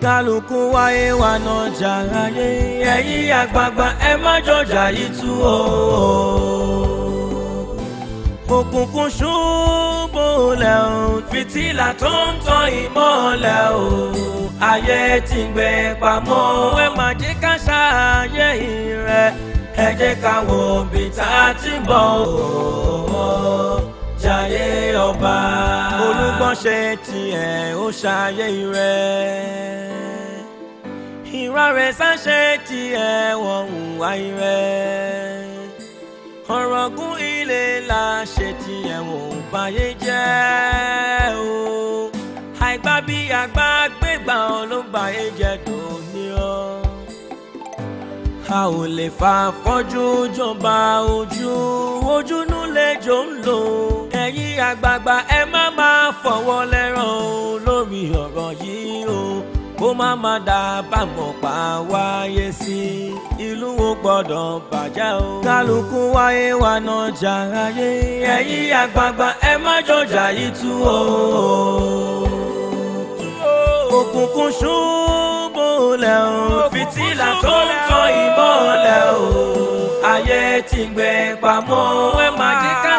kálukú wáyé wa náà jà láyé ẹ̀yin àgbààgbà ẹ má jọjà yìí tú o. òkùnkùn ṣubú lẹ̀ o fìtílà tó ń tan ìmọ́lẹ̀ o ayé ti gbé pamọ́ ẹ má jẹ́ ká ṣàyè rẹ̀ ẹ jẹ́ ká wo bí tá a ti bọ̀ o jayé ọba. olùgbọ́n tiẹ̀ ó ṣayé rẹ̀ ìran rẹ̀ sáṣẹ́ tiẹ̀ wọ̀n hùwà irẹ́ ọ̀rọ̀gún ilé la ṣe tiẹ̀ wọ̀n báyé jẹ́ o àìgbá bí àgbá gbégbá ọ ló báyé jẹ́ tó ní ọ. a ò lè fa fọ́jú jọba ojú ojúnú lè jò ń lò ẹ̀yin àgbààgbà ẹ má máa fọwọ́ lẹ́ràn o lórí ọ̀rọ̀ yìí o kó má má dá bàmọ̀ pa wáyé sí ìlú wo gbọ́dọ̀ bàjẹ́ o. kálukú wáyé wa náà jà ayé ẹ̀yin àgbààgbà ẹ má jọjà yìí tú o. òkùnkùn ṣubú lẹ̀ o fìtílà tó ń tọ́ ìmọ́lẹ̀ o ayé ti gbẹ pamọ́ ẹ má jẹ́ ká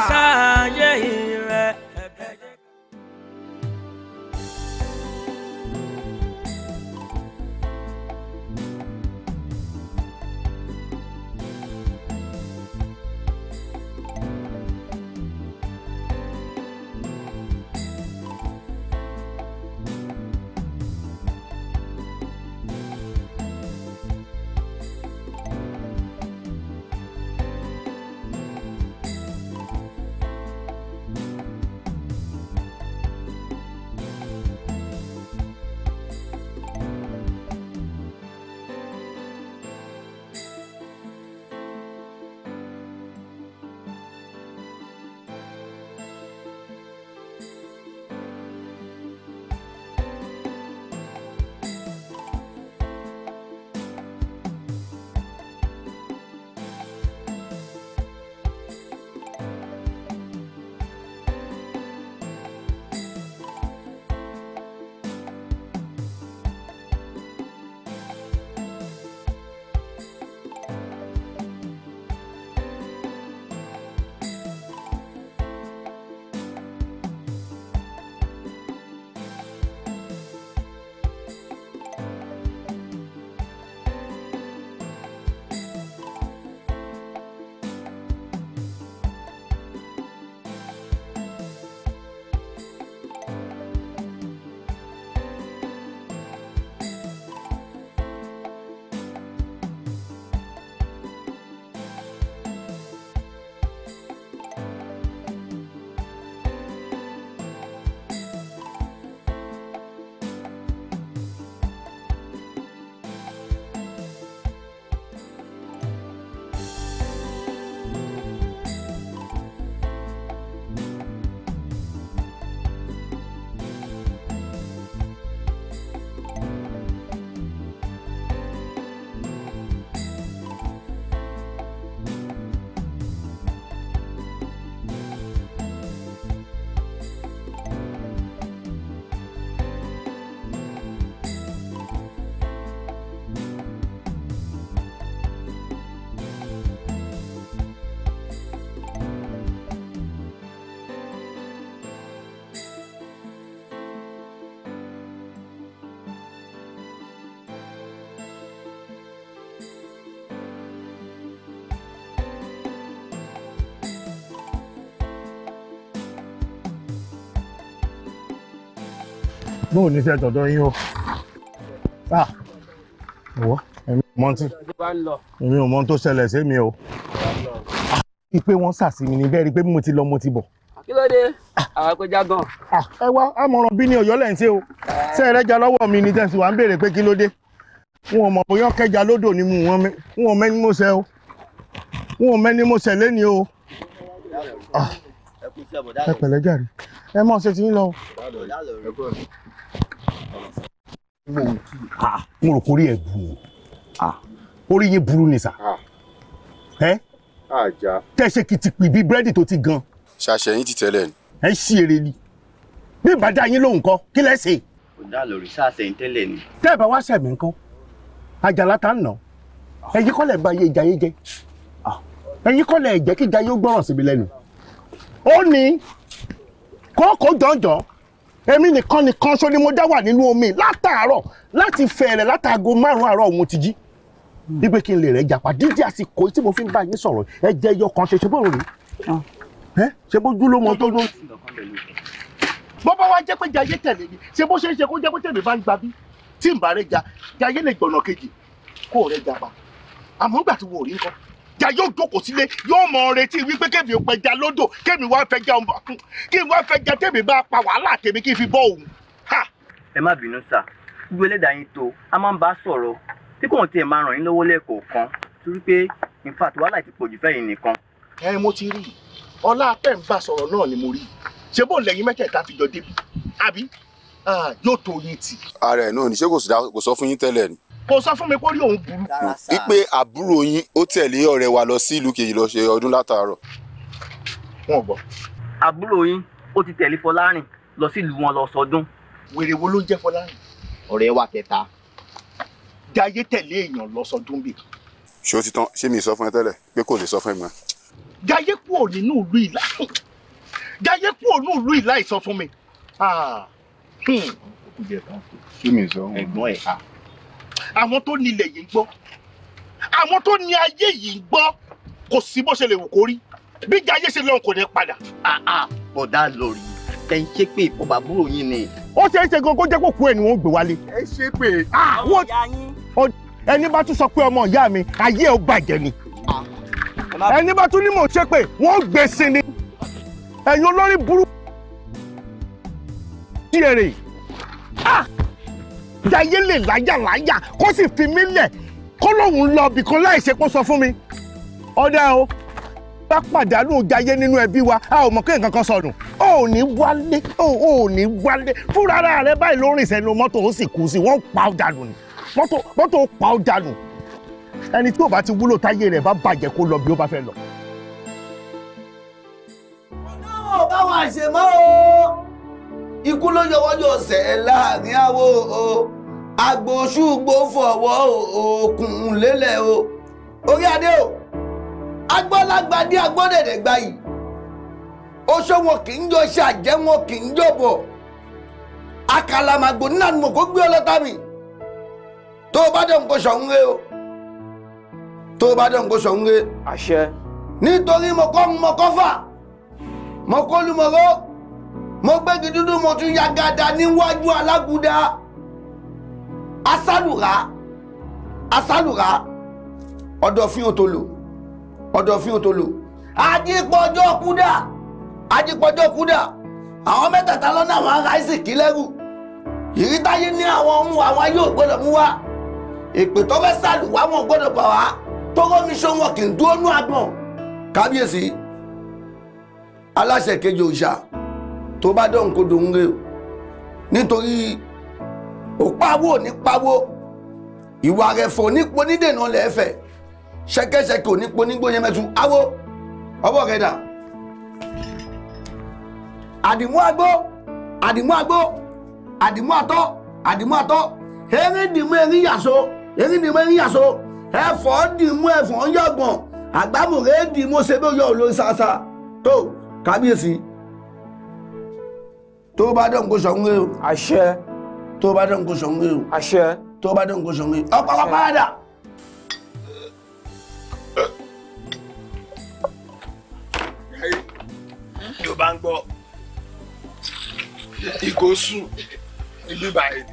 bóò ní iṣẹ́ tọ̀dọ̀ yín o wọ́ èmi ò mọ tí èmi ò mọ tó ṣẹlẹ̀ sí mi o ìpè wọn sàsí mi ní bẹ́ẹ̀ rí i pé mo ti lọ mo ti bọ̀ kí ló dé àwọn kò jágàn. ẹ wá àmọ̀ràn bí ni ọ̀yọ́ lẹ̀ ń ṣe o ṣé ẹ rẹ́jà lọ́wọ́ mi ni tẹ̀sí wa ń béèrè pé kí ló dé wọn ò mọ̀ bóyá kẹjà lódò ni mu wọn wọn ò mẹ́ni mo ṣe o wọn ò mẹ́ni mo ṣe lẹ́ni o. ẹ pẹ̀lẹ́ jàre ẹ mọ̀ ṣe ti ń lọ. Ah. Ah, mo rò kó rí ẹ bu o ah. orí yín burú ni sà ẹ tẹ ṣe kìtìpì bíi búrẹ́dì tó ti gan. ṣàṣẹyìn ti tẹ́lẹ̀ ni. ẹ ṣí eré ni bí ìbàdàn yín lòun kọ kí lẹ ṣe. kò dá lórí ṣàṣẹyìn tẹ́lẹ̀ ni. tẹ́ ẹ bá wá ṣẹ̀mí ńkọ́ àjàlá ta ń nà ẹ̀yin kọ́ lẹ̀ bá yé ìjà yé jẹ́ ẹ̀yin kọ́ lẹ̀ jẹ́ kí ìjà yé ó gbọ́ràn síbi lẹ́nu ó ní kókó jọ̀ọ́jọ̀ọ́ èmi nìkan nìkan ṣo ni mo já wà nínú omi látàárọ̀ láti fẹ̀rẹ̀ látàgo márùn àárọ̀ òun ti jí wípé kí n lè rẹ̀ jàpá dídí àsìkò tí mo fi ń bá yín sọ̀rọ̀ ẹ jẹ́ ẹyọ kan ṣe ṣe bóun rèé ẹ ṣe bójú ló mọ tó ló. bọ́bá wa jẹ́ pé jayé tẹ̀lé ni ṣe bó ṣe ń ṣe kó jẹ́ pé tèmi bá ń gba tí n bá rẹ̀ ja jayé lè gbọ̀nà kejì kó rẹ̀ jàpá àmọ́ gbà tí wo rí nǹkan pẹja yóò jókòó sílé yóò mọ retí wípé kémi ò pẹja lódò kémi wá fẹja ọmọ kún kí n wá fẹja tèmi bá pa wàhálà tèmi kí n fi bọ òun. ẹ má bínú sá gbogbo ẹlẹ́dàá yín tó a máa ń bá sọ̀rọ̀ tí kò tiẹ̀ máa ràn yín lọ́wọ́ lẹ́ẹ̀kọ̀ọ̀kan torí pé in fact wàhálà ti pọ̀jù fẹ́yìn nìkan. ẹ mo ti rí ọlá pẹ́ ń bá sọ̀rọ̀ náà ni mo rí ṣé bó lẹ́yìn mẹ́tẹ̀ẹ̀ta fi jọ débi àbí ah, yóò tó yín tì. ààrẹ náà ní ṣé kò sọ fún yín tẹ́lẹ̀ ni kò sọ fún mi pé ó rí òun burú. wípé àbúrò yín ó tẹ̀lé ọ̀rẹ́ wa lọ sí ìlú kejì lọ ṣe ọdún látàárọ̀. wọn ò gbọ́. àbúrò yín ó ti tẹ̀lé fọlárìn lọ sí ìlú wọn lọ sọdún. wèrè wo ló jẹ́ fọlárìn. ọ̀rẹ́ wa kẹta. jayé tẹ̀lé èèyàn lọ bì. ṣé o ti tán ṣé mi sọ fún ẹ tẹ́lẹ̀ pé kò lè sọ fún ẹ mọ́. jayé kúrò nínú ìlú ìlà jayé kúrò nínú ìlú ìlà ìsọfún mi. Ah, hmm. kí mi sọ ẹ̀gbọ́n ẹ ah àwọn tó nílẹ̀ yìí ń gbọ́ àwọn tó ní ayé yìí ń gbọ́ kò sí bó ṣe lè wù kó rí bí ìjà ayé ṣe lọ́hùn kò ní padà. bọ̀dá lórí ẹ ń ṣe pé ìfọ̀bà búrò yín ni. ó ṣe é ṣe gan kó jẹ́ kó kú ẹ̀ ni wọ́n gbé wálé. ẹ ṣe pé ah, àwọn ìyá yín. ẹni bá tún sọ pé ọmọ ìyá mi ayé ò bàjẹ́ ni. Ah, ẹni bá tún ní mò ń ṣe pé wọ́n gbé sí ni. ẹ̀yin olórí burúkú. tí èrè jayé lè láyàláyà kó sì fi mí lẹ̀ kó lóun lọ bìkan láìṣe kó sọ fún mi ọ̀dà o bá pàdánù jayé nínú ẹbí wa a ò mọ̀ pé nǹkan kan sọnù o ò ní wálé o ò ní wálé fúnra ara rẹ báyìí ló rìn sẹ́nu mọ́tò ó sì kú sí wọ́n pa ọ́ dànù ni mọ́tò mọ́tò pa ọ́ dànù ẹni tí ò bá ti wúlò táyé rẹ̀ bá bàjẹ́ kó lọ bí ó bá fẹ́ lọ. ọ̀nà ò bá wa ṣe o ikú ló yọwọ́jú ọ̀sẹ̀ láàrin àwo o agbo ṣùgbọ́ fọwọ́ òkun lélẹ̀ o orí adé o agbọ́lágbadé agbọ́dẹ̀dẹ̀ gbayì oṣó wọn kì í jọ ṣe àjẹ́ wọn kì í jọ bọ̀ àkàlàmàgbò nínú àdúgbò kó gbé ọlọ́tà mi tó o bá dẹ̀ ń kó sọ̀hún rẹ o tó o bá dẹ̀ ń kó sọ̀hún rẹ. àṣẹ. nítorí mo kọ́ mo kọ́ fà mo kọ́ lu mo mo gbégi dúdú mo tún ya gada níwájú alágúdá asálùrá asálùrá ọ̀dọ̀fín òtòlò ọ̀dọ̀fín òtòlò ajípọ̀jọ́ kúdà ajípọ̀jọ́ kúdà àwọn mẹ́tàtà lọ́nà àwọn ará ìsìnkí lẹ́rù ìrítáyé ní àwọn ohun àwọn yóò gbọ́dọ̀ mú wá èpè tó fẹ́ sàlù wá wọn gbọ́dọ̀ bà wá tó rómi ṣó kì í dúró nú àgbọ̀n kábíyèsí aláṣẹ kejì òòṣà tó bá dọ̀hùn kó dòun re o nítorí òpáwó nípawó ìwà rẹ̀fọ̀ nípo nídènà lẹ́ẹ̀fẹ̀ ṣẹ̀kẹ̀ṣẹ̀kẹ̀ onípo nígbóyẹmẹtu awó ọwọ́ rẹ̀ dà àdìmú agbó àdìmú agbó àdìmú atọ́ àdìmú atọ́ eríndìmú eríyàso eríndìmú eríyàso ẹ̀fọ́ dìmú ẹ̀fọ́ yọ̀gbọ̀n àgbámù rẹ̀ dìmú sebó yọ̀ olórí sáásá tó kábíyèsí tó bá dán kó sọ̀hún rẹ o. àṣẹ. tó bá dán kó sọ̀hún rẹ o. àṣẹ. tó bá dán kó sọ̀hún rẹ o. ọkọ̀ wa padà. tó bá ń gbọ́ ìgò sùn ìlú ìbàdàn.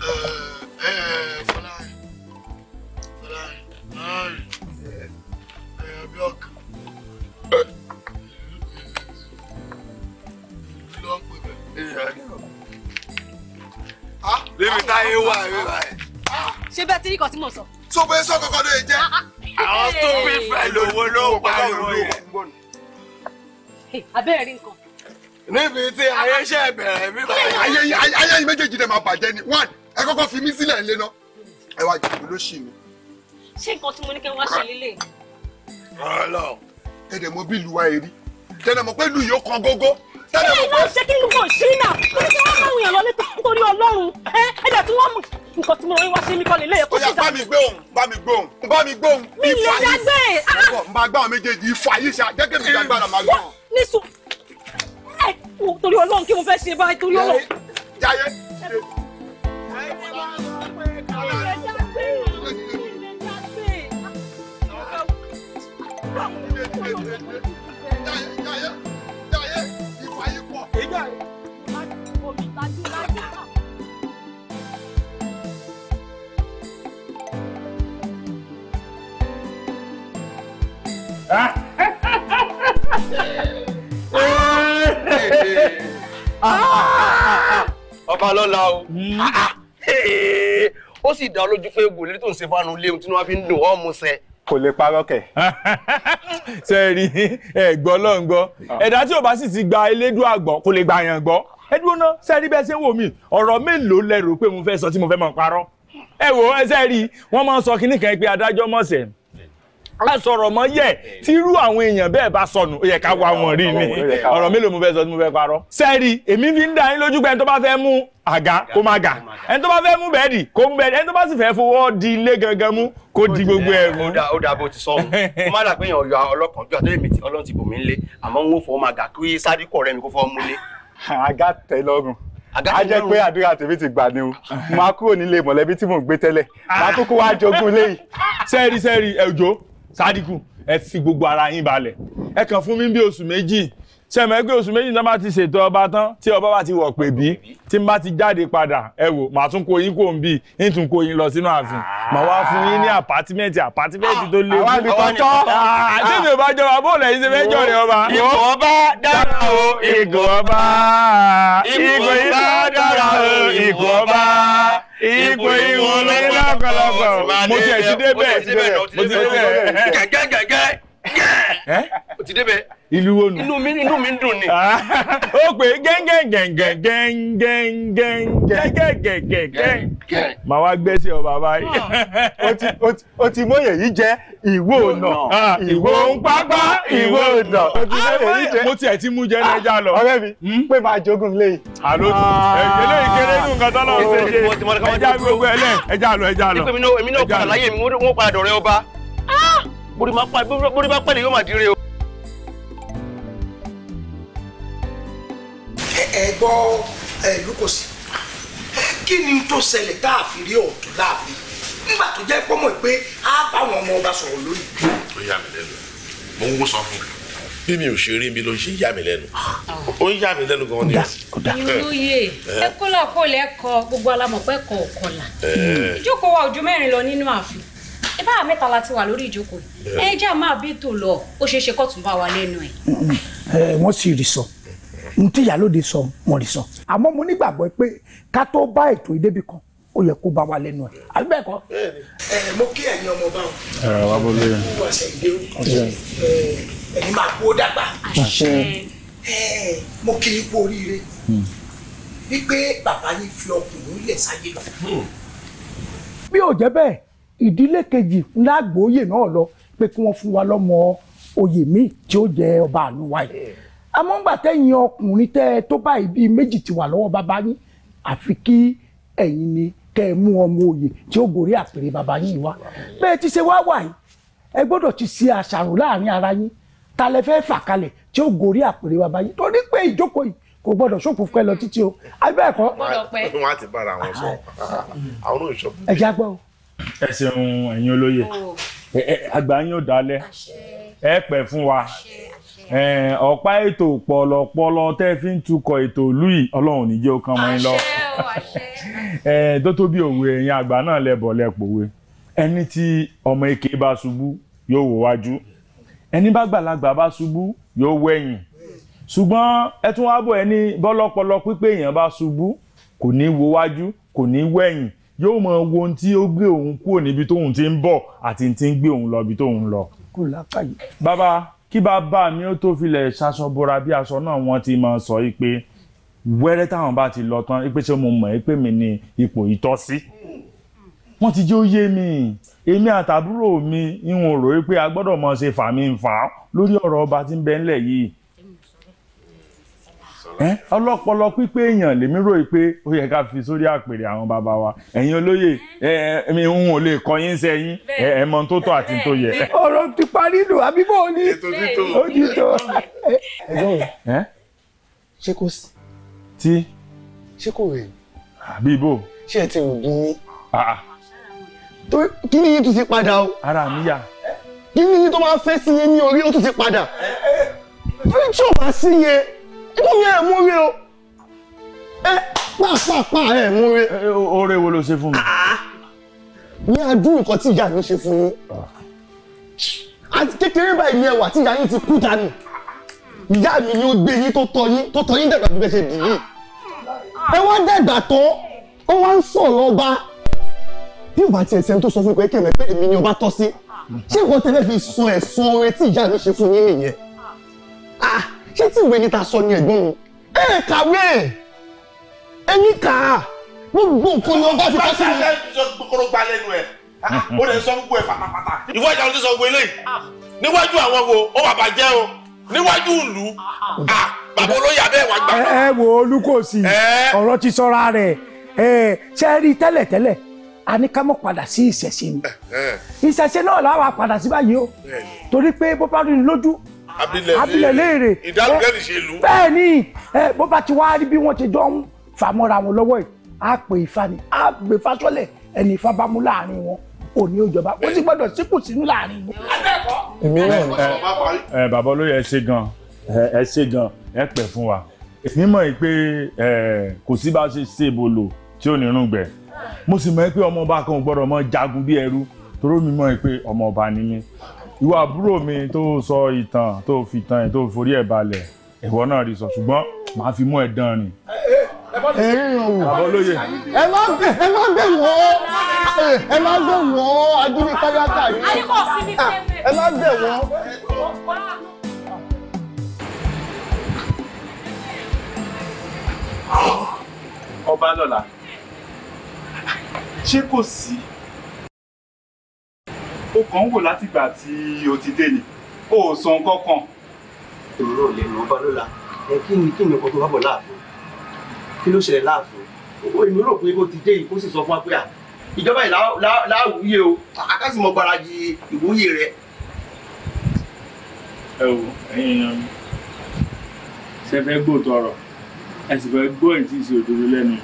Fọlárin Fọlárin Fọlárin. lébi táyé wà rírà ẹ̀. ṣé bẹ́ẹ̀ tí nìkan tí mò ń sọ. tó bẹ́ẹ̀ sọ kọ́kọ́ ló jẹ́. Ah, ah. àwọn tó fi fẹ́ lówó ló pariwo yẹn. abẹ́rẹ́ rí nǹkan. níbi tí ayé ṣe bẹ̀rẹ̀ mi báyìí. ayé ayé yìí méjèèjì dẹ̀ máa bàjẹ́ ni one ẹ kọ́kọ́ fi mí sílẹ̀ ńlẹ́ náà ẹ wá jùlọ ló ṣì mí. ṣé nǹkan tí mo ní kí n wá ṣe lílé. ọlọ ẹ dẹ̀ mọ̀ bí ìlú wa eri tẹ̀lé mọ̀ pé ìlú yìí ó kan gógó tẹ́lẹ̀ mo pé. ẹ lọ ṣe kí n mọ̀ sí náà torí kí wọ́n máa ń yàn lọ nítorí ọlọ́run ẹ ẹ dẹ̀ tí wọ́n mú nǹkan tí mo rí wá sí mi kọ́ lè léyẹ kó ṣe dáa. bá mi gbóhùn bá mi gbóhùn bá mi gbóhùn ifá yìí ṣe ń bá gbáwọn méjèèjì ifá yìí ṣe àjẹkẹ́ mi eh, dàgbára máa gbọ́n. Eh, nísù ẹ eh, torí ọlọ́run kí mo fẹ́ ṣe báyìí torí ọlọ́run. jayé ṣe. Ah, ọba lọ́la o hmm. ó sì dá lójú pé egbò lérí tó ń ṣe fánu léwu tí wọ́n fi ń dùn ọ́ mu sẹ. kò lè parọ́ kẹ̀. ṣe é rí ẹ̀gbọ́n lọ́n gbọ́ ah. ẹ̀dá tí ò bá sì ti gba elédùn àgbọ̀ kò lè gba àyàn gbọ́ ẹ dúró ná ṣe rí bẹ́ẹ̀ ṣe ń wò mí ọ̀rọ̀ mélòó lẹ rò pé mo fẹ́ sọ tí mo fẹ́ máa parọ́ ẹ wò ẹ ṣe rí wọ́n máa ń sọ kinní pé adájọ́ mọ̀ọ́sẹ̀ asọ̀rọ̀ mọ́ yẹ̀ tírú àwọn èèyàn bẹ́ẹ̀ bá sọnù ó yẹ ká wá wọn rí ni ọ̀rọ̀ mélòó mo fẹ́ sọ tí mo fẹ́ parọ́. sẹ́ẹ̀rì èmi fi ń dá yín lójú pé ẹni tó bá fẹ́ mú àga kó má ga ẹni tó bá fẹ́ mú bẹ́ẹ̀dì kó mú bẹ́ẹ̀dì ẹni tó bá sì fẹ́ fowó di ilé gangan mú kó di gbogbo ẹ̀ mú. ó dà bó ti sọ ọ́n má dàgbé yàn ọ̀yọ́ ọlọ́kànjú àtẹ́lẹ́mì tí ọlọ́run ti bò mí lé tèmi ti gbà ni o máa kúrò nílé mọ̀lẹ́bí tí mò ń gbé tẹ́lẹ̀ máa kúkú wá jogún léyìí. sẹ́ẹ̀rì sẹ́ẹ̀rì ẹ̀jọ́ Sadiku, ẹ fi gbogbo ara yín balẹ̀ ẹ kàn fún mi bí oṣù méjì sẹ́mi ẹgbẹ́ oṣù méjì náà bá ti ṣètò ọba tán tí ọba bá ti wọ̀ pè bí tí n bá ti jáde padà ẹ wò màá tún kó yín kó ń bì í tún kó yín lọ sínú ààfin màá wá fún yín ní àpátímẹ́ǹtì àpátímẹ́ǹtì tó léwu. àwọn àbíkọ́ tọ́ àdébí bá jọba bóòlù ẹ̀yin ṣe fẹ́ ọba. ìgò ọba dára o ìgò ọba. kalaba mo tiẹ̀ ti débẹ̀ mo ti débẹ̀ gẹ́gẹ́ gẹ́gẹ́. o ti débẹ̀. ilu wo nù. inú mi inú mi ń ni. o ti mọ̀yè borí máa pa borí bá pẹ̀lẹ́ yóò máa dire o. ẹ gbọ́ ẹ lukosi kí ni tó ṣẹlẹ̀ tá a fi rí ọ̀dọ́ láàfin nígbà tó jẹ́ pọ́mọ̀ pé a bá àwọn ọmọ ọba sọ̀rọ̀ lónìí. ó yà mí lẹ́nu mo ń wó sọ fún mi bí mi ò ṣe rí mi ló ń ṣe yà mí lẹ́nu ó ń yà mí lẹ́nu gan ni. ìrúyè ẹkọ làkọ lẹkọ gbogbo alamọpẹ kọ ọkọlà ìjókòó wa ojú mẹ́rin lọ nínú ààfin ẹ bá mẹ́ta la ti wà lórí ìjókòó ẹ jẹ́ àmọ́ àbí ètò lọ ó ṣeé ṣe kó tún bá wa lẹ́nu ẹ̀. wọ́n sì rí sọ n tí ìyálóde sọ wọ́n rí sọ àmọ́ mo nígbàgbọ́ pé ká tó bá ètò ìdébì kan ó yẹ kó bá wa lẹ́nu ẹ̀ àbí bẹ́ẹ̀ kọ́. mo kí ẹ̀yin ọmọ bá wọn. ẹ̀rọ wa bó lóye. ẹ̀yin máa kó dàgbà. mo kí i kú oríire hmm. wípé bàbá yìí fi ọkùnrin lẹ̀ sáyé lọ. bí hmm. ò jẹ́ bẹ́ẹ̀ ìdílé kejì lágbóyè náà lọ pé kí wọ́n fún wa lọ́mọ oyè míì tí ó jẹ ọba àánú wa yìí àmọ́ ńgbà tẹ́yìn ọkùnrin tẹ́ tó báyìí bíi méjì ti wà lọ́wọ́ bàbá yín àfi kí ẹ̀yin ni kẹ́ ẹ mú ọmọ oyè tí ó gorí àpèrè bàbá yín wá bẹ́ẹ̀ ti ṣe wá wà yìí ẹ gbọ́dọ̀ ti ṣe àṣàrò láàrin ara yín ta lẹ fẹ́ fà kalẹ̀ tí ó gorí àpèrè bàbá yín torí pé ìjókòó yìí kò gbọ́dọ̀ ṣòkùn fún lọ títí o abẹ́ ẹ̀kọ́. wọ́n á ti bára wọn sọ àwọn oníṣòwò. ẹ jágbọ́ o ẹ ṣeun ẹ̀yin olóye oh. àgbà yín ò dalẹ̀ ẹ pẹ́ fún wa ọ̀pá ètò pọ̀lọ̀pọ̀lọ̀ tẹ́ fi ń tukọ̀ ètò ìlú yìí ọlọ́run níjẹ́ ó kàn mọ́ yín lọ tó tó bí òwe ẹ̀yin àgbà náà lẹ́bọ̀ lẹ́pòwe ẹni tí ọmọ èké bá ṣubú yóò wò wájú ẹni bá gbàlagbà bá ṣubú yóò wẹ̀yìn ṣùgbọ́n ẹ tún wá bọ̀ ẹni bọ́lọ́pọlọ pípé èèyàn bá ṣubú kò ní wo wájú kò ní wẹ̀yìn yóò mọ wo ohun tí ó gbé òun kúrò níbi tóun ti ń bọ̀ àti ti ń gbé òun lọ ibi tóun lọ. bàbá kí bàbá mi ó tó filẹ̀ ṣaṣọ bora bí aṣọ náà wọ́n ti máa sọ yìí pé wẹ́rẹ́ táwọn bá ti lọ tán pé ṣé mo mọ̀ ẹ́ pé mi ni ipò ìtọ́sí. wọ́n ti jẹ́ ó yé mi èmi àtàbúrò mi ìwọ̀n rò pé a gbọ́dọ̀ mọ̀ ṣe fàmí ń fà á lórí ọ̀rọ̀ ọba tí ń bẹ yìí ọlọ́pọlọ pípé èèyàn lèmi rò pé ó yẹ ká fi sórí àpèrè àwọn bàbá wa ẹ̀yin olóyè mi ń ò lè kọ́ yín sẹ́yìn ẹ mọ tó tọ́ àti tó yẹ. ọ̀rọ̀ ti parí nù àbí bò ó ní ojútó. ṣé kò sí. tí. ṣé kò rẹ̀. àbí ibò. ṣé ẹ ti rò bí mi. kí ni yín tún ti padà o. ara mi yà. kí ni yín tó máa fẹ́ sí yín ní orí ó tún ti padà. fíjọ́ máa sí yẹn ìyẹn ẹ̀ mú rí o ẹ pàápàá ẹ̀ mú rí. oore wo ló ṣe fún mi. Ah, ah. ní adúrú nǹkan tí ìyá mi ṣe fún yín ah. àti kékeré báyìí ni ẹwà tí ìyá yín ti kú dànù ìyá mi ni ó gbé yín tó tọ́ yín tó tọ́ yín dàgbà bí bẹ́ẹ̀ ṣe dì yín ẹ wá dàgbà tán ó wá ń sọ̀rọ̀ ọba bí ọba tiẹ̀ sẹ́ni tó sọ fún pé kẹ̀mẹ́ pé èmi ni ọba tọ́ sí ṣé nǹkan tẹ́lẹ̀ fi sọ ẹ̀sùn oore tí ìyá mi ṣe fún yín nìyẹn ṣé tí ìwé ni ta sọ ni ẹ̀gbọ́n mi ẹ kàwé ẹni kà á gbogbo nǹkan ni ọgbà fi ká sí mi. kókóró gba lẹ́nu ẹ o lè sọ gbogbo ẹ fàtàfàtà. ìwọ ìjà ló ti sọ gbogbo eléyìí níwájú àwọn wo ó wà bàjẹ́ o níwájú ìlú bàbá olóyè abẹ́ wà gbà. ẹ wo olùkọ́sí ọ̀rọ̀ ti sọra rẹ̀ ṣe rí tẹ́lẹ̀tẹ́lẹ̀ a ní ká mọ̀ padà sí ìṣẹ̀ṣe ni ìṣẹ̀ṣe náà làwọn padà sí báyìí o torí pé bó bá rí lójú abilẹ̀ léèrè ìdálùkẹ́ ní ṣe lù. bẹ́ẹ̀ ni bó bá ti wá rí bí wọ́n ti jọ ń fà mọ́ra wọn lọ́wọ́ yìí á pè Ifá ni á gbé fásọ́lẹ̀ ẹni Ifá bá mú láàrin wọn òní òjọba ó sì gbọ́dọ̀ síkù sínú láàrin wọn. èmi náà bàbá olóyè ẹ ṣe gan ẹ ṣe gan ẹ pẹ́ fún wa mímọ̀ yìí pé kò sí bá ṣe ṣe bolo tí ò ní rún gbẹ mo sì mọ̀ pé ọmọ ọba kan gbọ́dọ̀ mọ jagun bí ẹrú toró mi mọ̀ pé ọmọ ọba ni mí ìwà àbúrò mi tó sọ ìtàn tó fi tàn ẹ̀ tó forí ẹ̀ balẹ̀ ìwọ náà rí sọ ṣùgbọ́n màá fi mú ẹ̀ dán ni. ẹ̀yin o ẹ má gbé ẹ má gbé wọ́n ẹ má gbé wọ́n adúlíkáyàtà yìí ẹ má gbé wọ́n. ọba lọ́la ṣé kò sí o kàn ń wò látìgbà tí o ti dé ni o ò sọ nǹkan kan. òwúrọ̀ lè mọ ọba lọ́la ẹ kí ni kí ni nǹkan tó bá bọ̀ láàfin kí ló ṣẹlẹ̀ láàfin èmi rò pé kó ti dé yìí kó sì sọ fún wa pé à ìjọba yìí láwùúyè o akásìmọ̀ gbaraji ìwúyè rẹ. ẹ wo ẹ̀yin èèyàn mi ṣe fẹ́ gbòòtò ọ̀rọ̀ ẹ sì fẹ́ gbọ́ èyí tí ì ṣe òdodo lẹ́nu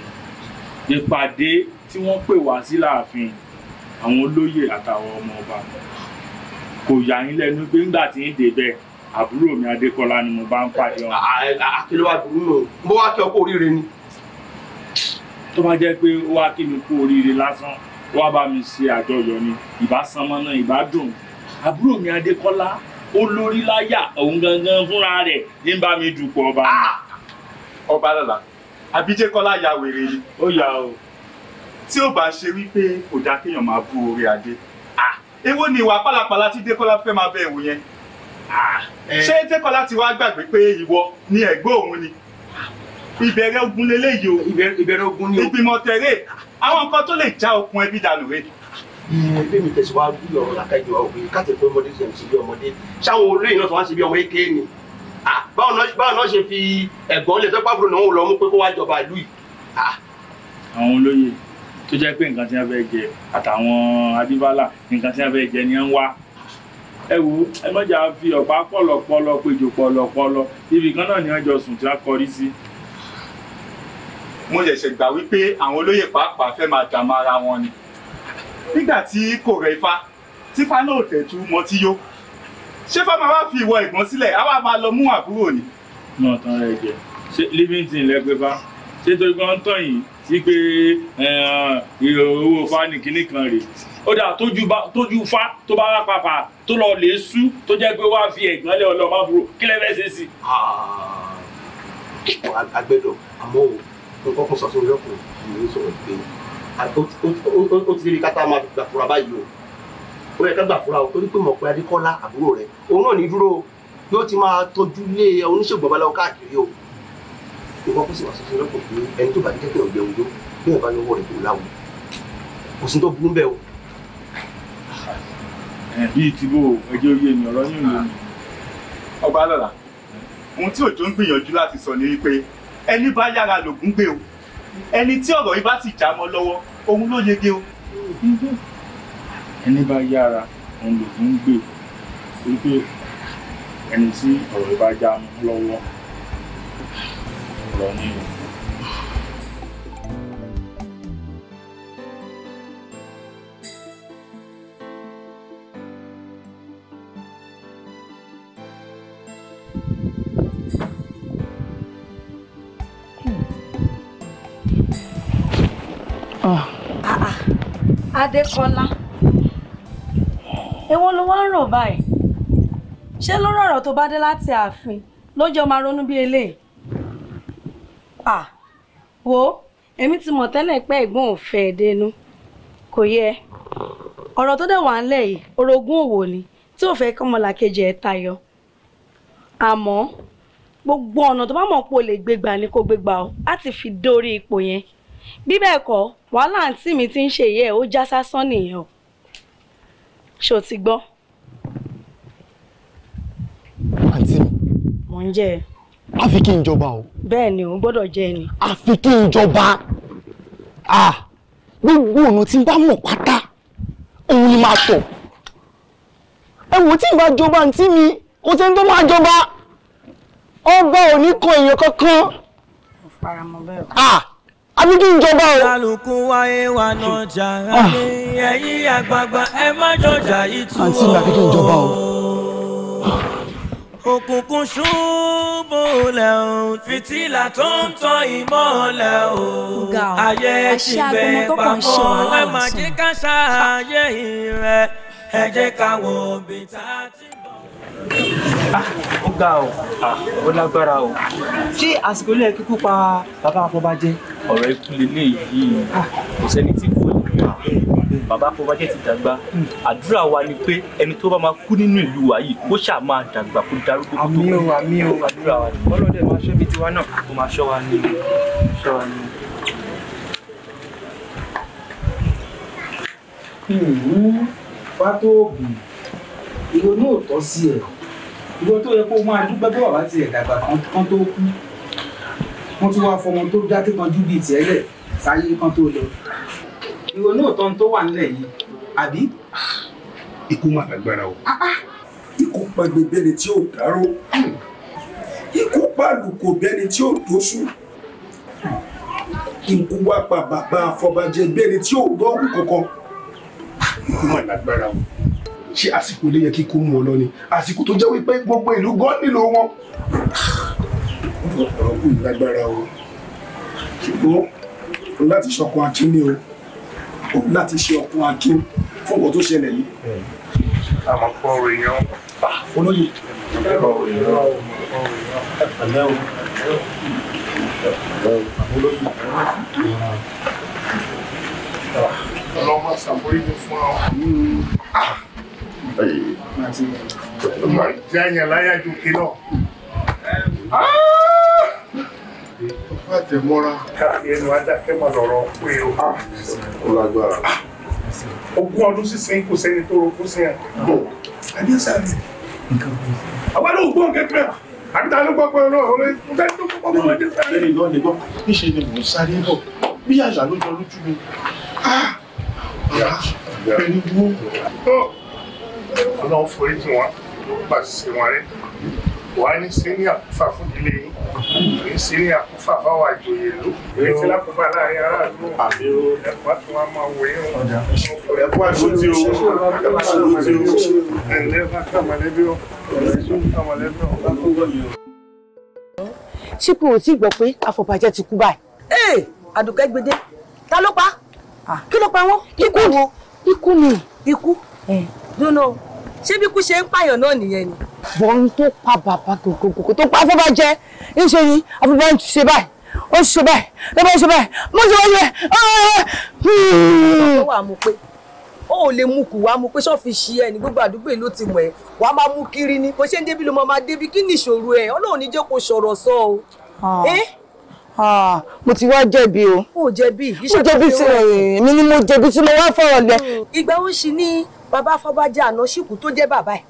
ìpàdé tí wọ́n pè wá sí láàfin àwọn olóyè àtàwọn ọmọ ọba kò yà yín lẹ́nu pé nígbà tí ń débẹ̀ àbúrò mi Adékọ́lá ni mo bá ń pàdé ọ. àkìlọ̀ wa dùn mí o mo wá kí ọ oríire ni. tó bá jẹ́ pé ó wá kí mi kú oríire lásán ó wá bá mi ṣe àjọyọ̀ ni ìbá sanmọ́ náà ìbá dùn àbúrò mi Adékọ́lá ó lórí láyà òun gangan fúnra rẹ̀ ní bá mi dùpọ̀ ọba. ọba lọ́la àbíjẹ́kọ́lá ya wèrè ni. ó yà o tí ò bá ṣe wípé kò dáa kéèyàn máa bú orí adé èwo ni ìwà pálapàla tí Dékọ́lá fẹ́ máa bẹ ìwò yẹn ṣé Dékọ́lá ti wá gbàgbé pé ìwọ ni ẹ̀gbọ́n òun ni ìbẹ̀rẹ̀ ogun leléyìí o ìbẹ̀rẹ̀ ogun ni o ìgbìmọ̀ tẹ̀rẹ̀ àwọn nǹkan tó lè já okun ẹbí dànù rẹ. ẹgbẹ́ mi tẹ̀síwájú ọ̀rọ̀ làkàjọ òwe káàtì pé ọmọdé ṣe ṣe bí ọmọdé ṣáwọn olóyè náà tó wá ń bí ọmọ èké ni báwọn náà ṣe fi ẹ̀gbọ́n lè tọ́pá tó jẹ́ pé nǹkan tí wọ́n fẹ́ jẹ àtàwọn adíbálà nǹkan tí wọ́n fẹ́ jẹ ni wọ́n wá ẹ wo ẹ mọ̀jà fi ọ̀pá pọ̀lọ̀pọ̀lọ̀ péjọ pọ̀lọ̀pọ̀lọ̀ ibì kan náà ni wọ́n jọ sùn tí wọ́n kọrí sí. mo ṣẹ̀ṣẹ̀ gbà wípé àwọn olóyè pàápàá fẹ́ máa dààmú ara wọn ni nígbà tí kò rẹ̀ ifá tífá náà tẹ̀jú mọtí yó ṣé fáwọn máa fi ìwọ ẹ̀gbọ́n sílẹ̀ á wá máa lọ mú àbúrò ni. náà tán rẹ jẹ ṣé livington lẹgbẹ bá torí pé wọn tán wípé eh, owó fa ní kinní kan rè ó dà tójú fa tó bá wá papà tó lọ lè sú tó jẹ́ pé wá fi ẹ̀gbọ́n lé ọlọ́mọ àbúrò kí lẹ́ fẹ́ ṣe sí. agbẹ́dọ̀ ah, àmọ́ o nǹkan kan sọ fún mi ọkùnrin mi ń sọ̀rọ̀ pé o ti rí kátà máa gbà fúra báyìí o ó yẹ ká gbà fúra o torí pé mọ̀ pé Adékọ́lá àbúrò rẹ̀ òun náà ní dúró yóò ti máa tọ́jú lé oníṣègùn babaláwo káàkiri o ìwọ kó sì wá sọsọ lọ́pọ̀ pé ẹni tó bá jẹ́ pé ọ̀gbẹ́ òjò bẹ́ẹ̀ bá lọ́wọ́ rẹ̀ kó láwù kò sí tó burú bẹ́ẹ̀ o. bíi ti bó ẹjẹ́ oyè ni ọ̀rọ̀ yín lónìí ọba lọ́la ohun tí òjò ń gbìyànjú láti sọ ni wípé ẹni bá yára lògùn gbé o ẹni tí ọ̀rọ̀ yìí bá sì já mọ́ lọ́wọ́ òun ló yege o. ẹni bá yára òun lògùn gbé o wípé ẹni tí ọ̀rọ̀ yìí bá já mọ́ lọ́wọ́ lọ ní o. Ah, ah. Adékọlá èwo ló wá ń rò báyìí ṣé ló rọ̀rọ̀ tó bá dé láti ààfin ló jọ máa ronú bí eléyìí ah wo èmi ti mọ̀ tẹ́lẹ̀ pé ẹ̀gbọ́n ò fẹ́ ẹ dénú kò yẹ ọ̀rọ̀ tó dẹ̀ wà ńlẹ̀ yìí orogún òwò ni tí ò fẹ́ kọ́mọlàkejì ẹ̀ tayọ àmọ́ gbogbo ọ̀nà tó bá mọ̀ pé o lè gbégbà ni kò gbégbà o láti fi dórí ipò yẹn bí bẹ́ẹ̀ kọ́ wàhálà àǹtí mi ti ń ṣe yẹ ó já sásán nìyẹn o ṣó ti gbọ́. àǹtí mi. mò àfi kí n jọba o. bẹ́ẹ̀ ni òun gbọ́dọ̀ jẹ́ ẹni. àfi kí n jọba gbogbo ọ̀nà tí n bá mọ̀ pátá òun ni máa tọ̀ ẹ wò tí n bá jọba ntí mi kò sẹ́ni tó máa jọba ọba ò ní kan èèyàn kankan. mo fara mọ́ bẹ́ẹ̀ o àbí kí n jọba o. kálukú wáyé wa nọjà ẹ̀yin àgbààgbà ẹ má jọjà yìí o. àǹtí mi àbí kí n jọba o òkùnkùn ṣubú lẹ̀ o fìtílà tó ń tan ìmọ́lẹ̀ o ayé ti bẹ papọ̀ ẹ má jẹ́ ká ṣàyè rẹ̀ ẹ jẹ́ ká wo bìtá ti bọ̀. Ah, ó ga o ah, ó lágbára o ṣé àsìkò ilé kíkú pa bàbá àfọbàjẹ́ ọ̀rọ̀ ikú lélẹ́yìí ah. kò sẹ́ni tí Mm. bàbá Afọbajẹ ti dàgbà mm. àdúrà wa ni pé ẹni tó bá máa kú nínú ìlú wa yìí kó ṣáà máa dàgbà kó darúgbó kó tó kú àmín o àdúrà wa ni ọlọ́dẹ máa ṣọ́ bí tiwa náà kó máa ṣọ́ wa ní ṣọ́ wa ní. fátóògùn ìrònú ò tọ́ sí ẹ̀ ìwọ tó yẹ kó o máa dúpẹ́ bó bàbá tiẹ̀ dàgbà kan tó kú wọ́n tún wá fọmọ tó dákẹ́ kan jú bíi tiẹ̀ lẹ̀ sáyé kan tó lọ ìwọ náà tán tó wà nílẹ̀ yìí àbí. ikú mà lágbára o. Ah, ah. ikú pa gbẹgbẹni tí ò dáró ikú pa àlùkò bẹni tí ò dóṣù ikú wá pa bàbá àfọbàjẹ bẹni tí ò gbọ́rù kankan ikú mà lágbára o ṣé àsìkò lè yẹ kí ikú mú ọ lọ ni àsìkò tó jẹ́ wípé gbogbo ìlú gan nílò wọn. ọ̀rọ̀ kù lágbára o ṣùgbọ́n láti ṣọkan àti ní o láti ṣe ọkùn akin fún ọ̀pọ̀ tó ṣẹlẹ̀ yìí. àmọ́ kọ́ orin yẹn ó pa. olóyè. kọ́ orin yẹn ó pa. ọlọ́mọ ṣàforíjì fún ọ. ó máa jẹ́ àyàn láyàjú kí náà. Ọ̀pá àtẹ̀mọ́ra. Ẹnu adákẹ́ mọ̀ lọ́rọ̀ pé o. Ó lágbára. Ogún ọdún sísìn kò sẹ́ni tó rogún sí ẹ̀. Adéṣà ni. Àwọn àlọ́gbọ́n kẹ́kẹ́ àbíta ló gbọ́ pé ọlọ́run ló ń bẹ́ẹ̀ tó kọ́kọ́ mọ́ Adéṣà ni. Lẹ́yìn náà ni gbọ́, níṣe ni mò ń sáré bọ̀, bí àṣà ló jọ lójú mi. Pẹ̀lú wo? Ọlọ́run forí jì wọ́n, ó gbà sí wọn rẹ̀ wàá ní sẹ́ni àkúfà fún ìdílé yín ní sẹ́ni àkúfà fáwọn àjòyè ìlú èyí tí lákòóbá láàrin aráàlú ẹ̀kọ́ tó wá máa wọ yín o ẹ̀kọ́ àdótì o ẹ̀kọ́ àdótì o ẹ̀ǹdẹ́ bá kàmọ̀lẹ́bí o ẹ̀ǹdẹ́ bá kàmọ̀lẹ́bí o bá kúrò ní o. ṣé kò tí ì gbọ́ pé àfọ̀bàjẹ́ ti kú báyìí. ee àdùkẹ́ gbede ta ló pa ah. kí ló pa wọn ikú wọn ikú ni ikú dúró eh. ṣé bí ikú ṣe ń pààyàn náà nìyẹn ni bọ́n tó pa bàbá gògògògò tó pa afọ́bá jẹ́ níṣẹ́ ni afọ́bá ń ṣe báyìí ó ṣe báyìí ló bá ṣe báyìí mo ṣe báyìí ọ̀rọ̀ ah! wà mú pé ó ò lè mú kù wá mú pé sọ́ọ̀fì ṣí ẹ ní gbogbo àdúgbò ìlú ti mọ̀ ẹ́ wà á máa mú kiri ni bó ṣe ń débi ló máa máa débi kí ni ìṣòro ẹ ọlọ́run ní jẹ́ kó sọ̀rọ̀ sọ o. Ah. Eh? Ah, mo ti wá jẹ̀bi o. ó jẹ̀bi iṣẹ́ tó ti rẹ̀ èmi ni mo jẹ̀bi tí mo wá fọ̀rọ̀ lẹ. Hmm, ìgbà ó ṣì ní bàbá afọbajẹ àná ṣìkú tó jẹ́ bàbá ẹ̀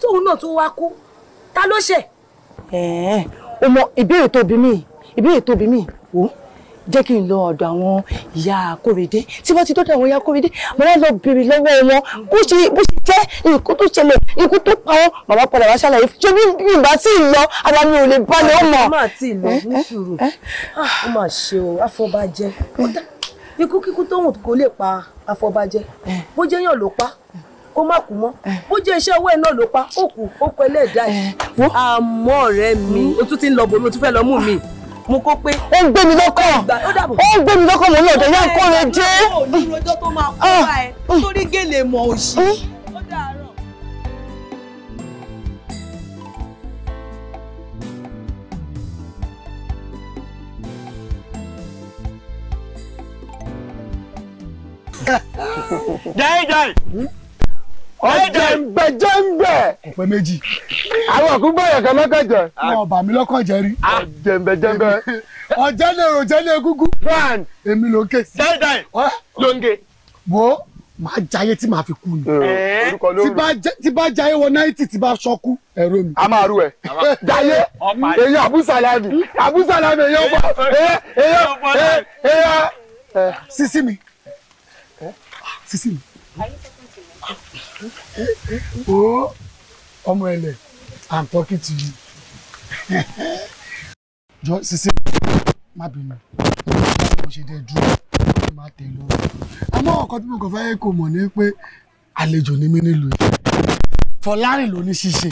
tóun náà tún wá kú ta ló ṣe. ẹ̀ẹ́n o mọ ìbéèrè tó bí mi ìbéèrè tó bí mi wò ó jẹ́ kí n lọ ọ̀dọ̀ àwọn ìyá Kóredé tí wọ́n ti tọ́jú àwọn ìyá Kóredé mo wá lọ bèrè lọ́wọ́ wọn bó ṣe bó ṣe jẹ́ ikú tó ṣẹlẹ̀ ikú tó pa wọn màmá padà wá ṣàlàyé ṣé bí mi tí ì lọ ara mi ò lè balẹ̀ ó mọ̀. má tí ì lọ ah, ó mà ṣe o afọbajẹ ikú kíkú tóun kò lè pa afọbajẹ bó jẹ́ yàn ló pa kó má kú mọ́ bó jẹ́ iṣẹ́ owó ẹ̀ náà ló pa ó kù ó kọ ẹlẹ́ẹ̀dá yìí àmọ́ ọ̀rẹ́ mi o tún ti ń lọ bòmí o tún fẹ́ lọ mú mi mo kó pé. ó ń gbé mi lọ́kọ̀ ó ń gbé mi lọ́kọ̀ mo ní ọ̀dọ̀ yá kọ́ rẹ jẹ́. ó ní ọjọ́ tó máa kọ́ ẹ torí gèlè mọ̀ òṣì. Jai jai. Hmm? ọjẹngbẹ jẹngbẹ. ọpẹ méjì. àwọn òkú bọyọ kan lọkàn jẹ. wọn bà mí lọkàn jẹ rí. ọjẹngbẹ jẹngbẹ. ọjẹnero jẹnẹ gúgú. one èmi ló ń ké sí. jẹ́dá ẹ̀ ló wo màá jayé tí màá fi kú ni. Eh. orúkọ ló rù. tí bá jayé wọ náítì tí bá sọkú ẹ̀rọ mi. a máa rú ẹ. jayé èyí abusalami abusalami èyí ọ̀pọ̀ èyí eh. eh, ọ̀pọ̀ èyí. sisi mi sisi mi. Oh, ọmọ ẹlẹ i'm talking to you jọ sise má bínú mo ṣe dé dúró mo máa tẹ lórí àmọ́ ọkọ tí mo kàn fẹ́ kò mọ̀ ni pé àlejò ni mí nílùú yìí fọlárìn ló ní ṣíṣe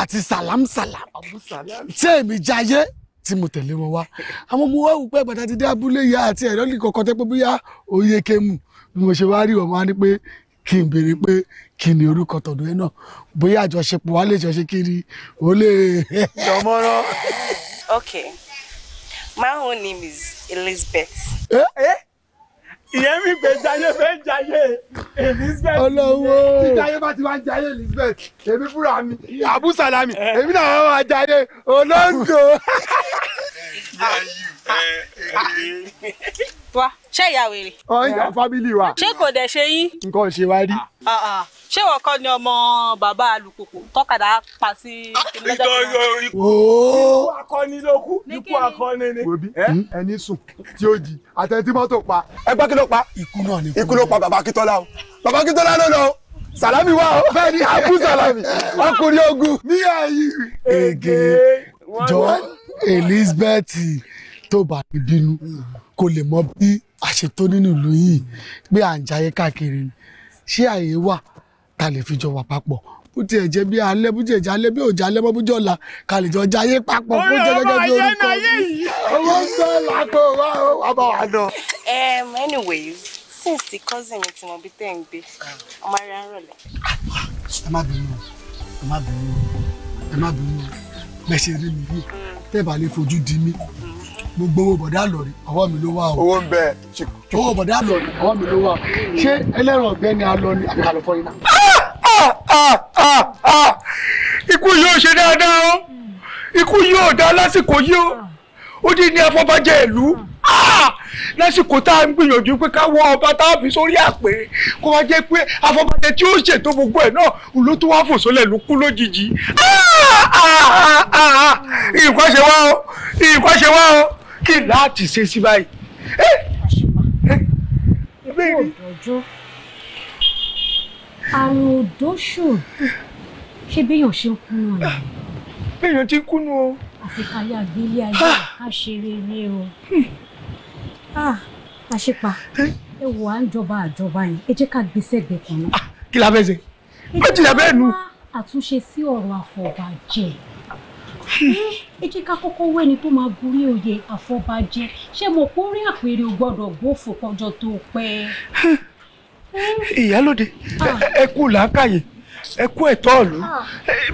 àti sàlám sàlám tí èmi jayé tí mo tẹ̀lé wọn wá àwọn ọmọ wa wùpẹ́ gbàdá ti dé abúlé ìyá àti ẹ̀rọ ní kọ̀ọ̀kan tẹ́pẹ́ bóyá oyè kemu bí mo ṣe wá rí wọn wá ní pé kí n béèrè pé kí ni orúkọ tọ̀dọ̀ ẹ náà bóyá àjọṣepọ̀ wa lè jọṣe kiri ó lè. jọmọ́rọ́. okay my own name is Elizabeth. Eh? Eh? ìyẹn mi gbé jayé fẹ́ jayé Elizabeth olówó tí jayé bá ti wá jayé Elizabeth èmi fúnra mi Abu Salami eh. èmi náà wá jayé olóńgbò. wa ṣé ìyá wèrè. ọ̀hún ìyá fábílì wa. ṣé kò dẹ̀ ṣe yín. nǹkan ò ṣe wá rí. Ah, ah ṣé wọn kọ́ ni ọmọ bàbá alùpùpù tọ́kadà pa sí ìlọjọ ah, ikú akọni ikú akọni wòbí hmm? ẹni sùn tí ó jí àtẹ̀tí mọ́tò pa. ẹ kí ló pa ikú náà ni ikú ló pa bàbá akíntọ́lá o bàbá akíntọ́lá ló lọ sàlámì wà ó bẹ́ẹ̀ ni abu sàlámì ọkùnrin ogun. ní ààyè ègè John Elizabeth tó bá ti bínú kò lè mọ bí àṣetó nínú ìlú yìí pé à ń jayé káàkiri ṣé àyè wà ká lè fi jọ wà papọ̀ bó tiẹ̀ jẹ́ bí alẹ́ bó tiẹ̀ jẹ́ alẹ́ bí òjá alẹ́ mọ́ bójú ọ̀la ká lè jọ jayé papọ̀ bó jẹ́ gẹ́gẹ́ bí orúkọ mi owó ń sọ làákò wá wà bá wà nà. anyways since the cousin mi ti mọ bí tẹ́ ń gbé ọmọ rẹ̀ á rọ̀lẹ́. ẹ má bínú ẹ má bínú ẹ má bínú bẹ́ẹ̀ ṣe rí mi yìí hmm. tẹ́ẹ̀ bá lè fojú di mí hmm gbogbo owó bọ̀dá lọ́rí ọwọ́ mi ló wà o. owó ń bẹ. owó bọ̀dá lọ́rí ọwọ́ mi ló wà o. ṣé ẹlẹ́rọ̀ ọ̀gbẹ́ ni a lọ ní àbí kàlọ́ fọ́yín náà. Ah, ah, ah, ikú yóò ṣe dáadáa o ikú yóò dá lásìkò yìí o ó dín ní afọbajẹ ìlú lásìkò tá a ń gbìyànjú pé ká wọ ọba tá a fi sórí àpè kó wá jẹ́ pé afọbajẹ tí ó ṣètò gbogbo ẹ̀ náà ló tó wá fò ló kú lójijì nǹkan wá o nǹkan wá o kí láti ṣe sí báyìí. Eh! Eh! àrùn òdòjọ́ àrùn òdòṣù ṣé béèyàn ṣe ń kúnnú rẹ̀. béèyàn ti kúnnú o. àfi ká yá gbélé ayé ká ṣe rere o. Hmm. Ah, àṣepa eh? ẹ wò á ń jọba àjọba yẹn ẹ jẹ́ ká gbèsè gbẹ̀kan náà. Ah, kí la fẹ́ ṣe méjìlá bẹ́ẹ̀ nu. àtúnṣe sí ọ̀rọ̀ àfọ̀bàjẹ́ ẹ jẹ́ ká kọ́kọ́ wẹ́ni tó máa gorí oyè àfọbàjẹ ṣé mo kó rí àpèrè o gbọ́dọ̀ gbófò kọjọ tó pẹ́. ìyálòde ẹ kú làákàyè ẹ kú ẹ̀tọ́ ìlú ah.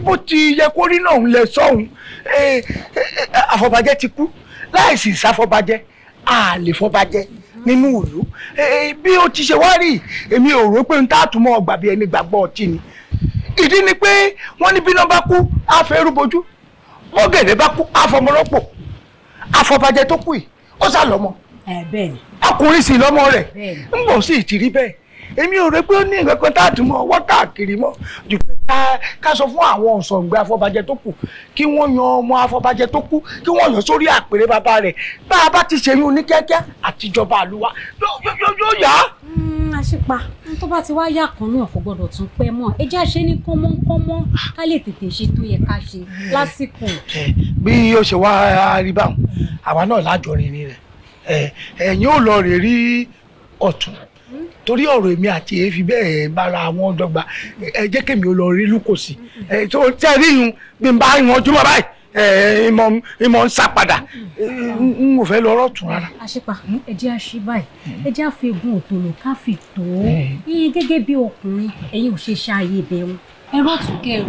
bó ti yẹ kó rí náà ń lẹ sọ́hún àfọbàjẹ ti kú láìsí ìsáfọbàjẹ àlèfọbàjẹ nínú ìlú bí ó ti ṣe wá rí èmi ò rò pé n tá àtúmọ̀ ọgbà bíi ẹni gbàgbọ́ ọtí ni ìdí ni pé wọ́n ní bí náà bá kú àfẹ́rúbojú oge bá kú àfọmọlọ́pọ̀ àfọbàjẹ́ tó kù yìí ó sà lọ́mọ. ọkùnrin sì lọ́mọ rẹ̀ ń bọ̀ sí ìtìrí bẹ́ẹ̀ èmi ò rẹ pé ó ní nǹkan kan tá a tún mọ wá káàkiri mọ́ jù pé ká sọ fún àwọn ọ̀sọ̀ǹgbẹ afọbajẹ tó kù kí wọ́n yan ọmọ afọbajẹ tó kù kí wọ́n yàn sórí àpèrè bàbá rẹ̀ bá a bá ti ṣèyún ní kẹ́kẹ́ àtijọba àlùwà yóò yá. Hmm, àṣìpa tó bá ti wá yà kan náà kò gbọdọ̀ tún pẹ́ mọ́ ẹ jẹ́ àṣẹ ní kánmọ́kánmọ́ ká lè tètè ṣe tó yẹ ká ṣe lásìkò. bí ó ṣe wá rí báwọn àwa náà lájọ rìnrìn rẹ ẹ̀yin ò lọ rè rí ọ̀tún torí ọ̀rọ̀ èmi àti èéfi bẹ́ẹ̀ bára wọn dọ́gba ẹ jẹ́ kémi ó lọ rí lúkòsì ẹ tó tẹ́ rí yun bí n bá yanjú bàbá yìí ìmọ̀ ń sá padà n ò fẹ́ lọ rọ́ọ̀tún rárá. àṣepa ẹ jẹ́ àṣì báyìí ẹ jẹ́ àfi egun òtòlò ká fi tó gẹ́gẹ́ bí ọkùnrin ẹ̀yin ò ṣe ṣe ààyè ibẹ̀ wọn ẹrọ tún kẹ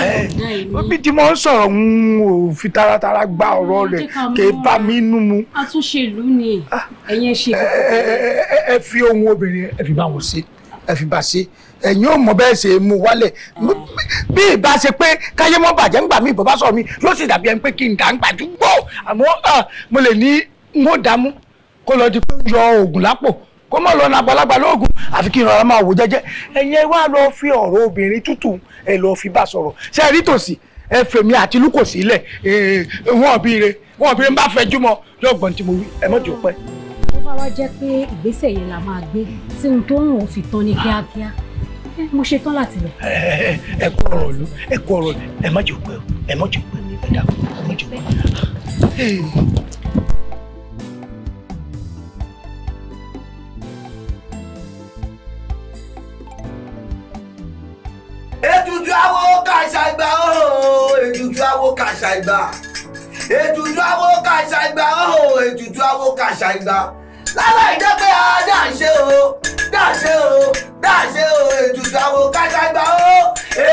ẹrọ sí. bí tí mo ń sọ̀rọ̀ ń ò fi taratara gba ọ̀rọ̀ rẹ̀ kì í bá mi nú mu. àtúnṣe ìlú ni ah, ẹ̀yẹn ṣe. ẹ fi ohun obìnrin ẹ fi bá wọn ṣe ẹ fi bá ṣe ẹ̀yin ò mọ bẹ́ẹ̀ ṣe mú wálẹ̀ bí ìbá ṣe pé káyé mọ́ bàjẹ́ ń gbà mí ìbọ̀bá sọ mi ló sì dàbí ẹni pé kí n dà ń gbàdúgbò àmọ́ ah, mo lè ní n ó kó lọ di pé yọ oògùn lápò kó mọ̀ lọ́nà àgbàlagbà lóògùn àfi kí ìrora máa wò jẹ́jẹ́ ẹ̀yin ẹ wá lọ fi ọ̀rọ̀ obìnrin tútù ẹ lọ fi bá sọ̀rọ̀ ṣe é rí tòsí ẹ fèmí àti lukò sílẹ̀ wọn bí re wọn bí re ń bá fẹjú mọ lọ́gbọ̀n tí mo wí ẹ mọ̀ jù pẹ́. tó bá wá jẹ́ pé ìgbésẹ̀ yẹn la máa gbé tí ohun tó ń wọ̀n fi tán ní kíákíá mo ṣe tán láti lọ. ẹ kú ọ̀rọ̀ lu ẹ kú ọ̀rọ̀ lu ẹ mọ̀ jù pẹ́ ẹ mọ̀ jù pẹ́ ẹ dàgbọ́ ẹ mọ̀ pẹ́. ètùtù awo kàṣà ìgbà ooo ètùtù awo kàṣà ìgbà ètùtù awo kàṣà ìgbà ooo ètùtù awo kàṣà ìgbà lálẹ́ ìjọba dáṣe o dáṣe o dáṣe o ètùtù awo kàṣà ìgbà ooo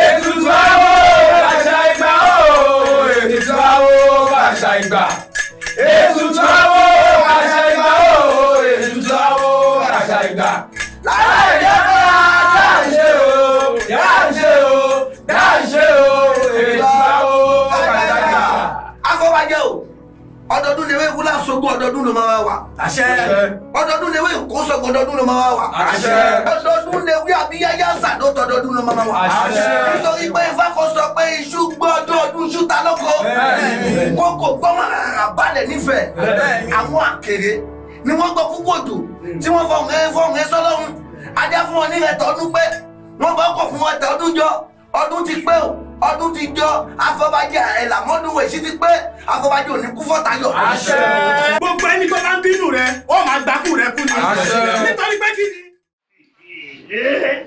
ètùtù awo kàṣà ìgbà ooo ètùtù awo kàṣà ìgbà ètùtù awo kàṣà ìgbà ooo ètùtù awo kàṣà ìgbà lálẹ́ ìjọba dáńṣe o dáńṣe o èrèṣà o ọ̀kadà. afọwájẹ́ o ọdọọdún lèwe ìwúlá sọgbọn ọdọọdún ló máa wà. àṣẹ. ọdọọdún lèwe ìkósọgbọn ọdọọdún ló máa wà. àṣẹ. ọdọọdún lèwe àbíyáyá sàdó tọdọọdún ló máa wà. àṣẹ. nítorí pé ifá kan sọ pé iṣu gbọ́ ọdọọdún ṣúta lọ́kọ. kókò gbọ́mọ àbálẹ̀ nífẹ̀ẹ́. àwọn àkèrè ni wọ́n gbọ́ púpọ̀ jù tí wọ́n fọ̀hún ẹ fọ̀hún ẹ sọ́lọ́run adé fún wọn nílẹ̀ tọ́dún pé wọ́n bá kọ̀ fún ọ̀tẹ̀ ọdún jọ ọdún ti pé o ọdún ti jọ afọbajẹ ẹlàmọdún èsì ti pé afọbajẹ òní kú fọta yọ. àṣẹ. gbogbo ẹni tó bá ń bínú rẹ ó máa gbákù rẹ fún ni? àṣẹ. nítorí pé kí ni. Hey.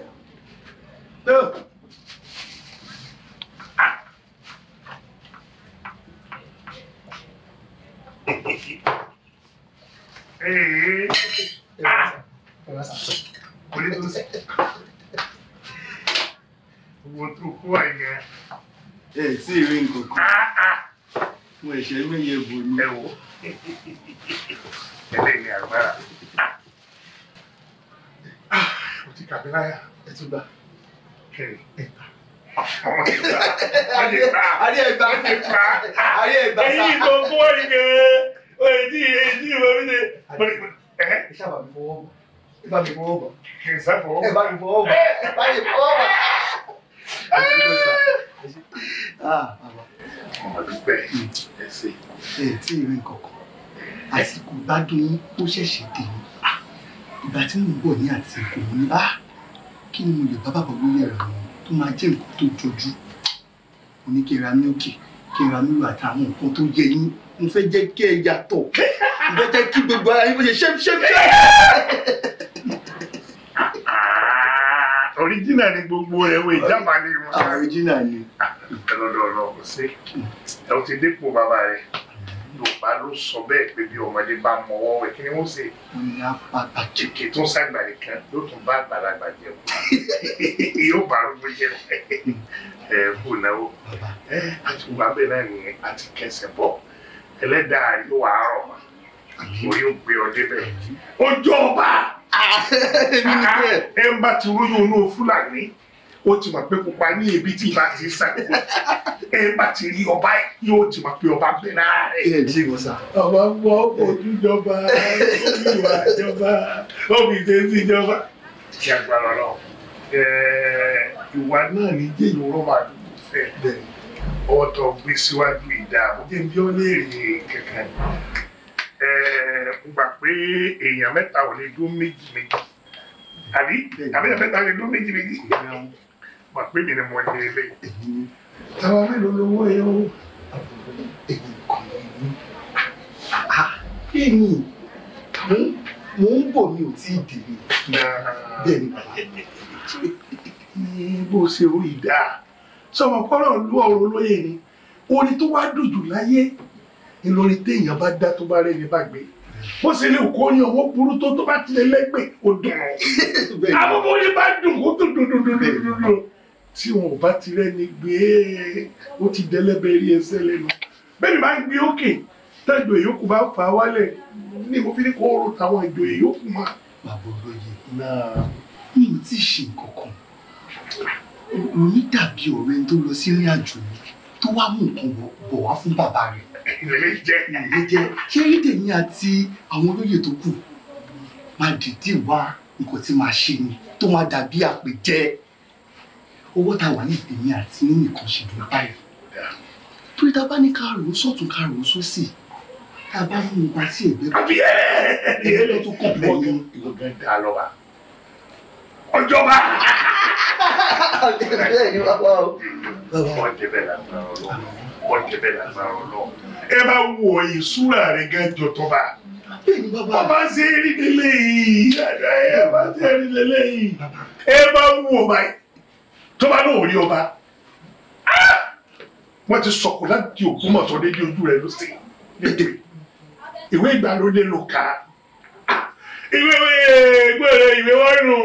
Ah owó tó kó àyẹ. ẹ tí ì rí nǹkan kan ah, ah. mo ẹ̀ṣẹ̀ méye bò ní. ẹ wo ẹlẹ́yìn agbára. Ah, o ti kàbí láyà ẹ tún gbà. kẹrì ẹ ta. Adé gbà. Adé gbà. Adé gbà. Adé gbà. tó kó ìgbé. O yẹ ti yẹ ìwé mi ni. Ẹ sábà mi fọwọ́ bọ̀. Ẹ bá mi fọwọ́ bọ̀. Ẹ bá mi fọwọ́ bọ̀. Ẹ bá mi fọwọ́ bọ̀ ọmọ dúpẹ́ ẹ ṣe. ẹ tí ì rí nǹkan kan àsìkò gbádùn yín ó ṣẹ̀ṣẹ̀ dé yín ìgbà tí mò ń bọ̀ ní àti èkó ní á kí ni mo lè bá bàbá olóyè rẹ̀ wọn tó máa jẹ́ nǹkan tó jọjú mo ní kí n ra mílíkì kí n ra mílíkì àtàwọn nǹkan tó yẹ yín mo fẹ́ jẹ́ kí ẹ yàtọ̀ mo fẹ́ jẹ́ kí gbogbo ara yín kó ṣe ṣẹ́m ṣẹ́m original ni gbogbo ẹ̀wọ̀ ìjàmbá ni mo ah, original ni. Ah, ẹlọ́dọọlọ kò sí ẹ ó ti dépò bàbá rẹ yorùbá ló sọ bẹ́ẹ̀ pé bí ọmọdé bá mọwọ́ wẹ̀ kí ni wọ́n ṣe. kìkì tó ságbà nìkan yóò tún bá àgbàlagbà jẹun yóò bá arúgbó jẹun ẹ kò náwó ẹ àti wà bẹ́ẹ̀ náà nìyẹn àti kẹsẹ̀ bọ̀ ẹlẹ́dàá yóò wà á rọ̀ mọ́ orí ò gbé ọ débẹ̀ ojú ọba. ẹ bá ti róyún inú fúlàní ó ti mọ̀ pé pupa ní ibi tí ìbá ti ṣàkóso ẹ bá ti rí ọba yóò ti mọ̀ pé ọba bẹ̀ náà rẹ̀. ẹ jí sá. ọba mọ ojú jọba ìwà jọba òbí tẹsí jọba. ṣé agbára lọ ìwà náà ní jẹ́ ìwúrọ́ máa fẹ́ ọ̀tọ̀ gbé síwájú ìdá ọdẹ bí lè kankan mo gbà pé èèyàn mẹ́ta ò lè dún méjì méjì àbí àbí èèyàn mẹ́ta ò lè dún méjì méjì mà pé mi ni mo ní ilé. táwa mélòó lówó ẹ o èyí kan ní kí ni mo ń bọ̀ mi ò tí ì dì mí bẹ́ẹ̀ ni bàbá bó ṣe rí i dáa sọmọkọ́rọ̀ lu ọ̀rọ̀ olóyè ni orin tó wá dùn láyé ìlórí téèyàn bá dá tó bá rẹ̀ ní bàgbé bó ṣe lè kó ní ọwọ́ burú tó tó bá tilẹ̀ lẹ́gbẹ̀ ó dùn ún abúbú ní bá dùn kó dùn dùn dùn dùn dùn dùn tí wọn ò bá ti rẹ́ni gbé ó ti dẹ́lẹ́bẹ̀ rí ẹsẹ̀ lẹ́nu bẹ́ẹ̀ ni bá ń gbé òkè tẹ́jọ ìyókù bá fà wálẹ̀ ní mo fi ní kó rò táwọn ìjọ ìyókù máa. bàbá olóye náà mi ò tí ì ṣe nǹkan kan òní dàbí ọ̀rẹ́ tó lọ sí ìrìn àjò mi tó wá mú nǹkan bọ̀ wá fún bàbá rẹ̀. ìrẹ̀lẹ̀ jẹ́ ìrẹ̀lẹ̀ jẹ́ ṣé ìdèyìn àti àwọn olóyè tó kù máa dìde wá nǹkan tí máa ṣe ni tó máa dàbí àpèjẹ owó tá a wà ní ìdèyìn àti nìkan ṣe dùn báyìí. torí tá a bá ní ká rò ó sọ̀tún ká rò ó sósì tá a bá mú un bá sí ẹ̀gbẹ́ kan ẹ̀gbẹ́ tó kọ̀ bọ́ọ̀lù ọjọba. bẹ́ẹ̀ ni bàbá o. wọ́n débẹ̀ lágbára ọlọ́run wọ́n débẹ̀ lágbára ọlọ́run ẹ bá wọ ìṣúra rẹ̀ gẹ́ jọtọba. Bàbá ṣe rí délé yìí, ẹ bá ṣe rí délé yìí, ẹ bá wù ọba yìí, tó bá náà rí ọba, wọ́n ti sọ̀kò láti Ògbómọ̀ṣọ́ dédé ojú rẹ̀ ló ṣe dédé. Ìwé ìgbàlódé ló kà á ìwé gbèrè ìwé wọn nù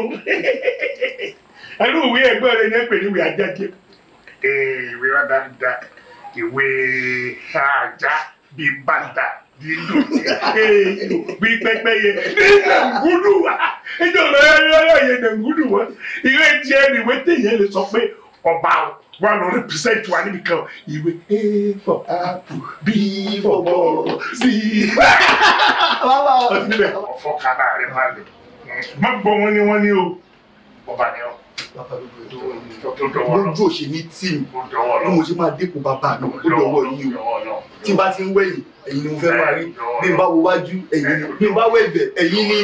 ẹnu ìwé ẹgbẹrẹ ní ẹgbẹrẹ ìwé ajáde ìwé wa dáadáa ìwé ajá bí bàtà nínú èèlò bí pẹ́pẹ́yẹ nínú ngudu wa ìjọba ẹyọ ẹyọ yẹn nà ngudu wa ìwé tiẹ̀ ni ìwé tẹ̀yẹ lè sọ pé ọba o wà lọ represent wa níbi kan ìwé a for apple b for ball c. ọ̀sibẹ̀ ọ̀fọ̀ kan náà rẹ̀ máa lè má gbọ́ wọn ni wọ́n ní o ọba ni ọ lójú òṣè ní tíìmù bí mo ṣe máa dẹ́kun bàbá mi ó dọ̀wọ́ yìí o tí n bá ti ń wẹ̀yìn ẹ̀yin ni mo fẹ́ máa rí bí n bá wo wájú ẹ̀yin ni bí n bá wẹ̀bẹ̀ ẹ̀yin ni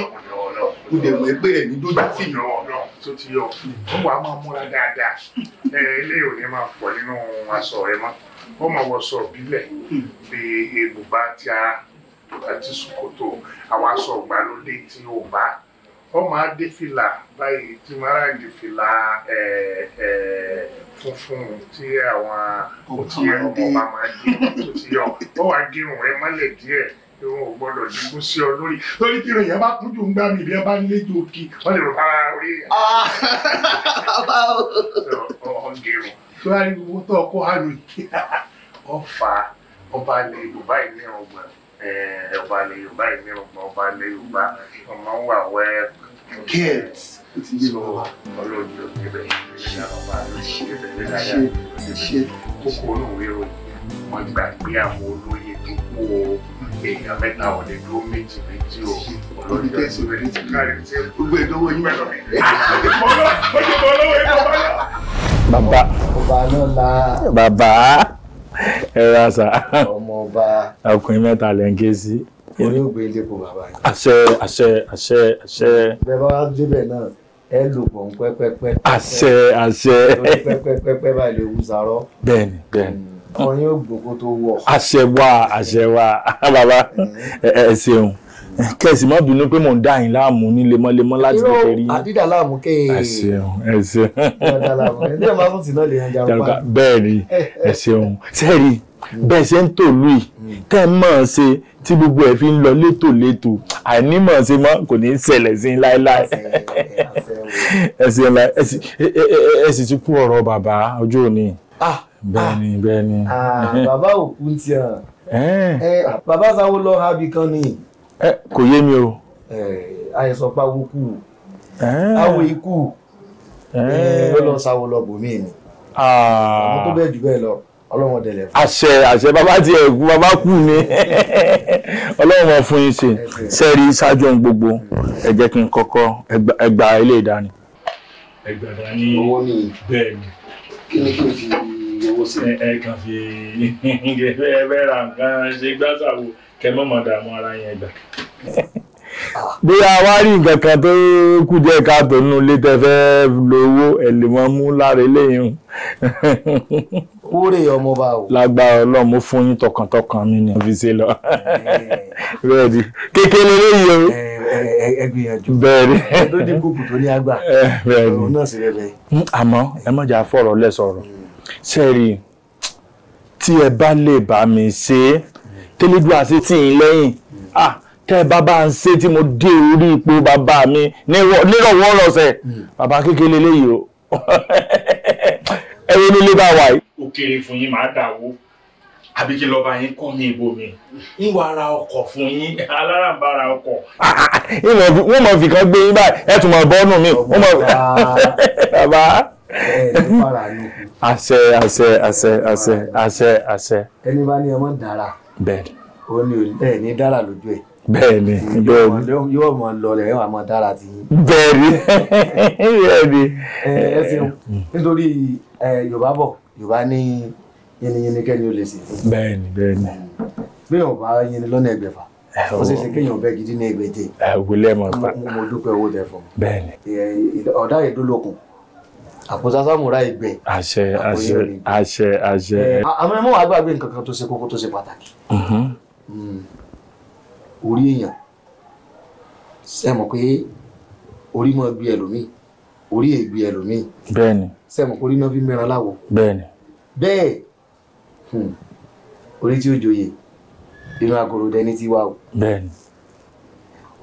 kò dẹ̀ mọ̀ pé ẹ̀mí dójú tì yàn ọ̀nà tó ti yọ ó wàá máa múra dáadáa ẹ ilé òní máa pọ̀ nínú aṣọ rẹ mọ́ ó máa wọṣọ bílẹ̀ bí ebùbá ti ara àti ṣòkòtò àwọn aṣọ ìgbàlódé tí ó bá ó máa dé fìlà báyìí tí mara di fìlà ẹ ẹ funfun tí àwọn òtí ẹ ọmọ bá máa dé tó ti yọ ó wàá gé òun ẹ mọ́lẹ̀ díẹ̀ wọn ò gbọ́dọ̀ dìbò sí ọ lórí lórí tí ìròyìn bá kúndùn ń gbá mi ìbí ẹ bá nílé ju òkè wọn lè rò fara ah, orí ẹ. ọ̀hún tó wá ní gbogbo tó ọkọ àlù yìí ọfà ọba ilẹ̀ Yorùbá ìní ọgbà ọba ilẹ̀ Yorùbá ìní ọgbà ọba ilẹ̀ Yorùbá ọmọ ń wà wẹ́ gẹ́ẹ̀t ọlọ́ọ̀dì òkèbẹ̀ ìṣàlọ́ba ló ṣe bẹ̀rẹ̀ láyà kókó olóòwe ròyìn wọ́n gbàgbé àwọn olóyè tó kú o èèyàn mẹ́ta ò lè dúró méjì méjì o olórí tẹ̀sí rẹ̀ ah! ti kárí tí gbogbo ìdánwò yín mẹ́ta mi. bàbá ọba náà la. bàbá ẹ ra sa. ọmọ ọba. ọkùnrin mẹ́ta lè ń ké sí. orí ògbé lépo bàbá yìí. àṣẹ àṣẹ àṣẹ àṣẹ. bẹ́ẹ̀ bá wá débẹ̀ náà ẹ lò pọ̀ ń pẹ́pẹ́pẹ́. àṣẹ àṣẹ. pẹ́pẹ́pẹ́pẹ́ báyìí lè wù sàrọ́. bẹ́ẹ̀ni bẹ́ẹ̀ni ọyún ògbókó tó wọ. àṣẹwà àṣẹwà ah, bàbá ẹ ṣeun kẹsì má bínú pé mò ń dá yín láàmú ní lemọ́lemọ́ láti lè tẹ̀rí yín. àdídà láàmú kẹ́ ẹ̀. ẹ ṣeun ẹ ṣeun. ẹ máa fún tìǹà lè yan jàmbá. bẹ́ẹ̀ ni ẹ ṣeun sẹ́ẹ̀rì bẹ́ẹ̀ ṣe ń tòlú yìí tẹ́ ẹ mọ̀ ọ́n ṣe tí gbogbo ẹ̀ fi ń lọ létòlétò àìní mọ̀ ọ́n ṣe mọ́ kò ní ṣẹlẹ̀ sí i láéláé ẹ ṣeun ẹ sì ti kú ọ̀rọ̀ bàbá ọjọ́ òní. ah bẹ́ẹ̀ni ah, bẹ́ẹ̀ni. Ah, bàbá òkú ti hàn bàbá sáwó lọ ha bì kan ni. kò yé mi o. àìsàn pawó kù awo ikú ló lọ sáwó lọ bòmí ni àwọn ah. tó bẹ́ẹ̀ jù bẹ́ẹ̀ lọ ọlọ́wọ́n dẹ̀lẹ̀ fún. àṣẹ àṣẹ bàbá ti ẹ̀kú bàbá kù ni ọlọ́wọ́n fún yín ṣe sẹ́ẹ̀rí ṣáájú ohun gbogbo ẹ jẹ́ kí n kọ́kọ́ ẹgbà ilé ìdání. ẹgbà ìdání bẹ́ẹ̀ ni. kí ni kí n fi owó sí. ẹ kàn fi ẹ fẹ́ ra nǹkan ṣe gbàsà kẹ mọ́ mọ́ dààmú ara yẹn gbà. bóyá wá rí nǹkan kan tó kù díẹ̀ káàtó nínú ilé tẹ fẹ́ lo owó ẹ lè mọ mú lára eléyìí kúrè ọmọba o. lágbára ọlọ́run mo fún yín tọkàntọkàn mi ni fi ṣe lọ. bẹ́ẹ̀ kékeré lóyè o. ẹ gbìyànjú. bẹ́ẹ̀ ẹ ló dín kùkù tó ní àgbà. bẹ́ẹ̀ ni. náà sì rẹ̀ bẹ́ẹ̀. àmọ́ ẹ mọ̀jà fọ̀rọ̀ lẹ́sọ̀rọ̀. Mm sẹ́ẹ̀rì tí ẹ bá lè bá mi ṣe é tẹ́lẹ́dúwà sí tì í lẹ́yìn ah tẹ́ ẹ bá bá ń ṣe tí mo dé orí ipò bàbá mi nírọ̀wọ́ rọ̀ṣẹ̀ bàbá kékeré léyìí o ẹ̀rọ nílé bá wà yìí. ó kéré fún yín màá dàwó àbí kí lọ́ba yín kọ́ ní ibo mi ìwà ara ọkọ̀ fún yín alárànbarà ọkọ̀. wọ́n mọ̀ fi kan gbé yín báyìí ẹ̀ tún mọ̀ bọ́ọ̀nù mi. bàbá àṣẹ àṣẹ àṣẹ àṣẹ àṣẹ àṣẹ. ẹni bá ní ọmọ dára. bẹ́ẹ̀ni. o. ní ẹ ní dára lójú ẹ. bẹ́ẹ̀ni bẹ́ẹ̀ni. yóò mọ lọlẹ ẹ wà mọ dára ti yín. bẹ́ẹ̀ni bẹ́ẹ̀ni. ẹ ẹ ṣeun nítorí yorùbá bọ̀ yorùbá ní yínníyínní kẹ́ni ó lè ṣe. bẹ́ẹ̀ni bẹ́ẹ̀ni. bí yóò bá yínní lọ́nà ẹgbẹ̀fà ó sì ṣe kéèyàn bẹ́ gidi ní ẹgbẹ̀je. ẹ wulẹ̀ mọ̀ pa. mo dúpẹ́ owó tẹ fún mi. bẹ́ẹ̀ni. ọ̀dà ìdúlókun àpòsásá múra ìgbẹ́ àṣẹ àṣẹ àṣẹ àṣẹ. àmọ́ ẹ mọ́ wàá gbàgbé nǹkan kan tó ṣe kókó tó ṣe pàtàkì mm-hmm. hmm. orí èèyàn ṣe mọ̀ pé orí mọ̀ gbé ẹlòmíì orí ègbé ẹlòmíì bẹ́ẹ̀ni ṣe mọ̀ pé orí náà fi mẹ́ran láwọ̀ bẹ́ẹ̀ni bẹ́ẹ̀ hmm. orí tí ó joyè inú agoro dẹni tí wà o bẹ́ẹ̀ni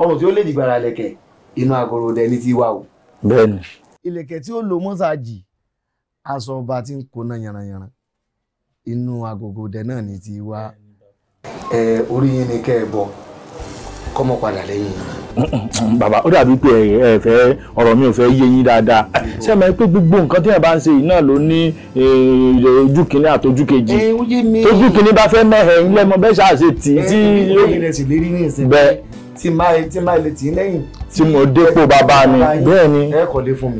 ọrùn tí ó lè dìgbàrà lẹ̀kẹ̀ inú agoro dẹni tí wà o bẹ́ẹ̀ni ìlẹ̀kẹ̀ tí ó lo mọ́sáàjì aṣọ ọba tí ń kóná yanranyanran inú agogo dẹ náà ni ti wá. ẹ orí yín ni kẹ́ ẹ bọ kọ́mọ padà lẹ́yìn yìí bàbá ó dàbí pé ẹ fẹ́ ọ̀rọ̀ mi ò fẹ́ yé yín dáadáa ṣé ẹ mọ̀ pé gbogbo nǹkan tí ẹ bá ń ṣe yìí náà ló ní ojú kìíní àti kejì tójú kìíní bá fẹ́ mẹ́hẹ̀ẹ́ ńlẹ́mọ bẹ́ẹ̀ ṣáà ṣe tì í tí bẹ́ẹ̀ tí máa tí máa lè tì í lẹ́yìn. tí mo dépò bàbá mi bẹ́ẹ̀ ni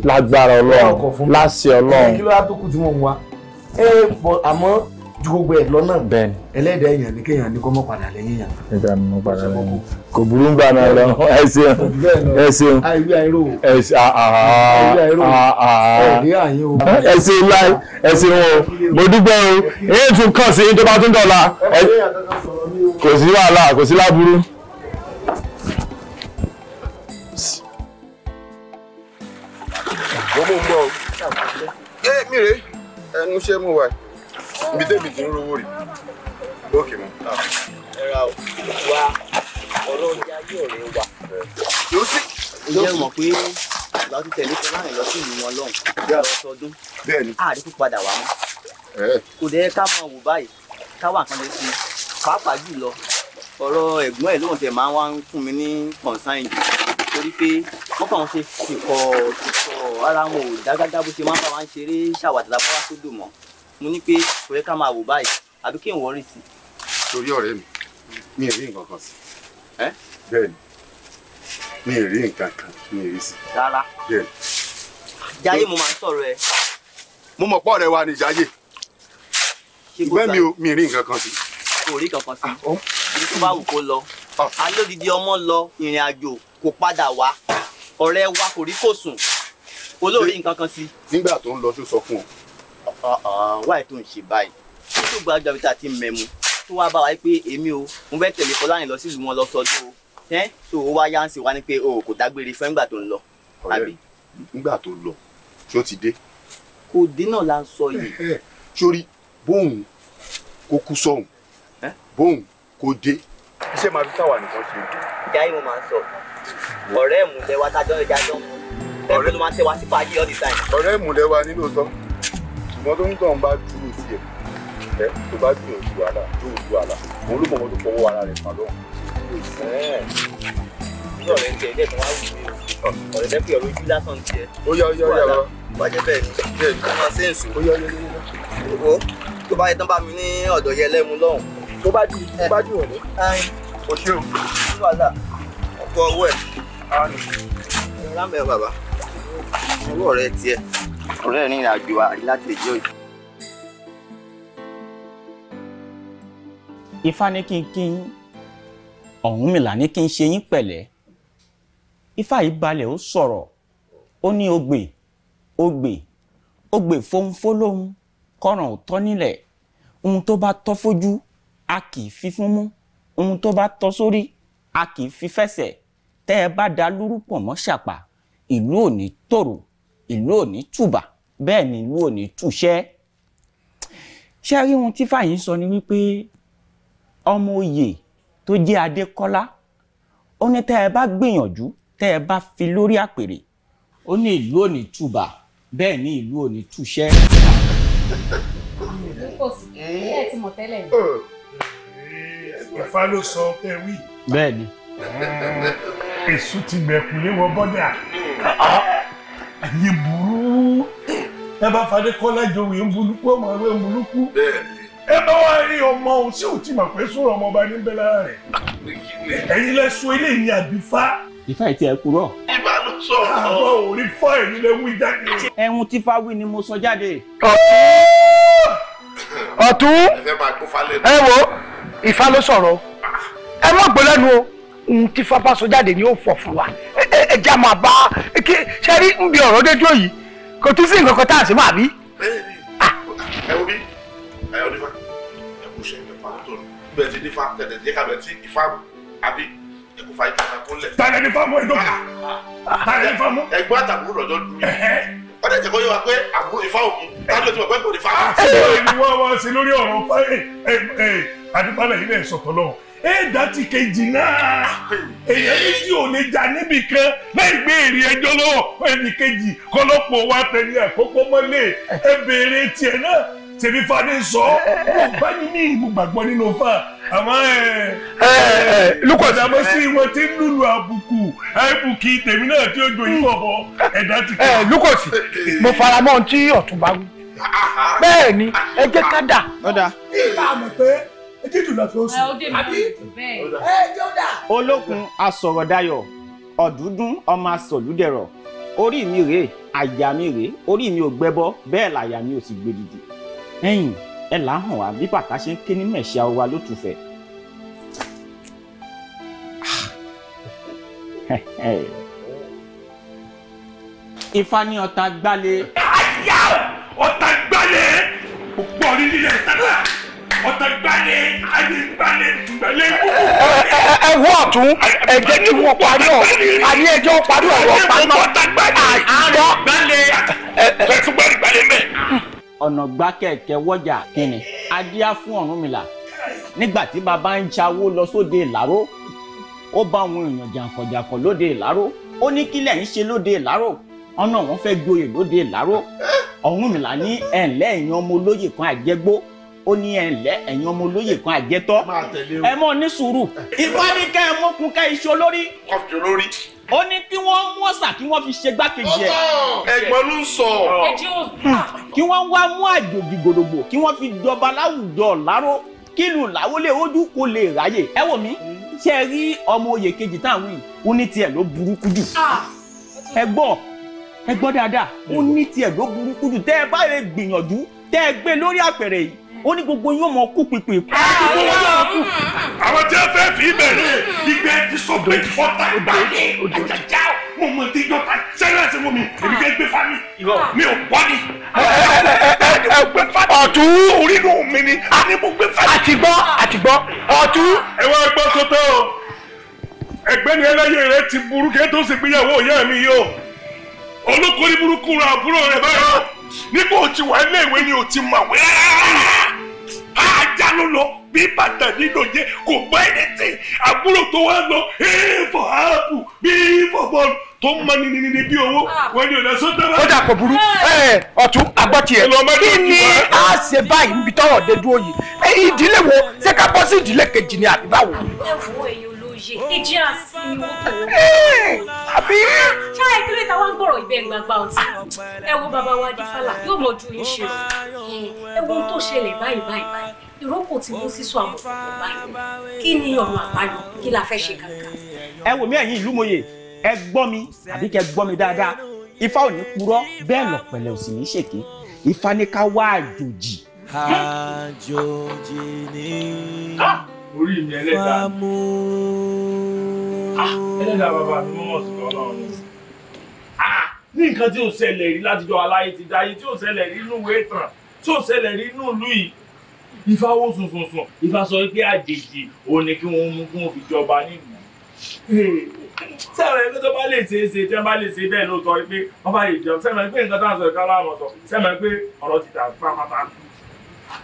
lágbára ọlọ́run láṣẹ ọlọ́run. kí ló wá tó kù tí mo ń wa ẹ bọ àmọ́ ju gbogbo ẹ lọ́nà bẹ́ẹ̀ni ẹlẹ́dàá èèyàn ní kéèyàn ní kó mọ́ padà lẹ́yìn yàn. ẹ̀dá mi mọ́ padà lẹ́yìn kò burú ń bá náà lọ ẹ ṣeun ẹ ṣeun àìwí àìró ẹ ṣeun láì ẹ ṣeun o mo dúpẹ́ o èyí tún kàn sí tó bá tún dọ̀la kò sí wàhálà kò sí láburú. mi rè ẹnu iṣẹ́ mo wà ibi tẹ́bi ti ń rówó rè ókè mọ́. ẹ wa ọlọ́run jẹ́ ayé wa. ǹjẹ́ mọ̀ pé ìgbà tó tẹ̀lé fẹ́ láàrin lọ sí ìlú wọn lọ́hùn lọ́sọdún àárín pípadà wà mọ́ kò dẹ́ ká máa wò báyìí káwà kan lè fi pàápàá jùlọ ọ̀rọ̀ ẹ̀gbọ́n ẹ̀ lóun tẹ̀ máa ń wá fún mi ní kọ̀ǹsáìn jù torí pé wọ́n kàn ṣe ṣìkọ̀ ṣìkọ̀ ara wọn ò dágágá bó ṣe máa ń bá wa ń ṣeré ṣàwàdà lápá wá sódò mọ́ mo ní pé kò yẹ ká máa wò báyìí àbí kí n wọ́n rí sí. torí ọ̀rẹ́ mi mi ò rí nǹkan kan sí bẹ́ẹ̀ ni mi ò rí nǹkan kan mi ò rí sí. rárá bẹ́ẹ̀ ni. jáyé mo máa ń sọ̀rọ̀ ẹ. mo mọ̀ pọ̀ wa ni jáyé ìgbẹ́ mi ò mi rí nǹkan kan sí. kò rí kankan sí ah, oh. ibi tó bá wù kó lọ ah. alódìdí ọmọ lọ ìrìn àjò kò padà wá ọ̀rẹ́ wa kò rí kò sùn olórí nǹkan kan sí. nígbà tó ń lọ ṣó sọ fún ọ. wáyé tó ń ṣe báyìí tó gbàgbà bí tá a ti mẹ́mu tó wá bá wa pé èmi o mo fẹ́ tẹ̀lé Fọláyìn lọ sílùú wọn lọ́sọdún o ẹ́ tó o wá yáǹsì wa ni pé o kò dágbére fún nígbà tó ń lọ. ọ̀rẹ́ nígbà tó lọ ṣé ó ti dé. kò dé náà la ń sọ yìí. sórí bóun kó kú sọ́hùn bóun kó dé iṣẹ́ máa fi táwa nìkan ṣe. ìjà yìí mo máa ń sọ ọ̀rẹ́ ìmùlẹ̀ wa tájọ́ ẹja jọ ẹgbẹ́ ló máa ń tẹ́ wa sí fàájì all the time. ọ̀rẹ́ ìmùlẹ̀ wa nílò tán ṣùgbọ́n tó ń tàn bá dúró tiẹ̀ ẹ tó bá dùn ojú àlà tó ojú àlà òun ló mọ̀mọ́ tó fọwọ́ ara rẹ̀ pàdán. bí ọ̀rẹ́ ń tẹ ẹgbẹ́ kan wá wù mí o ọ̀rẹ́ tẹ́ pé ọ̀rọ̀ ojú lásán tiẹ̀. ó yá ó yá ó yá bàbá. bàjẹ́ bẹ́ẹ̀ ni bẹ́ẹ̀ ni wọ́n máa ṣe ń sùn. ó yá ó yá ó yá. tó bá yẹ tán bá mi ní ọ̀dọ̀ yẹn lẹ́mu lọ́hùn. tó bá dùn tó bá dùn òní. o ṣeun. wàhálà kọ ọwọ́ ẹ̀. rámẹ̀ bàbá ọwọ́ rẹ tiẹ̀. ọ̀rẹ́ rìn ìrìn àjò àrí láti lè jẹ́ òjò. ifá ní kí n kí n Ọ̀rúnmìlà ní kí n ṣe yín pẹ̀lẹ́ ifá yìí balẹ̀ ó sọ̀rọ̀ ó ní ogbè ogbè ogbè fónfó lóhun kọ́ràn ò tọ́ nílẹ̀ ohun tó bá tọ́ fójú a kì í fi fún mú ohun tó bá tọ́ sórí a kì í fi fẹsẹ̀ tẹ́ ẹ bá da lúrúpọ̀ mọ́ ṣàpà ìlú ò tòrò ìlú ò tùbà bẹ́ẹ̀ ni ìlú ò ní túṣẹ́. ṣé rí ohun tí fàyín sọ ni wípé ọmọ oyè tó jẹ́ adékọ́lá ó ní tẹ́ ẹ bá gbìyànjú tẹ́ ẹ bá fi lórí àpèrè ó ní ìlú ò tùbà bẹ́ẹ̀ ni ìlú ò ní túṣẹ́. kò ni. Ìfá ló sọ pé wí. Bẹ́ẹ̀ni èṣù ti gbẹ̀kú lé wọ bọ́dà àyè burú ẹ bá fadé kọ́lá jòwé ń bulúkú ọmọ ẹwẹ́ ń bulúkú ẹ bá wá rí ọmọ òun sí òtí mà pé sọ̀rọ̀ ọmọ ọba ní bẹ́lá rẹ̀ ẹ̀yin lẹ sọ eléyìí ní àbífá. ìfá ìtì ẹ̀ kúrọ̀. ìbá ló sọ ọ́. àbọ̀ òrí fọ́ ẹ̀yin lẹ wí jáde. ẹ̀hun tí fáwí ni mo sọ jáde. ọ̀tún ẹ wo ìfá ló sọ̀rọ̀ ẹ mọ̀ gbọ́lẹ́nu o ohun tí fábá sọ jáde ni ó fọ̀ fún wa ẹ jẹ́ àmọ́ àbá kí ṣe rí ń bi ọ̀rọ̀ dédú yìí kò tún sí nǹkan kan tá à sí máa bí. ẹ wo bí ẹ ò nífa ẹ kò ṣe ìfẹ́ fáwọn tó ní bẹ́ẹ̀ ti nífa tẹ̀tẹ̀ jẹ́ kábẹ́ tí ìfá àbí ẹ kò fa ìkàtà kó lẹ̀. tàlẹ́ ní fámú ẹ̀dọ́ tàlẹ́ ní fámú. ẹ̀gbọ́n àtàkùn lọ́jọ́ dùn yìí wọ́n tẹ̀ jẹ́ kó yẹ wa pé àbúrò ìfá òkú tájú ti wọ̀ pé kò ní fa. ẹ ẹ wọ́n wọ́n sí lórí ọ̀rọ̀ èèdà eh, ti kejì náà èèyàn méjì ò lè jà níbì kan láì gbé èrè ẹjọ́ lọ́wọ́ ẹnì kejì kọ́lọ́pọ̀ wa tẹ̀lé àkọ́kọ́ mọ́lẹ̀ ẹ béèrè tiẹ̀ náà tèmi fani sọ ọ bá ní ní ìmú gbàgbọ́ nínú fa àmọ́ ẹ lùkọ̀dàmọ́ sí wọn tí ń lùlù àbùkù àìbùkì tèmi náà tí ó jò yín bọ̀bọ̀ ẹ̀dá ti kọ́. ẹ lùkọ̀sì mo fara mọ́ ohun tí ọ̀tún bá wí ah, ah, ah. bẹ́ẹ̀ ni ẹ jẹ́ ká dà. ọ̀dà. ìgbà mọ̀ pé dídùn lọ fi ó sùn ah, àbí ẹ jọ́dá. olókun asọ̀rọ̀dayọ̀ ọ̀dúndún ọmọ asọ̀lúdẹ̀rọ̀ orí mi rèé àyà mi rèé orí mi ò gbẹ́bọ́ bẹ́ẹ̀ làyà mi ò sì gbèdìdì ẹ̀yìn ẹ̀ là ń hàn wá bí bàtà ṣe ń ké ní mẹ̀ṣẹ́ àwa lótùfẹ́. Ah, Ifá ní ọ̀tá gbálẹ̀. ọ̀tá gbálẹ̀ gbọ́ orí lílẹ̀ ìtàkùn ọ̀tọ̀ gbani àti gbani pẹ̀lú ikú. ẹ wọ ọtún ẹ jẹ́ kí wọn parí ọ àní ẹ jẹ́ wọn parí ọ̀rọ̀ pamọ́ àárọ̀ pẹ̀lú gbani gbani mẹ. ọ̀nà gbá kẹ̀kẹ́ wọ́jà kínní adíá fún Ọ̀rúnmìlà nígbà tí bàbá ń jawó lọ sóde ìláró ó bá àwọn èèyàn jàǹkànjàǹkàn lóde ìláró ó ní kílẹ̀ ń ṣe lóde ìláró ọ̀nà wọn fẹ́ gboyè lóde ìláró Ọ̀rúnmìlà ní ẹ̀ńlẹ́ èèyàn ọmọ olóyè kan àjẹgbó ó ní ẹ̀ǹlẹ́ ẹ̀yin ọmọ olóyè kan àjẹtọ́ ẹ mọ̀ ní sùúrù ìfá ní kẹ́ ẹ mọ́kun kẹ́ iṣẹ́ olórí ó ní kí wọ́n mú ọ̀sà kí wọ́n fi ṣe gbákejì ẹ̀. ẹ̀gbọ́n ló ń sọ. Ah! kí wọ́n wá mú àjòjì gbòdògbò kí wọ́n fi jọba láwùjọ láró kí ìlú làwọlé ojú kò lè ráyè ẹ wò mí ṣe é rí ọmọ oyè kejì táwọn yìí ó ní tiẹ̀ ló burúkú jù ah! ẹ gbọ́ dáadáa ó ní tiẹ̀ ló burúkú jù tẹ́ ẹ bá lè gbìyànjú tẹ́ ẹ gbé lórí àpẹẹrẹ yìí ó ní gbogbo yóò mọ kú pípé kú. àwọn tí wọ́n fẹ́ fi bẹ̀rẹ̀ ìgbẹ́ ti sọ pé fọ́tà ìbàdí àjàjà mo mọ ti yọ ta sẹ́yìn ẹ̀sìn mi ah. èmi kẹ́ gbé fami mi ò wá ní. Eh, eh, eh, ọ̀tún orí mi ni a ní mo gbé fami. àtìgbọ́ àtìgbọ́ ọ̀tún. ẹ wá gbọ́ sọ́tọ̀ o ẹgbẹ́ ni ẹlẹ́yẹ rẹ ti burú kẹ́ tó sì gbéyàwó ìyá mi yìí o olókòrí burúkú ra àbúrò rẹ báyìí nígbà ó ti wà ilé ìwé ni ó ti mọ̀wé ajá ló lọ bí bàtà nílòye kò gbọ́ ẹ̀rẹ́tì àbúrò tó wá lọ èèfọ̀ ààbù bí fọ̀bọ̀n tó ń mọ nínú bí owó wọn ni ò lọ sọ́tọ́ rẹ̀. ó dà kò burú ah. ọ̀tún àgbọ̀tì ẹ̀ kí ni a ṣe báyìí níbi tọ́wọ̀ dé dúró yìí ìdílé wo ṣé ká bọ́ sí ìdílé kejì ni àbí báwo. ẹ wo èyí yé kejì àsì ni mo tò ó. àbí. ṣáà kí lóye táwọn ń gbọ̀rọ̀ ìbẹ́ gbangba ọtí ẹ wo bàbá wa di fàlà yóò mọ ju yín ṣe ẹ wo tó ṣẹlẹ̀ báyìí báyìí báyìí ìrókò tí mo sísọ àmọ̀kòkò báyìí kí ni ọ̀run àbáyọ kí la fẹ́ ṣe kankan. ẹ wò mí ẹ̀yin ìlú mòye ẹ gbọ́ mi àbí kẹ gbọ́ mi dáadáa ifá ò ní purọ́ bẹ́ẹ̀ lọ̀pẹ̀lẹ̀ ò sì ní ṣèké ifá ní ká wá àjòjì. àjòjì ni. Ah! orí mi ẹlẹ́dàá ah, ẹlẹ́dàá bàbá mi mọ̀ sí ọlọ́run ni ah, ní nǹkan tí ò ṣẹlẹ̀ rí látijọ́ aláyé ti dáyé tí ò ṣẹlẹ̀ rí inú ìwé tí ò ṣẹlẹ̀ rí inú ìlú yìí Ifá wó sọ pé àjèjì òun ni kí wọ́n mú kí wọ́n fi jọba nílùú sẹ́mi pé tó bá lè ṣe é ṣe tí wọ́n bá lè ṣe bẹ́ẹ̀ lóòótọ́ pé wọ́n bá lè jẹun sẹ́mi pé nǹkan táwọn sọ ìka láwọn sọ sẹ́mi pé ọ̀rọ̀ ti dà pátápátá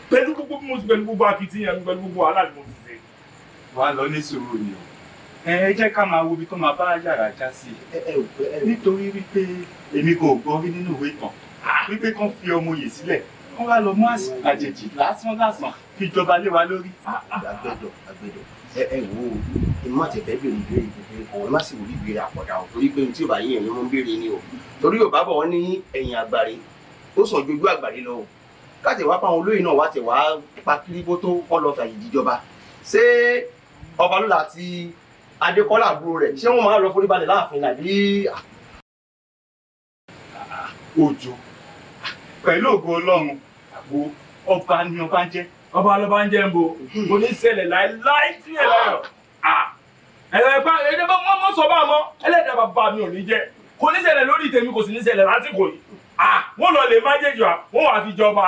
pẹ̀lú gbogbo bí mo pẹ̀lú gbogbo akitiyan pẹ̀lú gbogbo aláàbò wà lọ ní sùúrù ni o ẹ jẹ́ ká máa wo ibi tó máa bá yàrá já sí nítorí wípé èmi kò gbọ́ rí nínú ìwé ìtàn ah! wípé kán fi ọmọ yè sílẹ̀ kán wá lọ mú àjèjì lásán lásán fi jọba lé wa lórí. àgbẹ̀dọ̀ ah, ah, àgbẹ̀dọ̀ ẹ ẹ wo ìmọ̀ àtẹ̀fẹ́ bèrè ìbéèrè ìbéèrè kan ẹ má sì wòlíì ìbéèrè àpọ̀dà o torí pé tí ò bá yín ẹ̀yin ló ń béèrè ni o torí Yorùbá bọ̀ wọ́n ní ẹ̀yìn àgbàre ó sàn jojú àgbàre lọ o káàtẹ̀ wá pa àwọn olóyè náà wá tẹ̀ wá pa kíríbó tó kọ́ lọ fàyè jíjọba ṣé ọbalọ́lá àti adékọ́lá àbúrò rẹ̀ ṣé wọ́n máa lọ forí balẹ̀ láàfin àbí. òjò pẹ̀lú ògo ọlọ́run àgbo ọba ni ọba ń jẹ́. ọba lọba ń jẹ́ ń bo mo ní ṣẹlẹ̀ láéláé tí ẹ lọ́yọ̀ ẹ̀rẹ̀ bá ẹ̀rẹ̀ bá mọ́ mọ́ sọ bá mọ́ ẹlẹ́dàá bàbá mi ò ní jẹ́ kò ní ṣẹlẹ̀ lórí tèmi kò sì ní ṣẹlẹ̀ lásìkò yìí wọ́n lọ lè má jẹ́jọ́ wọ́n wà fi jọba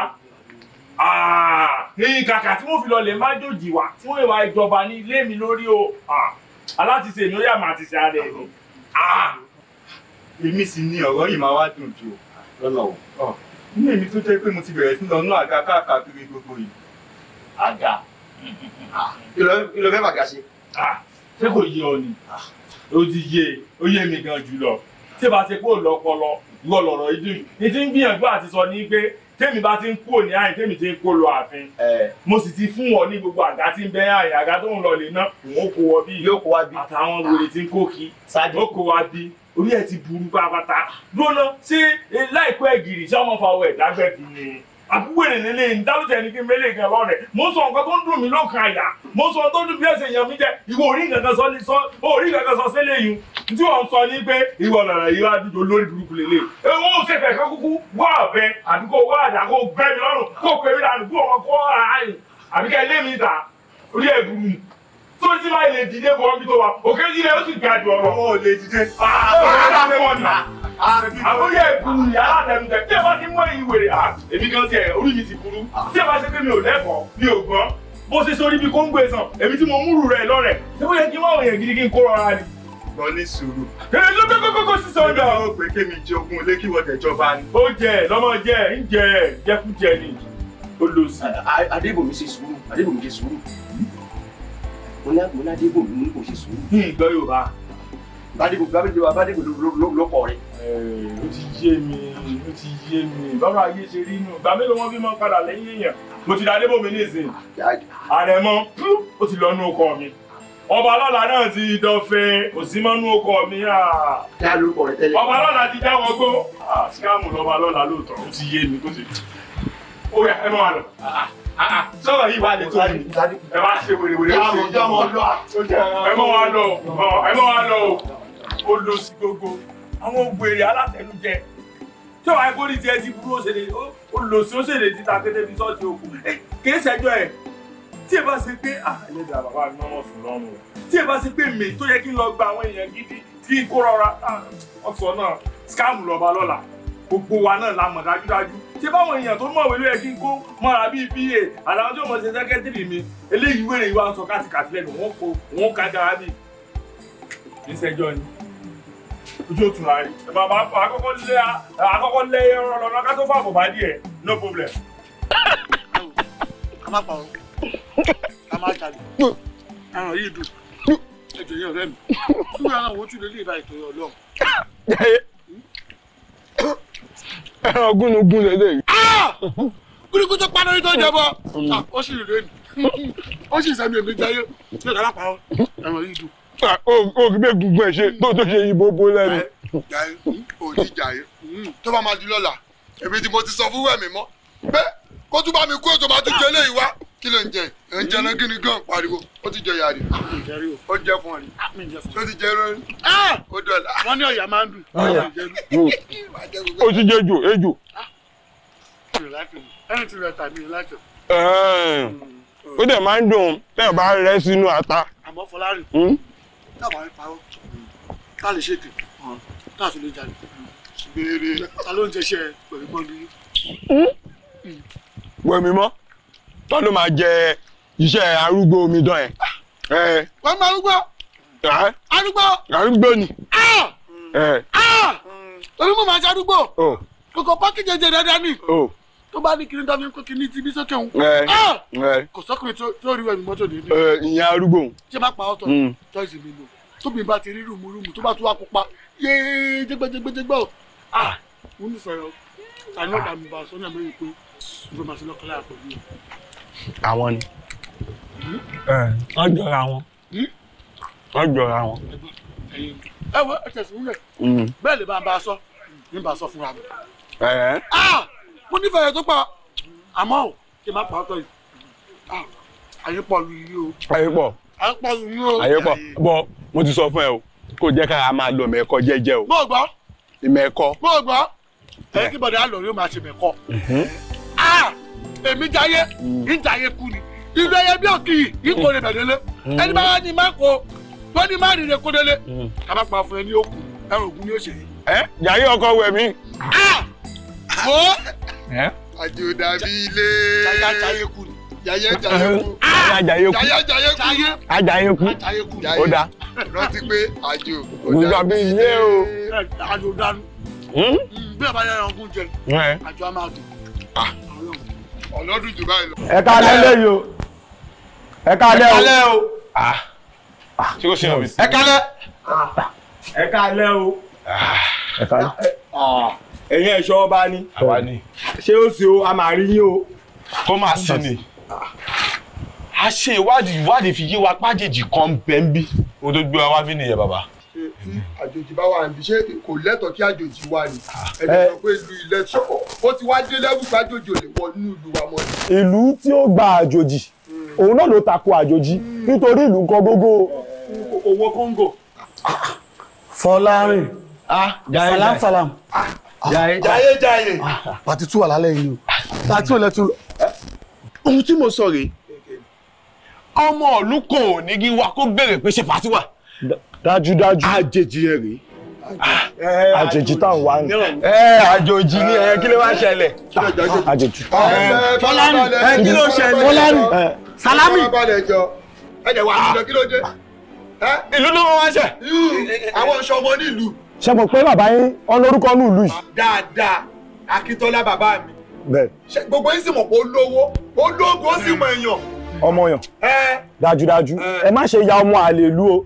Ah, ní kàkà tí wọ́n fi lọlẹ̀ má jòjì wá tí wọ́n ìwà ìjọba ní ilé mi lórí o ah, aláṣiṣe mi ó yà máa ti ṣe ara ẹ̀ ni. èmi sì ni ọ̀rọ̀ yìí máa wá dùn jù lọ́nà o nínú ah. èmi tó jẹ́ pé mo ti bẹ̀rẹ̀ sí lọ nú àga káàkiri gbogbo yìí. àga ìlọ fẹ́ bàgà ṣe. ṣé kò yé ọ ni ó ti yé ó yé mi gan jùlọ tí bá ṣe kó lọ́pọlọ ìwọ lọ̀rọ̀ ìdí ìdí ń gbìyànjú àti sọ ní pé tèmi bá ti ń kúrò ní àyìn tèmi ti ń kó lọ ààfin mo sì ti fún wọn ní gbogbo àga tí ń bẹ àyìn àga tó ń lọ lè ná òun ó kó wọ bí àtàwọn wòlé tí ń kó kí ó kó wa bí orí ẹ̀ ti burú pátápátá lónà ṣé láìpẹ́ gìrì ṣé ọmọ fa ọwọ́ ni. àbúrò ènìyàn lè ń dálójà ẹni kí n mẹ́lẹ̀ gan to mo sọ nǹkan tó ń dùn mí to àyà mo sọ tó dùn bí ẹsẹ̀ èèyàn mi jẹ ìwọ orí nǹkan sọ sọ orí nǹkan sọ sílẹ̀ yìí tí wọ́n sọ ní pé ìwọ lọ̀rọ̀ yìí wá dùjọ lórí burúkú lélẹ̀ ewu ó ṣe fẹ̀fẹ̀ kúkú wá ọ̀bẹ àbí kó wá àdá kó gbẹ́ mi lọ́rùn mi ta tó ti máa lè dìde bọ̀ ọ́bí tó wa òkè jí lẹ́ ó sì ga jù ọ̀rọ̀. ọmọ ò lè dìde. Ah, àbúrò ẹ̀kọ́ ah, nà àbúrò ẹ̀kọ́ ìyá alátẹnudẹ tí ẹ bá ti mọ ìwèrè à ah, èmi gan tiẹ̀ orí mi ti burú tí ẹ bá ṣe pé mi ò lẹ́kọ̀ọ́ mi ò gbọ́n bó ṣe sórí bí kóńgbé sàn èmi tí mo múrù rẹ̀ lọ́rẹ̀ ṣé bó yẹ kí wọ́n èèyàn gidi kí n kó rọra ni lọ ní sùúrù. èyí ló kókó kókó sí sọ́dọ̀. ìgbà wo pé kémi jẹ ogun ilé kí wọ́n tẹ̀jọba ni. ó jẹ lọ́mọ jẹ ń jẹ jẹkújẹ ni ó lọ sí. adébòmí ṣe sùúrù adébòmí ṣe sùúrù mọlá mọlá débò ní kò ṣe sùúrù. ní ìgbọ́ yorùbá bádébò bádébò bádébò ló kọ rẹ. Eh, ó ti yé mi ó ti yé mi báwo ayé ṣe rí inú ìgbà mélòó wọn fi máa padà lẹ́yìn èèyàn mo ti da mi ní ìsìn àrẹ̀mọ ti lọ nú ọkọ mi ọba ọlọ́la náà ti dọ̀fẹ́ kò sí mọ́nú ọkọ mi ọba ọlọ́la ti já wọn gbó ah, síkáàmù lọ́ba ọlọ́la lóòótọ́ ó ti yé mi kó sì ó yà ẹ máa lọ. Ah, ah, sọ̀rọ̀ yìí wà létò yìí ẹ bá ṣe wèrèwèrè wà lọ ẹ mọ wa lọ ẹ mọ wa lọ o lọ sí gbogbo àwọn ògbèrè alátẹnujẹ tí wàá gbórí tiẹ̀ ti burú òṣèlè o lọ sí òṣèlè títa kété fi sọ́ọ̀tì òkú kìí ṣẹjọ́ ẹ̀ tí ẹ bá ṣe pé ah, àlejò àbàbà mi náà sùn lọ́rùn tí ẹ bá ṣe pé mi tó yẹ kí n lọ gba àwọn èèyàn gidi kí n kó rọra ọ̀sán náà skáàmù lọ́ba lọ́la gbogbo wa náà la mọ̀ dájúdájú ṣé báwọn èèyàn tó mọ̀ wẹ́lú ẹ̀ kí n kó mọ́ra bíi pa àlàwọn tó mọ̀ ṣe sẹ́kẹ́tìrì mi eléyìí wèrè ìwà sọ káàtìkàtì lẹ́nu wọn kò wọn ká dára bíi ìṣẹ́jọ́ ni ojú òtún la rí ẹ bàbá àkọ́kọ́ lé àkọ́kọ́ lé ẹran lọ́nà ká tó fàbọ̀ bá díẹ̀ no problem. a máa pa a máa jalè ẹran yìí dùn ẹjọ́ yẹn ọ̀rẹ́ mi kí wọn àwọn ẹran gúnugún lélẹ̀ yìí. Ah! gúnugún tó paná ní tó jẹbọ mm. ah, ó sì lè lóyún ó sì sẹ́mi èmi jayé tí ó dára pa ọ́ ẹran yìí dùn. Ah, o kì í bẹ́ẹ̀ gungun ẹ̀ ṣe tó tó ṣe yìí bóbó lẹ́nu. jayé ò ní jayé mm, tó bá máa di lọ́la èmi tí mo ti sọ fún wẹ̀mí mọ́ pé kó tún bá mi kú ètò máa tún jẹ́ léyìí wá kí ló ń jẹ ẹ ń jẹ náà kí ni gan pariwo ó ti jẹ yàrá ó jẹ fún ọrí ó ti jẹ lórí ó dọ̀là. wọ́n ní ọ̀yà máa ń dùn. ó ti jẹ ejò ejò. ẹni tí rẹ tàbí láti. ó dẹ̀ máa ń dùn tẹ́yọ̀ bá rẹ sínú ata. àmọ́ fọlárin dábàá nípa ó tá a lè ṣètò tá a fi lè jáde. béèrè ta ló ń jẹ iṣẹ́ pẹ̀lú gbọ́ndúyú. Hmm? wẹ̀mí mọ́ tọ́ ló máa jẹ iṣẹ́ arúgbó omidan ẹ̀. wọ́n máa rúgbó. arúgbó. arúgbó ni. torí mo máa ṣe arúgbó. kòkò pọ́kì jẹjẹ dáadáa ni. tó bá ní kiri dábí kó kiri ti bí sókè òun. kò sọ́kùnrin tó rí ẹ̀mí mọ́tò nínú. ìyẹn arúgbó. ṣé má pa ọ̀tọ̀ hmm. choice mi lò tóbi bá ti rí rùmùrùmù tó bá tún wá pupa yéé jẹgbẹjẹgbẹjẹgbẹ o. ah mo nífẹ̀ẹ́ o. àná ìdààmú bá a sọ́nà mẹ́rin pé ìfọ̀mọ̀sí lọ́kọ́lá àpò yìí àwọn ni wọ́n jọra wọn hmm? wọ́n jọra wọn. ẹ wo ẹ tẹ̀sí wúlẹ̀ hmm. bẹ́ẹ̀ lè bá a bá a sọ ní bá a sọ fúnra mi. mo nífẹ̀ẹ́ tó pa àmọ́ o kí n má pa ọ́tọ̀ yìí ayé pọ̀ lu yìí o. ayé pọ̀ ayé pọ̀ lu yìí o. ayé pọ̀ bọ́ mo ti sọ fún ẹ o kò jẹ́ ká máa lọ mẹ́kọ jẹ́jẹ́ o. mo gbọ́. ìmẹ̀kọ. mo gbọ́. ẹ bọ̀dẹ̀ á lọ máa ṣe mẹ́kọ èmi jayé ìjayé kú ni ìgbé yẹ bí òkì yìí ìkórè bẹ̀dẹ̀lẹ̀ mm. ẹni bá wà ní má kó tó ní má rìnrìn kó délé kaba mm. pa fún ẹni òkú ẹrù ògùn ni ó ṣe. ẹ jayé ọkọ wẹ mi. mo àjò dàbí ilé jayé kú ni jayé jayé kú jayé jayé kú jayé kú ó da. rántí pé àjò kò dàbí ilé o. àjò dànù hmm? Hmm, bí ọba yẹn ọgùn jẹ àjò a máa dùn. Ah ọlọ́dún jù báyìí lọ. ẹ káalẹ́ lẹ́yìn o ẹ káalẹ́ o ẹ káalẹ́ o ah. Ah. ṣé kò sí ọ̀bí. ẹ káalẹ́ ah. ẹ káalẹ́ o ẹ káalẹ́. ẹ̀yin ẹ̀ṣọ́ ọba ni ṣé ó sì o a máa rí yín o. kó máa sí ni a ṣe ìwádìí ìwádìí fi yé wa pájèjì kan bẹ́ẹ̀ bí o tó gbé wa wá bí nìyẹn bàbá ṣe tí àjòjì bá wà níbi ṣé kò lẹ́tọ̀ọ́ kí àjòjì wà ní ah, ẹni sọ pé ìlú ilẹ̀ ṣọ́kọ̀ ó ti wá dé lẹ́bù pé àjòjì ò lè wọ inú ìlú wa mọ́ ni. ìlú tí ó gba àjòjì hmm. òun náà ló tako àjòjì hmm. nítorí ìlú kan gógó owó kóńgò. fọlárin ah, salam salam jaye jaye pàtí tú wà lálẹ́ yìí o pàtí ò lẹ́tún ohun tí mo sọ rèé ọmọ ìlú kan ò ní kí wa kó béèrè pé ṣe pàtí wà dájúdájú. àjèjì yẹn rèé ah, àjèjì tá à ń wá ni. àjòjì ni ẹ kí ló wá ṣẹlẹ̀. àjèjì. Ah, fọlárì ẹ kí ló ṣẹlẹ̀. fọlárì eh. salami. ẹ̀jẹ̀ wà á kí ló dé. Eh? ìlú ló mọ wá ṣẹ. àwọn ọ̀ṣọ́ ọmọ nílùú. ṣe mọ̀ pé bàbá yín ọlọ́rúkọ ní ìlú yìí. dáadáa akíntọ́lá bàbá mi. gbogbo yín sì mọ̀ pé ó lówó ó lóògùn ó sì mọ èèyàn. ọmọ yàn. Eh. dájúdájú ẹ má ṣe ya ọmọ àlè ìlú o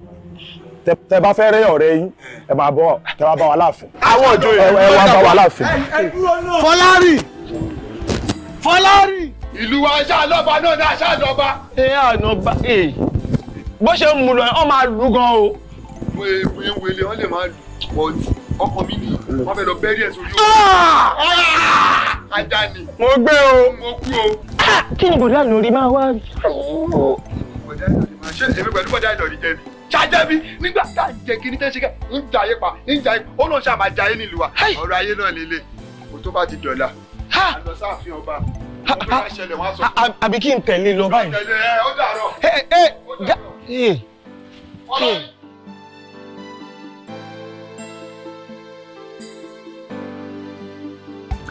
tẹ bá fẹ́ rí ọ̀rẹ́ yín ẹ máa bọ̀ tẹ bá bá wa láàfin. àwọn òjò yẹn ẹ wá bá wa láàfin. fọlárì fọlárì. ìlú wa aṣáàlọ́ba náà ní aṣáàlọ́ba. ẹ ànọ́ba ee bó ṣe ń mu lọ ọ máa lu gan o. wèé wèlé wọn lè máa pọ̀ jù ọkọ mi ni wọn fẹ́ lọ bẹ́rí ẹ̀ sórí o. Ah! ajá ni. mo gbé o. mo kú o. Ah! kí ni bọ̀dá lórí máa wá. bọ̀dá lórí pẹ̀lú bọ̀dá ìlọrin jẹ́ mi jajẹ́ mi nígbà tá à ń jẹ kí ní tẹ́ ṣe kẹ́ ń jayé pa ń jayé pa ó lóun ṣáà máa jayé nílùú wa ọ̀rọ̀ ayé náà lélẹ̀ kò tó bá ti dọ̀la àlọ́ sáàfin ọba àbí kí n tẹ̀lé lọ báyìí. ó dàrọ. ẹ ah, ẹ ẹ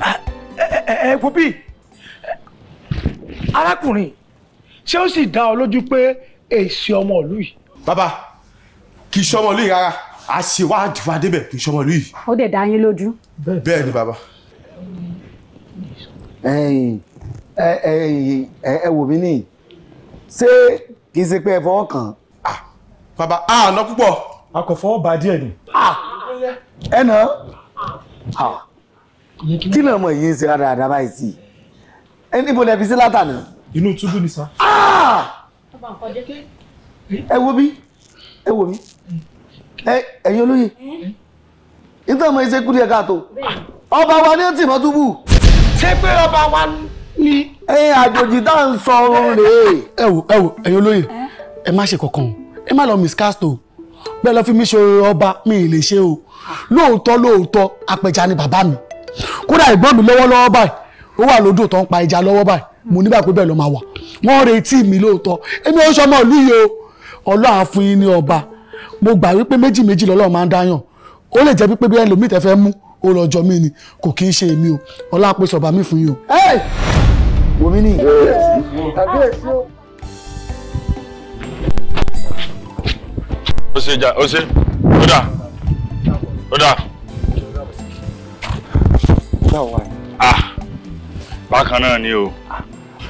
ẹ. ẹ wo bí arákùnrin ṣé ó sì dá ọ lójú pé èsì ọmọ ìlú yìí. bàbá kì í ṣọmọ lóyè rárá a ṣe wádìí wa débẹ̀ kì í ṣọmọ lóyè. ó dẹ̀ dá yín lójú. bẹ́ẹ̀ ni bàbá. ẹ wò mí nìyí ṣé kì í ṣe pé ẹ fọwọ́ kàn án. bàbá a ná púpọ̀. a kò fọwọ́ bá díẹ̀ ni. ẹ nà kí ni ọmọ yìí ń ṣe rárá rárá báyìí sí ẹ níbo lẹ fi sí látànà. inú túbú ni sá. ẹ wo bí ẹ wò mí ẹ̀yin olóyè nítorí ọmọ iṣẹ́ kúrò ẹ̀ka tó ọba wa ní ó tì mọ́ túbú. ṣé pé ọba wa ni. ẹ̀yin àjòjì tá à ń sọ ọrùn rèé. ẹ wò ẹ wò ẹ̀yin olóyè ẹ má ṣe kankan ẹ má lọ miscast o bẹ́ẹ̀ lọ fi mí ṣe ọba mi ì lè ṣe o lóòótọ́ lóòótọ́ apẹja ni bàbá mi kódà ìgbọ́n mi lọ́wọ́lọ́wọ́ báyìí ó wà lódò tó ń pa ẹja lọ́wọ́ báyìí mo nígbà pé bẹ́ẹ̀ ló máa wà wọ́n retí mi lóòótọ́ èmi ò sọmọ ìlú yìí o ọlọ́run á fún yín ní ọba mo gbà wípé méjì méjì lọ́lọ́run máa ń dáyàn ó lè jẹ́ wípé bí ẹlòmíì tẹ́ fẹ́ mú ó lọ jọ mí ni kò kí ń ṣe èmi o ọlá pé sọ̀bà mi fún yín o. wò mí ní kábíyèsí o. ó ṣe jà ó ṣe dà ó dà. ah bákan náà ni o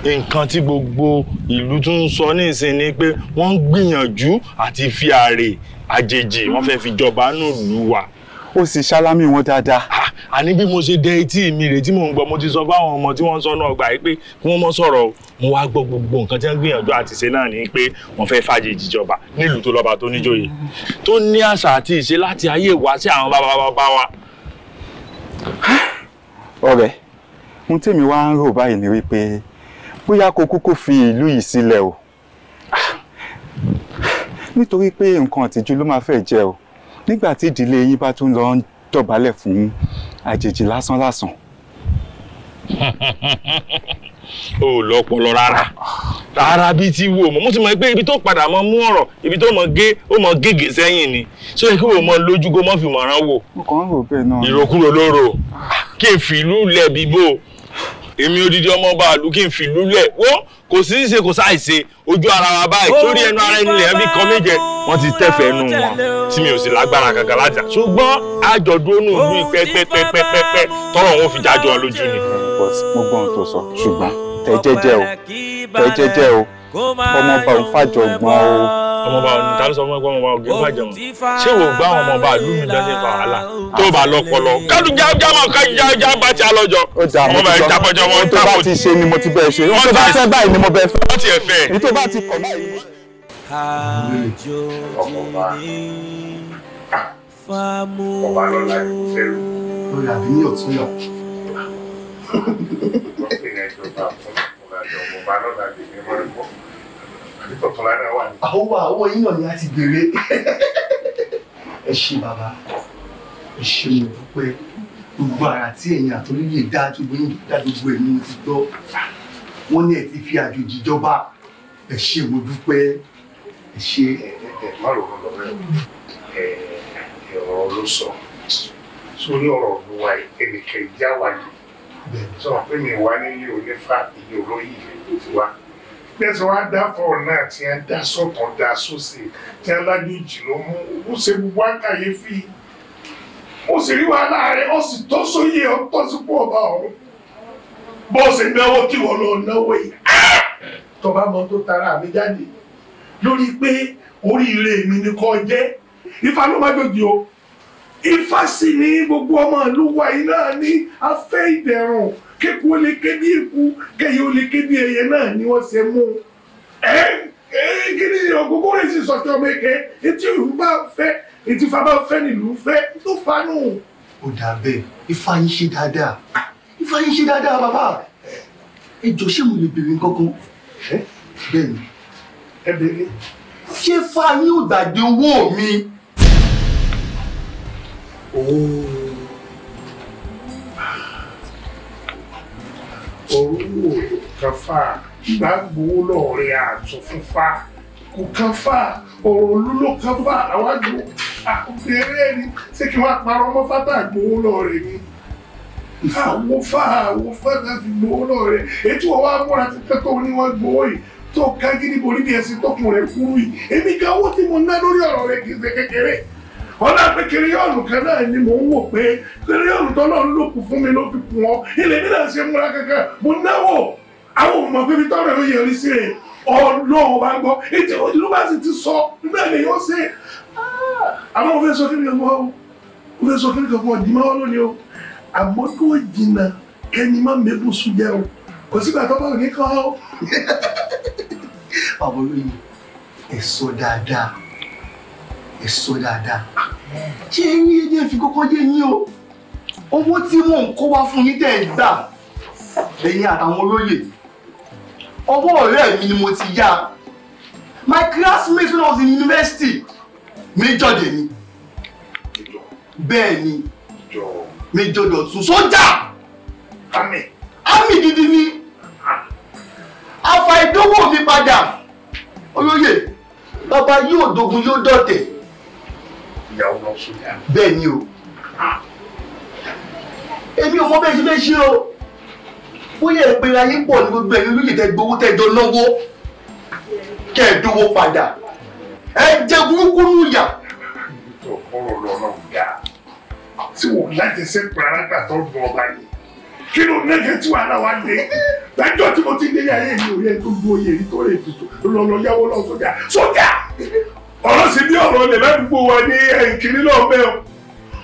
nǹkan tí gbogbo ìlú tún ń sọ ní ìsìn ni pé wọ́n ń gbìyànjú àti fi àrè àjèjì wọ́n fẹ́ fi jọba nù lù wá. ó sì ṣálámì wọn dáadáa. àní bí mo ṣe dẹ etí mi rè tí mò ń gbọ́ mo ti sọ fáwọn ọmọ tí wọ́n ń sọnù ọgbà yìí pé kí wọ́n mọ́ sọ̀rọ̀ mo wá gbọ́ gbogbo nǹkan tí wọ́n gbìyànjú àti ṣe náà ni pé wọ́n fẹ́ fàjèjì jọba nílùú tó lọ́ba tó níjòyè tó ní àṣà àti ìṣe láti ayé wa sí àwọn bàbá bàbá wa. ọ̀rẹ́ ohun tèmi wá ń rò báyìí ni wípé bóyá kò kúkú fi ìlú yìí sílẹ̀ o nítorí pé nǹkan àtijú ló máa fẹ́ jẹ́ o nígbà tí ìdílé yín bá tún lọ ń dọ̀bálẹ̀ fún àjèjì lásán lásán. o lọ ọpọlọ rárá rárá bíi ti wo mo mo ti mọ pé ibi tó padà mọ mú ọ̀rọ̀ ibi tó mọ gé ó mọ gègé sẹ́yìn ni so yẹ kí wo mọ lójúgó mọ fi mọ̀ràn wò. mo kàn ń rò bẹ́ẹ̀ náà. ìròkúrò lóró ah. kí èfìlú lẹ̀ bíbó èmi odidi ọmọ ọba àlù kí n fi lúlẹ̀ wó kò sí ṣe kò sáì ṣe ojú ara wa báyìí torí ẹnu ara ẹni lè ẹbí kan méje wọn ti tẹ̀fẹ̀ ẹnu wọn tí mi ò sì lágbára kankan lájà ṣùgbọ́n àjọ̀dún ònú ìlú ìpẹ́pẹ́pẹ́pẹ́ tọrọ wọn fi jájọ lójú ni. mo gbọ́ ohun tó sọ ṣùgbọ́n tẹ́ jẹ́jẹ́ o tẹ́ jẹ́jẹ́ o ọmọ ọba òun fàjọ gbọ́n o ọmọọba ta ló sọ fún ẹ pé ọmọọba ògì ń bàjẹ́ ṣé wò gbá àwọn ọmọọba ìlú mi dáṣe wàhálà tó bá lọpọlọ kádù jájá máa ká jájá bá ti alọjọ ọmọọba yìí jábọjọ wọn tó bá ti ṣe ni mo ti bẹ́ẹ̀ ṣe tó bá fẹ́ báyìí ni mo bẹ́ẹ̀ fẹ́ wọ́n ti ẹ̀ fẹ́ ní tó bá ti kọ̀ báyìí. ọmọọba ọba lọlá ìfẹ́rù lórí àbíyàn tó yàn. ọba lọlá ìfẹ́rù àwọwà owó yín náà ni a ti béèrè ẹ ṣe bàbá ẹ ṣe mo dúpẹ́ gbogbo ara tí ẹ̀yin àtọlẹyẹ dá gbogbo yín dá gbogbo ẹ ní mo ti gbọ́ wọn ní ẹ ti fi àjòjì jọba ẹ ṣe mo dúpẹ́ ẹ ṣe. má ló ń lọ bẹ́ẹ̀ ọ̀rọ̀ ló sọ sórí ọ̀rọ̀ ìwà ẹnìkẹ́ ìjà wáyé sọ pé mi wà nílé onífà ìyòró yìí lè ti wá bẹ́sẹ̀ wá dá fọ́ọ̀ náà tí wọ́n dá sọ̀tàn dá sósè tí wọ́n lájòjì ló mú ó ṣe gbogbo àkàyè fi ó sì rí wàhálà rẹ̀ ó sì tó sóyè ó tọ́ sí pọ̀ ọba ọ̀hún bó ṣe náwó kí wọ́n lọ náwó yìí tọba mọ tó tara mi jáde lórí pé oríire mi ni kò jẹ́ ifá ló má jòjì o ifá sì ní gbogbo ọmọ ìlú wa yìí náà ní afẹ́ ìdẹ̀rùn kéku ó lè ké bí eku kẹyẹ ó lè ké bí ẹyẹ náà ni wọ́n ṣe mú ẹ ẹ gidi ọgógó rẹ sì sọtẹ ọmọ èké etí ìlú bá fẹ́ etí ifá bá fẹ́ nílùú fẹ́ tó fanú. ó dà bẹ́ẹ̀ ifá yín ṣe dáadáa ifá yín ṣe dáadáa bàbá ẹ jọ ṣé mo lè béèrè kankan bẹ́ẹ̀ ni ẹ béèrè. ṣé ifá yín ò gbàgbé owó mi. ooo. orúwò kàfà gbàgbówó lọ́ọ̀rẹ́ àtúnfúnfà kò kàfà ọ̀rọ̀ olúlo kàfà àwọn àgbò àkùnfẹ́rẹ́ ni ṣé kí wọ́n parọ́ mọ́ fátà gbówó lọ́ọ̀rẹ́ ni àwọn fà àwọn fátà ti gbówó lọ́ọ̀rẹ́ ètò ọwọ́ amúra ti kẹ́kọ̀ọ́ ni wọ́n gbówó yìí tó ká gidi borí bí ẹsìn tọkùnrin kúrú yìí èmi gan owó tí mo ná lórí ọ̀rọ̀ rẹ̀ kékeré ọlá pé kiriyọ́ọ̀lù kan náà ni mò ń wò pé kiriyọ́ọ̀lù tó náà ń lòkù fún mi ló fi kù wọn ilé mi náà ṣe múra kankan mo náwó àwọn ò mọ̀ pé mi tọ́rọ̀ ẹ̀rọ yẹrí sí rẹ̀ ọlọ́run bá gbọ́ ètò ìlú bá sì ti sọ náà lè yọ sí àmọ́ mo fẹ́ sọ kí nìkan fún ọ mo fẹ́ sọ kí nìkan fún ọ dì máa lónìí o àmọ́ tó jìnnà kẹ́ni má mẹ́bù sùn jẹ́ o kò sígbà tó bá òní èso dáadáa ṣé eyín ẹjẹ fi kókó jẹ yín o owó tí mò ń kó wá fún yín tẹ̀ ń gbà ẹ̀yin àtàwọn olóyè ọwọ́ ọ̀rẹ́ mi ni mo ti yá my classmate when I was in university major dèmi bẹ́ẹ̀ ni major dọ̀tún sójà army gidi ni àfàìdówó mi padà olóyè bàbá yóò dogun yóò dọ̀tẹ̀ ìyàwó lọ sùn. bẹ́ẹ̀ ni o èmi ò mọ bẹ́ẹ̀ ṣe fẹ́ ṣe o bóyá ẹ pé ayé pọ̀ ní gbogbo ẹ̀yìn olóyè tẹ gbowó tẹ jọ náwó kẹ́ ẹ dówó padà ẹ jẹ burúkú níyà. ọ̀rọ̀ lọ́nà ọ̀gá tí wò láti ṣe pàrọ̀ àgbà tó ń bọ̀ ọba yìí kí ló nẹ́gẹ̀ tí wàá náà wá dé dájọ́ tí mo ti dé yàrá èmi ò yẹ tó gbóyè nítorí ètùtù lọ́lọ́ yáwó lọ́wọ́ sójà sójà ọ̀rọ̀ sì bí ọ̀rọ̀ lè ládùúgbò wa ní ẹ̀yìnkiri náà bẹ́ẹ̀ o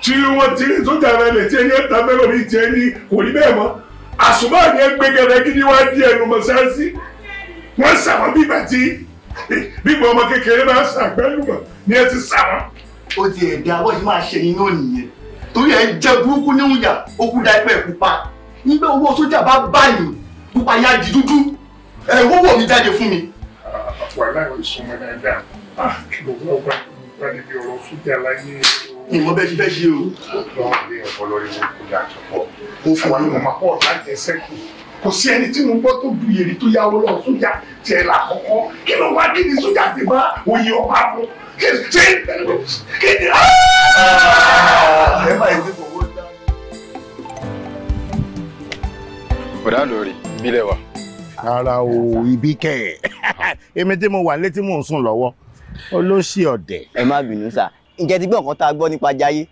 tí wọ́n ti rí sójà rẹ̀ lè tí ẹni ẹ̀ta fẹ́ràn ní ìtì ẹni kò rí bẹ́ẹ̀ mọ́ àṣùbọ̀ ni ẹ gbé gẹ́gẹ́ gidi wá di ẹnu mọ̀sáàsì wọ́n sàwọn bígbà tí bígbà ọmọ kékeré máa ṣàgbẹ́lùmọ̀ ni ẹ ti sàwọn. ó ti ẹ̀ dá bọ́ọ̀sì máa ṣe iná nìyẹn torí ẹ jẹ burúkú níwùyà ó kú dá ẹgbẹ́ pupa nígbà owó sójà bá báyìí pupa yá di dúdú ẹ̀ wọ́wọ́ mi jáde fún mi. wàhálà ìṣúná dáadáa ṣùgbọ́n ọgbà nípa ìwọ bẹ́ẹ̀ bẹ́ẹ̀ ṣe o. lọ́wọ́ fún wa ní ọmọ pọ̀ láti ẹsẹ̀ kù kò sí ẹni tí mo gbọ́ tó bu yèrè tó yáwó lọ sójà tiẹ̀ là kọ́kọ́ kí ló wá kí ni sójà ti bá oyè ọba fún kí ni ṣe kí ni. Ah! bùdá lórí ìbílẹ̀ wa. rárá o ibi kẹ̀ ẹ̀ èmi tí mo wà létí mò ń sùn lọ́wọ́ olóṣì ọ̀dẹ̀. ẹ má bínú sà ǹjẹ́ ti gbọ́ nǹkan tá a gbọ́ nípa Jayé.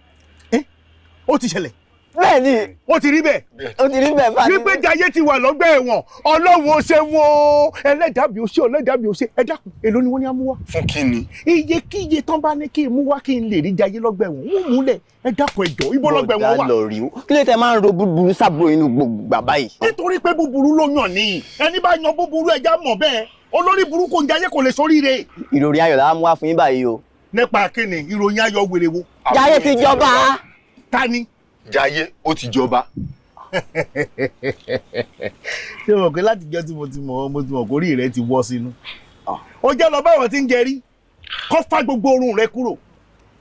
ó ti ṣẹlẹ̀. bẹ́ẹ̀ ni. ó ti rí bẹ́ẹ̀. ó ti rí bẹ́ẹ̀ fani. wípé Jayé ti wà lọ́gbẹ́ ẹ̀wọ̀n ọlọ́run ó ṣe wọ́n o ẹlẹ́dàbí ó ṣe ọlẹ́dàbí ó ṣe ẹ dákun èló ni wọ́n ní á mú wá. fún kí ni. iye kí iye tán bá ní kí n mú wá kí n lè rí Jayé lọ́gbẹ́ ẹ̀wọ̀n wọ́n múlẹ̀ ẹ dákun ẹjọ ibo lọ́gbẹ́ ẹ̀wọ̀n wà. bọ̀dà lọ rí kí ló tẹ máa ń ro búburú sábò inú gbogbo bàbá yìí. nítorí pé búburú ló yàn olórí burúkú oúnjẹ ayé kò lè soríire. ìròyìn ayọ̀ làá mú wá fún yín báyìí o. nípa kíni ìròyìn ayọ̀ wèrè wo. jayé ti jọba. ta ni. jayé ó ti jọba. ṣé mo pé látijọ́ tí mo ti mọ̀ mo ti mọ̀ kórìí rẹ ti wọ́ sínú. ó jẹ́ lọ báwọn tí ń jẹrí kó fá gbogbo oorun rẹ kúrò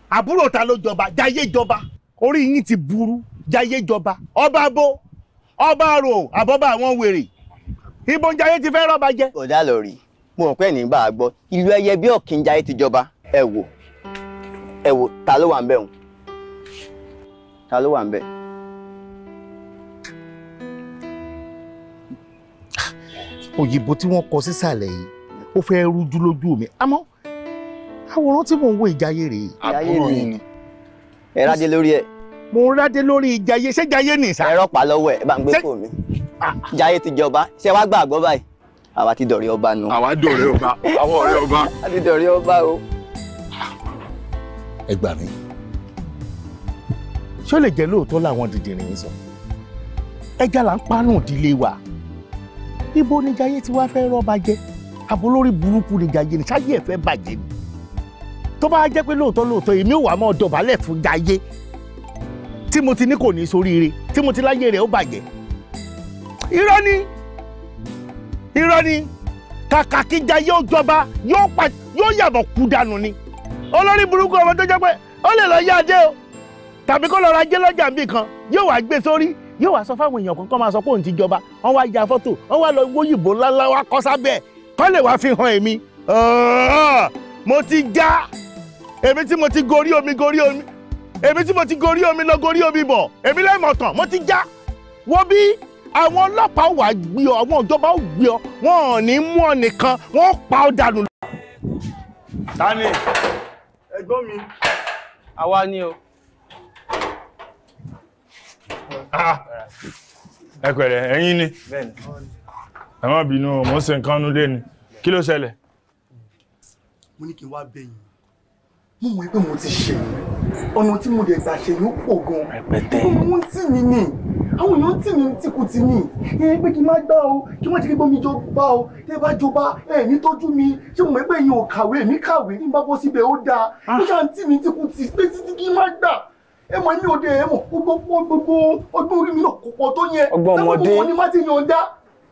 àbúrò ta ló jọba jayé jọba orí yín ti burú jayé jọba ọba bo ọba ro àbọ̀bá àwọn wèrè ibo ń jayé ti fẹ́ rọ́ba jẹ. ọ̀dà lọ rí mo mọ̀ pé ní bá a gbọ́ ìlú ẹyẹ bí ọ̀kìn jayé ti jọba ẹ wò ẹ wò ta ló wà ń bẹ̀ hùn ta ló wà ń bẹ̀. òyìnbó tí wọ́n kọ sísàlẹ̀ yìí ó fẹ́ rújú lójú mi àmọ́ àwòrán tí mò ń wo ìjayé rèé. àbúrò yìí ni ẹ rádé lórí ẹ. mo rádé lórí ìjayé ṣé jayé nìsa. ẹ rọpa lọ́wọ́ ẹ bá ń gbé fóònù Jayé ti jọba ṣé wàá gbàgbọ́ báyìí àwa ti dọ̀rẹ́ ọba nu. àwa dọ̀rẹ́ ọba àwa ọ̀rẹ́ ọba. a ti dọ̀rẹ́ ọba o. ẹ gbà mí ṣé ó lè jẹ́ lóòótọ́ làwọn dìdìrín sọ ẹja là ń pánù ìdílé wa ibo ni Jayé ti wá fẹ́ rọ́ba jẹ abolórí burúkú ni Jayé ni ṣáàyè ẹ̀ fẹ́ bàjẹ́ ni tó bá jẹ́ pé lóòótọ́ lóòótọ́ èmi ò wá mọ́ dọ̀bálẹ̀ fún Jayé tí mo ti ní kò ní ṣoríire tí mo ti láyé rẹ̀ ó bàjẹ́ irọ́ ni irọ́ ni kàkà kíjà yóò jọba yóò pa yóò yàbọ̀ kú dànù ni olórí burúkú ọmọ tó jẹ́ pé ó lè lọ yá adé o tàbí kó lọ ra ajé lọ́jà níbì kan yóò wá gbé sórí yóò wá sọ fáwọn èèyàn kan kó máa sọ pé òun ti jọba wọ́n wá ya fọ́tò wọ́n wá lọ wóyìnbó ńláńlá wá kọ́ sábẹ́ kọ́ lè wá fi hàn èmi mo ti já èmi tí mo ti gorí omi gorí omi èmi tí mo ti gorí omi lọ gorí omi bọ̀ èmi lẹ́mọ̀tàn mo ti já wo bí àwọn ọlọ́pàá wà gbé ọ àwọn ìjọba ó gbé ọ wọn ò ní mú ọ nìkan wọn ó pa ọ dànù. tani ẹ̀gbọ́n mi àwa ni o. ẹ pẹ̀lẹ́ ẹ̀yin ni ẹ má bínú mò ń ṣe nǹkan nulẹ ni kí ló ṣẹlẹ̀. mo ní kí n wá bẹ̀yìn mo mọ̀ pé mo ti ṣe ọ̀nà tí mo lè gbà ṣe yóò pọ̀ gan rẹpẹtẹ mo ń tì mí nì àwọn èèyàn tì mí tìkùtì nì ẹ pé kí n má gbá o kí wọ́n ti gbé mi jọba o tẹ bá jọba ẹ ní tọ́jú mi ṣé mo mọ̀ pé èèyàn ò kàwé mi kàwé ní bá bọ́ síbẹ̀ ó dáa ah. ó ṣáà ń tì mí tìkùtì pé títí kí n má gbà ẹ mọ̀ ní òde ẹ mọ̀ gbogbo gbogbo ọdún orí mi náà kò pọ̀ tó yẹ ọgbọ́n ọmọdé táwọn ọmọ ni má ti yàn dá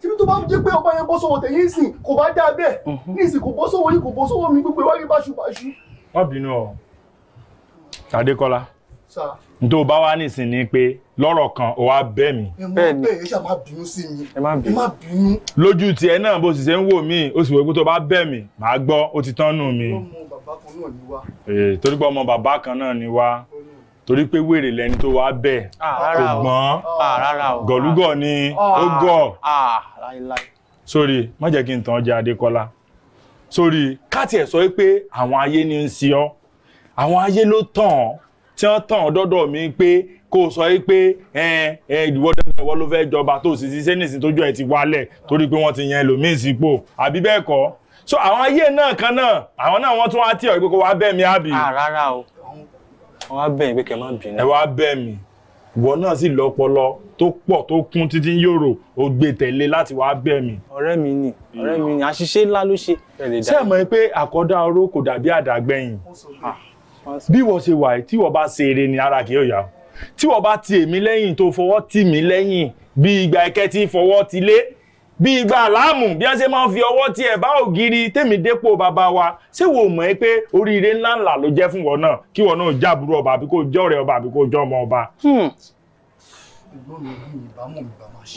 títí tó bá jẹ́ pé ọba yẹn bọ́ sọ́wọ́ tẹ̀yìn sìn kò bá dáa bẹ́ẹ̀ mhm. ní ìsìn kò bọ́ sọ́wọ́ yìí kò bọ́ sọ́wọ́ mi gbogbo ìwádìí báṣubàṣu má bínú ọ Adékọ́lá n tó bá wá nísìn ni pé lọ́rọ̀ kan ò wá bẹ́ mi. ẹ mọ bẹ́ẹ̀ yẹn ṣáà má bínú sí mi ẹ má bínú. lójú tiẹ̀ náà bó sì ṣe ń wò mí o sì wò pé tó bá bẹ́ mi màá gbọ́ ó ti tán nù mí. ọmọ torí pé ọmọ bàbá kan náà ni wá torí pé wèrè lẹni tó wá bẹ́ẹ̀ ọgbọ́n gọ̀lúgọ̀ ni ó gọ̀ sórí má jẹ́ kí n tàn án jẹ Adékọ́lá sórí káàtì ẹ̀ sọ pé àwọn ayé ni ń si ọ́ àwọn ayé ló tàn ọ́ tí wọ́n tàn dọ́dọ̀ mi pé kó o sọ pé ẹ ẹ ìwọ dandan ìwọ ló fẹ́ jọba tó sì ṣiṣẹ́ nìsín tójú ẹ̀ ti wálẹ̀ torí pé wọ́n ti yan ẹlòmíín sípò àbí bẹ́ẹ̀ kọ́ so àwọn ayé náà kan náà àwọn náà wọ́n tún wá tí ọ̀ pé kó wá bẹ́ẹ̀ mi àbí. rárá o wọ́n wá bẹ́ẹ̀ mi pé kẹ́ má ìwọ náà sì lọ́pọlọ tó pọ̀ tó kún títí yòrò ó gbé tẹ̀lé láti wá bẹ̀ mí. ọ̀rẹ́ mi ni ọ̀rẹ́ mi ni àṣìṣe ńlá ló ṣe. ṣé ẹ mọ̀ pé àkọ́dá oró kò dàbí àdàgbẹ̀yìn ah. bí wọ́n ṣe wà tí wọ́n bá ṣe eré ni ara kì í yà tí wọ́n bá ti èmi lẹ́yìn tó fọwọ́ tì mí lẹ́yìn bí ìgbà ẹ̀kẹ́ tí fọwọ́ ti lé bí ìgbà láàmù bí wọ́n ṣe máa ń fi ọwọ́ tí ẹ̀ bá ògiri tèmi dépò bàbá wa ṣé wò mọ̀ ẹ́ pé oríire ńlá ńlá ló jẹ́ fún wọn náà kí wọn náà jábùrú ọba àbí kó jẹ́ ọ̀rẹ́ ọba àbí kó jẹ́ ọmọ ọba. Hmm.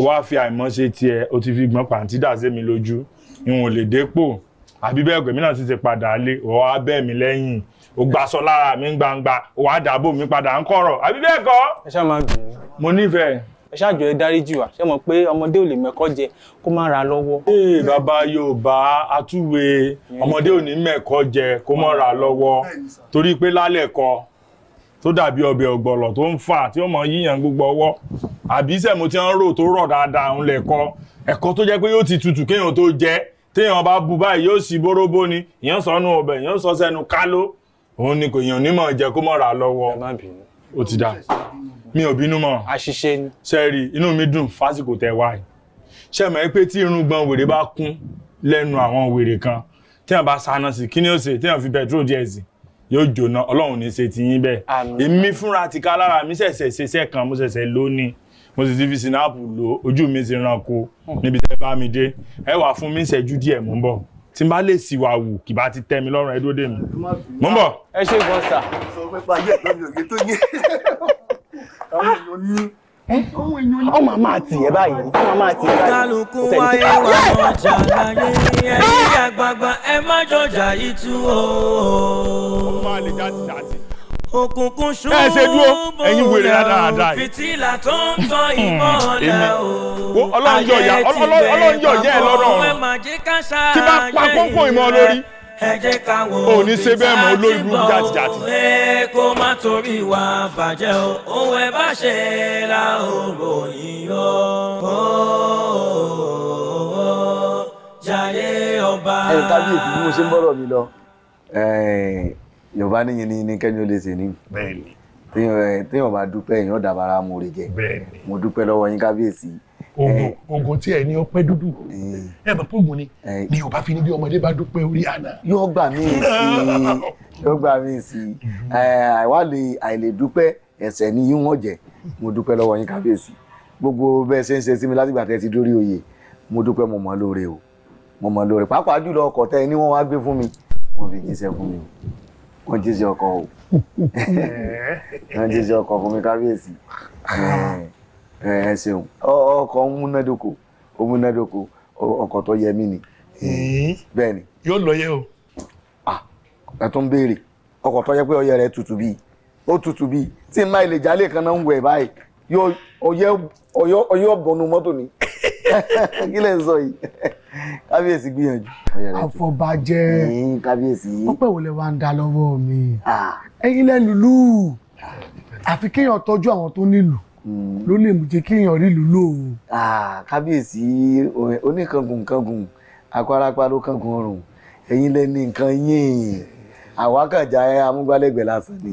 wá fi àìmọ́ṣe tiẹ̀ o ti fi gbọ́n pàǹtí dà sí mi lójú ìwọ̀n lè dépò àbí bẹ́ẹ̀ gbẹ̀mí náà ti ti padà lé ọ̀ á bẹ́ẹ̀ mi lẹ́yìn ó gbaṣọ lára mi gbangba ó wá dàbò mi padà ń kọ̀rọ̀ àbí bẹ́ẹ̀ kọ́ ẹ ṣáàjọ ẹ dáríjì wá ṣé mọ̀ pé ọmọdé ò lè mẹ́kọ́ jẹ kó má ra lọ́wọ́. ee bàbá Yorùbá àtúwé ọmọdé ò ní mẹ́kọ́ jẹ kó má ra lọ́wọ́ torí pé lálẹ́ kọ tó dàbí ọbẹ̀ ọ̀gbọ̀lọ̀ tó ń fà tí ó mọ yíyan gbogbo ọwọ́ àbí sẹ́mu tí wọ́n rò tó rọ̀ dáadáa ń lẹ̀kọ́ ẹ̀kọ́ tó jẹ́ pé yóò ti tutù kéèyàn tó jẹ́ téèyàn bá bu báyìí yóò sì bóróbó ni èèyàn sọnù ọbẹ̀ èèyàn sọ sẹ́nu káló òun ni kò yàn onímọ̀ jẹ́ kó mọ̀ rà ó ti dá mi ò bínú mọ́. àṣìṣe ni. sẹ́ẹ̀rì inú mi dùn fásìkò tẹ wá yìí. ṣé ẹ mọ̀ pé tí irun gbọ̀n wèrè bá kún lẹ́nu àwọn wèrè kan tí wọ́n bá sáná sí kí ni ó ṣe tí wọ́n fi pẹtrol díẹ̀ sí yóò jóná ọlọ́run ní ṣe ti yín bẹ́ẹ̀. èmi fúnra ti ká lára mi ṣẹ̀ṣẹ̀ ṣe kan mo ṣẹ̀ṣẹ̀ lónìí mo sì ti fi sinapu lo ojú mi ti ranko níbi tẹ́ bá mi dé ẹ wà fún mi ìṣẹ́jú díẹ̀ mò ń bọ̀ tí n bá lè sì wà wù kì bá ti tẹ́ mi lọ́rùn ẹ dúró dè mí. mo ń bọ̀. ẹ ṣe gbọ́n sà. sọ pé pàjẹ́ ìtọ́jú òkè tó yẹ ọmọ máa tì ẹ báyìí ọmọ máa tì ẹ báyìí. kálukú wáyé wà ọjà láyé àgbààgbà ẹ má jọjà yìí tú o. òkùnkùn ṣubú fìtílà tó ń tọ hmm. ìbọn ọ̀la o ayé ti bẹ̀rẹ̀ ọlọ́run yọ̀ yẹ́ ẹ lọ́rọ̀ ọ̀run tí bá pa kókó ìmọ̀ lórí ẹ jẹ́ ká wo òní ṣe ẹ kó má torí wa bàjẹ́ o òun ẹ bá ṣe la òrò o. jàre ọba. ẹ kábíyèsí bí mo ṣe ń bọ̀rọ̀ mi lọ yorùbá níyìn ní kẹ́ni ó lè ṣe ní. téèyàn bá dúpẹ́ èèyàn dàbára mo rè jẹ mo dúpẹ́ lọ́wọ́ yín kábíyèsí oògùn eh. oògùn tí ẹ ní ọpẹ́ dúdú eh. ẹ mọ̀ pọ́ọ̀gùn ni ni eh. yóò bá fi ní bí ọmọdé bá dúpẹ́ orí àná. yóò gbà mí sí yóò gbà mí sí mm-hmm. àìwálè àìlè dúpẹ́ ẹ̀ṣẹ̀ ni yín wọ́n jẹ́ mo dúpẹ́ lọ́wọ́ yín kábíyèsí gbogbo bẹ́ẹ̀ ṣe ń ṣe sí mi látìgbà tẹ́ ti dórí oyè mo dúpẹ́ mo mọ̀ lóore o mo mọ̀ lóore pàápàá jùlọ ọkọ̀ tẹ́ ni wọ́n wá gbé fún mi wọ́n fi jíṣẹ́ fún mi wọ́n jíṣẹ́ ọkọ̀ o wọ́n jíṣẹ́ ọkọ̀ fún mi kábíyèsí. Ah ẹ ṣeun ọkọ múnádóko ó múnádóko ọkọ tó yẹ mí ni. bẹ́ẹ̀ ni. yóò lọ yẹ o. ẹ tó ń béèrè ọkọ tó yẹ pé ọyẹ rẹ tutù bíi ó tutù bíi tí n máa ilé jálè kan náà ń wẹ̀ báyìí yóò ọyẹ ọbọnu mọ́tò ni kí lẹ sọ yìí kábíyèsí gbìyànjú. àfọbàjẹ kábíyèsí. ó pẹ̀ wọlé wa ń da lọ́wọ́ mi. ẹ̀yin lẹ́ lùlù àfi kéèyàn tọ́jú àwọn tó nílùú ló lè mú jẹ́ kéèyàn rí ìlú lò ó. kábíyèsí oníkangun kangun akwaraparo kangun ọrùn ẹ̀yin lẹ́ni nǹkan yín àwákàjà amúgbálẹ́gbẹ̀ẹ́ lásán ni.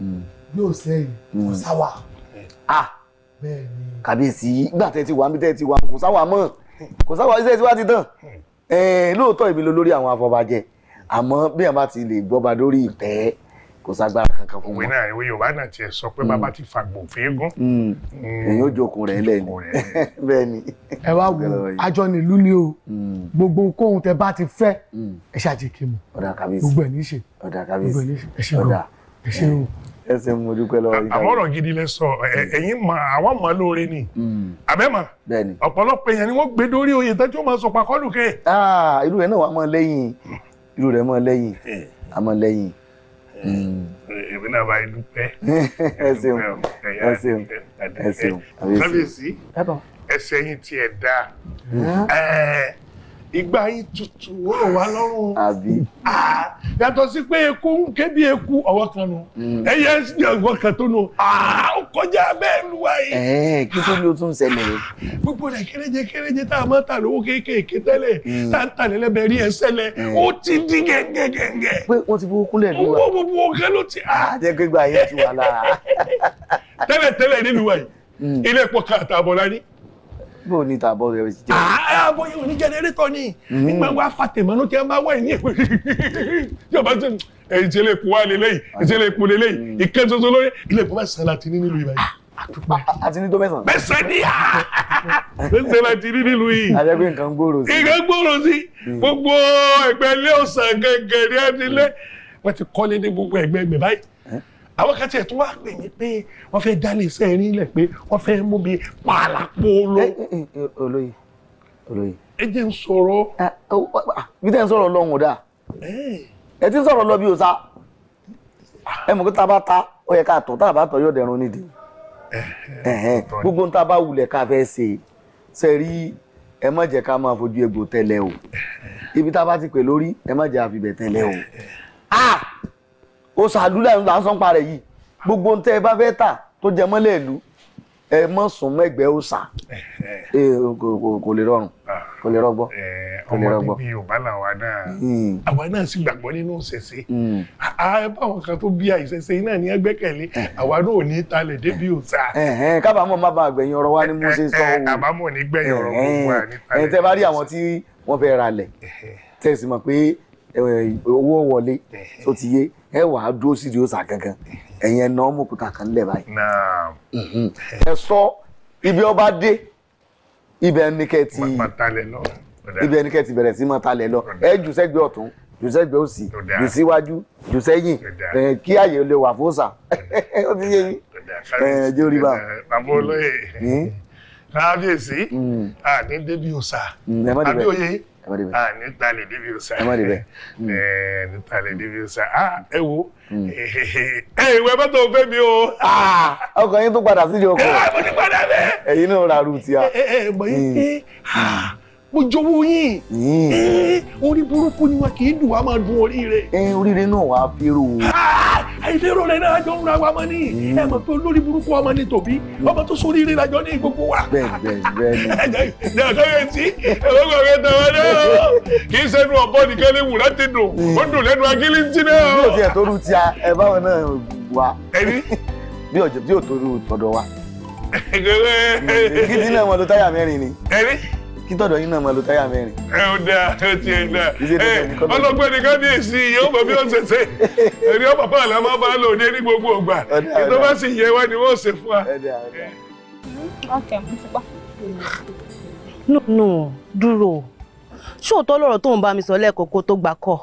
Mm. yóò sẹ́yìn kò mm. sáwà. kábíyèsí ìgbà tẹ́ ti wà níbi tẹ́ ti wà kò sáwà mọ́ kò sáwà iṣẹ́ tí wàá ti tàn lóòótọ́ èmi ló lórí àwọn afọbajẹ àmọ́ bí àwọn bá ti lè gbọ́ba lórí ìtẹ́ kò ságbára kankan fún wọn. òwe náà ìwé yorùbá náà tiẹ̀ sọ pé bàbá mm. ti fàgbò fẹ́ẹ́gùn. Mm. Mm. èyí ò jókòó rẹ̀ lẹ́ni bẹ́ẹ̀ ni. ẹ wá wo àjọ nílùú ni o gbogbo kóhun tẹ bá ti fẹ́ ẹ ṣáàjì kí mu gbogbo ẹ̀ ní gbogbo ẹ̀ ní í ṣe ẹ ṣe o ẹ ṣe o ẹsẹ̀ mo dúpẹ́ ọ̀rọ̀ gidi lẹ sọ ẹ̀yin mọ àwọn mọ lóore ni àbẹ́mọ̀ ọ̀pọ̀lọpọ̀ èèyàn ni wọ́n gbé dórí oyè tẹ́jú máa sọ pàkọ́lù kẹ́. Ah, irú rẹ̀ náà wà á mọ lẹ́yìn irú rẹ̀ mọ lẹ́yìn á mọ lẹ́yìn èmi náà bá yín dúpẹ́. ẹ ṣeun ẹ ṣeun ẹ ṣeun. kábíyèsí ẹsẹ̀ yín tiẹ̀ dáa ìgbà yín tutù ó wà lọ́rùn. àbí. yàtọ̀ sí pé eku ń ké bí eku ọwọ́ kan nù mm. ẹyẹ ọwọ́ kan tó nù ó kọjá bẹ́ẹ̀ lu wáyé. kí tó ló tún ṣẹlẹ̀. gbogbo rẹ̀ kéréje kéréje tá a máa ta lówó kéékèèké tẹ́lẹ̀ mm. tá a ta lẹ́lẹ́bẹ̀ rí ẹ sẹ́lẹ̀ mm. ó ti di gẹ́gẹ́gẹ́gẹ́. pé wọ́n ti fowó kúnlẹ̀ ní wa. owó gbogbo ọ̀gá ló ti. àtẹ̀gbẹ̀gbà yẹn ti wà lára. tẹ́lẹ̀ tẹ́lẹ̀ nílùú wa yìí ilé ẹ̀pọ̀ kan àtàbọ̀ la bó ni tàbọ̀ rẹ jẹ. àá ah, bóyá òní jẹnẹrétọ ni nígbà hmm. wà fàtẹmọnú tí a máa wà ní èpè yóò bá tún ẹ̀jẹ̀ lè kú wá lélẹ́yìí ẹ̀jẹ̀ lè kú lélẹ́yìí hmm. ìkẹ́ tuntun lórí ilé ìkọ́ bá sàn láti ní nílùú ìbáyìí. àti ah, ní tó mẹ́sàn. mẹ́sàn ni a ah! mẹ́sàn láti ní nílùú yìí. a jẹ́ pé nǹkan gbòòrò sí. nǹkan gbòòrò sí hmm. gbogbo ẹgbẹ́ ilé ọ̀sán gẹ́gẹ́ ní àwọn kan tiẹ̀ tún wá pè mí pé wọ́n fẹ́ dálé iṣẹ́ ẹ̀rín lẹ̀ pé wọ́n fẹ́ mú mi pàlàpọ̀ lọ. olóyè olóyè. ẹ jẹ́ ń sọ̀rọ̀. bí tẹ́ ń sọ̀rọ̀ lọ́hùn ọ̀dà ẹ ti ń sọ̀rọ̀ lọ bí òòsa ẹ mọ̀ pé tá a bá ta ó yẹ ká tọ̀ tá a bá tọ̀ yóò dẹrun nídìí gbogbo ń tá bá wulẹ̀ ká fẹ́ ṣe ṣe rí ẹ má jẹ́ ká máa fojú egbò tẹ́lẹ̀ o ibi tá a bá ti pè lórí ẹ má jẹ́ àfibẹ̀ tẹ́lẹ̀ o ó ṣàlùlẹ̀ là ń sọ́n parẹ̀ yìí gbogbo ohun tẹ́ ẹ bá fẹ́ tà tó jẹ mọ́lẹ̀ ìlú ẹ mọ́ sùn mẹ́gbẹ́ òòṣà kò lè rọrùn kò lè rọgbọ. ọmọ bíbí yorùbá làwa náà hmm. àwa náà sì gbàgbọ́ nínú ṣẹ̀ṣẹ̀ hmm. báwọn kan tó bí àìṣẹ̀ṣẹ̀ náà ní ẹgbẹ́kẹ̀lé àwa náà ò ní talẹ̀ débi òòṣà. kábàámọ̀ má bàa gbẹ̀yìn ọ̀rọ̀ wa ni mo ṣe sọ òun. kábàámọ̀ ní gbẹ̀yìn ọ̀rọ̀ gbogbo wa ní talẹ̀. Eh, owó wọlé tó ti yé ẹ wà á dúró sí ìdíwọ́sà gangan ẹ̀yin ẹ̀ náà mú òkúta kan lẹ̀ báyìí. Mhm. ẹ sọ ibi ọba dé ibẹ̀ ni kẹ́ ti ibẹ̀ ni kẹ́ ti bẹ̀rẹ̀ sí máa talẹ̀ lọ ẹ jù sẹ́gbẹ́ ọ̀tún jù sẹ́gbẹ́ òsì jù síwájú jù sẹ́yìn kí àyè lè wà fún sà ó ti yé yín ẹjẹ orí bá. bàbá olóyè hmm. kábíyèsí àní hmm. débi ẹ má débẹ̀. a ah, ní talè débi o sa. ẹ má débẹ̀. ẹ eh, ní talè débi o sa a ah, ẹ wo ẹ hmm. eh, ìwé mọ́tò fẹ́ mi o. Ah. ọkàn yín tún padà síjọ kọ. ẹ mo ti padà bẹ́ẹ̀. ẹ̀yin náà ra rúùtì eh, hmm. a mo jowó yín hmm. orí burúkú ni wọn kì í dùn wá máa dun oríire. ẹ oríire náà wàá fẹ́rù o. àìlérò rẹ náà jọ ń ra wa mọ ní hmm. ẹ mọ̀ pé olórí burúkú ọmọ ní tòbí hmm. ọmọ tó sọ oríire lajọ ní gbogbo wa. bẹ́ẹ̀ni bẹ́ẹ̀ni. ẹ jẹ́ sí ọgbà rẹ tàwa náà kì í sẹ́nu ọ̀bọ nìkan lè wù láti dùn ó dùn lẹ́nu agílíntì náà. bí o tiẹ̀ tó rú ti a ẹ báwọn náà wà bí o tó rú tọ̀dọ̀ wa. gidi náà wọn lo táyà kí tọ̀dọ̀ yín náà máa lo táyà mẹ́rin. ẹ ò dáa ó ti ẹ dáa ọlọ́pẹ́ nìkan ní èsì yìí ó mọ̀ bí ó ṣe ṣe èrè ọmọ bá àlọ́ máa bá lò ní gbogbo ògbà ìtọ́ bá sì yẹ wá ni wọ́n ṣe fún wa. ọkẹ mo ti pa. nùnù dúró ṣóòótọ́ lọ́rọ̀ tó ń bá mi sọ lẹ́ẹ̀kọ́ kó tó gbà kọ́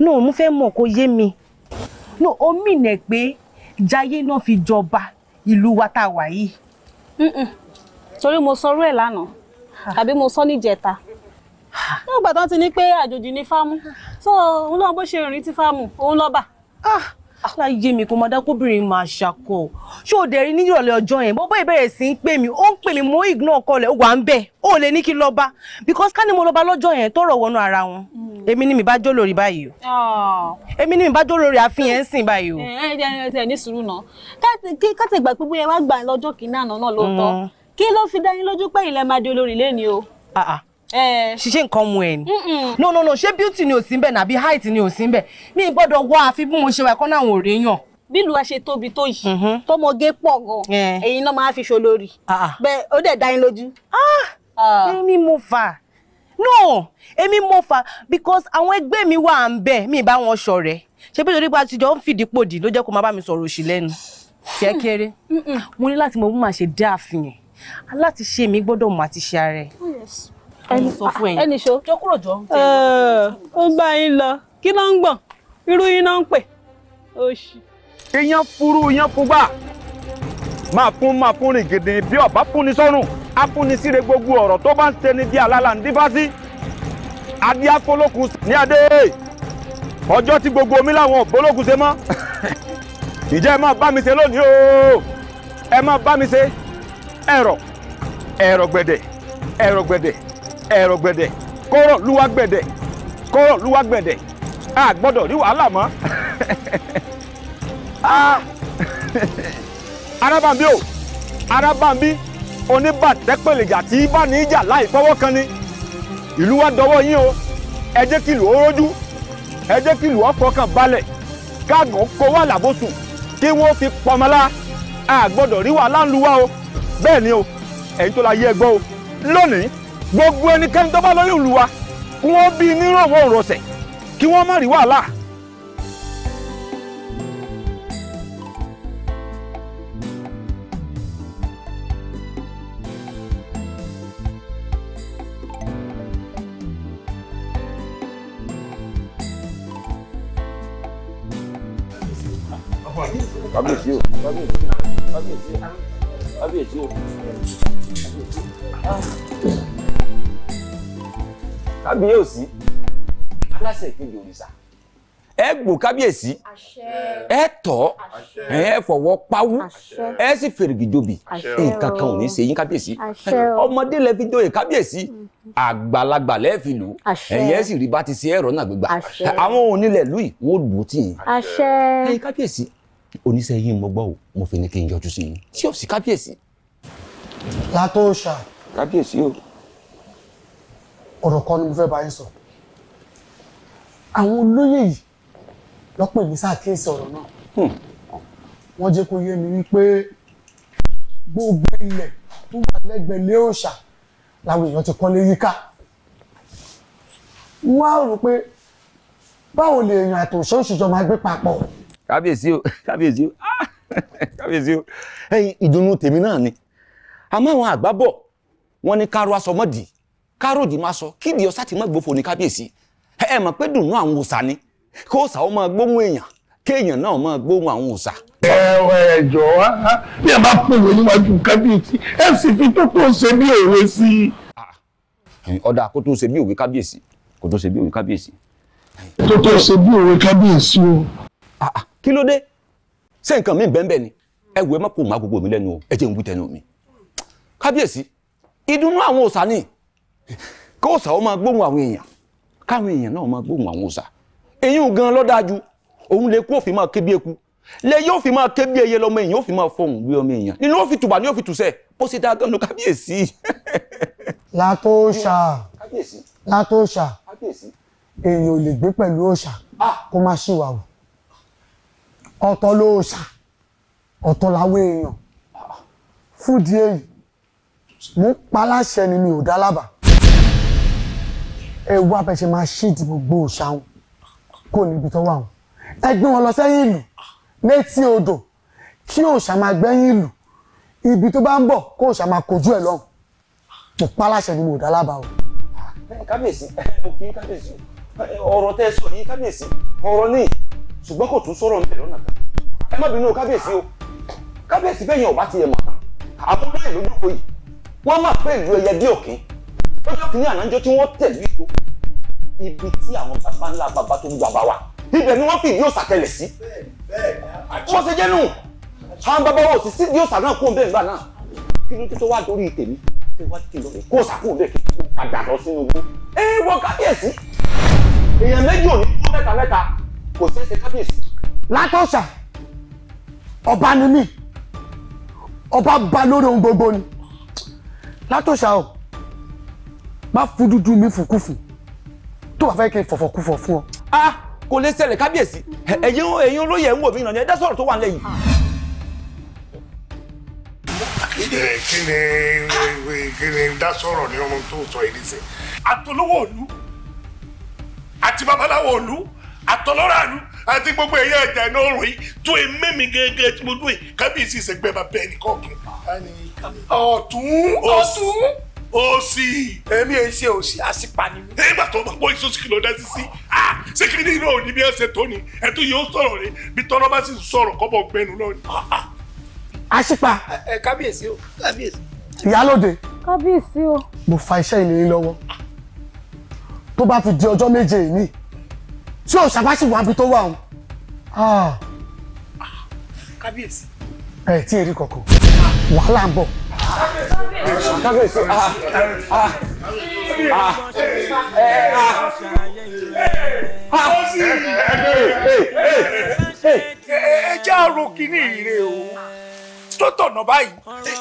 nùnù mo fẹ́ mọ̀ kó yé mi nù ó mìnẹ̀ pé jayé náà fi jọba ìlú wa tá a wà yìí. torí mo sọ ẹ̀ lánàá àbí mo sọ ní jẹta náà gbà tán ti ní pé àjòjì ní fámú so òun náà bó ṣe rìn tí fámú òun lọ́ba. Ah, aláyé mi kò máa dá kóbìnrin máa ṣàkọ ṣé o dẹ̀rí nírọ̀lẹ́ ọjọ́ yẹn bọ́bọ́ ìbẹ̀rẹ̀ sí ń pè mí ó ń pè mí mo ignore kọlẹ̀ ó wà ń bẹ̀ ó lè ní kí n lọ́ba because ká ní mo lọ́ba lọ́jọ́ yẹn tọrọ wọnú ara wọn hmm. èmi ni mi bá jó lórí báyìí o ah. èmi ni mi bá jó lórí àfihàn ẹ̀sìn báyìí o. ẹ eh, ẹ eh, eh, ẹ ní sùúrù náà ká tẹ gbà pé bóyá wá gbà lọ́jọ́ kìnnà náà lóòótọ́ hmm kí ló fi dá yín lójú pé ilẹ̀ máa di olórin lẹ́ni o. Ah, ah. ṣiṣẹ́ nǹkan mu ẹ̀ ni no no no ṣé beauty ni ò sí ń bẹ̀ nàbí height ni ò sí ń bẹ̀ mi gbọ́dọ̀ wá àfi bí mo ṣe wà kọ́ náà ò réyàn. bí ìlú wa ṣe tóbi tó yìí mm-hmm. tọmọge pọ̀ gan èyí náà máa fi ṣolórí ah, bẹ́ẹ̀ ó dẹ̀ dá lójú. èmi mo fà no èmi mo fà because àwọn ẹgbẹ́ mi wà ń bẹ̀ mi bá wọn ṣọ̀rẹ́ ṣe bí torí pé àtijọ́ ń fìdípòdì ló jẹ́ kó má bá mi sọ̀rọ̀ òṣì lẹ́nu hmm. kẹ́kẹ́rẹ́ mo ní láti mọ bí màá ṣe dáàfin yẹn aláti ṣe mi gbọ́dọ̀ mọ̀ àti ṣe ara ẹ̀. Oh, ẹni sọ fún ẹ̀yin ẹni ṣo jọ kúrò jọ. ó bá yín lọ kí ló ń gbọ̀n irú yín náà ń pè. iyán furu iyán fúgbà máa fún máa fún rìn gèdè bí ọ̀bá fúnni sọ́rùn á fúnni síre gbogbo ọ̀rọ̀ tó bá ń ṣe ní bí alálà ń dífá sí adé akólókun ní adé ọjọ́ tí gbogbo omi láwọn ògbólókun ṣe mọ́ ìjẹ́ ẹ máa bá mi ṣe lónìí o ẹ máa bá mi ṣe. ẹ̀rọ̀ ẹ̀rọ̀ gbẹ̀dẹ̀ ẹ̀rọ̀ gbẹ̀dẹ̀ ẹ̀rọ̀ gbede, kọ́rọ̀ luwa gbẹ̀dẹ̀ kọ́rọ̀ lúwa gbẹ̀dẹ̀ a gbọ́dọ̀ rí wàhálà o arábàmbí oníbàtẹ́pẹ̀lẹ̀jà tí bá ní í jà láì fọwọ́ kan ni ìlú wa dọwọ́ yín o ẹ jẹ́ kí ìlú ó ẹ jẹ́ kí ìlú balẹ̀ fi a gbọ́dọ̀ rí wàhálà ń o. bẹ́ẹ̀ ni o ẹ̀yin tó la yé gbọ́ o lónìí gbogbo ẹnikẹ́ni tó bá lórí ìlú wa kí wọ́n bí nírọ̀wọ́ òrọ̀sẹ̀ kí wọ́n má rí wàhálà. kábíyèsí o kábíyèsí o kábíyèsí o kábíyèsí o kábíyèsí aláṣẹ ìkejì òrìṣà ẹ gbò kábíyèsí ẹ tọ ẹ fọwọ́ pawú ẹ sì fèrègì jobi nǹkan kan ò ní ṣe yín kábíyèsí ọmọdé lẹ fi joyè kábíyèsí mm-hmm. àgbàlagbà lẹ́ẹ̀fì lù ẹ̀yẹ́ sì rí bá ti ṣe ẹ̀rọ náà gbégbá àwọn onílẹ̀ lùi wọ́n lù ú tì yín kábíyèsí oníṣẹ́ yìí mo gbọ́ o mo fi ní kí n yọjú sí i tí ò sí kábíyèsí. látòòṣà. kábíyèsí o. ọ̀rọ̀ kan ni mo fẹ́ bá yín sọ àwọn olóyè yìí lọ́pọ̀ mi ṣàkíyèsí ọ̀rọ̀ náà hmm. wọ́n jẹ́ kó yé mi wípé gbogbo ilẹ̀ tó wà lẹ́gbẹ̀ẹ́ lé òòṣà làwọn èèyàn ti kọ́lé yíká wọ́n á rò pé báwo lè èèyàn àtòṣe òṣìṣọ́ máa gbé papọ̀ kábíyèsí o kábíyèsí o ah, kábíyèsí o ẹyin ìdùnnú tèmi náà ni àmọ́ àwọn àgbà bọ̀ wọ́n ní káró aṣọ mọ́dì káròdì máa sọ kídìí ọ̀sá ti má gbófo ní kábíyèsí ẹ mọ̀ pé dùnnú àwọn òòṣà ni kó òòṣà ó máa gbóhùn èèyàn kéèyàn náà máa gbóhùn àwọn òòṣà. ẹ ẹ jọ̀wọ́ ah, ah, bí a bá pòwe níwájú kábíyèsí ẹ sì fi tó tó ṣe bí òwe sí i. ọ̀dà kó tó ṣe bí òwe kábíyèsí kó tó ṣe bí òwe kábíyèsí. tó tó ṣe bí òwe kábíyèsí o kí ló dé ṣé nǹkan mi bẹ́ẹ̀ bẹ́ẹ̀ ni ẹ má kó má gbogbo mi lẹ́nu o ẹ jẹ́ n wí tẹnu mi kábíyèsí ìdùnnú àwọn òòṣà ni kí òòṣà ó máa gbóhùn àwọn èèyàn káwọn èèyàn náà máa gbóhùn àwọn òòṣà èyí gan ló dájú òun lè kú òfin máa ké bí eku lè yóò fi máa ké bí eye lọmọ èèyàn ó fi máa fọhùn bí ọmọ èèyàn nínú ó fi tùbà ní ó fi tùsẹ̀ bó ṣe dáa gan ló kábíyèsí. látòòṣà látòòṣà èèyàn ò lè gbé pẹ̀lú òòṣà ah! kó má ṣìwà wò ọ̀tọ̀ ló ṣà ọ̀tọ̀ làwọn èèyàn fúdi èyí mò ń paláṣẹ ni mi ò dá lábàá ẹ wá bẹ́ẹ̀ ṣe máa ṣíìdì gbogbo òṣàwọn kò níbi tó wà wọn ẹ gbé wọn lọ sẹ́yìn ìlú létí odò kí òòṣà máa gbẹ́yìn ìlú ibi tó bá ń bọ̀ kó òòṣà máa kojú ẹ̀ lọ́hùn mo paláṣẹ ni mo dá lábàá o. kábíyèsí ọ̀rọ̀ tẹ́ sọ yìí kábíyèsí ọ̀rọ̀ níyì ṣùgbọ́n kò tún sọ̀rọ̀ níbẹ̀ lọ́nà kan ẹ má bínú kábíyèsí o kábíyèsí bẹ́yẹn ò bá ti yẹ mọ̀ àwọn ọmọ ìlú dúró yìí wọ́n máa pé ìlú ẹyẹ bí òkín lọ́jọ́ kìíní ànájọ́ tí wọ́n tẹ̀lé ètò ibi tí àwọn bàbá ńlá bàbá tó ń gbàgbà wà ibẹ̀ ni wọ́n fi ìdí òòsà tẹ̀lẹ̀ sí wọ́n ṣe jẹ́nu àwọn bàbá wò sí sí ìdí òòsà náà kó bẹ́ẹ̀ gbà náà kí ló tó wá dórí tèmi tó wá kìlọ̀ rẹ̀ kó òòsà kó bẹ́ẹ̀ kí kó padà lọ sínú igbó ẹ wọ kábíyèsí èèyàn méjì kò sí ẹsẹ̀ kábíyèsí. látọ̀ṣà ọba ni mí ọba ba lórí ohun gbogbo ni látọ̀ṣà o má fún dúdú mi fùkúfù tó bá fẹ́ kí n fọ̀fọ̀kúfọ̀ fún ọ. a kò lè ṣẹlẹ̀ kábíyèsí ẹ̀yin ẹ̀yin olóyè ń wò mí ìrànlẹ́ ẹ̀dá sọ̀rọ̀ tó wà lẹ́yìn. kí ni kí ni dá sọ̀rọ̀ ní ọmọ tó sọ yìí nísìnyí. àtolówó òlu àti babaláwo òlu àtọlọ́ràánú àti gbogbo ẹ̀yẹ ẹ̀jẹ̀ náà rò yìí tó e mẹ́mi gẹ́gẹ́ tí mo dún yìí kábíyèsí ìṣègbè bàbá ẹnì kọ̀ọ̀kan. ọ̀tún ọ̀tún òsì. èmi èyí ṣe òsì àṣìpàní. nígbà tó bọ́ iṣu sí kìlọ̀ dásí sí ṣé kí ni ìlú òní bí ẹ ṣe tó ni ẹtú yóò sọ̀rọ̀ rẹ bí tọ́lọ́ bá sì sọ̀rọ̀ kọ́bọ̀ gbẹnu lọ ni. àṣìpà. Ah, ah. ẹ kábíyèsí o kábíyèsí. ìyálòde. kábíyèsí o. mo fa iṣẹ́ ìlérí lọ́wọ́ tó bá fi di ọjọ́ méje yìí ṣé o ṣàbáṣì wà bí tó wà o. kábíyèsí. ẹ tí èrè kọkọ wàhálà ń bọ̀. kábíyèsí ẹ jẹ́ àrò kìíní ìrè o tó tọ̀nà báyìí.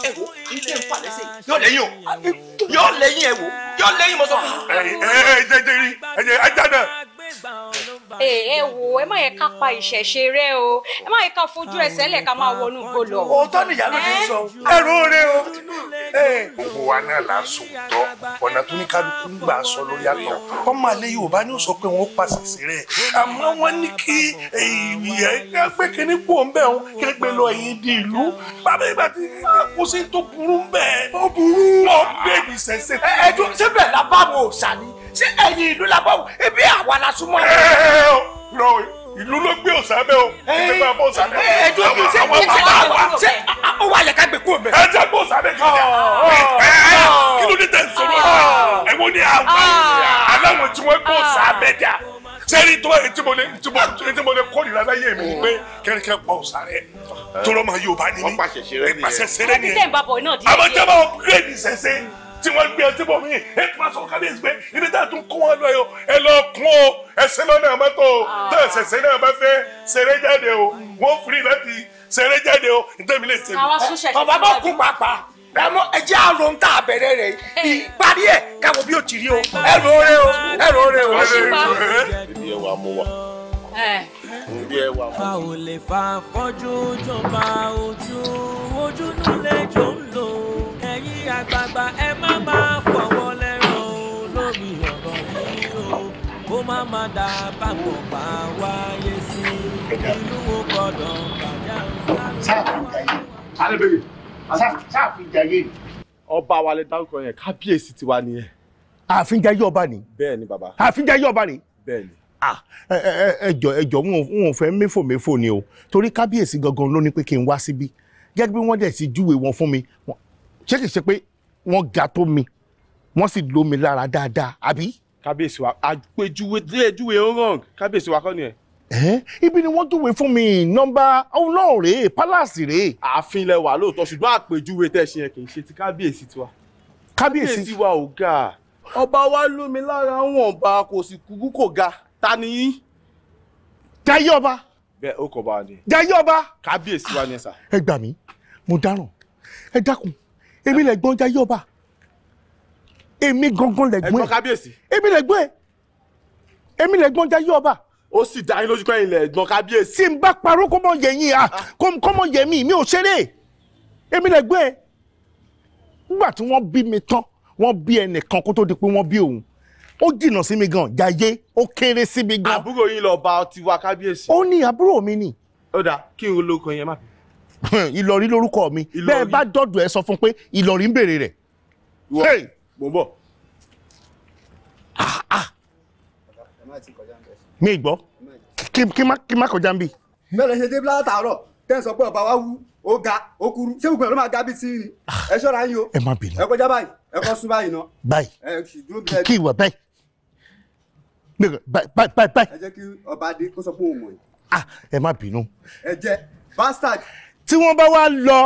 ẹ wo ilé ń falẹ̀ sí yọ lẹ́yìn o yọ lẹ́yìn ẹ wo yọ lẹ́yìn mọ́sán. ẹ ẹ ẹ jẹjẹrì ẹ jẹ ajá náà ẹ wò ẹ má yẹ ká pa ìṣẹ̀ṣe rẹ o ẹ má yẹ ká fojú ẹsẹ̀ lẹ̀ ká máa wọnú igbó lọ. òótọ́ nìyá ló ti sọ ẹ̀rù rẹ o. gbogbo wa náà là sùn tọ́ ọ̀nà tó ní kálukú ń gbà sọ lórí àtọ̀ ọmọ àlẹ́ Yorùbá ni ó sọ pé wọ́n pa sèse rẹ̀ àmọ́ wọ́n ní kí ìyẹn pé kíní kú òun bẹ́ẹ̀ kẹ́gbẹ́ lọ ẹ̀yìn di ìlú bàbá ìgbà tí kò sí tó burú bẹ́ẹ̀. ó burú. ọ̀ ṣé ẹ̀yìn ìlú la bọ̀ ebi àwa la súnmọ́. lọ ìlú ló gbé òsà bẹ́ẹ̀ o ìlú máa bọ̀ òsà bẹ́ẹ̀. ẹ jọ bí ṣe kí ṣe àwọn ṣe ó wà yẹ ká gbé kúrò bẹ́ẹ̀. ẹ jẹ́ gbé òsà bẹ́ẹ̀ kí oh, oh. ẹ kí ló dé tẹ̀ sọ̀rọ̀ ẹ wo ni àwọn aláwọ̀ tí wọ́n gbé òsà ah. bẹ́ẹ̀ dà sẹ́ni tó etí mo lè etí mo etí mo pé oh. kẹ́ríkẹ́ pa ọ̀sà rẹ̀ tọrọ ma yóò bá ní ní pàṣẹ sẹ́rẹ́ ni ẹ̀ àmọ́ jẹ́ bá upgrade ṣẹ̀ṣẹ̀ tí wọ́n gbé ọtí bọ̀ mí ẹ tí wọ́n sọ kábíyèsí pé ibi tá a tún kó wọn lọ yọ ẹ lọ kún o ẹsẹ̀ lọ́nà mọ́tò ah. tó ẹ̀sẹ̀sẹ̀ náà bá fẹ́ ṣeré jáde o wọ́n firi láti ṣeré jáde o nítorí lè ṣe mí. ọba bá kú pàápàá dàmú ẹjẹ àrò ń tà àbẹ̀rẹ̀ rẹ̀ ìparí ẹ̀ káwọ bí ó ti rí o ẹrù oore o ẹrù oore o. ibi ẹwà mo wà ibi ẹwà mo wà. a ò lè fa fọ́jú jọba ojú ojú nulẹ̀ jọ àgbààgbà ẹ má máa fọwọ́ lẹ́ràn o lórí ọ̀rọ̀ yìí o kó má má dà bàbọ̀ bá wáyé sí inú wo gbọ́dọ̀ bàjẹ́ àrùn sáàfin jayé ni. ọba wa lè dárúkọ yẹn kábíyèsí tiwa nìyẹn. ààfin jayé ọba ni. bẹ́ẹ̀ ni Baba, ààfin jayé ọba ni. bẹ́ẹ̀ ni ẹjọ ẹjọ wọn ò fẹ́ méfò méfò ni o torí kábíyèsí gangan ló ní pé kí n wá síbí gẹ́gẹ́ bí wọ́n dẹ̀ ti júwe wọn fún mi ṣé kìí ṣe pé wọ́n ga tó mi wọ́n sì lómi lára dáadáa àbí. kábíyèsí wa àpèjúwe déjúwe ó ràn kábíyèsí wa kọ́ ni ẹ̀. ẹ ibi ni wọ́n júwe fún mi nọ́mbà ọ̀hún náà rèé pálásì rèé. ààfin lẹ wà lóòótọ́ ṣùgbọ́n àpèjúwe tẹ̀ ṣe yẹn kì í ṣe ti kábíyèsí tiwa. kábíyèsí wa ò ga ọba wa lómi lára wọn ba kò sì kúkú kò ga ta ni yín. jayé ọba. bẹ́ẹ̀ ó kọ bá wa ni. jayé ọba. kábíyèsí wa ni ẹ sà. ẹ gbà mí mo dáràn ẹ dákun èmi lè gbọ́n jayé ọba èmi gangan lè gbọ́n ẹ èmi lè gbọ́n ẹ èmi lè gbọ́n jayé ọba ó sì dá yín lójú pé ilẹ̀ ẹ̀gbọ́n kábíyèsí. tí n bá parọ́ kó mọ̀ yẹ yín a ah, kó mọ̀ yẹ mí mi ò ṣeré èmi lè gbé e. nígbà tí wọ́n bí mi tán wọ́n bí ẹnìkan kó tó di pé wọ́n bí òun ó jìnnà sí mi gan jayé ó kéré sí mi gan. àbúrò yín lọ bá ọtí wa kábíyèsí. ó ní àbúrò mi ni. ó dà kí n lo yẹn má fi. ìlọrin lórúkọ mi bẹ́ẹ̀ bá dọ́dọ̀ ẹ sọ fún pé ìlọrin ń béèrè rẹ̀. ìwọ mo ń bọ̀. Ah, ah. mi gbọ́ kí má kọjá ń bì. mẹ́lẹ̀ ṣe dé bí látàárọ̀ tẹ́ ń sọ pé ọba wa wú ó ga ó kúrú ṣé gbogbo ẹ̀ ló máa ga bí tíì ni ẹ ṣọ́ra yín o ẹ má bínú ẹ kọjá báyìí ẹ kọ́ sún báyìí náà. báyìí kí ìwà báyìí báyìí báyìí báyìí. ẹ jẹ́ kí ọba adé kó sọ pé òun mọ̀ yìí. Ah, ẹ má bínú. ẹ jẹ́ bastard tí wọ́n bá wá lọ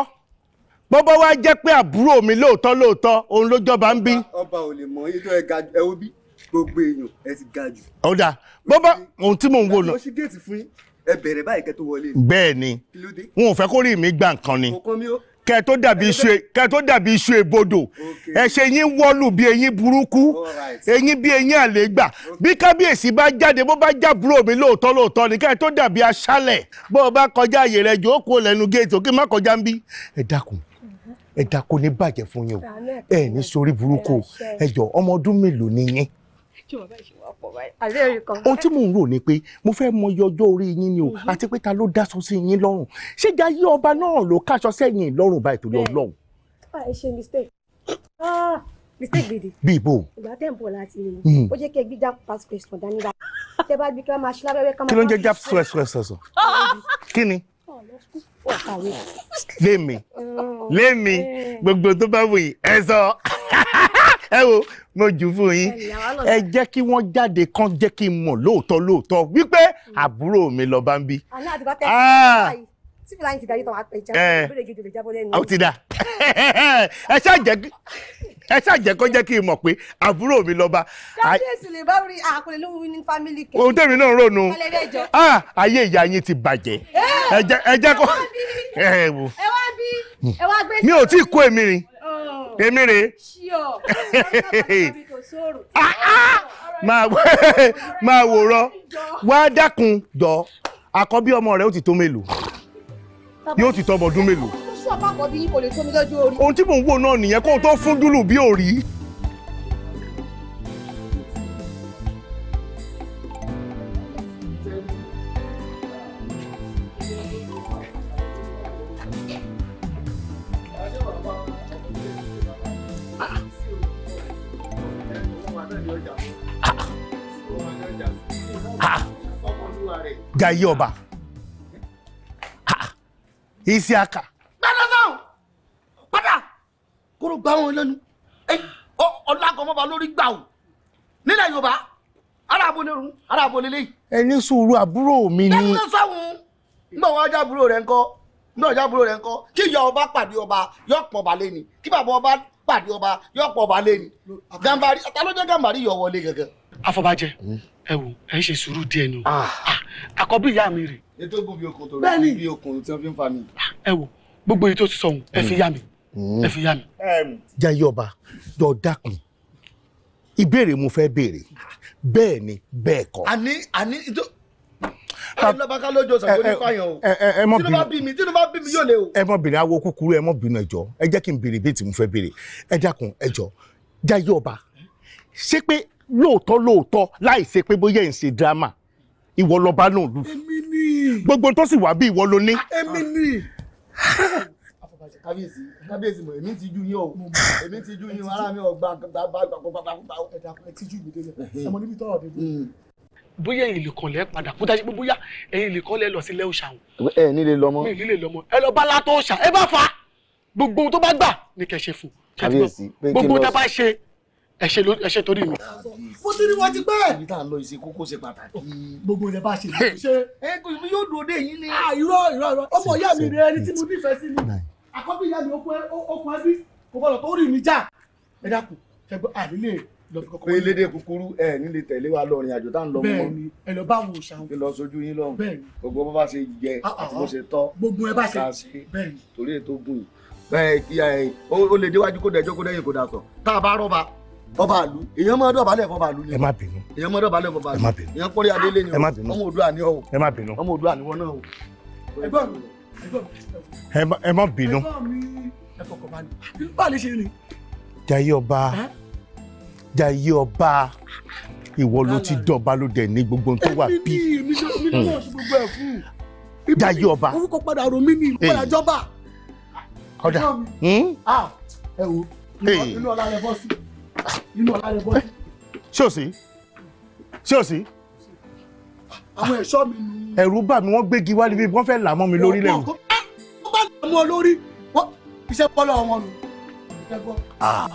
bọ́bọ́ wá jẹ́ pé àbúrò mi lóòótọ́ lóòótọ́ òun ló jọba ń bí. ọba ò lè mọ iye tó ẹ ga ẹ wo bí gbogbo èèyàn ẹ ti ga jù. ọ̀dà bọ́bọ́ ohun tí mò ń wò lọ. mo ṣí fún ẹ bẹ̀rẹ̀ báyìí kẹ́ tó wọlé. bẹ́ẹ̀ ni wọn ò fẹ́ kó rí mi gbà nǹkan ni E- kẹ tó dàbí iṣu kẹ tó dàbí iṣu ebodò ẹṣẹ yín wọlù bí eyín burúkú eyín bí eyín àlégbà bí kábíyèsí bá jáde bó bá jábúrò mi lóòótọ́ lóòótọ́ ni kẹ tó dàbí aṣálẹ̀ bó o bá kọjá àyè rẹ jò ó kó lẹ́nu géètì òkè má kọjá ń bí ẹ dákun ẹ dákun ní bàjẹ́ fún yín o ẹ ní sórí burúkú ẹ jọ ọmọ ọdún mélòó ni yín papọ̀ báyìí. àbí ẹ̀rí kan. ohun tí mò ń rò ni pé mo fẹ́ mọ iye ọjọ́ orí yín ni o mm-hmm. àti pé ta ló dáṣọ sí yín lọ́rùn ṣé jayé ọba náà ló káṣọ sẹ́yìn lọ́rùn báyìí torí ọlọ́run. Ah, ẹ ṣe mistake ah mistake gidi. bí ibo. ìgbà tẹ̀ ń bọ̀ láti rí i hmm. ó jẹ́ kí ẹ gbé jap pass question dání bá tẹ bá gbé kí wọ́n máa ṣe lábẹ́rẹ́ ká máa. kí ló ń jẹ́ jap stress stress stress kí ni lémi lémi eh. gbogbo tó bá wù yìí ẹ sọ ẹ wo mo jù fún yín ẹ jẹ́ kí wọ́n jáde kan jẹ́ kí n mọ̀ lóòótọ́ lóòótọ́ wípé hmm. àbúrò mi lọ bá ń bí. àná àti bàtà ẹ̀ ẹ̀ tí fìlà yìí ti dájú tán wàá pẹ̀ jábọ̀ eh. ìbéèrè gidi lè jábọ̀ lẹ́nu. ó ti dà ẹ ṣáà jẹ́ kó jẹ́ kí n mọ̀ pé àbúrò mi lọ́ba. kábíyèsí lè bá rí àkọlé lóhùn ní fámìlì kẹ. ohun tẹ̀mí náà rònú ah, ayé ìyá yín ti bàjẹ́ eh! ẹ jẹ́ kó. ẹ wá bí eh, mi ò tí ì kó èmi rìn èmi rè é. máa wòrọ wá dákun jọ àkọ́bí ọmọ rẹ ó ti tó mélòó yóò ti tọ́ ọmọ ọdún mélòó. ohun tí mò ń wò náà nìyẹn kó o tó fún dúlù bí òrí. Gaye Ọba isi aka. gbẹ́dọ̀sán padà kóró gbá wọn lẹ́nu ọlágọmọba lórí gbà o nílẹ̀ Yorùbá aráàbò lérun aráàbò lélẹ́yìí. ẹ ní sùúrù àbúrò mi ni. lẹ́nu sọ́hun nígbà wọn ajá àbúrò rẹ̀ ńkọ́ nígbà wọn ajá àbúrò kí ìyá ọba pàdé ọba yóò pọ̀ ọba lẹ́ni kí bàbá ọba pàdé ẹ wò ẹ ṣe sùúrù díẹ̀ ni o ah. Ah, àkọ́bí ìyá mi rè. ètò ògùn bí okun tó rẹ bí okun tí wọn fi ń fa mi. Ah, ẹ wò gbogbo èyí tó ti sọhùn mm. mm. ẹ fi yá mi ẹ fi yá mi. jayé ọba jọ dákun ìbéèrè mo fẹ́ béèrè bẹ́ẹ̀ ni bẹ́ẹ̀ kọ́. àní àní ìtò ayélujára lójó sọ̀rọ̀ ní eh, eh, fáyàn o eh, tinubu bá bí mi tinubu bá bí mi yóò lé o. ẹ mọ bìnrin awo kúkúrú ẹ mọ bìnrin ẹjọ ẹ jẹ́ kí n béèrè bí ètí mo fẹ́ béèrè ẹ dákun ẹjọ jayé ọba ṣé pé lóòótọ́ lóòótọ́ láì ṣe pé bóyá ẹ̀ ń ṣe drama ìwọ lọ́ba náà lù. èmi ni. gbogbo tó sì wà bí ìwọ ló ní. èmi ni. kábíyèsí kábíyèsí mo èmi ti ju yín o èmi ti ju yín o ara mi ò gba gba gba gba gba gba gba. ẹ dàpọ̀ ẹ ti ju mi délẹ̀ ẹ mọ níbi tọ́wọ̀ dé mm. bóyá ẹ̀yin lè kàn lẹ́ padà kó dájú bóyá ẹ̀yin lè kàn lẹ́ lọ sí ilé wọn. ẹ nílé lọmọ. mi nílé lọmọ ẹ lọ bá látọ̀ òòṣà ẹ bá fa gbogbo tó bá gbà ní kẹ fún. kábíyèsí pé kí n gbogbo tá a bá ṣe ẹ ṣe ẹ ṣe torí mi. mo ti rí wọn ti pẹ́. ibi tá a lọ ìsìn kókó ṣe pàtàkì. gbogbo rẹ bá ṣe ṣe. ẹ kò sí yóò dúró dé yìí ni. Ah, irọ́ irọ́ irọ́ ọmọ ìyá mi rẹ ẹni tí mo nífẹ̀ẹ́ sí ni. àkọ́bí ìyá mi okun ẹbí kò bọ́lọ̀ tó rí mi já. ẹ dákun ṣẹgbẹ́ àlílé lọ fi kọ́kọ́. elédè kúkúrú ẹ nílé tẹ̀lé wa lọ rìn àjò tá à ń lọ mọ́. bẹ́ẹ̀ni ẹ lọ bá wo ṣàwọn. kí lọ sojú yín lọ́hùn. bẹ́ẹ̀ni gbogbo bó bá ṣe yẹ ah, ah, àti bó ọba àlú èèyàn máa dọ̀bálẹ̀ fọba àlú ni. ẹ má bínú. èèyàn máa dọ̀bálẹ̀ fọba àlú. ẹ má bínú. èèyàn kórè adélé ni o. ẹ má bínú. ọmọ òdua ni ọ o. ẹ má bínú. ọmọ òdua ni wọn náà o. ẹ má bínú. a lè ṣe rìn. jayé ọba jayé ọba ìwọ ló ti dọba ló dẹ ní gbogbo tó wà bí. èmi ni èmi ni wọn ṣe gbogbo ẹ fún. jayé ọba orúkọ padà rò mí ní ìpadà jọba. ọ̀dà ẹ hmm? ah, wo inú ọlá rẹ bọ́ sí inú ọ̀la rẹ bọ́ sí. ṣé o sí ṣé o sí. àwọn ẹ̀ṣọ́ mi ni. ẹ̀rù bà mí wọ́n gbégi wá níbi wọ́n fẹ́ là mọ́ mi lórí lẹ́rù. wọ́n bá là mọ́ lórí iṣẹ́ bọ́lá wọn nù. Ah.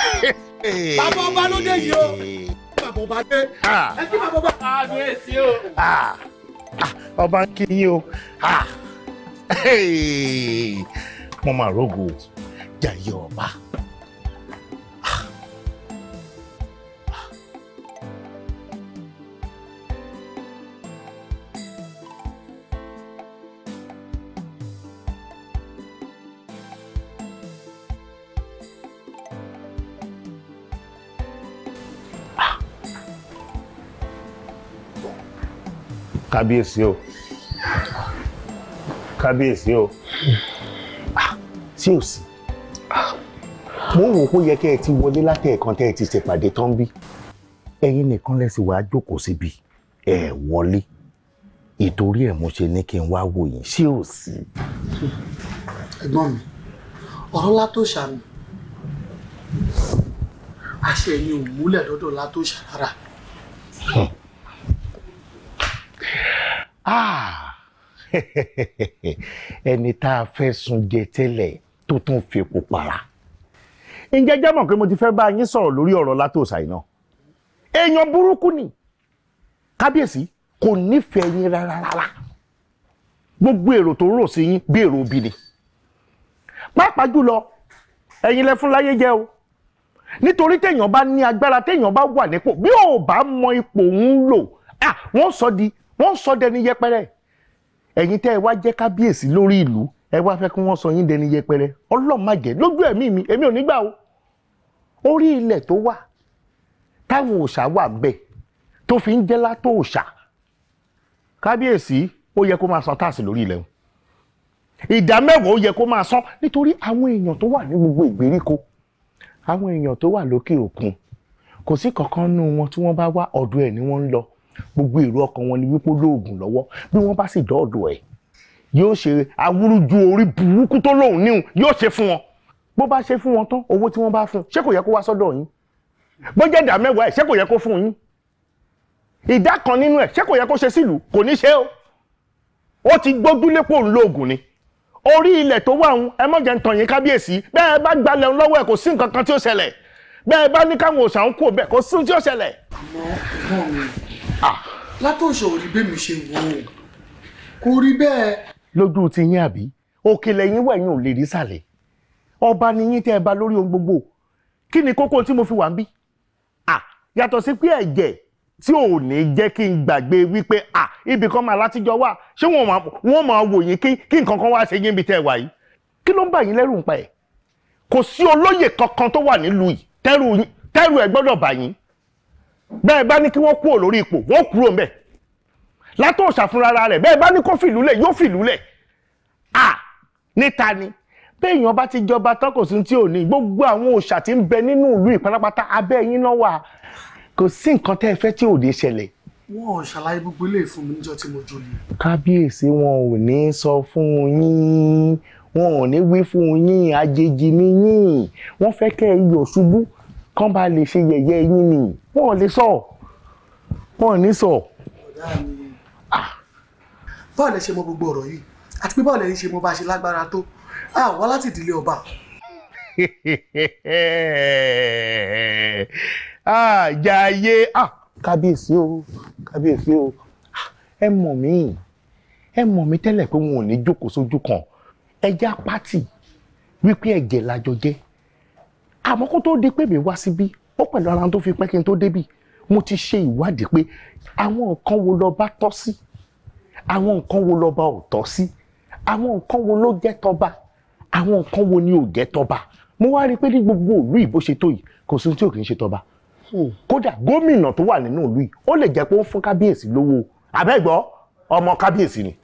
bàbá ọba ló dé yìí o bàbá ọba dé ah. ẹ kí bàbá ọba. àánú èsì o. Ah. ọba ń kí yín o mo máa rògò jàyè ọba. kábíyèsí o kábíyèsí o sí ò sí mo ń wò ó yẹ kẹ́ ẹ ti wọlé látẹ̀ẹ̀kan tẹ́ ẹ ti ṣèpàdé tán bí ẹ̀yin nìkan lẹ sì wàá jókòó síbi ẹ wọlé ìtorí ẹ̀ mo ṣe ní kí n wá wò yín sí ò sí. ẹ̀gbọ́n mi ọ̀rọ̀ látòṣà mi àṣẹ ẹ̀yin ò múlẹ̀ lọ́dọ̀ látòṣà rárá. Ah! ẹni tá a fẹ́ sun jẹ tẹ́lẹ̀ tó tún fi epo para ǹjẹ́ jẹ́ mọ̀ pé mo ti fẹ́ bá yín sọ̀rọ̀ lórí ọ̀rọ̀ látòsà iná èèyàn burúkú ni kábíyèsí kò nífẹ̀ẹ́ yín rárá rárá gbogbo èrò tó rò sí yín bí èrò òbí ni pàápàá jùlọ ẹ̀yin lẹ fún láyé jẹ́ o nítorí téèyàn bá ní agbára téèyàn bá wà nípò bí ò bá mọ ipò ń lò wọ́n sọ di wọ́n sọ dẹni yẹpẹrẹ ẹ̀yin tẹ́ ẹ wá jẹ́ kábíyèsí lórí ìlú ẹ wá fẹ́ kí wọ́n sọ yín dẹni yẹpẹrẹ ọlọ́màjẹ́ lójú ẹ̀mí mi èmi ò ní gbà o orí ilẹ̀ tó wà táwọn òòṣà wà bẹ́ẹ̀ tó fi ń jẹ́ látó òòṣà kábíyèsí ó yẹ kó máa san táàsì lórí ilẹ̀ o ìdá mẹ́wàá ó yẹ kó máa san nítorí àwọn èèyàn tó wà ní gbogbo ìgbèríko àwọn èèyàn tó wà lókè òkun kò sí kankan nínú wọn tí wọ́n bá wá ọ̀dọ̀ ẹ̀ ni wọ́n ń lọ gbogbo èrò ọkàn wọn ni wípé lóògùn lọ́wọ́ bí wọ́n bá sì dọ́ọ̀dọ̀ ẹ̀ yóò ṣe awúrúju orí burúkú tó lóun níhùn yóò ṣe fún wọn bó bá ṣe fún wọn tán owó tí wọ́n bá fún ṣé kò yẹ kó wá sọ́dọ̀ yín bọ́jẹ́ ìdá mẹ́wàá ẹ̀ ṣé kò yẹ kó fún yín ìdá kan nínú ẹ̀ ṣé kò yẹ kó ṣe sílùú kò ní ṣe o ó ti gbójúlé pò ń lóògùn ni orí ilẹ̀ tó wà ń ẹ mọ̀jẹ̀ ń tàn yín kábíyèsí bẹ́ẹ̀ bá gbalẹ̀ ń lọ́wọ́ ẹ̀ kò sí nǹkan kan tí ó ṣẹlẹ̀ bẹ́ẹ̀ bá ní káwọn òòṣà ń kú bẹ́ẹ̀ kò sí tí ó ṣẹlẹ̀. Ah. látòṣò rí bẹ́ẹ̀ mi ṣe wò ó kò rí bẹ́ẹ̀. lójú ti yín àbí òkè lẹ́yìn wẹ̀yìn ò lè rí sàlẹ̀ ọba ni yín tẹ́ ẹ bá lórí ohun gbogbo kí ni kókó tí mo fi wà ń bí yàtọ̀ sí pé ẹ̀jẹ̀ tí ò ní jẹ́ kí n gbàgbé wípé à ibì kan máa látijọ́ wà ṣé wọ́n máa wò yín kí nǹkan kan wá ṣe yín bí tẹ́ ẹ wà yìí kí ló ń bà yín lẹ́rù ń pa ẹ̀ kò sí olóyè kankan tó wà nílùú yìí tẹ́rù ẹ̀ gbọ́dọ̀ bà yín bẹ́ẹ̀ bá ní kí wọ́n kúrò lórí ipò wọ́n kúrò ń bẹ̀ látọ̀ ṣàfúnra rẹ̀ bẹ́ẹ̀ bá ní kó fìlúlẹ̀ yóò fìlúlẹ̀ à níta ni béèyàn bá ti jọba tọkọsí tí ò ní gbogbo àwọn òòṣà tí ń bẹ nínú ìlú ìparapata abẹ́ yín náà wà kò sí nǹkan tẹ́ ẹ fẹ́ tí ò ní ṣẹlẹ̀. wọn ò ṣàlàyé gbogbo ilé ìfún mi níjọ́ tí mo jolè. kábíyèsí wọn ò ní sọ fún yín wọn ò ní wí fún yín àjèjì ni yín wọn fẹ́ kẹ́ ẹ yọ̀ ṣubú kán bá lè ṣe yẹ̀yẹ́ yín ni wọ́n lè sọ wọ́n ní sọ. báwo lẹ ṣe mọ gbogbo ọ̀rọ̀ yìí àti pé báwo lẹ ṣe mọ bá a ṣe lágbára tó a wá láti ìdílé ọba. àjàyè ah, kábíyèsí o kábíyèsí o ah, ẹ mọ̀ mí ẹ mọ̀ mí tẹ́lẹ̀ pé wọn ò ní jókòó sójú kan ẹ já pátì wípé ẹ̀jẹ̀ lájọ jẹ́ àmọ́ kó tó di pé mi wá síbí ó pẹ̀lú ara tó fi pẹ́ kí n tó débì mo ti ṣe ìwádìí pé àwọn nǹkan wo lọ́ba tọ́ sí àwọn nǹkan wo lọ́ba ò tọ́ sí àwọn nǹkan wo ló jẹ́ tọ́ba àwọn nǹkan wo ni ò jẹ́ tọ́ba mo wá rí i pé ní gbogbo ìlú yìí ṣe tó yìí kò sí tí ò kì í ṣe tọ́ba hmm. kódà gómìnà tó wà nínú ìlú yìí ó lè jẹ́ pé ó fún kábíyèsí lówó àbẹ́gbọ́ ọmọ kábíyèsí ni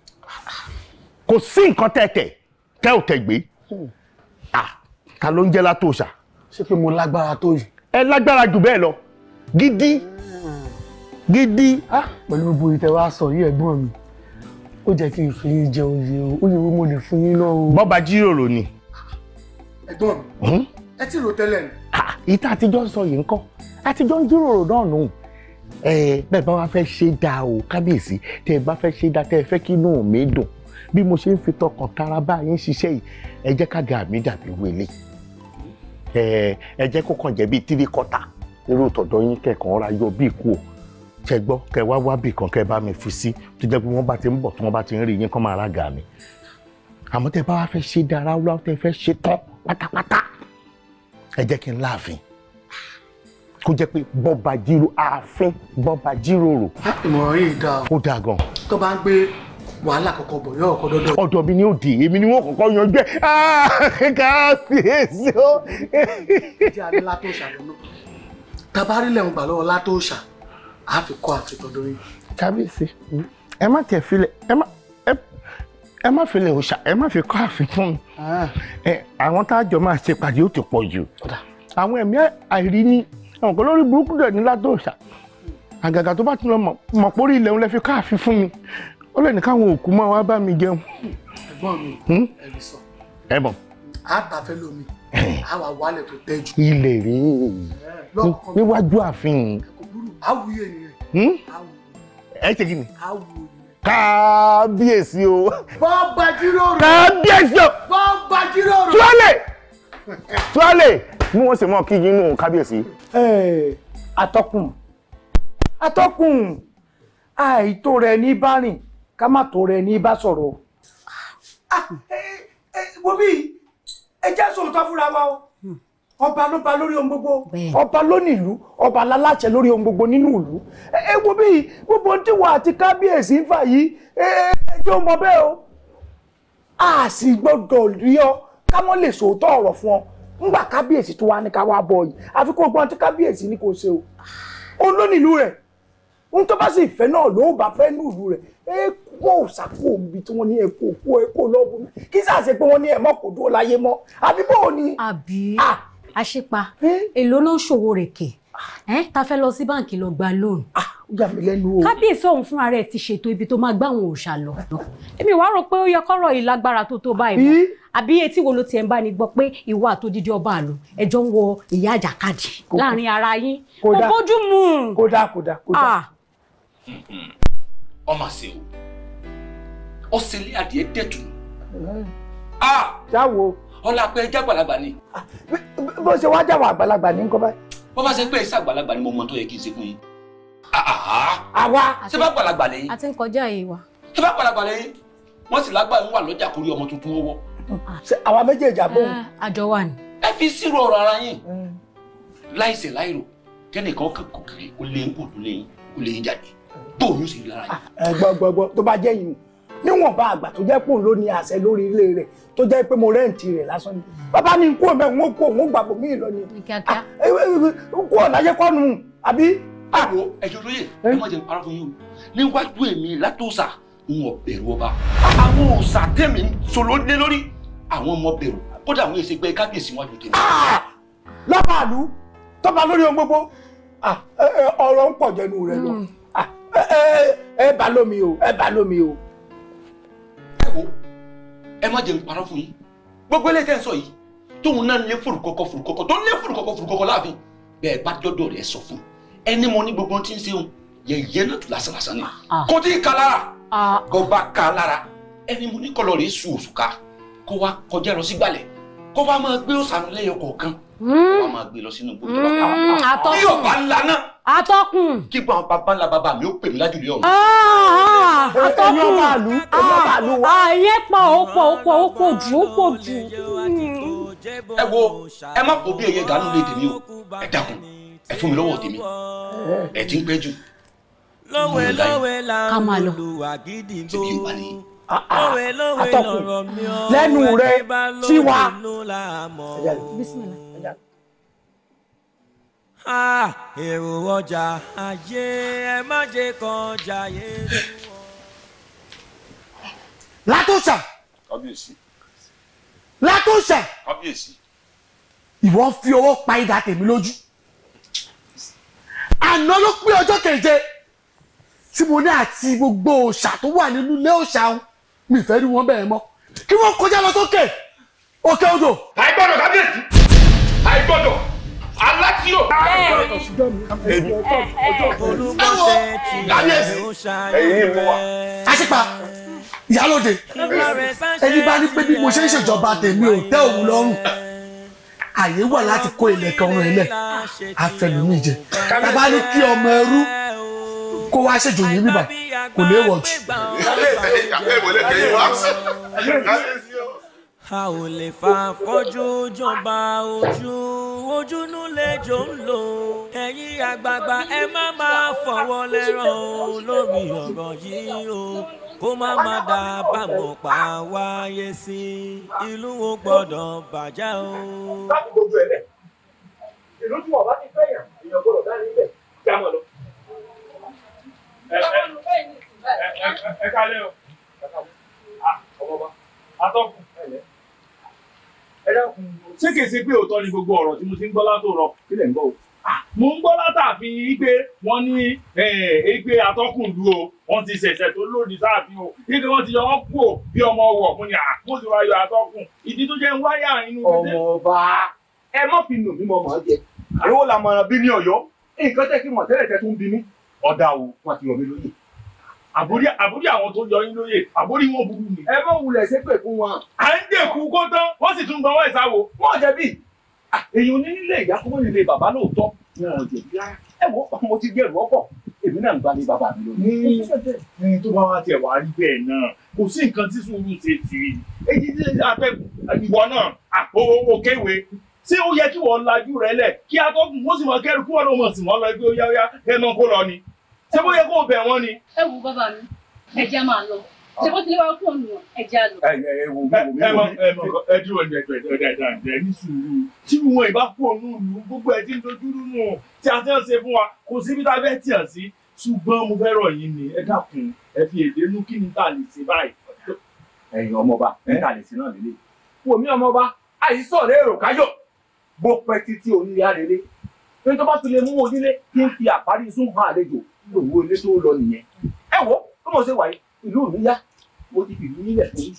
kò sí nǹkan tẹ̀tẹ̀ tẹ́ ò tẹ̀ gbé hmm. ta ló ń jẹ́ látòṣà ṣé pé mo lágbára tó yìí. ẹ lágbára jù bẹ́ẹ̀ lọ gidi gidi. Ah, pẹ̀lú gbogbo ìtẹ̀ wa sọ yìí ẹ̀gbọ́n mi ó jẹ́ kí n fi yín jẹ oyè o oyè wo mo lè fún yín náà o. bọ́ba jíròrò ni. ẹ̀gbọ́n mi hmm? ẹ ti rò tẹ́lẹ̀ ni. ìta ah, àtijọ́ sọ yìí ń kọ́ àtijọ́ ń jíròrò náà nù bẹ́ẹ̀ bá wá fẹ́ ṣe dáa o kábíyèsí tẹ́ ẹ bá fẹ́ ṣe dáa tẹ́ ẹ fẹ́ kí inú mi dùn bí mo ṣe ń fi tọkàn tara bá yín ṣiṣẹ́ yìí ẹ jẹ́ ká ga mi dàbí wele ẹ jẹ́ kó kàn jẹ́ bíi tírí kọ́tà irú tọ̀dọ̀ yín kẹ̀kọ́ ra yọ bíi kú o kẹ gbọ́ kẹ wá wá bì kan kẹ bá mi fi sí tó jẹ́ pé wọ́n bá ti ń bọ̀ tí wọ́n bá ti ń rí yín kán máa ra gà mí àmọ́ tẹ bá wá fẹ́ ṣe dára wúlá tẹ fẹ́ ṣe tán pátápátá ẹ jẹ́ kí n láàfin kó jẹ́ pé bọ́ba jíròrò ààfin bọ́ba jíròrò. ìmọ̀ràn yìí dáa. ó dáa gan. tó bá ń gbé wàhálà kọ̀kọ́ bọ̀ yóò kọ́ dọ́dọ́. ọ̀dọ̀ mi ni ó dé èmi ni wọ́n kọ́kọ́ yanjú ẹ̀ ah, káàsìyèsí o. ìdí adé látòṣà lọ́nà tabarí lẹ́hùn gbà lọ́wọ́ látòṣà á fi kọ́ àfitọ́dọ́ yìí. kábíyèsí ẹ má tẹ̀ filẹ̀ ẹ má ẹ má fi lè òòṣà ẹ má fi kọ́ àfikún ah. àwọn táàjọ máa ṣe pàdé ó ti pọ̀ jù àwọn ẹ̀mí àìrí ní àwọn lórí burúkú dẹ̀ ní ládòòṣà àgàgà tó bá ti lọ mọ̀ pórí ilẹ̀ òun lẹ fi kọ́ àfikún mi ó lẹ́nu káwọn òkú máa wá bá mi jẹun. ẹ̀gbọ́n mi hmm? ẹ̀rí sọ. ẹ̀bọ̀n. àtàfẹ́ lomi àwa wàlẹ̀ tó tẹ́jú. ilé rí níwájú àfihàn. àwùyé nìyẹn. ẹ ṣe kí ni. àwùyé kábíyèsí o. bọ́ọ̀bà jíròrò. kábíyèsí o. bọ́ọ̀bà jíròrò. tuwálè tuwálè ni wọ́n ṣe mọ́ kí inú kábíyèsí. atọ́kùn atọ́kùn àìtó rẹ̀ ní bá rìn ká má ni rẹ ní bá ah, eh, Gobi, eh, bí ẹ jẹ́ sòótọ́ fúnra wa o ọba ló ba lórí ohun gbogbo ọba ló nílùú ọba láláṣẹ lórí ohun gbogbo nínú ìlú ẹ eh, eh, wo gbogbo ohun tí wà àti kábíyèsí ń fà yìí ẹ jẹ́ ọmọ o a sì gbọ́dọ̀ rí ọ ká mọ́ lè sòótọ́ ọ̀rọ̀ fún ọ ńgbà kábíyèsí tó wá ní ká wá bọ̀ yìí àfi kó gbọ́n tí kábíyèsí ní kò ṣe o ó lónìí ìlú rẹ̀ ń tó bá sì fẹ́ náà ló bá fẹ́ ní ìlú rẹ̀ ẹ kó òòsà kó òbí tí wọ́n ní ẹ̀kọ́ kó ẹ̀kọ́ lọ́ọ̀bù kí sáà ṣe pé wọ́n ní ẹ̀mọ́ kò dúró láyé mọ́ àbí bóò ni. àbí àṣepa èló ló ń ṣòwò rẹ̀ kè ta fẹ́ lọ sí báǹkì lọ gba lóòn. kábíyèsí ọ̀hún fúnra rẹ̀ ti ṣètò ibi tó máa gbá àwọn òòṣà lọ. èmi wàá rò pé ó yẹ kọ́rọ̀ yìí lágbára tó tó báyìí mọ́ àbí etí wo ló tiẹ̀ ń bá ní gbọ́ pé ìwà àtòdìdí ọba àlò ẹjọ́ ń wọ ìyá àjàkadì láàrin ara yín kò bójú mu. kódà kódà kódà. ọmọ ṣe o ọ̀sẹ̀lẹ̀ adìẹ ah jáwo. ọlá pé ẹjẹ àgbàlagbà ni. bó ṣe wá jáwọ àgbàlagbà ní nǹkan báyìí. bó bá ṣe pé ẹsẹ àgbàlagbà ni mo mọ tó yẹ kí n ṣe fún yín. àwa ṣé bá àgbàlagbà lẹ́yìn. a ti ń kọjá yìí wa. ṣé bá àgbàlagbà lẹ́yìn wọ́n sì lágbà ń wà lọ́jà kórí ọmọ tuntun owó. ṣé àwa méjèèjì àbọ̀. Ah, àjọ wa ni. ẹ fi sírò ọ̀rọ̀ ara yín. Hmm. láìsè láìrò kẹ́nìkan kan kò kiri kó lé ń kò tó lé yín kó lé yín jáde hmm. bóun sì rí lára yín. Ah, gbọ́ gbọ́ gbọ́ tó bá jẹ́ yìí níwọ̀nba àgbà tó jẹ́ pé òun ló ní àṣẹ lórí ilé rẹ̀ tó jẹ́ pé mo rẹ́ǹtì rẹ̀ lásán ni bàbá ni kú ọ̀bẹ òun kú òun gbàgbọ́ mí lọ ni ah, kú ọ̀láyé kọ́nu àbí. àwo ah. ẹjọ lóye ẹ má jẹ parọ́ fún yín o níwájú èmi látòsà ń wọ bẹ̀rù ọba àwọn òòsà tẹ̀mí sọlọ lé lórí àwọn ọmọ bẹ̀rù kódà àwọn èsì gbẹ kábíyèsí wájú tèmi. Ah! lábàlú tọ́ba lórí ohun gbogbo ọ̀rọ̀ ń pọ̀ jẹnu rẹ lọ hmm. ẹ bá lómi o ẹ bá lómi o ẹ wo ẹ má jẹ́ n parọ́ fún yín gbogbo eléyìí tẹ́ ń sọ yìí tóun náà lé fùrùkọ́kọ́ fùrùkọ́kọ́ tó lé fùrùkọ́kọ́ fùrùkọ́kọ́ láàfin bẹ́ẹ̀ bá dọ́dọ̀ rẹ̀ sọ fún ẹni mo ní gbogbo tí ń ṣe yẹ̀yẹ́ náà tó lásánlásán ni ah. kò tí ì ka lára gọba ah. ka lára ẹni mo ní kọlọ rẹ̀ sùn òṣùká kó wá kọjá lọ sígbàlẹ̀ kó wá máa gbé òsàn kọ̀ọ̀kan Hmm. wọ́n máa gbé lọ sínú gbogbo ìjọba káwọn. atọ́kùn bí yóò bá ńlá náà. atọ́kùn. kí gbọ́n bàbá ńlá bàbá mi ó pè mí lájúlé ọ̀run. Ah, ah, atọ́kùn ẹ̀yọ́ bàálù ẹ̀yọ́ bàálù wa. ayé ah, pọ̀ ó pọ̀ ó pọ̀ ó pọ̀ jù ó pọ̀ jù. ẹ wo ẹ má kó bí èyí gàánú lè tèmi o ẹ dákun ẹ fún mi lọ́wọ́ tèmi ẹ ti ń pẹ́ jù. lówe lówe la ń lu àgídìgbò atọ́kùn lẹ́nu rẹ tiwa. Ah, èrò ọjà ayé ẹ má jẹ kan jàyè lọ. kábíyèsí. látòṣà. kábíyèsí. ìwọ fi owó pa idà tèmi lójú àná ló pé ọjọ́ keje tí mo ní àti gbogbo òòṣà tó wà nínú ilé òòṣà ń mi fẹ́ rí wọn bẹ́ẹ̀ mọ́ kí wọ́n kọjá lọ sókè òkè odò. àìgbọ́dọ̀ kábíyèsí àìgbọ́dọ̀ alákìyò. olùmọ̀ṣẹ́ ti ẹ̀yìn mú wa. àṣìpa ìyálòde ẹni bá ní pé bí mo ṣe ń ṣèjọba tèmi ò tẹ́ òun lọ́rùn àyè wà láti kó ilẹ̀kẹ̀ ọ̀run ilẹ̀ afẹnumí jẹ bàbá ní kí ọmọ ẹrú kó wá ṣèjòyè bíbà kò léwọ̀ jù a ò lè fa fọ́jú jọba ojú ojúnú lè jò ń lò ẹ̀yin àgbààgbà ẹ má máa fọwọ́ lẹ́rọ̀ o lórí ọ̀rọ̀ yìí o kó má má dá bàmọ̀ pa wáyé sí ìlú wo gbọ́dọ̀ bàjẹ́ o. ìlú tí wọn bá ti fẹ́ yàn èèyàn gbọ́dọ̀ dá níbẹ̀ kí a lọ. ẹ ẹ ẹ ẹ kálẹ̀ o. ọmọ bá atọ́kùn ṣé kìí ṣe pé òótọ́ ni gbogbo ọ̀rọ̀ tí mo ti ń gbọ́ látò rọ kí lẹ̀ ń gbọ́ o. mo ń gbọ́ látàfin igbe wọn ní igbe atọ́kùnlú o wọ́n ti ṣẹ̀ṣẹ̀ tó lòdì sáàfin o igbe wọn ti yọ wọ́n kú o bí ọmọ ọwọ́ mo ní àkóso ayọ̀ atọ́kùn ìdí tó jẹ́ ń wáyà inú. ọmọ ọba ẹ má fi nù mí mọ màá jẹ àríwó làmọ̀ràn bí ní ọ̀yọ́ nǹkan tẹ́ kí mọ̀ tẹ́lẹ̀ tẹ́ tún bí mí ọ̀dà o wọn ti rọ̀ mí lóyè àbórí àbórí àwọn tó yọ yín lóye àbórí wọn burú ni. ẹ bá wulẹ̀ ṣépè fún wọn. à ń dẹ̀kú kó tán wọ́n sì tún gbọ́wọ́ ìsáwó. wọ́n jẹ̀bi èyí ò ní nílé ìyá kó mọ̀ nílé bàbá lóòótọ́ wọn ò jẹ̀bi rárá ẹ wo mo ti gbẹ̀rù ọ̀pọ̀ èmi náà ń bá ní bàbá mi lónìí. ní tó bá wá tiẹ̀ wá rí bẹ́ẹ̀ náà kò sí nǹkan tí sùúrù ṣe tì í. èyí ti afẹ́ ìwọ náà àpò owó kéwèé ṣé ó yẹ kí wọ́n lajú rẹ lẹ̀ kí atọ́kùn ó sì mọ kẹ́rù lọ ẹgbẹ́ ó yá kó lọ ni ṣé bó yẹ kó o bẹ̀ wọ́n ni. ẹ wo bàbá mi ẹja máa lọ ṣé bó ti lé wa kó nù ẹja lọ. ẹ ẹ wo mi wo mi ẹ dúró ní ẹgbẹ ẹdá ẹdá ní sùúrù tí wọn ìbá kó nù lù gbogbo ẹ ti ń dojú nù tí a ti ń ṣe fún wa kò sí bí tá a tì ẹ̀ sí ṣùgbọ́n mo fẹ́ rọ̀ yín ni ẹ dákun ẹ fi èdè nú kí ni tá lè ṣe báyìí. ẹ̀yin ọmọọba ẹ tá lè ṣe náà lélẹ̀ wo mi ọmọọba àìsàn rẹ èrò lòwú oníṣòwò lọ nìyẹn ẹ wo bí mo ṣe wà ìlú mi yá mo ti fìlú nílẹ̀ fún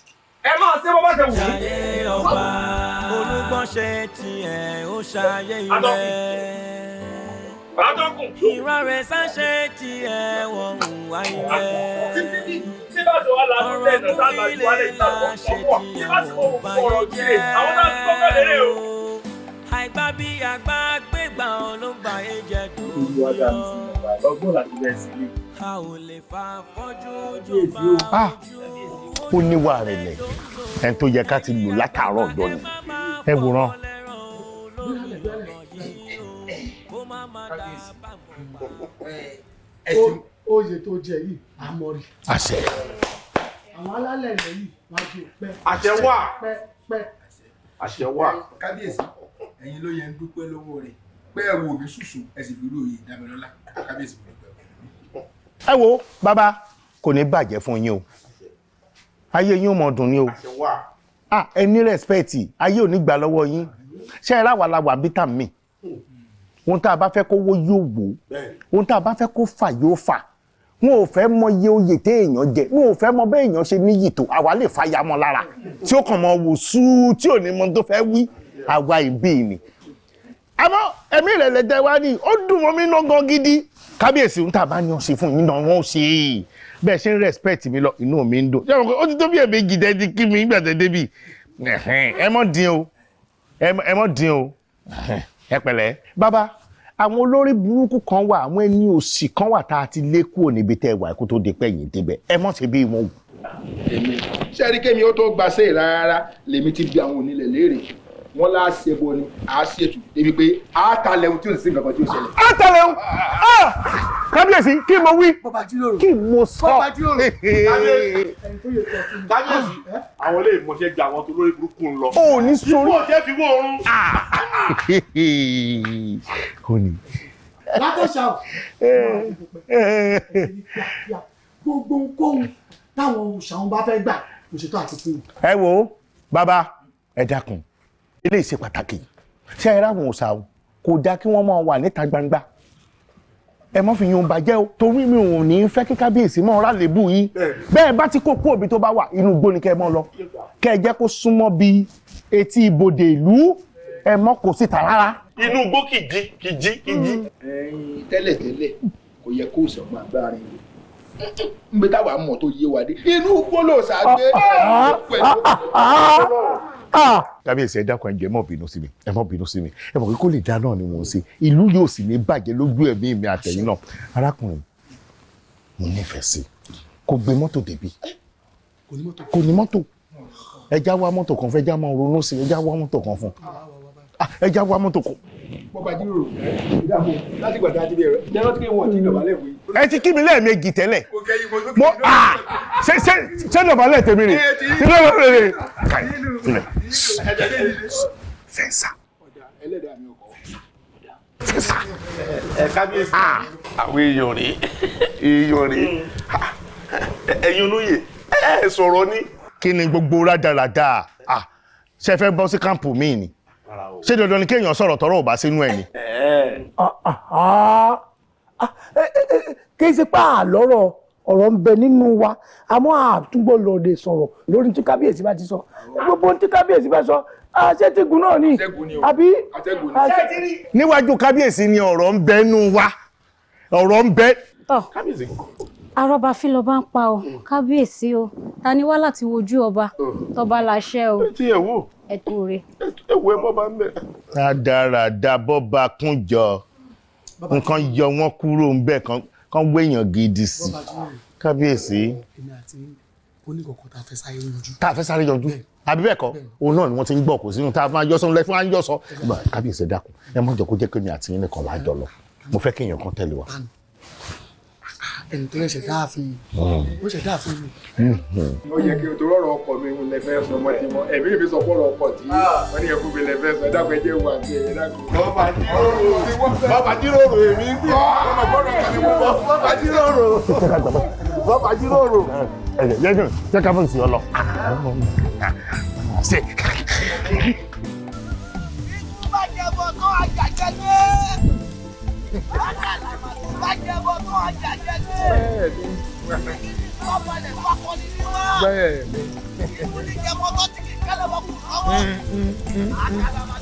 ẹ máa ṣe bọ́ ṣe wù mí. ṣayé ọba olùgbọ́nṣe tiẹ̀ ó ṣayé ilẹ̀. ìrà rẹ̀ sáṣẹ tiẹ̀ wọ̀n wá ilẹ̀. ọ̀rọ̀ kúrú la ṣe tiẹ̀ wọ́n báyé jẹ́ o. àìgbà bíi àgbà gbégbà ló ń báyé jẹ́ dùn yọ. Ah, wà lọ́gbọ́n láti bẹ́ẹ̀ sí ilé. ó níwà rẹ̀ lẹ̀ ẹni tó yẹ ká ti lò látàárọ̀ ọ̀dọ́ ni ẹ wòran. oyè tó jẹ yìí àmọ́rí. àṣẹ. àwọn alálẹ̀ ilẹ̀ yìí wọ́n ti pẹ́. àṣẹ wà. pẹ́ pẹ́. àṣẹ wà. kábíyèsí ẹ̀yin ló yẹ ń dúpẹ́ lọ́wọ́ rẹ̀ pé ẹ wo mi ṣùṣù ẹ sì fi irú òye ìdámẹ́lọ́lá kábíyèsí mi lọ́pẹ́. ẹ wo bàbá kò ní bàjẹ́ fún yín o ayé yín ò mọ̀ dùn ní o ẹ ní rẹ́spẹ̀tì ayé ò ní gbà lọ́wọ́ yín ṣé ẹ ráwa la wà bí tà mí ohun tá a bá fẹ́ kó wó yóò wó ohun tá a bá fẹ́ kó fà yóò fà wọn ò fẹ́ mọ iye oyè téèyàn jẹ wọn ò fẹ́ mọ béèyàn ṣe níyì tó àwa lè fàyàmọ́ lára tí ó kàn mọ́ wò sùúrù tí ò ní mọ tó fẹ́ wí àwa ìbí ni àmọ́ ẹ̀mí ìrẹ̀lẹ̀ tẹ wá ní ó dùn mọ́ mi ná gan gidi kábíyèsí ń tà bá ní ọ̀sẹ̀ fún yín náà wọ́n ṣe é bẹ́ẹ̀ ṣe ń respect mi lọ inú mi ń dùn ṣé o ti tó bí èmi gidẹ ti kí mi nígbà tẹ débi ẹ mọ̀ dín o ẹ mọ̀ dín o ẹ pẹ̀lẹ́ bàbá àwọn olórí burúkú kan wà àwọn ẹni òsì kan wà tá a ti lé kúrò níbi tẹ wà kó tó di pẹ́yìn débẹ̀ ẹ mọ̀ ṣe bí wọn ṣé ẹ rí ó tó gbàṣẹ́ rárá wọ́n lá ṣe bo ni à á ṣètò débi pé à á ta lẹ́hun tí ò sí nǹkan tí o ṣẹlẹ̀. à á ta lẹ́hun kábíyèsí kí mo wí kí mo sọ. kábíyèsí àwọn ilé ìmọ̀ṣẹ́ gba àwọn tó lórí burúkú ń lọ. o ní sori ìfowó jẹ́ fi wó oorun. kò ah! ní. látọ̀ṣà o eh. gbogbo ohun táwọn òṣàwọn bá fẹ́ gbà òṣètò àti fún un. ẹ wo bàbá ẹ dákun eléyìí ṣe pàtàkì ṣé ẹ ráwọn òòṣà o kò dáa kí wọ́n máa wà níta gbangba ẹ mọ́ fi yun bàjẹ́ o torí mi ò ní fẹ́ kí kábíyèsí mọ́ ra lébù yìí bẹ́ẹ̀ bá ti kó kú òbí tó bá wà inú igbó ni kẹ́ ẹ mọ́ lọ kẹ́ ẹ jẹ́ kó súnmọ́ bí etí ibodè ìlú ẹ mọ́ kò síta rárá. inú igbó kìjí kìjí kìjí. ẹyin tẹ́lẹ̀tẹ́lẹ̀ kò yẹ kó sọ̀rọ̀ agbára rẹ̀ nbẹ táwa mọ̀ tó yé wa dé inú gbólóòsà gbé ah, ah, ah, pẹ̀lú kábíyèsí ẹ dákun ẹjọ ẹ má bínú sí mi ẹ má bínú sí mi ẹ mọ̀ pé kó lè dá náà ni mò ń ṣe ìlú yóò sì ní bàjẹ́ lójú ẹ̀mí mi àtẹ̀yìn náà arákùnrin mo nífẹ̀ẹ́ sí kó gbé mọ́tò débi kò ní mọ́tò já wa mọ́tò kan fún ẹja máa ronú sí já wa mọ́tò kan fún já wa mọ́tò kan bọ́ba jíròrò ìdààmú láti gbàdá àti bẹ̀rẹ̀ jẹ́rọ́ tí wọ́n ti dọ̀bálẹ̀ wí. ẹ ti kí mi lẹ́ẹ̀mejì tẹ́lẹ̀ mo a ṣe ṣe ṣe dọ̀bálẹ̀ tèmi rè kí ló wọ́n rè fẹ́ǹsà. fẹ́ǹsà. ẹ ah, àwọn èèyàn rèé èèyàn rèé ah, ẹ̀yin olóye ẹ sọ̀rọ̀ ni. kí ni gbogbo rádaràda ah, ṣe fẹ́ bọ́ sí kámpù mi ni ṣé dandan ni kéèyàn sọ̀rọ̀ tọ́rọ̀ ò bá sínú ẹ̀ ni. Eh. Ah, ah, ah. Eh, eh, kì í ṣe pé àlọ́rọ̀ ọ̀rọ̀ ń bẹ nínú wa àmọ́ àtúgbò lòdì sọ̀rọ̀ lórí tí kábíyèsí bá ti sọ gbogbo tí kábíyèsí bá sọ àṣetìgùn náà ni àbí àṣetìrí. níwájú kábíyèsí ni ọ̀rọ̀ ń bẹ nínú wa ọ̀rọ̀ ń bẹ. kábíyèsí arọba fílọba ń pa o hmm. kábíyèsí o ta ni wá láti wojú ọba hmm. tọba láṣẹ o ẹ ti ẹ wò ẹ tó re ẹ wò ẹ bọba ń bẹ. rádaràda bọba kúnjọ nǹkan yọ wọn kúrò ń bẹ kán wéèyàn gidi sí kábíyèsí. èmi àti oníkọ̀ọ̀kan tá a fẹ́ sáré yanjú. tá a fẹ́ sáré yanjú àbí bẹ́ẹ̀ kọ́ òun náà ni wọ́n ti ń gbọ́ kò sínú tá a máa yọ́sọ́ lẹ́fún à kábíyèsí dákun ẹ má jọ kó jẹ́ pé mi àti yín nìkan wàá jọ lọ mo fẹ́ kéèyàn kan tẹ̀lé wa ẹni tó ṣẹ̀ṣẹ̀ dáàfin ó ṣẹ̀ dáàfin mi. ó yẹ kí o tó rọrọ ọkọ mi ń lẹfẹ sọ ọmọ tí mo ẹmí mi sọ fọrọ ọkọ tí ah. wọn ní ẹkú mi lẹfẹ sọ ẹdáàkú ẹjẹ wà sí ẹ ẹdáàkú. bàbá jíròrò èmi ń bí ah. ọmọ gbọ́dọ̀ kàní mo bọ bàbá jíròrò bàbá jíròrò. yẹ́njú jẹ́ ká fún sí ọ lọ. ṣe. jẹ̀bọ̀ tó àjàjẹ́ ní lájẹbọ tó ọjà jẹ gbé ọmọdé papọ̀ nínú wa oníjẹbọ tó ti kí kálọ̀ bọ̀ kù lọ́wọ́ àkàlà máa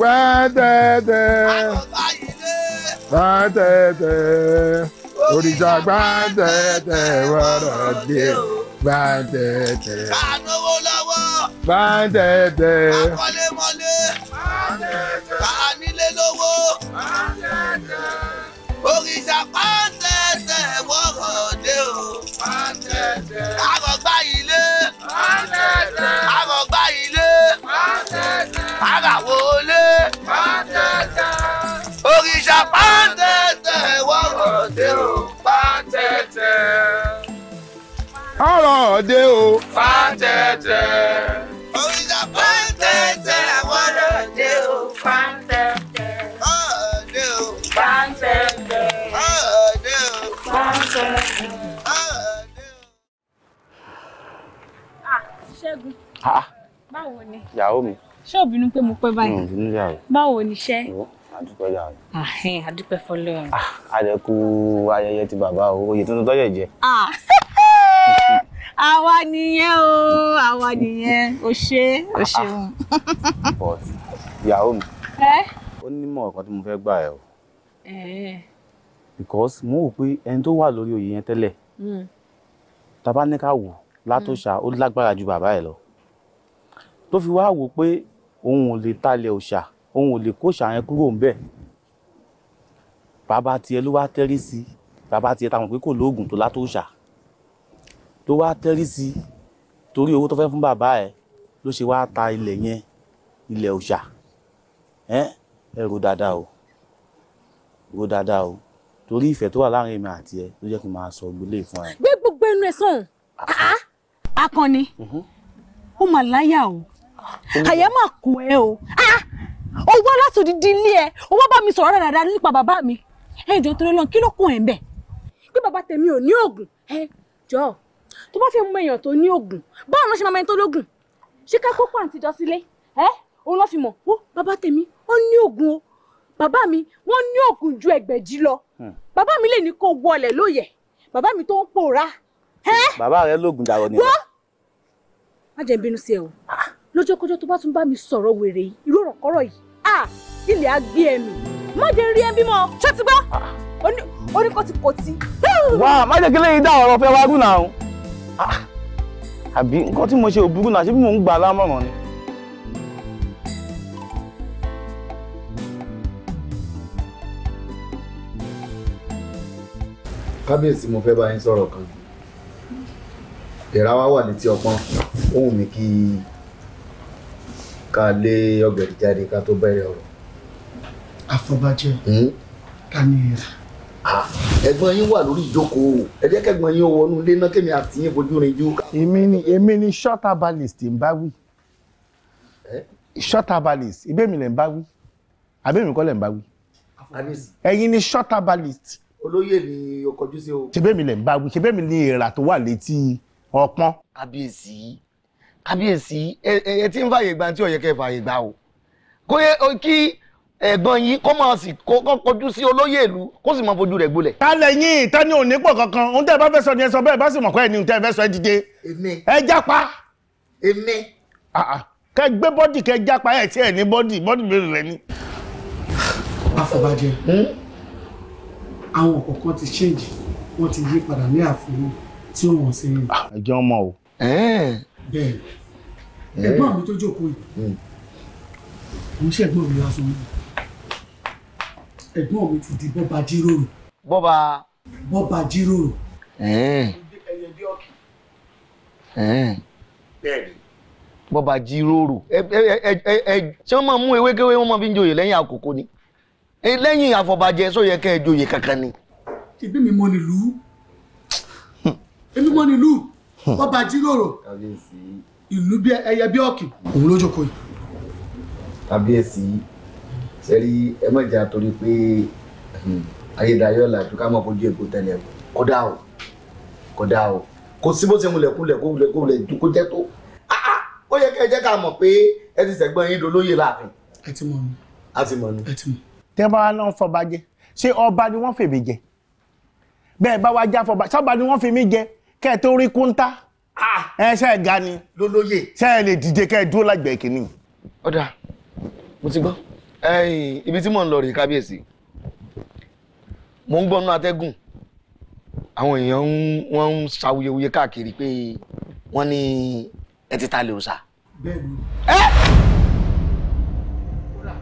pẹ́tẹ́tẹ́. àlọ́bá ilé. pẹ́tẹ́tẹ́. òrìṣà pẹ́tẹ́tẹ́ wọ́rọ̀ dé. pẹ́tẹ́tẹ́. kànówó lọ́wọ́. pẹ́tẹ́tẹ́. akọ́lémọlé. pẹ́tẹ́tẹ́. kànílé lówó. pẹ́tẹ́tẹ́. òrìṣà pẹ́tẹ́tẹ́ wọ́rọ̀ dé o. pẹ́tẹ́tẹ́. àlọ́bá ilé. pẹ́tẹ́tẹ́. ọ̀rọ̀ dé o. fàǹtẹ̀tẹ̀. òrìṣà fàǹtẹ̀tẹ̀ àwọ̀rọ̀ dé o. fàǹtẹ̀tẹ̀. ọ̀rọ̀ dé o. fàǹtẹ̀tẹ̀. ọ̀rọ̀ dé o. fàǹtẹ̀tẹ̀. ọ̀rọ̀ dé o. ah ṣẹ́gun. ah báwo ni. ìyàwó mi. ṣé ò bínú pé mo pẹ́ báyìí. Hmm, bínú yàrá. báwo ni iṣẹ́. àdúpẹ́ yàrá. àdúpẹ́ ah, eh, fọlọ́run. àdẹ̀kù ah, ayẹyẹ ti bàbá o oyè tuntun tọ́jẹ̀ jẹ. Ah. àwa nìyẹn o àwa nìyẹn o ṣe o ah, ah. ṣeun. but ìyàwó mi ó nímọ̀ ọ̀kan tí mo fẹ́ gbà ẹ̀ o because mo wò pé ẹni tó wà lórí oyè yẹn tẹ́lẹ̀ hmm. tá bá ní ká wò látòṣà ó hmm. lágbára ju bàbá ẹ̀ lọ tó fi wá wò pé òun ò lè talẹ̀ òṣà òun ò lè kóṣà yẹn kúrò ń bẹ̀ bàbá tiẹ̀ ló wá tẹ́rí sí bàbá tiẹ̀ táwọn pé kò lóògùn tó látòṣà ló wá tẹ́rí sí torí owó tó fẹ́ fún bàbá ẹ̀ ló ṣe wá ta ilẹ̀ yẹn ilẹ̀ òòṣà ẹ ẹ rò dáadáa o rò dáadáa o torí ìfẹ́ tó wà láàrin mi àti ẹ ló jẹ́ kí n máa sọ gbélé fún ẹ. gbé gbogbo ẹnu ẹ sọhùn ah, ah. akọni mhm. ó mà láyà o àyà máa kó ẹ o ah, ó wá láti òdìdí ilé ẹ ó wá bá mi sọ̀rọ̀ dáadáa nípa bàbá mi ẹ jọ torí Ọlọ́run kí ló kún ẹ̀ ń bẹ̀ pé bàbá tèmi ò ní oògùn ẹ jọ tó bá fẹ́ mú èèyàn tó ní oògùn báwo ló ṣe máa mẹ́ni tó lóògùn ṣé ká kó pàǹtí jọ sílé ẹ́ òun lọ́ fi mọ̀ ó bàbá tèmi ó ní oògùn o bàbá mi wọ́n ní oògùn ju ẹgbẹ̀jì lọ hmm. bàbá mi lè ní kó wọlé lóye bàbá mi tó ń pòórá. bàbá rẹ lóògùn dàrọ ni. wọ́n má jẹ́ bínú sí ẹ o ah. lọ́jọ́kọ́jọ́ tó bá tún bá mi sọ̀rọ̀ wèrè yìí irú ọ̀rọ̀ kọ́rọ̀ yìí ah ilẹ̀ á gbé ẹ̀mí má jẹ́ rí ẹ̀mí mọ́ ṣé ti gbọ́ oníkọ́tikọ́ti. wà á má jẹ́ kí lẹ́yìn dá ọ̀rọ̀ fẹ́ wá rú náà. Ah, àbí nǹkan tí mo ṣe ò burú náà ṣé bí mò ń gbà lámọ̀ràn ni. kábíyèsí mo fẹ́ bá yín sọ̀rọ̀ kan ìra wa wà létí ọpọ́n ohun mi kí ká lé ọ̀gẹ̀dẹ̀ jáde ká tó bẹ̀rẹ̀ ọ̀rọ̀. àfọ̀bàjẹ́ hmm? ta ni ìra ẹ̀gbọ́n yín wà lórí ìjókòó ẹ jẹ́ kẹ́gbọ́n yín ó wọnú ilé náà kémi àti yín fojú rinjú. èmi ni èmi ni short herbalist ń bá wí short herbalist ìbémi lẹ̀ ń bá wí àbẹ́mi kọ́ lẹ̀ ń bá wí ẹ̀yin ni short herbalist. olóyè ni o kọjú sí o. ṣebẹ́mi lẹ̀ ń bá wí ṣebẹ́mi ni èrà tó wà létí ọpọ́n. kábíyèsí kábíyèsí ẹ ẹ ti ń fààyè gba tí ó yẹ fààyè gbà o kó yẹ kí ẹ̀gbọ́n yìí kó máa sì kó kọjú sí olóyè ìlú kó sì máa fojú rẹ̀ gbolẹ̀. kálẹ̀ yín ìtẹ́ni òní pọ̀ kankan ohun tẹ́ ẹ bá fẹ́ sọ ni ẹ sọ bẹ́ẹ̀ bá sì mọ̀ kọ́ ẹ̀ ní ohun tẹ́ ẹ fẹ́ sọ ẹ dìde. èmi ẹ jápa. èmi. Ah, ah. kẹ gbé bọ́dì kẹ jápa ẹ tí ẹ ní bọ́dì bọ́dì bèrè rẹ ni. àfọ̀bàjẹ́ àwọn kọ̀ọ̀kan ti ṣéǹjì wọ́n ti yí padà ní àfihàn tí wọ́n ṣe é. Ah, ẹ̀jẹ̀ ọmọ o. bẹ́ẹ̀ ẹ̀gbọ́n mi tó jókòó yìí hm. mo ṣẹ̀gbọ́n mi lásán yìí ẹ̀gbọ́n mi ti di bọ́ba jíròrò. bọ́ba. bọ́ba jíròrò. bọ́ba jíròrò ẹ ṣé wọ́n máa mú ewékewé wọ́n máa fi ń joyè lẹ́yìn àkókò ni lẹ́yìn àfọ̀bàjẹ́ sọ yẹ kẹ́ ẹ joyè kankan ni. ìbí mi mọ nílùú èmi mọ nílùú bọ́ba jíròrò ìlú ẹyẹ bí ọ̀kìn òun ló jókòó yìí. kábíyèsí sẹ́rí ẹ má jà torí pé hmm, ayédáyọ̀ làdú ká mọ̀ fojú èkó tẹ́lẹ̀ kódà o kódà o kò sí bó ṣe múlẹ̀ kúlẹ̀ kó wulẹ̀ kó wulẹ̀ ju kó jẹ́ tó ah, ah, ó yẹ kẹ́ ẹ jẹ́ ká mọ̀ pé ẹ ti sẹ̀gbọ́n yín dolóyè láàfin. ẹ ti mọ̀ nù. a ti mọ̀ nù. ẹ ti mọ̀. tẹ́ bá wa náà fọba jẹ ṣé ọba ni wọ́n fèmí jẹ bẹ́ẹ̀ bá wa já fọba sábà ni wọ́n fèmí jẹ kẹ́ ẹ tó rí kúńtà ah! ẹ ṣe é ga ni lólóyè ṣe é lè díje kẹ́ ẹ dúró lágbẹ̀ẹ́ kìíní. ọ̀dà mo ti gbọ́ ibi tí mò ń lọ rèé kábíyèsí mò ń gbọ́nú atẹ́gùn àwọn èèyàn wọ́n ń ṣàwuyewuye káàkiri pé wọ́n ní ẹ ti ta lè òòṣà. ẹ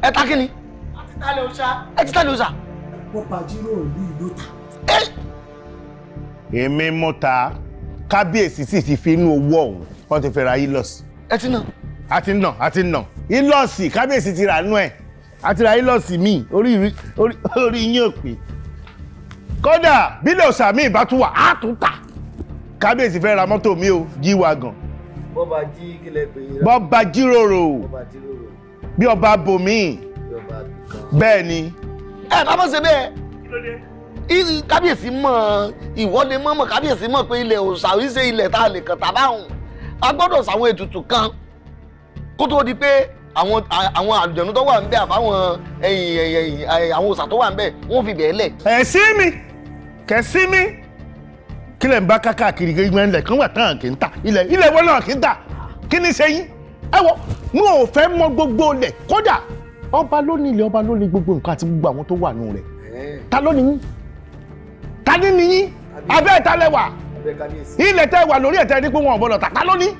ẹ ta kí ni. a ti ta lè òòṣà. ẹ ti ta lè òòṣà. mo pàjíròrò ní ìlú ta. èmi mú ta kábíyèsí sì ti fi inú owó ọ̀hún wọ́n ti fẹ́ ra ilọ̀sì. ẹ ti nà. a ti nà a ti nà ilọ̀sì kábíyèsí ti rà nú ẹ̀ àti ra ilọ̀sì mi orí orí yín ò pé kódà bílẹ̀ òsà mi ìbá tún wà á tún tà kábíyèsí fẹ́ ra mọ́tò mi o jí wagon. bọ́ba jí kílẹ̀ pé. bọ́ba jíròrò bí ọba bòmí bẹ́ẹ̀ ni. ẹ bá bọ́ ṣe bẹ́ẹ̀ kábíyèsí mọ̀ ìwọ́de mọ́mọ́ kábíyèsí mọ̀ pé ilẹ̀ òsà ò ṣe ilẹ̀ tá a lè kàn tà báwọn a gbọ́dọ̀ ṣàwọn ètùtù kan kó tó di pé àwọn àwọn àlùjọ̀nù tó wà ń bẹ àbáwọn àwọn òòṣà tó wà ń bẹ wọ́n fi bẹ̀ẹ́ lẹ̀. ẹ sí mi kẹ sí mi kí lẹ̀ ń bá káàkiri gbẹ́ngbẹ́ ilẹ̀ kan wà tán kì í ta ilẹ̀ ilẹ̀ wọn náà kì í ta kí ni ṣe yín ẹ wọ n ò fẹ́ mọ gbogbo ilẹ̀ kódà ọba ló ní ilẹ̀ ọba ló ní gbogbo nǹkan àti gbogbo àwọn tó wà nù rẹ̀ ta ló yín ta ní ní yín abẹ́ ìtalẹ̀ wà ilẹ̀ tẹ́ wà lórí ẹ̀tẹ́ ní pé wọn ò bọ̀lọ̀ tàpá lónìí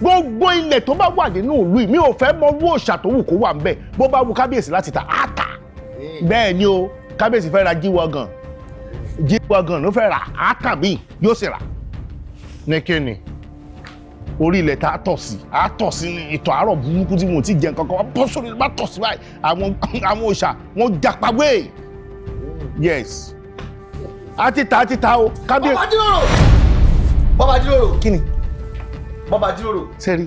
gbogbo ilẹ̀ tó bá wà nínú ìlú mi ò fẹ́ mọ owó òòṣà tó wù kó wà ń bẹ̀ bó bá wù kábíyèsí láti ta á tà bẹ́ẹ̀ ni o kábíyèsí fẹ́ ra jíwọ́gàn jíwọ́gàn ló fẹ́ ra á tà mí yóò sì rà ní kíni orí ilẹ̀ tá a tọ̀ sí a tọ̀ sí ní ìtọ̀ àárọ̀ burúkú tí mo ti jẹ nǹkan kan bọ́ sórí bá tọ̀ sí báyìí àwọn àwọn òòṣà wọn japa wéè yes àti ta àti ta o kábíyèsí. bàbá dúró bọ́ba jíròrò. kí ni. bọ́ba jíròrò. sẹ́rí.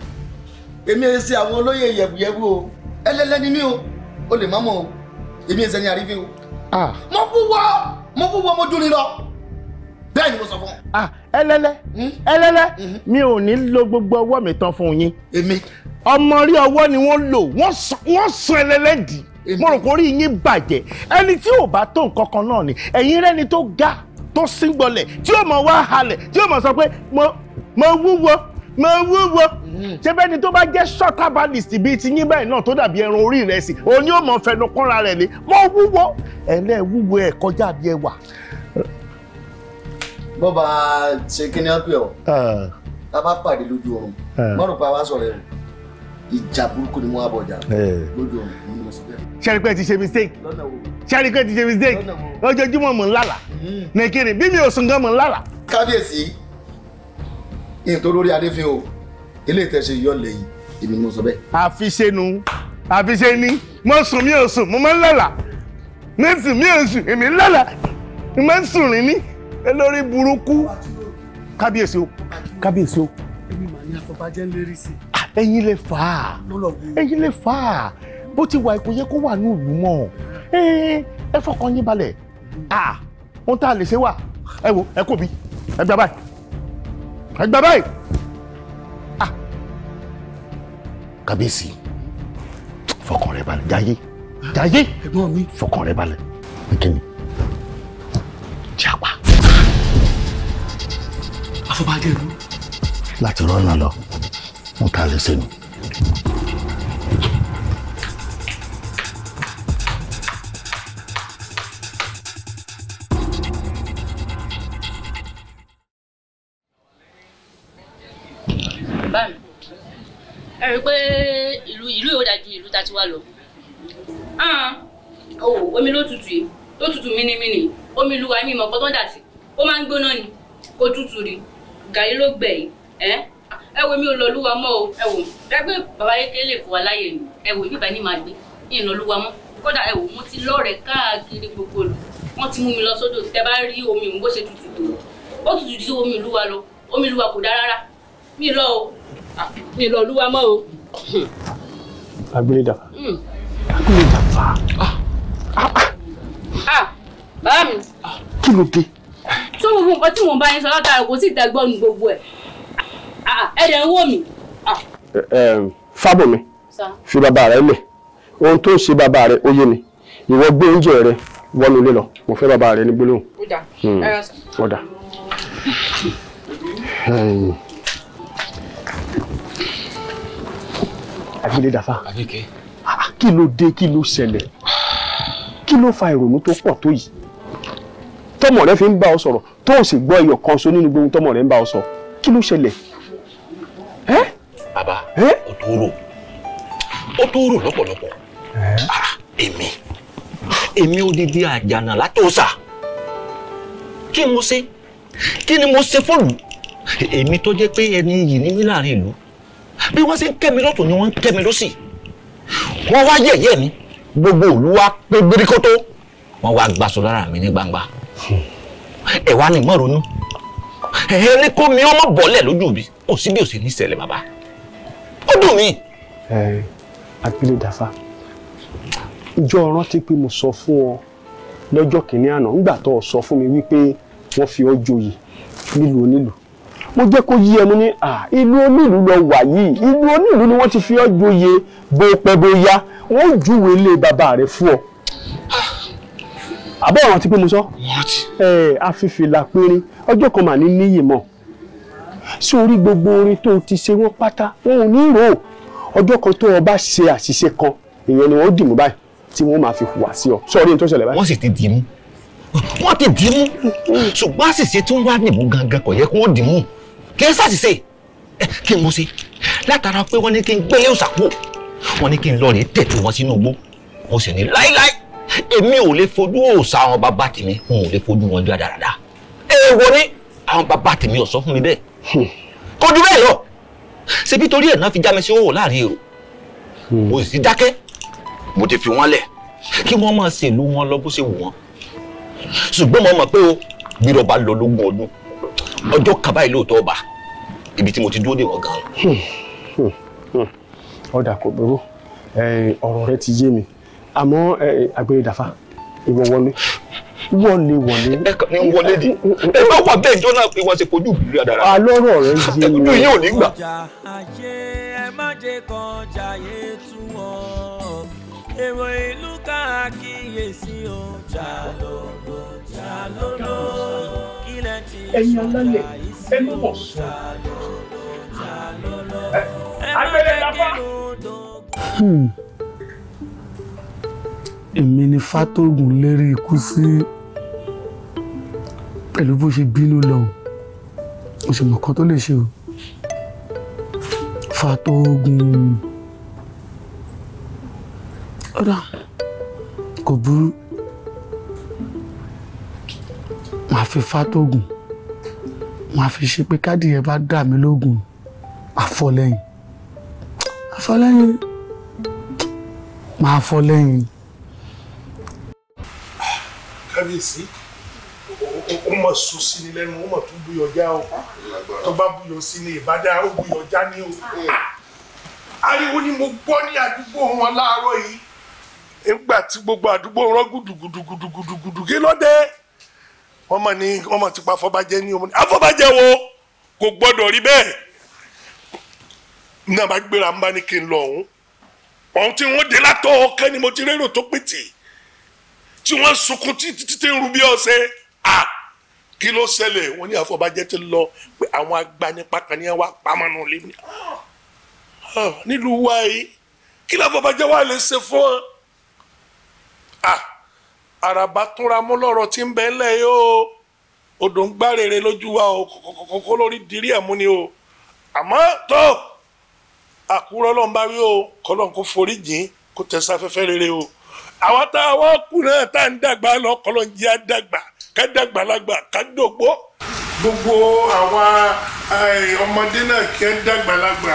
èmi ẹ ṣe àwọn olóyè yẹ̀bùyẹ̀bù o ẹlẹ́lẹ́ni mi o o lè mọ́mọ́ o èmi ẹ ṣe ní àrífẹ́ o. mo púpọ̀ mo púpọ̀ mo dúró lọ bẹ́ẹ̀ ni mo sọ fún ọ. ẹlẹ́lẹ́ hmm? ẹlẹ́lẹ́ hmm? mi ò ní lo gbogbo ọwọ́ mi tán fún yín. èmi. ọmọ rí ọwọ́ ni wọ́n lò wọ́n sọ ẹlẹ́lẹ́ dì mo rò kó rí yín bàjẹ́ ẹni tí ò bá tó nǹkan kan náà ni ẹ̀yin rẹ́ni tó ga tó síngbọlẹ̀ tí ó mọ̀ wá halẹ̀ tí ó mọ̀ sọ pé mo wúwo mo wúwo mm-hmm. ṣé bẹ́ni tó bá jẹ́ ṣọ́tà balist bíi ti yín báyìí náà tó dàbí ẹran orí rẹ̀ sí òun ni ó mọ̀ fẹnu kọ́ra rẹ̀ lé mo wúwo ẹ̀lẹ́ wúwo ẹ̀ kọjá bí ẹ wà. bọ́ba ṣe kí ni ọ́ ah. tá a bá pàdé lójú ọ̀run ah. mọ́rùn-ún pa wá sọ̀rọ̀ ẹ̀rù ìjà burúkú ni wọ́n á bọ̀ jà lójú ọ̀run ni mo sọ bẹ́ẹ̀. sẹ́rí pé ti ṣe mistake sẹ́rí pé ti ṣe mistake lójoojúmọ́ mò ń lálà hmm. nìkiri bí mi ò sùn gan mò ń lálà. kábíyèsí ìtò lórí adéfín o ilé ìtẹ̀sẹ̀ yọ lẹ́yìn èmi ni mo sọ bẹ́ẹ̀. àfiṣẹ́nu àfiṣẹ́ni mo sùn mi ò sùn mo máa ń lálà mi sùn mi ò sùn èmi ń lálà mo máa ń sùn rìn ní lórí burúkú kábíyèsí o kábíyèsí o. èmi màá ní afọbajẹ lérí sí i ẹ̀yin lè fà á ẹ̀yin lè fà á bó ti wà kò yẹ kó wà ní ìlú mọ́ ẹ fọkàn yín balẹ̀ ohun tá a lè ṣe wà ẹ wo ẹ kò bí ẹ gbà báyìí ẹ gbà báyìí kàbíyèsí fọkàn rẹ balẹ̀ jayé jayé fọkàn rẹ balẹ̀ nkíni japa. afọbajẹ ìlú. láti rọ́nà lọ mo ta lẹ́sẹ̀ nù. báyìí ẹ rí i pé ìlú ìlú yóò dájú ìlú tá a ti ah, o oh, omi ló tutù yìí ló tutù mínímíní omi lu wa mi mọ̀ pọ́tọ́ dà sí ó máa ń gbóná ni kó tutù rí gàrí ló gbẹ̀ yìí ẹ wo mi ò lọlúwa mọ́ o ẹ wò dágbé bàbá yéké lè fọ aláyè ni ẹ wò bíbá ní máa gbé ní ìlọlúwa mọ́ kódà ẹ wò mo ti lọ́rẹ̀ káàkiri gbogbo lò wọ́n ti mú mi lọ sódò tẹ bá rí omi òun bó ṣe tutù tó ó tutù ju omi ìlúwa lọ omi ìlúwa kò dá rárá mi lọ o mi lọ lúwa o. agbélé-dàfà hmm. agbélé-dàfà. Ah, ah, bàbá mi. kí ló dé. tó gbogbo nǹkan tí mò ń bá yín sọ látara kò sí ìtẹ́gbọ́n ní gbogbo ẹ̀ ẹ dẹ̀ ń wò mí. fábọ̀mí fi bàbá rẹ lẹ̀ ohun tó ń ṣe bàbá rẹ ó yé mi ìwọ gbé oúnjẹ rẹ wọnú ilé mo fẹ́ bàbá rẹ ní gbólóhùn. ó dà hmm. hmm. àbílẹ̀ dàfà ah, kí ló dé kí ló ṣẹlẹ̀ kí ló fa ìrònú tó pọ̀ tó yìí tọmọ rẹ fi ń bá ọ sọ̀rọ̀ tó o sì gbọ́ ẹyọ kan so nínú gbogbo tọmọ rẹ ń bá ọ sọ kí ló ṣẹlẹ̀ bàbá ó tó rò ó tó rò lọ́pọ̀lọpọ̀ èmi èmi odidi àjànà látòsà kí ni mo ṣe kí ni mo ṣe fóònù èmi tó jẹ́ pé ẹni yìí ní mí láàrin ìlú bí wọ́n ṣe ń kẹ́mi lọ́tọ̀ ni wọ́n ń kẹ́mi lọ́sì wọ́n wá yẹ̀yẹ́ mi gbogbo òlu wa pé gbérikótó wọ́n wá gbaṣọ lára mi ní gbangba hmm. ẹ̀ wá ní ìmọ̀ ronú ẹ̀ ní kó mi ọmọ bọ́lẹ̀ lójú mi. kò sí bí ó ṣe ní ẹ ti pé mo sọ fún ọ l'ojo kìíní àná nígbà tó o sọ fún mi wípé won fi ojo yi nílùú onílùú mo jẹ́ kó yí ẹnu ní ilu onílùú lọ wà ìlú onilu ni won ti fi ojo ye bó pẹ́ bó bàbá rẹ fún ti pé mo sọ ẹ̀ afífìlà péré ojo kan ma ni niyi mo sí orí gbogbo orin tó ti ṣe wọ́n pátá wọn ò ní rò ọjọ́ kan tó ọba ṣe àṣìṣe kan èèyàn ni wọ́n dì mú báyìí tí wọ́n máa fi hùwà sí ọ sọ̀rọ̀ yìí tó ṣẹlẹ̀ báyìí. wọ́n sì ti dì mú wọ́n ti dì mú ṣùgbọ́n àṣìṣe tó ń wá nìmú gangan kò yẹ kó dì mú kí ẹ ṣàṣìṣe kí n mú sí látara pé wọ́n ní kí n gbé yóò sàpò wọ́n ní kí n lọ rèé tẹ̀tù wọn sínú igbó mo sì ní láíláí èmi ò lè fojú òòṣà àwọn bàbá tèmi n ò lè fojú wọn dáradára èèwọ̀ ni àwọn bàbá tèmi ò sọ fún mi bẹ́ẹ̀ kò ju bẹ́ẹ̀ lọ ṣebí torí ẹ̀ náà fi já mi sí òwò láàrin èrò hmm. mo sì dákẹ́ mo ti fi wọ́n lẹ̀ kí wọ́n máa ṣèlú wọn lọ bó ṣe wù wọ́n ṣùgbọ́n mo mọ̀ pé o gbìrọ̀ bá lọ lógún ọdún ọjọ́ kaba yìí lóòótọ́ ọba ibi tí mo ti dúró dè wọ́n gan. Hmm. ọ̀dà kò burú ọ̀rọ̀ rẹ ti yé mi àmọ́ àgbèrè dàfa ìwọ wọlé wọlé wọlé. ẹ kàn ní wọlé di ẹ bá wà bẹ́ẹ̀ jọ́nà pé wọ́n ṣe kojú ìlú rẹ̀ dára. alọ́rọ̀ rẹ̀ yé mi. ojú yóò ní gbà. èrò ìlú káàkiyèsí o jàlódò jàlódò kílẹ̀ tí ìṣòro àìsí o jàlódò jàlódò ẹ má jẹ́ kí lóòdò hmm. èmi ni fátógùn lérí ikú sí. Si pẹ̀lú bó ṣe bínú lọ o ṣe mọ̀ kan tó lè ṣe o fatọ́gùn ọ̀dà kò burú màá fi fatọ́gùn màá fi ṣe pé káàdì yẹn bá dà mí lógun àfọlẹ́yìn àfọlẹ́yìn màá fọlẹ́yìn. kábíyèsí ó mọ̀ so sí ni lẹ́nu ó mọ̀ tún búyọ já o tó bá búyọ sí ni ìbádá ó búyọ já ní o ariwo ni mo gbọ́ ní àdúgbò wọn láàárọ̀ yìí nígbà tí gbogbo àdúgbò rán gùdùgùdùgùdùgùdù kí ló dé wọ́n mọ̀ ní wọ́n mọ̀ ti pa afọbajẹ́ ní omi afọbajẹ́ wo kò gbọ́dọ̀ rí bẹ́ẹ̀ náà bá gbéra ń bá ní kí n lọ ọ̀hún ọ̀hún tí wọ́n dé látọ̀ ọ̀kẹ́ ni mo ti rérò tó pètè tí wọ́n sunkún títí tí ń rú bí ọ̀sẹ̀ kí ló ṣẹlẹ̀ wọ́n ní àfọ̀bàjẹ́ ti lọ pé àwọn agbanipa kan ní wá pamọ́nù lé mi ah, nílùú wa yìí kí láfọ̀bàjẹ́ wa lè ṣe fún ọ. Ah, àràbà túnra mú lọ́rọ̀ tí ń bẹ ńlẹ̀ yìí o odò ń gbá lójú wa o kókó lórí dirí ẹ̀ mú ni o àmọ́ tó àkúrọ̀ lọ́n bá rí o kọ́lọ́n kó forí jìn kó tẹ̀sán afẹ́fẹ́ rere o àwọn tá a wọ́n kú náà tá à ń dàgbà lọ kọ́lọ́n jẹ́ àdàgbà kádàgbàlagbà kádògbó gbogbo àwa eh, ọmọdé náà kí ẹ dàgbàlagbà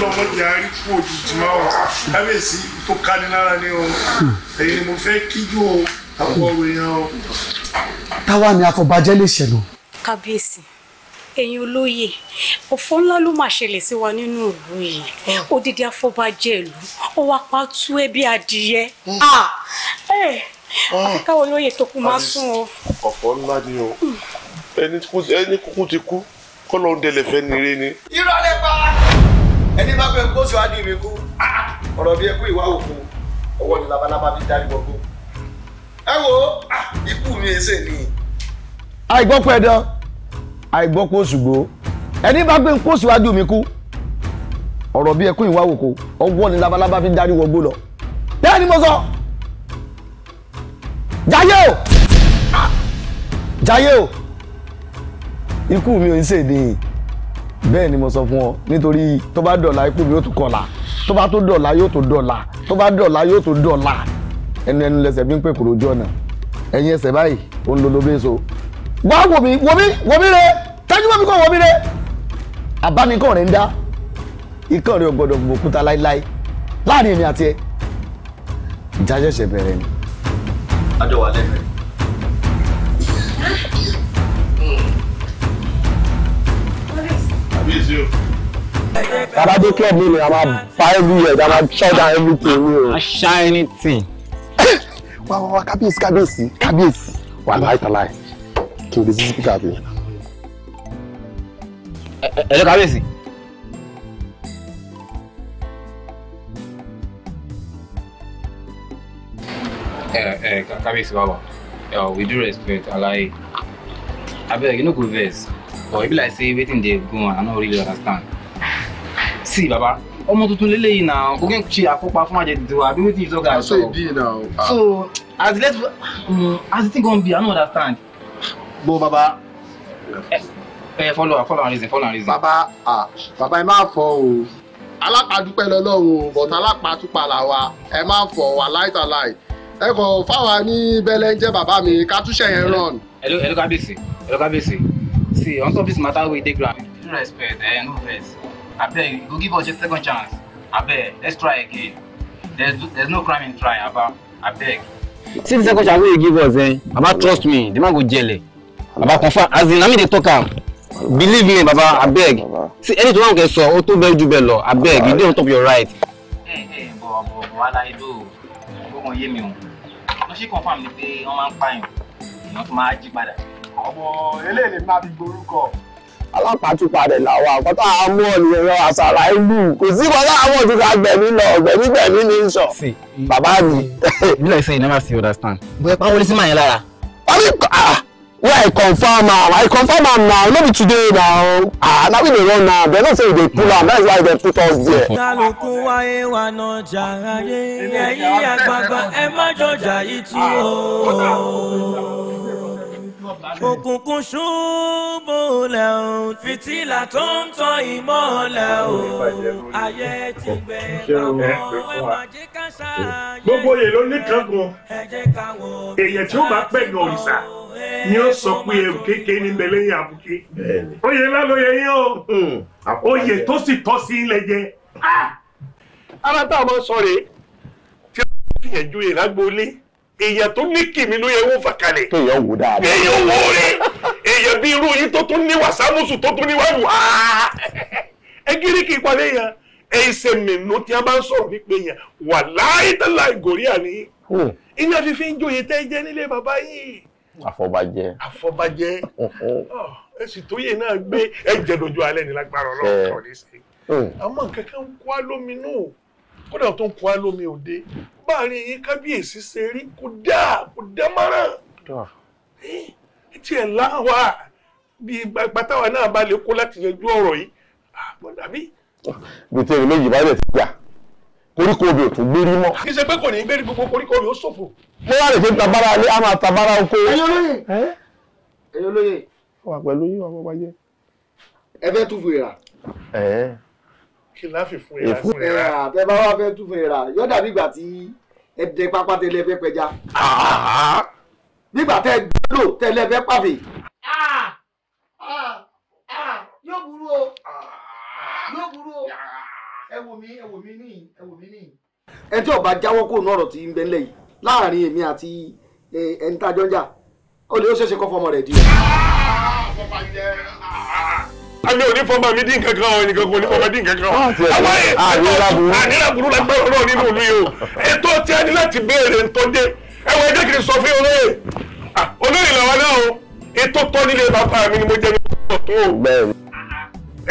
lọmọdé àríkù òjijì máa wà lábẹ́sí tó kani lára ni o èyí mo fẹ́ kíjú o àwọn èèyàn o. táwa ni afọbajẹ lè ṣẹlẹ̀. kábíyèsí ẹ̀yin olóyè ọ̀fọ̀ ńlá ló máa ṣẹlẹ̀ sí wa nínú ìlú yìí odidi afọbajẹ ìlú ó wá pa tú ẹbí adìyẹ. Ah! Ah! Eh! Ah, ah, káwọn olóyè tó kú máa sùn o. ọ̀pọ̀ ńlá ni o ẹni kúkú ti kú kọ́ ló ń dẹlẹ̀ fẹ́ ni rí ni. irọ́ lẹ pa ẹni bá fẹ́ kó síwájú ah, mi kú ọ̀rọ̀ bí ẹkú ìwà òkú ọwọ́ ni labalábá fi dárí gbogbo. ẹ wo ikú mi èsè ni. àìgbọ́pọ̀ ẹ̀dán àìgbọ́pọ̀ òṣùgbò ẹni bá fẹ́ kó síwájú mi kú ọ̀rọ̀ bí ẹkú ìwà òkú ọwọ́ ni labalábá fi dárí gbogbo lọ. bẹ́ẹ̀ ni mo sọ. Jayo, o jayé o ikú mi ò ń ṣèdè bẹ́ẹ̀ ni mo sọ fún ọ nítorí tó bá dọ̀la ikú mi yóò tún kọ̀la tó bá tó dọ̀la yóò tó dọ̀la tó bá dọ̀la yóò tó dọ̀la ẹnu ẹnu lẹsẹ̀ bí ń pè kúrò ojú ọ̀nà ẹ̀yin ẹsẹ̀ báyìí ó ń lo lóbẹ́ so wá wò mí wò mí wò mí re tẹ́jú mọ́ mi kò wò mí re àbánikọ́ rẹ̀ ń dá ikọ́ rẹ̀ ò gbọ́dọ̀ gbòkúta láéláé láàrin èmi àti ẹ ìjà ṣẹ̀ṣẹ̀ bẹ̀rẹ̀ ni àjọ wà lẹ́nu. Babade club mi ni a máa buy I'm a máa shut down everything ni A shiny thing. Wow! Wow! Wow! kábíyèsí kábíyèsí kábíyèsí wà light a light. kí this lè sí sípíkà mi. Ẹ̀lẹ́ Eh, eh, kábíyèsí bàbá we do respect alaye abeg you no go vex but e be like say wetin dey go on i no really understand see baba ọmọ tuntun lélẹ́yìí náà kò kí n ṣe àkópa fún àjẹdùn àbí wetin you talk about. so e be now. Ah. so as the let um, mm, as the thing gon be i no understand. bo baba. ẹ eh, follow am follow am reason follow am reason. baba ah baba ẹ máa fọ o alápàdúpẹ́ lọ́lọ́run o but alápàtúpà làwa ẹ máa fọ wa láìtàláì ẹ kọ fáwa ní bẹlẹńjẹ bàbá mi ká túṣẹ yẹn ràn. hello hello kábíyèsí hello kábíyèsí see on top this matter wey dey ground. no respect eh, no vex abeg you go give us just second chance abeg let's try again there's, there's no crime in trying aba abeg. see the second chance wey you give us eh baba trust me the man go jele baba confam as in na me dey talk am believe me baba abeg see anything wey i get sọ o tó bẹ́ẹ̀ ju bẹ́ẹ̀ lọ abeg you dey on top your right. ẹ ẹ bọ̀ bọ̀ bọ̀ aláìdó o yé mi o lọ sí confam ni pé wọ́n máa ń pààyàn èèyàn tó máa jí padà. àwọn eléyìí máa fi gborúkọ. alápàtúpadà làwọn àkọ́tà àmọ́ nìyẹn àṣàrà ìlú kò sí wọn láwọn ojú ká gbẹ̀mí lọ gbẹ̀mí gbẹ̀mí ní sọ. bàbá mi. bí láì sẹ́yìn never see understand. bóyá pàwọn olè sí yẹn lára. wọ́n ní ah! wey i confirm am uh, i confirm am um, uh, now no be today na ah uh, na we dey run now dem know say we dey pull am that's why dem put us there. kálukú wáyé wa náà jà ayé ẹ̀yìn àgbààgbà ẹ má jọjà yìí tú o. òkùnkùn ṣubúlẹ̀ o fìtílà tó ń tan ìmọ́lẹ̀ o ayé ti gbẹ bàbá ẹ má jẹ́ ká ṣáà gbogbo yẹn ló ní kankan èèyàn tí ó bá pẹ̀lú òrìṣà ni ó sọ pé ẹrù kékeré ní bẹ lẹ́yìn àbùké oyè ńlá ló yẹ yín o hmm, oyè tó sì tọ́ sí ilẹ̀ jẹ. Ah! ara tá a máa sọ rèé tí a fi yẹn ju ìrágbólé èèyàn tó ní kìmí ló yẹ wọ́n fà kalẹ̀ kéèyàn wò dáadáa kéèyàn wò rè èèyàn bí irú yín tó tún ní wàsámùsù tó tún ní wàlù ah! ẹ gíríkì ìpàdé yẹn ẹsẹ mìíràn tí a bá ń sọ̀rọ̀ nípa èèyàn wà láyé tó láì gòrí àní hmm. ìyẹn fífi ń joyè tẹ́ jẹ́ nílé bàbá yìí àfọbàjẹ. àfọbàjẹ ah, èsì tó yẹ náà gbé ẹ̀jẹ̀ dojú alẹ́ ní lágbára Ọlọ́run kọ ní sí àmọ́ nǹkan kan ń kó á lómi nù kódà tó ń kó á lómi òde báàrin yín kábíyèsí ṣe rí kó dáa kó dámọ̀ràn tiẹ̀ eh, láwa bí pátáwa náà bá lè kó láti yanjú ọ̀rọ̀ yìí àbọ̀dàbí. Ah, bí méjì bá lè ti jà koríko obì ò tún gbérí mọ́. kì í ṣe pé kò ní gbérí gbogbo koríko obì ó ṣòfò. mo wá lè fi tabara alẹ́ a máa tabara oko. ẹ̀yin olóye ẹ̀yin olóye. wà pẹ̀lú yín wà pọ̀ bàjẹ́. ẹ fẹ́ tún fèrà. kí la fi fún ìrà fún ìrà. tẹ bá wá fẹ́ tún fèrà yóò dàbí ìgbà tí ẹ dẹ pápá tẹlẹ fẹ́ pẹja. nígbà tẹ gbọ́dọ̀ tẹlẹ fẹ́ pàfè. Ah! Ah! Ah! yóò burú o yóò burú o ẹ wò mí ẹ wò mí níyì ẹ wò mí níyì. ẹ tí ọba jáwọ́ kó nù ọ̀rọ̀ tí ń bẹ ńlẹ̀ yìí láàrin èmi àti ẹni tá a jọ ń jà ó lè ó ṣeéṣe kọ́ fọmọ rẹ̀ di. àmì òní fọmọ mi dín kankan ọ ẹnìkan kò ní fọmọ dín kankan ọ ah, àwọn ètò àníràbùrú la gbọ́ ọ̀rọ̀ nínú ìlú o ètò tí a ní láti béèrè ń tọ́jú ẹwà ẹjẹ́ kìí sọ fún olóyè ah, olóyè làwọn náà o ètò tọ́ nílé bàbá mi ni mo jẹ́ mi kọ́ tó o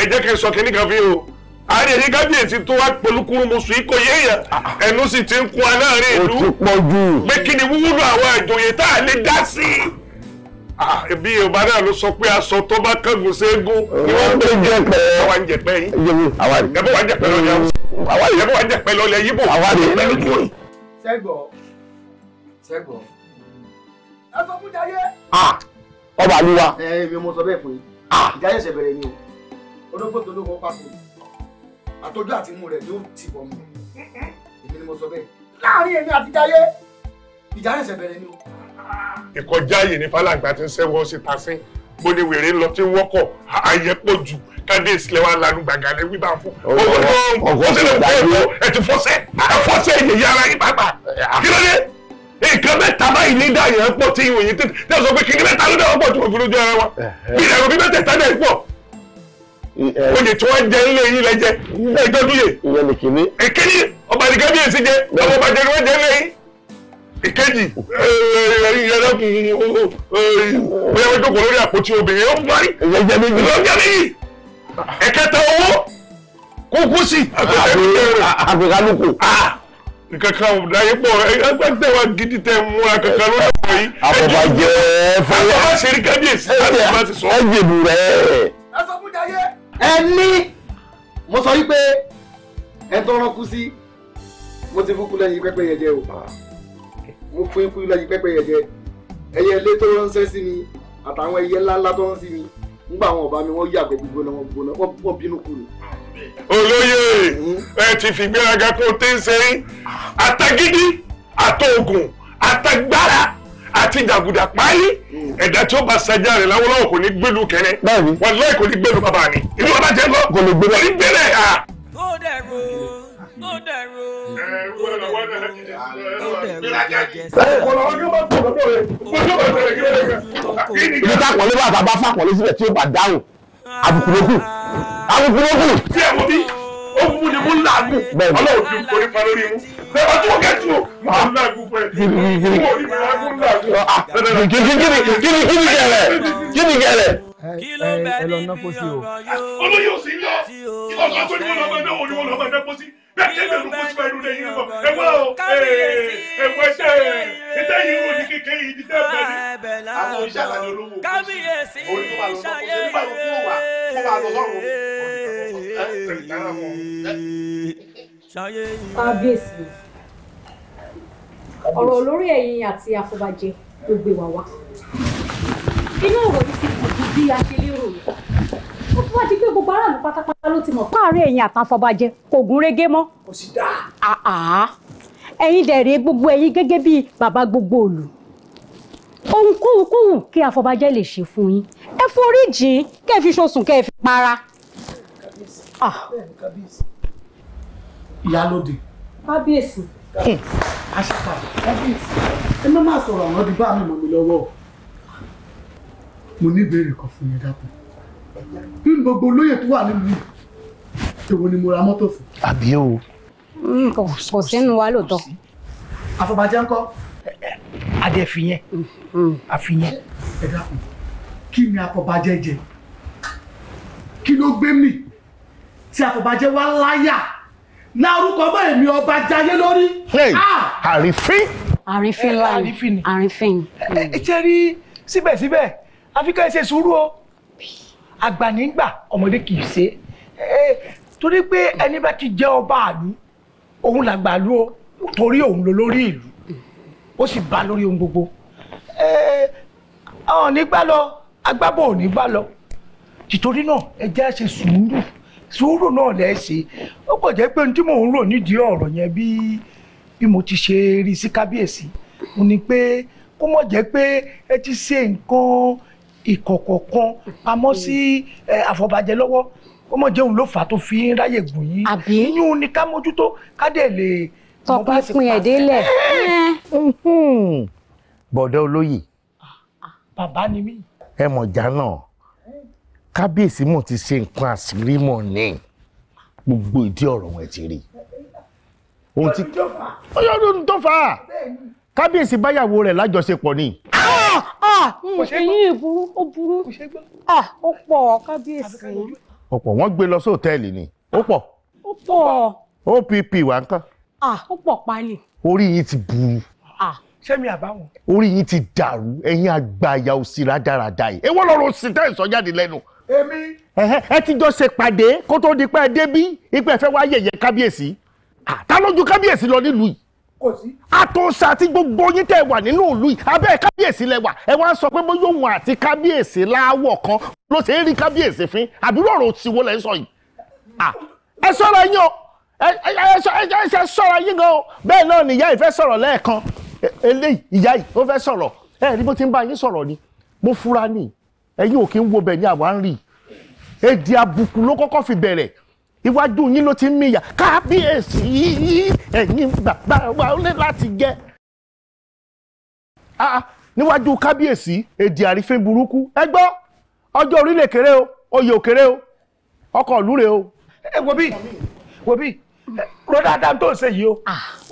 ẹjẹ́ kìí sọ kíní kan fún yìí o àrèrí kábíyèsí tó wá polúkúrú mo sùn ikọ̀ yéèyàn ah, ah. ẹnu sì ti ń kun aláàárín ìlú pé kí ni wúwúlò àwọn àjòyè tá a lè dá sí i ah, ibi yorùbá náà ló sọ pé aṣọ tó bá kángun ségun ni wọ́n gbé jẹ pẹ àwa ń jẹ pẹ yín ẹbí wa ń jẹ pẹ lọlẹ àwa yìí ẹbí wa ń jẹ pẹ lọlẹ yìí bò àwa yìí pẹ lójú yìí. sẹ́gbọ̀ sẹ́gbọ̀ ẹ sọ fún jayé. ọba àlùwà. ẹ ẹ mi mo sọ bẹ́ẹ̀ fún yín o ológbò tó ló àtọ́jú àtìmú rẹ̀ yóò ti bọ̀ mọ́ èmi ni mo sọ bẹ́ẹ̀ láàrin èmi àti jayé ìjà rẹ̀ ṣẹ̀ bẹ̀rẹ̀ ni o. ìkọjá yìí ni fálàgbà ti ń sẹ́wọ́ sí tasín mo ní wèrè lọ tí wọ́kọ̀ àyẹ̀pọ̀ jù kábíyèsí lẹ́wà lanu gbàgà ní wíwá fún. ọwọ́ ọwọ́ ọsẹ lè fẹ́ ẹ̀kọ́ ẹ ti fọ́sẹ̀ ẹ fọ́sẹ̀ yẹ̀yẹ́ ara yìí pàápàá ah. kí ló dé nǹkan mẹ́ta báyìí ní dáyẹ̀ pọ̀ tí ìwòye tẹ̀ sọ pé kí mẹ́ta ló dáwọ́ pọ̀ tí mo fi lójú ara wa bí ìdàgbọ́ bí mẹ́tẹ̀ẹ̀ta náà pọ̀ o ní tí wọ́n jẹ nílé yín lẹ́jẹ́ ẹjọ́ dúyè ìkíní ọba ní kábíyèsí jẹ ọba ọba jẹ ní wọ́n jẹ nílé yín ìkejì ẹ̀ẹ́dẹ́kùn bóyá jókòó lórí àpótí obìnrin ó ń parí lọ́jọ́ méjì ẹ̀kẹta owó kúkú sí àgbẹ̀kálùkù kankan láyé pọ̀ ẹgbẹ́ wa gidi tẹ múra kankan ló dọ̀pọ̀ yìí. àbọ̀bà jẹ́ fẹ́lẹ́ àbọ̀bà ṣe rí kábíyèsí láti má ti sọ. ẹ rẹ̀. ẹ sọ fún jayé ẹni mo sọ wípé ẹ tó ránkú sí mo ti fún kú lẹ́yìn pẹ́pẹ́ yẹn o ah. mo fún kú lẹ́yìn pẹ́pẹ́ yẹn ẹyẹ ilé tó ránṣẹ́ sí mi àtàwọn ẹyẹ ńláńlá tó ránṣẹ́ mi nígbà àwọn ọba mi wọ́n yàgbẹ́ gbígbóná wọn gbóná wọ́n bínú kú ni. olóyè hmm? ẹ ti fi kó o tẹ́ ń sẹ́yìn ah. àtagídí àtòògùn àtagbára àti jàgùdà páálí ẹ̀dá tí ó bá ṣajá rẹ̀ láwọ́lọ́wọ́ kò ní gbẹ́lu kẹrẹ wàláì kò ní gbẹ́lu bàbá mi ìlú ọba jẹ́ lọ kò ní gbẹ́lẹ̀ à. ó dẹ̀rù ó dẹ̀rù ó dẹ̀rù ó dẹ̀rù jẹjẹ sẹ́yìn. ibi tá a pọ̀ lé bàtà bá fà pọ̀ lé síbẹ̀ tí ó bá dáhùn àbùkù lókù ah. àbùkù lókù ó mú ni mú làágùn ọlọ́run ti forí pa lórí mú bẹ́ẹ̀ tó kẹ́ tó máa ń làágùn pẹ́ mú orí mi làágùn làágùn. kíni kíni kíni kíni gẹ̀rẹ̀ kíni gẹ̀rẹ̀. ẹ ẹ lọ ná pósí o. olóyè ò sí lọ ọ̀sán tó ní wọn lọ́ọ́ bẹ́ẹ̀ náà wọn ni wọn lọ́ọ́ bẹ́ẹ̀ náà pósí bẹ́ẹ̀ kẹ́lẹ́ olùkú sí ẹnu lẹ́yìn lọ ẹ wá o ẹ wá ṣe ẹ ìtẹ́ yìí wò ní kékeré yìí ní tẹ́lẹ̀ bẹ́ẹ̀ àwọn oníṣẹ́ àlàyé ọ̀rọ̀ olórí ẹ̀yìn àti àfọbàjẹ́ ló gbé wa wá inú ọ̀rọ̀ yìí ti pọ̀ ju bí a ṣe lérò ó fi wá di pé gbogbo aráàlú pátápátá ló ti mọ̀ pé àárẹ̀ ẹ̀yin àtàfọbajẹ kò gún régé mọ́. kò sì dáa. ẹ̀yin dẹ̀rẹ̀ gbogbo ẹ̀yin gẹ́gẹ́ bíi bàbá gbogbo òlù ohunkóhunkóhun kí àfọbajẹ lè ṣe fún yín ẹ forí jìn kẹ́ ẹ fi ṣosùn kẹ́ ẹ fi para. Ah. ìyálóde. kábíyèsí. aṣípàdé kábíyèsí ẹ má má sọ̀rọ̀ àwọn ọdún bá mi mọ̀ mi lọ́wọ́ mo ní ìbéèrè kan fún yín dákun kí ni gbogbo olóyè tó wà nílùú yìí èwo ni mo ra mọ́tò fún. àbí o. Mm, kò sínú wa lóòótọ́. àfọ̀bàjẹ́ ńkọ́. adé fi yẹn mm, mm. àfi yẹn. ẹ dákun kí ni àfọ̀bàjẹ́ jẹ kí ló gbé mi tí àfọ̀bàjẹ́ wá láyà lárúkọ mọ́ èmi ọba jayé lórí. Ah! àrífín. àrífín eh, láì àrífín. ẹ eh, eh, ṣe rí síbẹ̀síbẹ̀ àfikẹ́ ṣe sùúrù o àgbà nígbà ọmọdé kì í ṣe torí pé ẹni bá ti jẹ́ ọba àlú òun làgbà àlú o torí òun ló lórí ìlú ó sì bá lórí ohun gbogbo ọ̀n nígbà lọ agbábọ̀ ò nígbà lọ tìtorí náà ẹ jẹ́ ṣe sùúrù sùúrù náà lẹ́ ṣe ó pọ̀ jẹ́ pé ohun tí mò ń rò nídìí ọ̀rọ̀ yẹn bí bí mo ti ṣe rí sí kábíyèsí mo ní pé kó mọ̀ jẹ́ pé ẹ ti ṣe nǹkan ìkọ̀kọ̀ kan pamọ́ mm. sí àfọ̀bàjẹ́ lọ́wọ́ ó mọ̀ jẹun ló fà á tó fi ń ráyè gùn yín yíyún ni ká mójútó ká dẹ̀ lè. tọpinpin ẹ̀ délẹ̀. bọ̀dọ̀ olóyè. bàbá ni mí. ẹ mọ̀ já náà kábíyèsí mọ̀ ti ṣe nǹkan àṣírí mọ̀ ní gbogbo ìdí ọ̀rọ̀ wọn ti rí. ohun tí. ó yọ ọdún tó fà á kábíyèsí báyàwó rẹ̀ lájọṣepọ̀ ni. ẹyin ah, ah, hmm, ìburú ó burú ah, ó pọ̀ kábíyèsí. ọ̀pọ̀ wọ́n gbé lọ sóòtẹ́ẹ̀lì ni ó pọ̀. ó pọ̀. opp wà ń kán. ó pọ̀ pálí. orí yìí ti burú. sẹ́mi àbáwọn. orí yìí ti dàrú ẹ̀yin àgbàyà òsì rádaràda yìí èwo lọ́rọ̀ òsì tẹ́ ẹ̀ sọ jáde lẹ́nu. èmi. ẹ ti jọ ṣe pàdé kó tó di pé ẹ débí ipò ẹ̀fẹ́ wá yẹ̀yẹ́ kábíyèsí ta lójú kábíyèsí lọ nílùú yìí àtòsà àti gbogbo yín tẹ́ wà nínú ìlú yìí abẹ́ kábíyèsí lẹ wà ẹ wá ń sọ pé bóyá òun àti kábíyèsí láàwọ̀ kan ló ṣe é rí kábíyèsí fín àbí lọ́rọ̀ òsìwò lẹ́ ń sọ yìí ẹ sọ́ra yín o ẹ sọ́ra yín gan o bẹ́ẹ̀ náà nìyá yìí fẹ́ sọ̀rọ̀ lẹ́ẹ̀kan e, eléyìí ìyá yìí ó fẹ́ sọ̀rọ̀ ẹ rí bó ti ń bá yín sọ̀rọ̀ ni mo fura ni ẹ̀yin ò kí ń wo bẹ̀ ni àwa ń rí èdè àbùkù ló kọ́kọ́ fi bẹ̀rẹ̀ iwájú yín ló ti ń mìyà kábíyèsí ẹ̀yin bàbá wa ó lé láti jẹ́ ah, ah, níwájú kábíyèsí èdè àrífín burúkú ẹ gbọ́ ọjọ́ orílẹ̀ kéré o oyè òkèrè o ọkọ̀ òlúre o. ẹ wo bí wo bí rọ́dàdàm tó ń ṣe yìí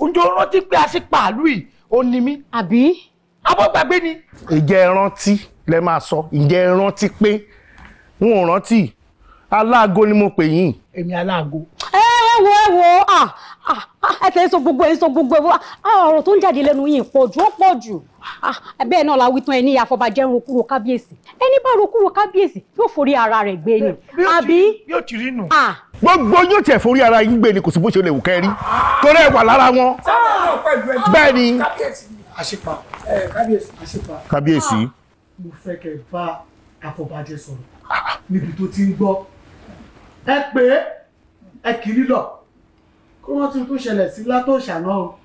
o njó ah. rántí pé a sì pàálù yìí ó ní mí. àbí. abọ́gbàgbé ni. ìjẹ́ rántí lẹ máa sọ ìjẹ́ rántí pé n ò rántí aláago ni mo pè yín. èmi aláago. ẹ ẹ wo ẹ wo ẹ fẹ́ sọ gbogbo ẹ sọ gbogbo ẹ ọ̀rọ̀ tó ń jáde lẹ́nu yìí pọ̀ jù ó pọ̀ jù bẹ́ẹ̀ náà la wí tán ẹ ní àfọbàjẹ́ rokúro kábíyèsí ẹni bá rokúro kábíyèsí yóò forí ara rẹ̀ gbé ni àbí. yóò ti rí nù. gbogbo yóò tiẹ̀ forí ara yín gbé ni kò sí bó ṣe lè wù kẹ́rí torí ẹ wà lára wọn. bẹ́ẹ̀ ni. kábíyèsí. mo fẹ́ kẹ́ bá àfọbàjẹ́ sọ̀rọ̀ níbi tó ti ń gbọ́ ẹ pè é ẹ kiri lọ kó wọ́n tún tó ṣẹlẹ̀ sí látòṣà náà o.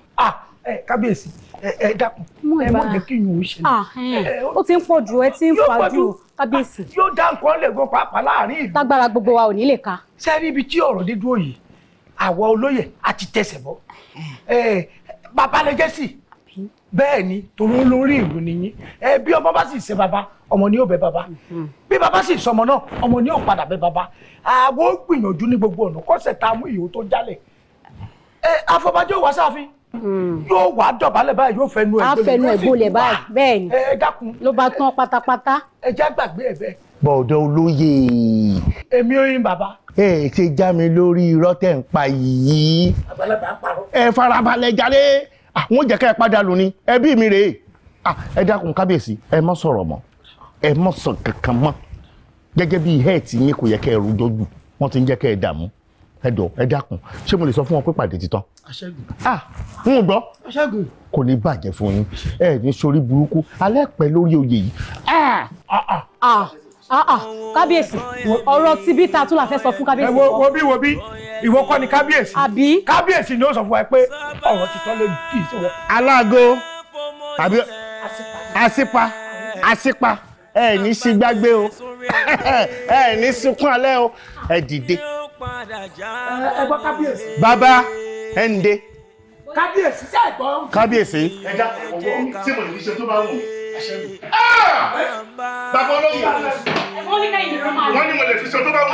ẹ kábíyèsí ẹ dákun ẹ má jẹ́ kí yòó ṣẹlẹ̀. ó ti ń pọ̀ jù ẹ ti ń fà jù kábíyèsí. yóò dá nǹkan lè gbọ́ pàápàá láàrin ìlú. tágbára gbogbo wa ò ní lè ka. sẹ́rí ibi tí ọ̀rọ̀ dé dúró yìí àwa olóyè a ti tẹsẹ̀ bọ́ bàbá lè sí i bẹ́ẹ̀ ni torí olórí ìlú nìyí ẹ bí ọmọ bá sì ṣe Baba. ọmọ ni yóò bẹ bàbá mm-hmm. bí bàbá sì sọmọ náà ọmọ ni yóò padà bẹ bàbá àwọn gbìyànjú ní gbogbo ọ̀nà kọ́sẹ̀ tá a mú ìhò tó jálẹ̀ ẹ afọbajẹ wà sáfin mm-hmm. yóò wà á dọ̀bálẹ̀ báyìí yóò fẹnu ẹ̀ gbọ́lẹ̀ fẹnu ẹ̀ gbọ́lẹ̀ báyìí bẹ́ẹ̀ ni ló bá tán pátápátá ẹ já gbàgbé ẹ bẹ́ẹ̀. bọ̀dọ̀ olóye. èmi oyin Baba. ẹ ṣe já mi lórí irọ́ tẹ̀ ń pa yìí. àgbàlagbà parọ́. ẹ farabalẹ̀ jàre àwọn ah, jẹ́ ká ẹ padà lù ni ẹbí mi rèé ah, ẹ dákun kábíyèsí ẹ má sọ̀rọ̀ mọ́ ẹ má sọ kankan mọ́ gẹ́gẹ́ bí ìhẹ́ ẹ̀tì yín kò yẹ ká ẹ rojọ́ jù wọ́n ti ń jẹ́ ká ẹ dààmú ẹ dọ̀ ẹ dákun ṣé mo lè sọ fún wọn pé pàdé ti tán. aṣẹ́gun. ah gbọ́. aṣẹ́gun. kò ní bàjẹ́ fún yín ẹ ní sori burúkú alẹ́ pẹ́ lórí oyè yìí. ah ah ah. ah. Ah, ah, kábíyèsí ọ̀rọ̀ tí bí ta tún la fẹ́ sọ fún kábíyèsí. wo bí wo bí ìwọ kọ́ ni kábíyèsí. àbí. kábíyèsí ni ó sọ fún wa pé ọ̀rọ̀ ti tọ́ lójú kì í ṣe wọ. aláàgó tàbí àṣìpa àṣìpa ẹ ní sí gbàgbé o ẹ ní sunkún alẹ́ o ẹ dìde. ẹ gbọ́ kábíyèsí. bàbá ẹ ń de kábíyèsí ṣe é gbọ́. kábíyèsí. ẹja ọwọ́ tí mo lè fi ṣe tó bá wù àṣẹ. bàbá olóyè wọ́n ní mo lè fi ṣe tó bá wù.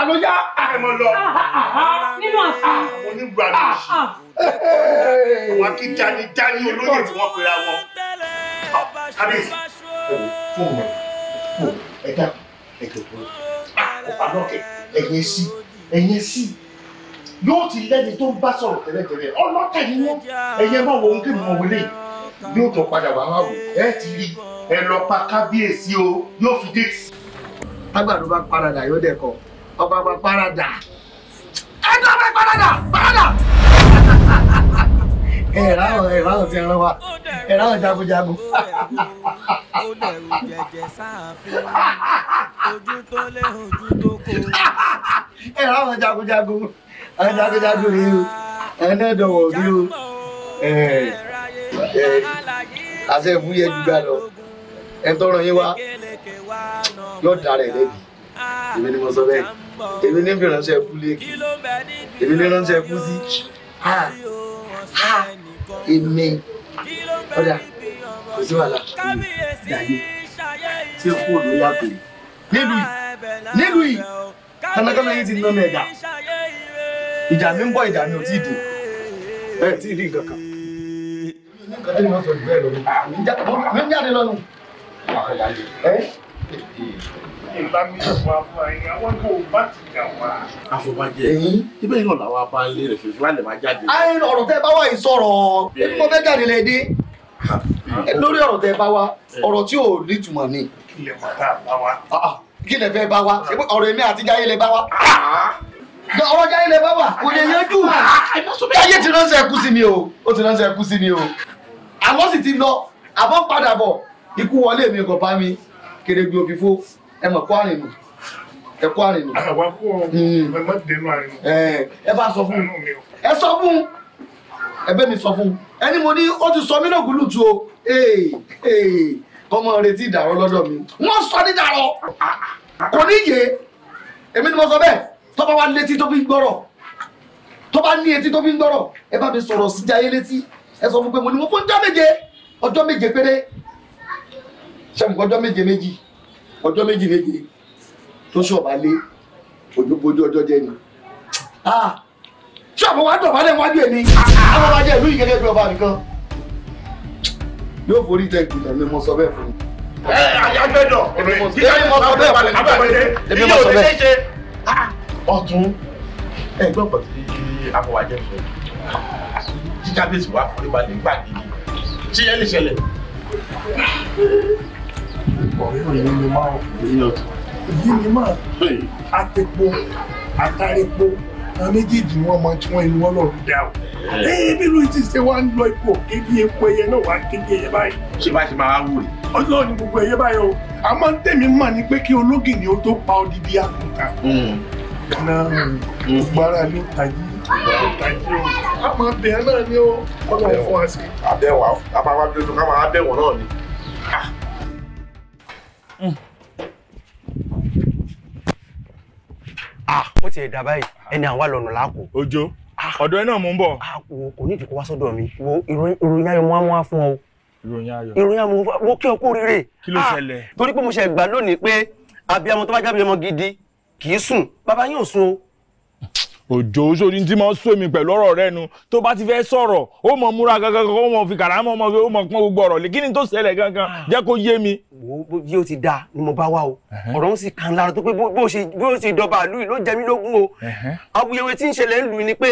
Àlọ́jà àìmọ̀ lọ. Nínú àṣà. Mo ní radish. Àwọn akíjani dání olóyè tí wọ́n pera wọn. Kábíyèsí. Fóònù ẹ̀dá ẹ̀dọ̀gbọ̀n kópa lọ́kẹ̀ ẹ̀yìn sí ẹ̀yìn sí yóò ti lẹ́ni tó ń bá sọ̀rọ̀ tẹ́lẹ̀tẹ́lẹ̀ ọlọ́tẹ̀ ni wọ́n ẹ̀yẹ máa wọ ohun kí mo wọlé yóò tó padà wá wá wò ẹ ti rí ẹ lọ pa kábíyèsí o yóò fi dé. tágbàdo bá paradà yóò dẹ̀ kọ ọba bá paradà ẹjọ́ bá paradà paradà ẹ̀rá ọ̀ ti ẹran wa ẹ̀rá jagunjagun. ó dẹ̀rù jẹ̀jẹ̀ sáàfin ojú tó lé ojú tó kó. ẹ̀rá jagunjagun ẹ̀ jagunjagun yìí o ẹ̀ bí o àṣẹ fún yẹ jù gbà lọ ẹ tọrọ yín wá yóò dára ah. ẹ èmi ni mo sọ bẹ́ẹ̀ èmi ní ìránṣẹ́ kú lé èmi ní ìránṣẹ́ kú sí èmi ọ̀dà kò sí wàhálà dàní tí ó kú òdò yàgò nílùú yìí nílùú yìí kánákáná yìí ti ná mẹ́ẹ̀dá ìjà mi ń bọ̀ ìjà mi ò tí ì dé bẹ́ẹ̀ tí ì rí nǹkan kan. nǹkan tó ní wọ́n sọ jù bẹ́ẹ̀ lọ ni. mi ń jáde lọ́nu ìbá mi àfọwájẹ kí lè ah, ah. fẹ́ bá wa ọ̀rọ̀ èmi àti Jaiye lè bá wa ah. ọ̀rọ̀ Jaiye lè bá wa kò lè yanjú. Jaiye ti ránṣẹ́ ẹ̀kú sí mi o ó ti ránṣẹ́ ẹ̀kú sí mi o àmọ́ sì ti lọ àbọ̀ padà bọ̀ ikú wọlé mi kò bá mi kéré gbé obì ẹ mọ̀ kó àrìnù ẹ kó àrìnù. àwa ah, kú ọ hmm. ẹ má dénú àrìnù. ẹ bá sọ fún un ẹ sọ fún un ẹ bẹ́ mi sọ fún un ẹni mo ní ó ti sọ mí lóògùn lùtù o kọ́mọ retí ìdàrọ́ lọ́dọ̀ mi wọ́n sọ ní ìdàrọ́ kò ní yé èmi ni mo sọ bẹ́ẹ̀ tó bá wá létí tó fi ń gbọ́rọ̀ tó bá ní etí tó fi ń gbọ́rọ̀ ẹ bá mi sọ̀rọ̀ sí jayé létí ẹ sọ fún pé mo ní mo fún ọjọ́ méje ọjọ́ méje péré ṣẹ́gun ọjọ́ méje méjì ọjọ́ méjì méje tó ṣọ̀bà lé ojúbojú ọjọ́ jẹ́ ni tí ah! àwọn wa dọ̀bálẹ̀ wájú ẹ̀ ni àwọn wa jẹ́ ìlú ìgẹ́gẹ́ bí ọba nìkan yóò forí tẹ̀ ìgbìyànjú mi mo sọ bẹ́ẹ̀ fún mi àyájọ́jọ́ ìyá ìmọ̀ sọ bẹ́ẹ̀ balẹ̀ abẹ́rẹ́ èmi mọ̀ sọ bẹ́ẹ̀. Ah! ọ̀tún ẹgbẹ́ ọ̀pọ̀ tí afọwájẹ́ sọ jíjábẹ́sì wà fún ìbàdàn gbàgede tí ẹ lè ṣẹlẹ̀ ọ̀rọ̀ yìí ni máa yìí ni máa àtẹ̀pọ̀ àtàrẹ̀pọ̀ àwọn méjèèjì ni wọ́n máa tí wọ́n inú wọn lọ rí dá o. ẹ̀ẹ́n bí lóyún ti ṣe wá ń lọ ipò kéde epo ẹyẹ náà wá kéde ẹyẹ báyìí. ṣé bá ṣe máa wò rè. ọjọ́ ni gbogbo ẹyẹ báyìí o àmọ́ tèmi mọ̀ ni pé kí ológìnní ó tó pa odidi àkùnkàn. ọ̀nà ìgbára ló tají àmọ́ bẹ̀rẹ̀ náà ni ó ọlọ́run fún wa sí. àbẹ̀wò àbáwá bí o tó ká máa bẹ̀wò náà ni. Ah, ó ti dà báyìí ẹni àwọn àlọ́nà làákò. ojo ah. ọ̀dọ̀ ẹ náà mò ń bọ̀. Ah, kò ní ìdíkọ̀ wá sọ́dọ̀ mi wo ìròyìn ayọ̀ mo á mú wá fún ọ. ìròyìn ayọ̀ ìròyìn ayọ̀ mo kí ọ kú rere. kí ló ṣẹlẹ̀. torí pé mo ṣe gbà lónìí pé abiyamọ tó bá jábìyamọ gidi kì í sùn bàbá yín ò sùn o òjò sórí tí mo sọ èmi pẹ̀lú ọ̀rọ̀ rẹ nu tó bá ti fẹ́ sọ̀rọ̀ ó mọ múra gangan ó mọ fi kàrà mọ́ ó mọ pọ́n gbogbo ọ̀rọ̀ lè kí ni tó ṣẹlẹ̀ gangan ah. jẹ́ kó yé mi. wo bí o ti da ni mo bá wá o ọ̀rọ̀ ń sì kan lára tó pé bó o ṣe dọba àlú yìí ló jẹ mí lógún o awuyewuye tí ń ṣẹlẹ̀ ń lù ni pé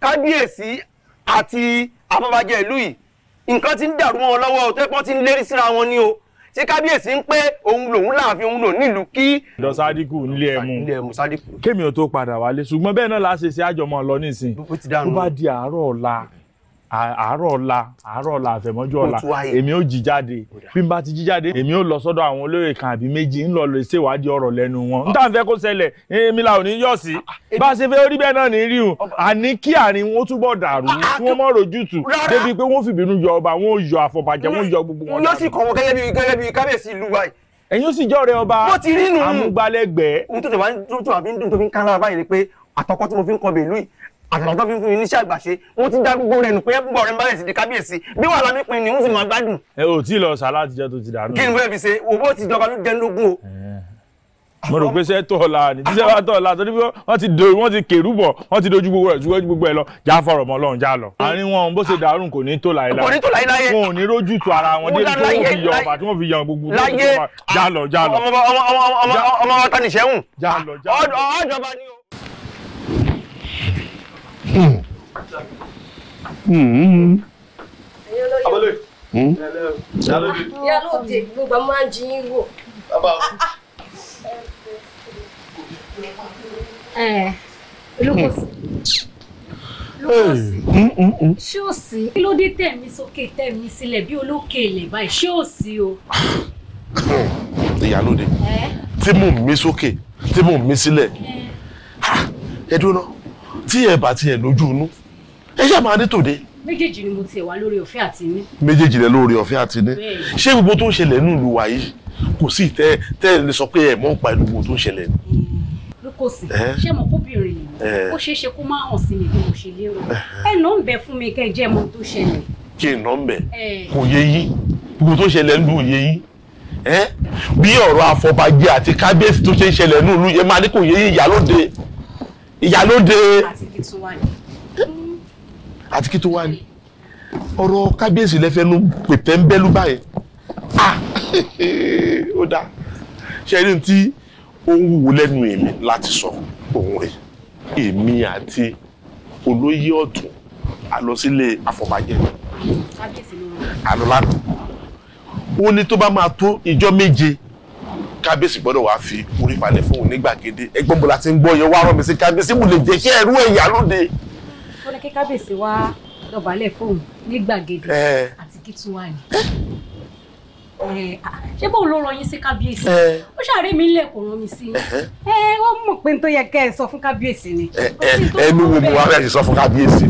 kábíyèsí àti afọbajẹ ìlú yìí nǹkan ti ń dàrú wọn lọ́wọ́ tẹ́pọ́n ti ń lérí síra o tí kábíyèsí ń pé òun lòun láàfin òun lò nílùú kí. ìdọ̀ sádìkù nílé ẹ̀mú nílé ẹ̀mú sádìkù. kémi ò tó padà wálé ṣùgbọ́n bẹ́ẹ̀ náà láṣẹ ṣe àjọmọ́ lọ nísìn bó bá di àárọ̀ ọ̀la àárọ̀ ọ̀la àárọ̀ ọ̀la àfẹ̀mọ́jú ọ̀la èmi ò jí jáde bí n bá ti jí jáde èmi ò lọ sọ́dọ̀ àwọn olóyè kan àbí méjì ń lọ lè ṣèwádìí ọ̀rọ̀ lẹ́nu wọn n tàn fẹ́ kó ṣẹlẹ̀ èmi là ò ní yọ̀ sí ah, ah, bá a ṣe fẹ́ orí bẹ́ẹ̀ náà ní rí o àní kí àárín wọn túbọ̀ dàrú ah, kí wọ́n mọ̀ rojútù débi pé wọ́n fìbínú yọ ọba wọn ò yọ àfọ̀bàjẹ́ wọn yọ gbogbo wọn. yóò sì kọ̀ wọ́n gẹ́gẹ́ bí kábíyèsí ìlú wa yìí ẹ̀yin ó sì jọ́ rẹ ọba amúgbálẹ́gbẹ̀ẹ́. ohun tó tẹ̀ wá tó tẹ̀ wá fi ń dùn tó fi ń kán lára tí mo fi ń kọ bèlú yìí àtàwọn tó fi fún mi àgbàṣe wọ́n ti dá gbogbo rẹ̀ nù gbogbo ọ̀rẹ́ ń sí di kábíyèsí bí wàhálà mi pin ni wọ́n sì máa gbádùn. ẹ ò tí lọ sàlá àtijọ́ tó ti dànù. kí ni wọ́n fi ṣe owó ti jọba ló dẹ́nlógún o. mo rò pé iṣẹ́ tọ̀ ọ̀la ni iṣẹ́ bá tọ̀ ọ̀la torí wọ́n ti do wọ́n ti kèrú bọ̀ wọ́n ti dojú gbogbo rẹ̀ ju gbogbo ẹ̀ lọ já fọ̀rọ̀ mọ́ lọ́run já lọ. àárín wọn bó ṣe dàrú kò ní tó láéláé kò ní tó láéláé wọn ò ní rójú tu ara wọn débi tó fi yọ ọba tí wọn fi yan gbogbo tó fi yọ já lọ já lọ. ọmọ ọmọ ọmọ ọmọ ọmọ ọmọ ọmọ ọmọ ọmọ ọmọ ọmọ ọmọ ọmọ ọmọ ọmọ ọmọ ọmọ ọmọ ọmọ abọ́lé ìyá lóde gbogbo máa ń jiyín wò. ṣé ò sí kí ló dé tẹ̀mí sókè tẹ̀mí sílẹ̀ bí olókè ilẹ̀ báyìí ṣé ò sí o. ìyá lóde tí mò ń mí sókè tí mò ń mí sílẹ̀ ẹ dúró náà tí ẹ bá tiẹ̀ lójú inú ẹ ṣáà máa dé tòde. méjèèjì ni mo tiẹ̀ wá lórí ọ̀fẹ́ àti ní. méjèèjì rẹ lórí ọ̀fẹ́ àti ní. ṣé gbogbo tó ń ṣẹlẹ̀ nínú ìlú wa yìí kò sí tẹ́ tẹ́ ẹ sọ pé ẹ mọ̀ pa ìlú gbogbo tó ń ṣẹlẹ̀ ni hmm, kò sí ṣé mo kóbìnrin yìí ó ṣeé ṣe kó má hàn sí mi bí mo ṣe lérò ẹ nà ń bẹ fún mi kẹ jẹ mo tó ṣẹlẹ̀. kí n nà ń bẹ kò yé yí gbogbo tó ṣẹlẹ̀ ń dùn yé yí bí ọ̀rọ̀ àfọ̀bàjẹ́ àti kábíyèsí tó ṣe ń ṣẹlẹ̀ ní ìlú yẹn máa ní kò yé yí ìyálóde ìyálóde àti kí tó wá ní ọ̀rọ̀ kábíyèsí lẹ́fẹ̀ẹ́nu pèpẹ́ ń bẹ́lú báyẹn ah ó dáa ṣe ní tí ó ń wúwo lẹ́nu èmi láti sọ òun rẹ̀ èmi àti olóyè ọ̀tún a àfọ̀bàjẹ́ àlọ́ ó ní tó bá máa tó ìjọ́ méje kábíyèsí gbọ́dọ̀ wá fi orí balẹ̀ fún òun ní gbàgede ẹgbọ́n bọ́lá ti ń gbọ́ yẹn wá rọ̀ mí sí kábíyèsí mo lè jẹ́ kí ẹrú ẹ̀yà lóde. ó ní kí kábíyèsí wá dọ̀bálẹ̀ fóun ní gbàgede àti kí tún wà ní. ṣé bóun ló rán yín sí kábíyèsí ó ṣàárẹ̀ mi lẹ̀ kó rán mi sí yín ó mọ̀ pé n tó yẹ kẹ́ ẹ sọ fún kábíyèsí ni. ẹnu wo mo wá fẹ́ ti sọ fún kábíyèsí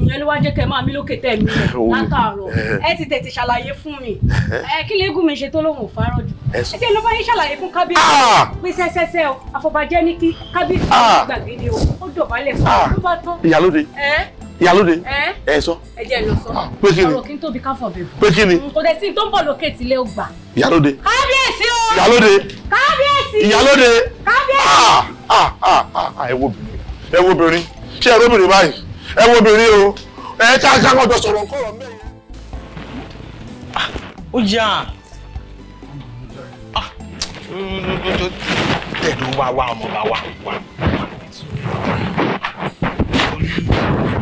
ìyẹn ló wá jẹ́ kẹ́ máa mí lókè tẹ̀ mí látàárọ̀ ẹ ti tètè ṣàlàyé fún mi kí mi ṣe tó lóun ò jù ẹsùn. ẹjẹ ló bá yín ṣàlàyé fún kábíyèsí ah! pé sẹsẹsẹ o àfọbàjẹ ní kí kábíyèsí ah! ló gbàgede o ó dọ̀bálẹ̀ fún ah! un ló bá tán. ìyálóde ìyálóde ẹ sọ. ẹjẹ ló sọ pé kí ni ọ̀rọ̀ kí n tóbi káfọ bẹbù. pé kí ni. kò dẹ̀ sí tó ń bọ̀ lókè tílé ó gbà. ìyálóde. kábíyèsí o. ìyálóde. kábíyèsí. ìyálóde. kábíyèsí. ẹ wo obìnrin ẹ wo obìnrin ṣé ẹ wo obìnrin báyìí ẹ wo obìnrin o ẹ ṣáà ṣáà kọjọ sọ̀rọ̀ nǹkan ọ̀rọ̀ mẹ́rin. ó yà á tẹ̀lé wá wá ọmọ bá wá wá.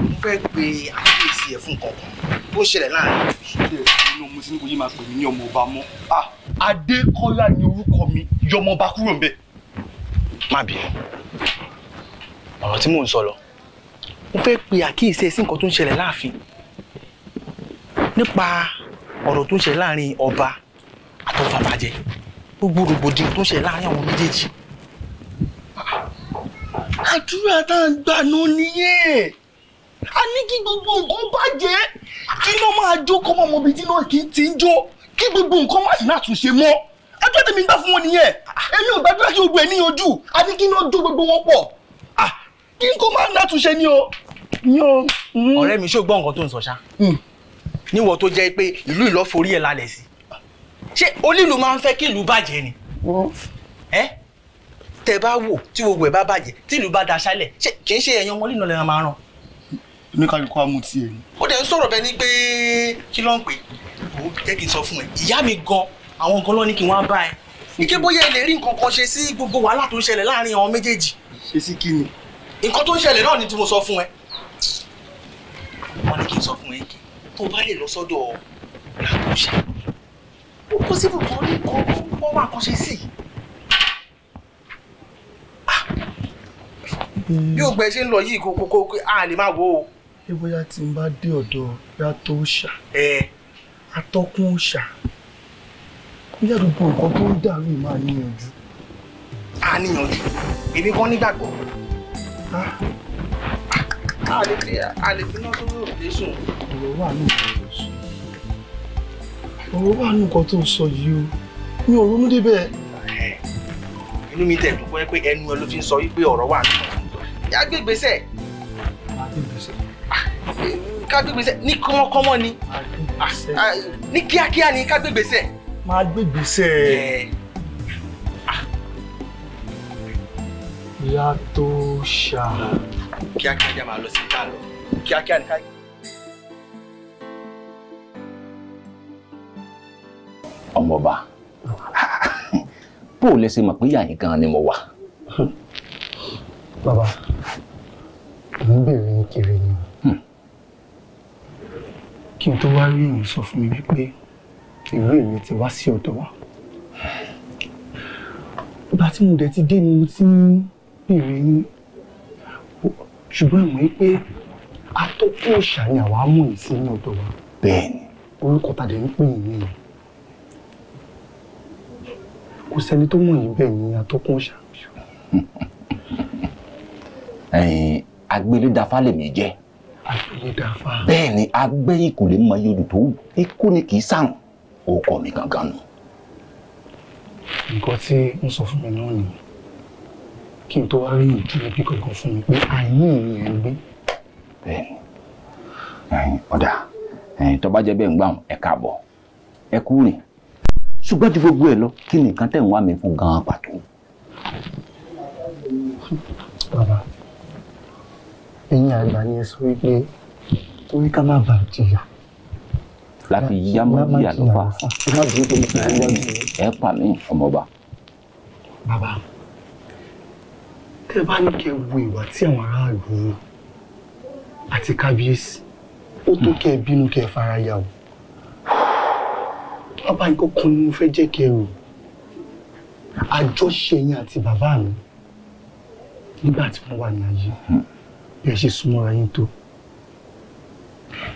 mo fẹ́ pe àkíyèsí ẹ̀ fún kankan bó ṣẹlẹ̀ láàrin. ṣíṣe mo ti ní kò yé máa pè mí ní ọmọ mọ́. Ah, Adékọ́lá ni orúkọ mi yọmọba kúrò ń bẹ̀. má bínú ọ̀rọ̀ tí mò ń sọ lọ mo fẹ́ pe àkíyèsí ẹ̀ sí nǹkan tó ń ṣẹlẹ̀ láàfin nípa ọ̀rọ̀ tó ń ṣẹlẹ̀ láàrin ọba àtọ́fàbàjẹ́ gbogbo rògbòdìyàn tó ṣẹlẹ̀ láàrin àwọn méjèèjì. àdúrà tá ń gbà nìyẹn a ní kí gbogbo nǹkan bàjẹ́ kí iná máa jó kọ́ máa mọ ibi tí iná kì í ti ń jó kí gbogbo nǹkan má sì náà mọ́ ẹgbẹ́ tèmi gbà fún wọn nìyẹn èmi ò gbàdúrà kí gbogbo ẹ̀ níyanjú a ní kí iná jó gbogbo wọn pọ̀ kí nǹkan má náà tún ni o. ọ̀rẹ́ mi ṣó gbọ́ nǹkan tó ń sọ ṣá hmm. níwọ̀ tó jẹ́ pé ìlú ìlọ́forí ẹ̀ lálẹ́ sí ṣé onílù máa ń fẹ́ kí ìlú bàjẹ́ ni ẹ tẹ bá wò tí gbogbo ẹ bá bàjẹ́ tí ìlú bá daṣálẹ̀ ṣé kì í ṣe ẹ̀yàn ọmọ lílọ lẹ́yìn máa ràn. oníkàlùkù amúti ẹ̀ ni. ó dẹ̀ ń sọ̀rọ̀ bẹ́ẹ̀ ni pé kí ló ń pè ó jẹ́ kí n sọ fún ẹ ìyá mi gan àwọn gan lọ́ní kí wọ́n bá ẹ ike bóyá ẹ lè rí nǹkan kan ṣe sí gbogbo wàhálà tó ń ṣẹlẹ̀ láàrin àwọn méjèèjì. ṣe sí kí ni. nǹkan tó ń ṣẹlẹ̀ náà ni tí mo sọ fún ẹ. wọ́n ní kí n sọ fún ẹ kí tó bá lè lọ sọ́dọ̀ làkúṣe ó pọ́sibù kan ní kan wọ́n wà kan ṣe sí i. Ah! bí ògbẹ́ ṣe ń lọ yìí kó kó kó a lè máa wò ó. ṣé bóyá tí n bá dé ọ̀dọ̀ bóyá tó ṣà atọ́kùn ṣà bóyá gbogbo nǹkan tó ń dàrú máa níyànjú. a níyànjú èmi kan nígbàgbọ́. Ah! a lè fi náà tó rò lé sùn. ọ̀rọ̀ wà ní ìlú ìlú ọ̀rọ̀ wà nù nǹkan tó ń sọ yìí o mi ò ronú débẹ̀. inú mi tẹ̀ dúpẹ́ pé ẹnu ẹ ló fi ń sọ wípé ọ̀rọ̀ wà nù. yá gbégbèsè. ká gbégbèsè ah, ní kọ́mọ́kọ́mọ́ ni ah, ní kíákíá ni ká gbégbèsè. máa gbégbèsè. yàtọ̀ ah. ṣá. kíákíá ni a máa lọ sí ìta lọ kíákíá ni ká. ọmọọba bó o lè ṣe mọ̀ pé yàyín gan ni mo wà. bàbá mò ń bèrè yín kiri ni hmm. kí n tó wá rí òun sọ fún mi wípé ìlú èmi ti wá sí ọ̀dọ̀ wa ìgbà tí mo dẹ̀ ti dé ni mo ti ń bèrè yín ṣùgbọ́n ìmọ̀ yín atọ́kùn òòṣà ni àwa mú yìí sí ọ̀dọ̀ wa. bẹ́ẹ̀ni orúkọ tàdé ń pè yín nìyẹn kò sẹ́ni tó mọ̀ yín bẹ́ẹ̀ ni atọ́kùn ṣàmùṣù. agbélédafá lèmi jẹ́. agbélédafá. bẹ́ẹ̀ ni agbẹ́yìn kò lè mọ iye odò tó wù ikú ni kì í sàrùn orúkọ mi gangan nù. nǹkan tí ń sọ fún mi náà nìyí kí n tó wá rí ìdílé bí kankan fún mi pé àyín ìyẹn ń gbé. bẹ́ẹ̀ni ọ̀dà tó bẹ́ẹ̀ ń gbà ẹ̀ káàbọ̀ ẹ kú rìn ṣùgbọ́n ju gbogbo ẹ̀ lọ kí ni nǹkan tẹ̀ ń wá mi fún gan-an pàtó. bàbá ẹ̀yin àgbà ni ẹ sọ wípé torí ká má bàa jìyà láti yá mọ́ jìyà ló fà ẹ pa mí ọmọọba. bàbá tẹ́ bá ní kẹ́ wo ìwà tí àwọn aráàlú àti kábíyèsí ó tó kẹ́ bínú kẹ́ fara yà o bàbá nǹkan kan ni mo fẹ́ jẹ́ kí ẹ rò àjọṣe yín àti bàbá mi nígbà tí wọ́n wà ní ayé bí ẹ ṣe súnmọ́ra yín tó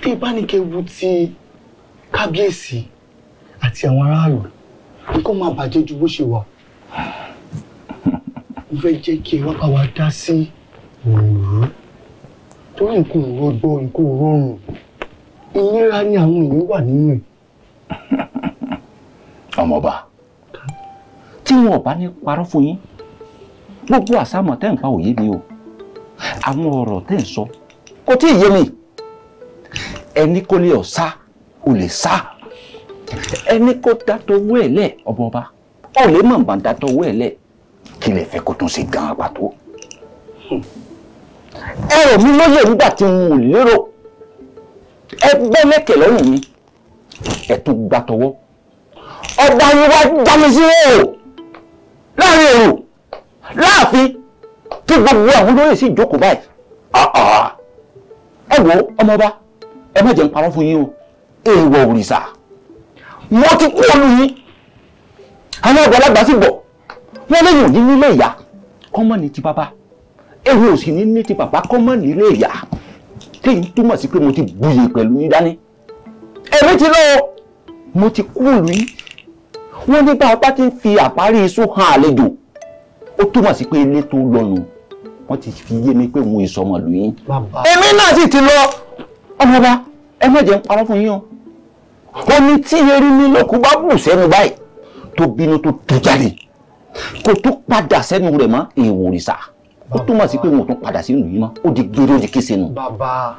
tí ìbánikẹ́wu ti kábíyèsí àti àwọn aráàlú nǹkan máa bàjẹ́ ju bó ṣe wà mo fẹ́ jẹ́ kí ẹ wá bá wa dá sí òru torí nǹkan ò rọgbọ nǹkan ò rọrùn ìnira ni àwọn èèyàn wà nínú ẹ̀ ọmọọba tí wọn ò bá ní parọ́ fún yín gbogbo àsámọ̀ tẹ́ ń pa òye mi o àwọn ọ̀rọ̀ tẹ́ ń sọ kò tí ì yé mi ẹni kò lè ọ̀sá ò lè sá ẹni kò dátọ̀ owó ẹ̀ lẹ̀ ọmọọba ò lè mọ̀ bá dátọ̀ owó ẹ̀ lẹ̀ kí lè fẹ́ kó tún ṣe gan-an pàtó ẹ̀rọ mi lóye nígbà tí n lérò ẹgbẹ́ mẹ́kẹ̀lẹ́rùn mi ẹ̀ tún ọba yín wá jámi sí òòrùn láàrin èrò láàfin tí gbogbo àwọn olóyè sì jókòó báyìí ah, ah, ah. ẹ wo ọmọọba ẹ má jẹ́ ń parọ́ fún yín o èèwọ̀ òrìṣà wọ́n ti kú olú yín àwọn àgbàlagbà sì bọ̀ wọ́n léyìn òní nílé ìyá kọ́mọ́ ní ti bàbá èmi ò sì ní ní ti bàbá kọ́mọ́ nílé ìyá téyí túmọ̀ sí pé mo ti buyè pẹ̀lú yín dání èmi ti lọ mo ti kú olú yín wọ́n ní bá a bá ti fi àparí iṣu hàn àlejò ó túmọ̀ sí pé ilé tó lọ́nu wọ́n ti fi yé mi pé òun ìsọmọ lù yín. èmi náà sì ti lọ ọmọba ẹ má jẹ́ ń parọ́ fún yín o omi tí erí mi lókun bá bù sẹ́nu báyìí tó bínú tó tú jáde kò tó padà sẹ́nu rẹ̀ mọ́ ìwòrìṣà ó túmọ̀ sí pé wọn ò tún padà sínú yìí mọ́ ó di gbére ó di kése nù. bàbá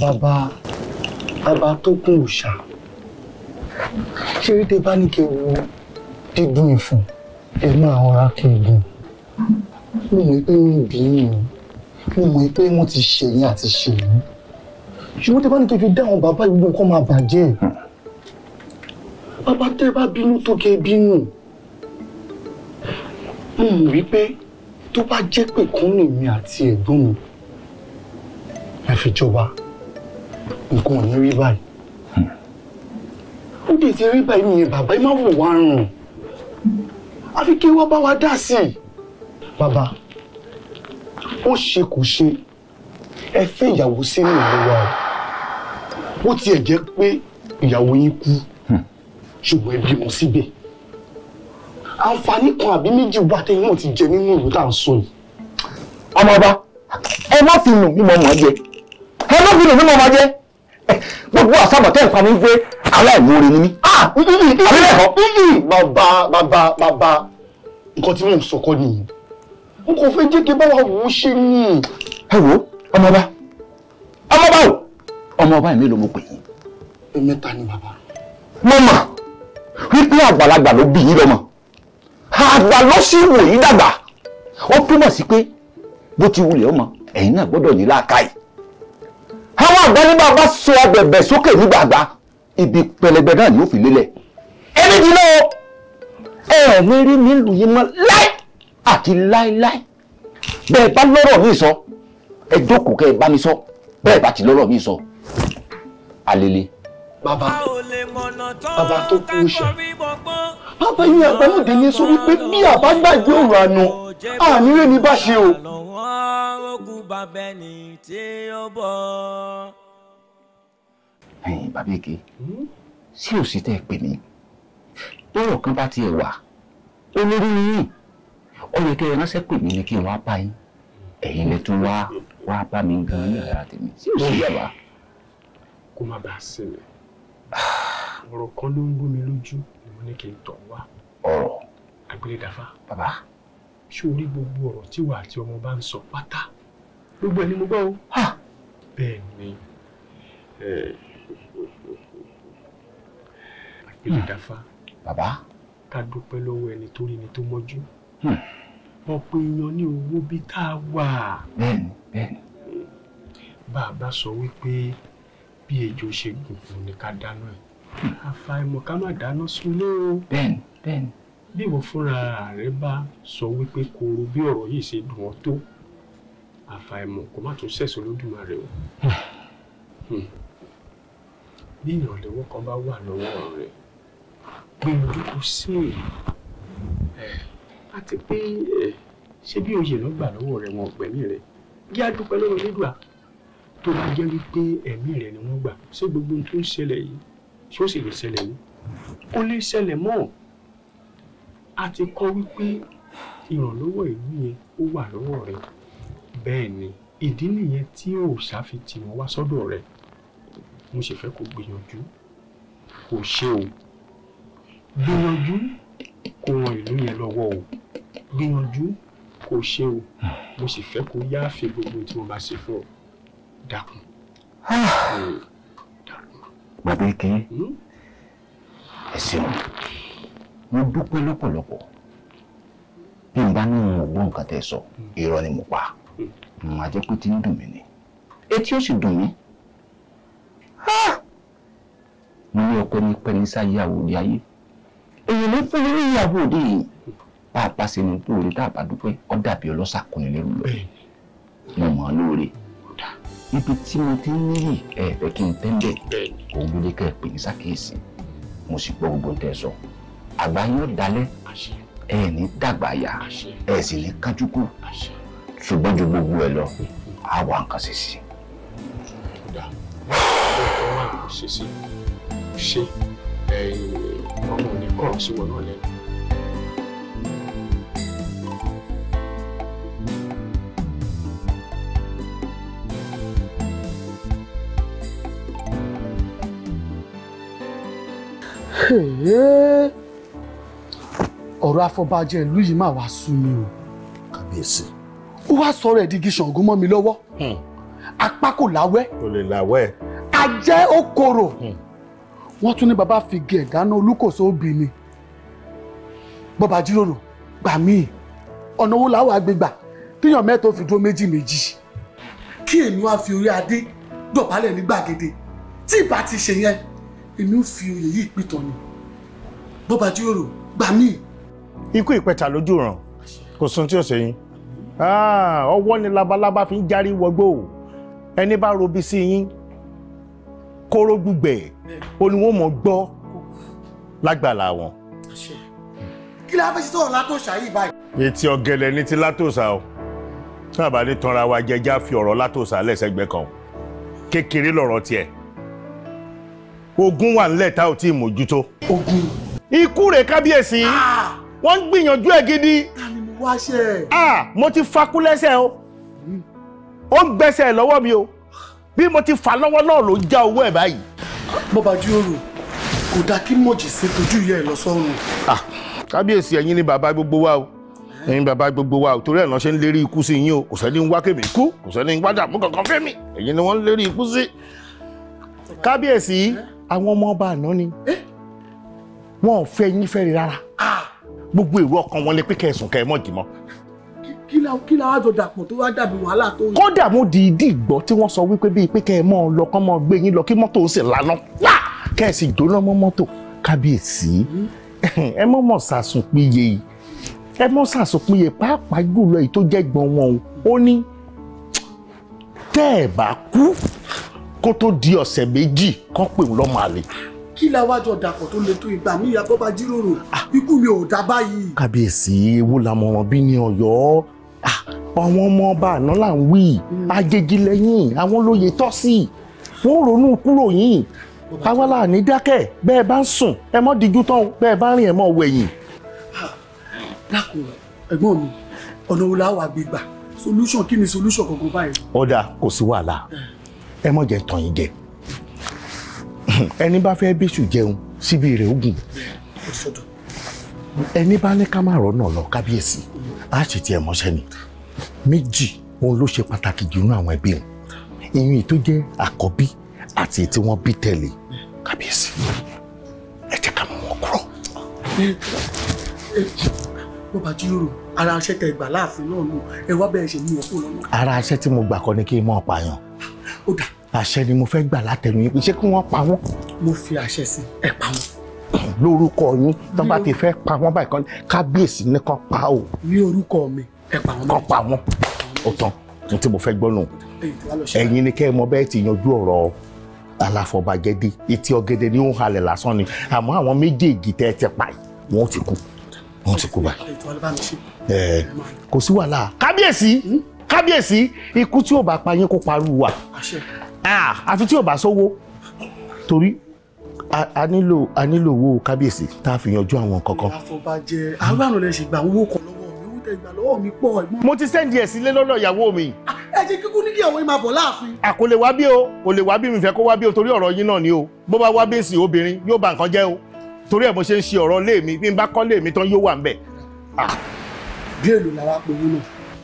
bàbá bàbá tó kún òòṣà ṣé rí tẹ bá ní kí wo dídùn ìfún ẹ máa rọra kí egun mo mọ̀ pé ń bí yín mo mọ̀ pé wọ́n ti ṣe yín àti ṣe yín ṣùgbọ́n tẹ bá ní kí fi dá àwọn bàbá ìgbó nǹkan máa bàjẹ́ bàbá tẹ bá bínú tó kẹ bínú mo mọ̀ wípé tó bá jẹ́ pé kúnlẹ̀ mi àti ẹ̀gbọ́n mi ẹ fi jọba nǹkan ò ní rí báyìí dè ti rí báyìí nìyẹn bàbá ẹ má wò wá rùn àfi kí wọ́n bá wa dá sí i. bàbá ó ṣe kò ṣe ẹ fẹ́ ìyàwó sínú ìlú wa o bó tiẹ̀ jẹ́ pé ìyàwó yín kú ṣùgbọ́n ẹ bímọ síbẹ̀ àǹfààní kan àbí méjì wà tẹ́yìn náà ti jẹ nínú ìlú tá à ń sọ yìí. ọmọ ọba ẹ má fi nù mímọ ọmọ jẹ ẹ má fi nù mímọ ọmọ jẹ gbogbo àsàmọ̀tẹ́ nǹkan mi ń gbé aláìmoore ni mí. bàbá bàbá bàbá nǹkan tí mò ń sọkọ nìyí n kò fẹ́ jẹ́ kí báwa wò ó ṣe ni. ẹ wo ọmọọba ọmọọba o ọmọọba mi ló mo pè yín. ẹ mẹ́ta ni bàbá. mo mọ̀ wípé àgbàlagbà ló bí yín lọ́mọ àgbà ló sì wò yín dàgbà ó túmọ̀ sí pé bó ti wulẹ̀ ọmọ ẹ̀yin náà gbọ́dọ̀ ní láàkáyìí àwọn àgbà nígbà bá sọ abẹ̀bẹ̀ sókè ní gbàgbà ibi pẹlẹbẹ náà ni ó fi lélẹ̀ ẹni tí lọ ẹ̀ẹ̀mí rí mi lù yín mọ́ láì àti láíláí bẹ́ẹ̀ bá lọ́rọ̀ mi sọ ẹ jókòó kẹ́ ẹ bá mi sọ bẹ́ẹ̀ bá ti lọ́rọ̀ mi sọ alele. bàbá bàbá tó kú iṣẹ́ bàbá yìí àgbàlódé ní sọ wípé bí àbágbàgbé ọ̀rọ̀ àná àníwé ni bá ṣe o. ẹ̀yin bàbá èké sí òsì tẹ́ ẹ pè mí lọ́rọ̀ kan bá tiẹ̀ wà olórí ni yín ọyọ kẹrin ránṣẹ́ pè mí ni kí n wá bá yín ẹ̀yin lè tún wá wá bá mi gan ní ara tèmi sí òsì yàrá. kó má bàa sinmi ọ̀rọ̀ kan ló ń gbó mi lójú mo ní kí n tọ̀ wá. ọ̀rọ̀. agbèrèdàfà. bàbá. ṣé o rí gbogbo ọ̀rọ̀ tí wà àti ọmọ bá ń sọ pátá gbogbo ẹ̀ ni mo gbọ́ o. bẹ́ẹ̀ ni agbèrèdàfà. bàbá. ká dúpẹ́ lọ́wọ́ ẹni tó rí ni tó mọ́jú. ọ̀pọ̀ hmm. èèyàn ní owó bí tá a wà. bẹ́ẹ̀ni bẹ́ẹ̀ni. bàbá sọ wípé bí ejò ṣe gùn òun ni ká dáná ẹ̀ àfàìmọ̀ ká má dáná sunlé o. bẹ́ẹ̀ni bẹ́ẹ̀ni. bí ìwọ fúnra rẹ bá sọ wípé koro bí ọ̀rọ̀ yìí ṣe dùn ọ́ tó àfàìmọ̀ kó má tún sẹ̀sọ́ lódùmarè o. Hmm. bí ìrànlọ́wọ́ kan bá wà lọ́wọ́ rẹ gbìyànjú kò sí eh, àti pé eh, ṣé bí oyè ló gbà lọ́wọ́ rẹ wọn ọ̀gbẹ́ni rẹ kí á dúpẹ́ lọ́wọ́ nígbà tó bá jẹ́ wípé ẹ̀mí rẹ ni wọ́n gbà ṣé gbogbo ohun tó ń ṣẹlẹ̀ yìí ṣé ó sì lè ṣẹlẹ̀ ni kò lè ṣẹlẹ̀ mọ́ a ti kọ́ wípé ìrànlọ́wọ́ ìlú yẹn ó wà lọ́wọ́ rẹ bẹ́ẹ̀ ni ìdí nìyẹn tí òòṣà fi tì wọ́n wá sọ́dọ̀ rẹ mo sì fẹ́ kó gbìyànjú kò ṣe o gbìyànjú kó ran ìlú yẹn lọ́wọ́ o gbìyànjú kò ṣe o mo sì fẹ́ kó yááfì gbogbo tí mo bá ṣe fún ọ dákun. Ah. Hmm bàbá ike hmm? ẹ ṣeun mo dúpẹ́ lọ́pọ̀lọpọ̀ bí n bá ní òun ògbó nǹkan tẹ́ sọ irọ́ ni mo pa hmm. màá jẹ́ pé tí ń dùn mí ni etí ó sì dùn mí mo ní ọkọ ní pẹ́ ní sáyé ayé èyí ló fún lórí ìyàwó òde yìí bá a bá ṣe ní kú orí tá a bá dúpẹ́ ó dàbí ọlọ́sà kúnilẹ́rù lọ mo mọ̀ ọ́ lóore ibi tí mo ti ń rí ẹ̀ẹ́dẹ́ kí n tẹ́lẹ̀ òun ló lè kẹ́ ẹ̀ pè é ṣàkíyèsí mo sì gbọ́ gbogbo tẹ́ ẹ sọ àgbà yóò dalẹ̀ ẹ ní dàgbà yá ẹ sì ní kájúkú ṣùgbọ́n ju gbogbo ẹ lọ á wà nǹkan ṣe sí. ṣe ṣe ṣe ẹ̀yin ọmọ òní kọ́ sí wọn náà ọ̀rọ̀ afọbajẹ ìlú yìí máa wá sú mi o. kàbíyèsí. ó wá sọ̀rọ̀ ẹ̀dígí ṣàngó mọ́ mi lọ́wọ́ hmm. apá kò láwẹ́. kò lè láwẹ́. ajẹ́ ó korò. Hmm. wọ́n tún ní baba fi gé ẹ̀dáná olúkòso obìnrin. bọ́ba jíròrò gbà míì ọ̀nà owó làwọn àgbègbà téèyàn mẹ́ta ó fi dúró méjì méjì. kí èmi wá fi orí adé dọ̀bálẹ̀ ní gbàgede tí ìbá ti ṣe yẹn èmi ò fi oyè yìí pìtàn ni bọ́ba tí yóò rò gbà mí. ikú ìpẹ̀tà lójú ràn kò sun tí ò sẹ́yìn ah, ọwọ́ ni labalábá fi ń járí wọgbó ẹni bá robi sí yín kóró gbùgbẹ̀ ó ní wọ́n mọ̀ gbọ́ lágbàlá wọn. kí la fẹ́ sọ̀rọ̀ látòṣà yìí báyìí. etí ọ̀gẹ̀lẹ̀ ní ti látòṣà o tábàlì tanra wa jẹjá fi ọ̀rọ̀ látòṣà lẹ́sẹ̀gbẹ́ kan kékeré lọ̀rọ̀ tiẹ̀ ogun wà nílẹ̀ tá ò tí ì mójútó. ogun. ikú rẹ̀ kábíyèsí ah! wọ́n ń gbìyànjú ẹ̀ gidi. tani mo wá ṣe. ah mo ti fakú lẹ́sẹ̀ o ó ń gbẹ́sẹ̀ lọ́wọ́ mi o bí mo ti fà lọ́wọ́ náà ló já owó ẹ̀ báyìí. bọ́ba jíròrò kò dáa kí mọ̀jì ṣe tójú ìyá ẹ̀ lọ sọ́run. ah kábíyèsí ẹ̀yin ni bàbá gbogbo wa o eh? ẹ̀yin bàbá gbogbo wa o torí ẹ̀ lọ́n ṣe ń lérí ikú sí yín o kò sẹ́ni ń wá kèmí kú kò sẹ́ni ń wá dààmú kankan fẹ́mi ẹ̀yin ni wọ́n ń lérí ikú sí. kábíyèsí. Eh? àwọn ọmọ ọba àná ni eh? wọn ò fẹ́ yín fẹ́ rí rárá ah! gbogbo èrò ọkàn wọn lè pé kẹsùn kẹ mọ̀ dì mọ́. kí la kí la wàá jọ dàpọ̀ tó wàá dàbí wàhálà tó yẹ. kódà mo dìídì gbọ́ tí wọ́n sọ wípé bíi pé kẹ́ ẹ mọ́ ọ lọ kán mọ́ gbé yín lọ kí mọ́tò ó sì lanà kẹ́ ẹ sì jóná mọ́ mọ́tò kábíyèsí hmm? ẹ mọ́ mọ́ sàsùn péye yìí ẹ mọ́ sàsùn péye pàápàá jùlọ èyí tó jẹ́ gbọ̀n wọn o ó ní tẹ́ ẹ bá kú kó tó di ọ̀sẹ̀ méjì kán pè ń lọ́mọ àlè. kí la wá jọ dàpọ̀ tó le tó ìgbà mi ìyá tó bá jíròrò ikú mi ò dá báyìí. kábíyèsí ewu làmọ̀ràn bí ní ọ̀yọ́ ah, àwọn ọmọ ọba àná là ń wí àjèjì hmm. lẹ́yìn àwọn olóye tọ́ sí wọ́n ronú kúrò yìí àwa là ní dákẹ́ bẹ́ẹ̀ bá ń sùn ẹ mọ́ dijú tán bẹ́ẹ̀ bá rìn ẹ mọ́ wẹ̀yìn. dákun ẹ̀gbọ́n mi ọ̀nà wo la wà gbégbà solution kí ni solution kankan báyìí. ọ̀dà kò sí wàhálà. Eh ẹ mọ̀ jẹ́ tàn yín jẹ ẹni bá fẹ́ bíṣù jẹun síbi rẹ̀ ogun ẹni bá ní ká má rọ̀ náà lọ kábíyèsí á sì tiẹ̀ mọ́ṣẹ́ ni méjì òun ló ṣe pàtàkì jù nínú àwọn ẹbí òun ìyún ètò jẹ́ àkọ́bí àti tí wọ́n bí tẹ̀lé kábíyèsí ẹ jẹ́ ká mú wọn kúrò. bó bá jíròrò ara aṣẹ́ tẹ gbà láàfin náà lò ẹ wá bẹ́ẹ̀ ṣe mú ọkùnrin náà. ara aṣẹ́ tí mo gbà kọ́ ni kí n mọ̀ pààyàn ó dà. àṣẹ ni mo fẹ́ gbà látẹnu yín pé ṣé kí wọ́n pa wọ́n. mo fi àṣẹ sí ẹ pa wọ́n. lórúkọ yín tó bá ti fẹ́ pa wọ́n báyìí kan kábíyèsí ní kan pa o. ní orúkọ mi ẹ pa wọ́n. kan pa wọ́n ó tán ní tí mo fẹ́ gbọ́ nù. ẹ̀yin ni kẹ́ ẹ mọ bẹ́ẹ̀ ti yanjú ọ̀rọ̀ aláfọbàjẹ́dé etí ọ̀gẹ̀dẹ̀ ni ó ń halẹ̀ lásán ni àmọ́ àwọn méjèèjì tẹ́ ẹ ti pa yìí ti kú wọ́n ti kú báyìí. kò sí wàhálà kábíyèsí. Hmm? kábíyèsí ikú tí ò bá pa yín kó parú wa àfi tí ò bá sówó torí a nílò a nílò owó kábíyèsí tá a fi yanjú àwọn kankan. àfọ̀bàjẹ́ àwọn àrùn lè ṣe gba owó kan lọ́wọ́ mi owó tẹ gbà lọ́wọ́ mi pọ̀ mo ti sẹ́ndì ẹ̀ sílé lọ́dọ̀ ìyàwó mi. ẹ jẹ́ kíkú ní kí àwọn ìmọ̀ àbọ̀ láàfin. à kò lè wá bí o kò lè wá bí mi fẹ́ kó wá bí o torí ọ̀rọ̀ yín náà ni o bó bá wá bí n sì obìnrin yóò bà nǹkan jẹ́ o torí ẹ̀ mo ṣe ń ṣe ọ̀rọ̀ lé mi bí n bá kọ́ lé mi tán yóò wà ń bẹ̀. bí èlò làwa pe owó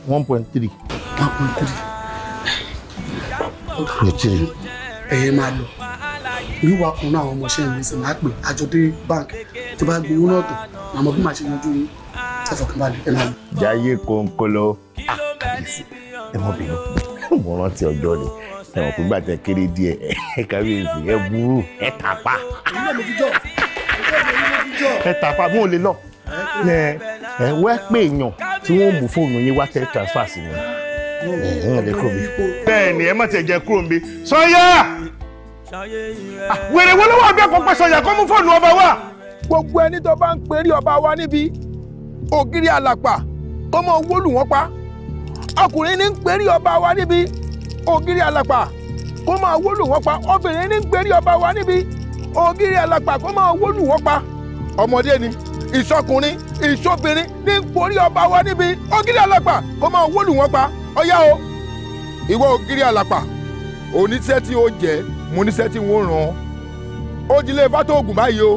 one point three. one point three. one point three. ẹ̀yẹ́ máa lọ oríwà kan náà àwọn ọmọọṣẹ́ mi sì máa pè àjọdé bank tó bá gbowó náà tán màmá bí màá ṣe yanjú yín tẹfọkànbalẹ̀ ẹ máa lọ. jayé kòńkòló àkàyèsí ah, ẹ mọ bínú mo rántí ọjọ́ ni ẹ mọ̀ pé gbàtẹ kéré díẹ̀ ẹ kábíyèsí ẹ burú ẹ tàpá. ilé mi ti jọ ẹ tàpá mo lè lọ ẹ ẹ wẹ́ pé èèyàn tí wọ́n mú fóònù yín wá tẹ́ transfer sí mi ẹ̀hún lè kúrò mi. bẹ́ẹ̀ni ẹ má tẹ jẹ kúrò mi sọyà ah, wèrè wo ló wà bí ẹkọ pẹ sọyà kó mú fóònù ọba wa. gbogbo ẹni tó bá ń perí ọba wa níbi ògiri àlàpà kó mọ wólù wọn pa ọkùnrin ní ń perí ọba wa níbi ògiri àlàpà kó mọ wólù wọn pa obìnrin ní ń perí ọba wa níbi ògiri àlàpà kó mọ wólù wọn pa ọmọdé ni ìṣọkùnrin ìṣobìnrin ní nporí ọba wa níbi ògiri àlàpà kó máa wólù wọn pa ọyá o ìwọ ògiri àlàpà oníṣẹ́ tí ó jẹ́ mo níṣẹ́ tí wọ́n ràn ó dilé fátọ́ọ̀gùn báyìí o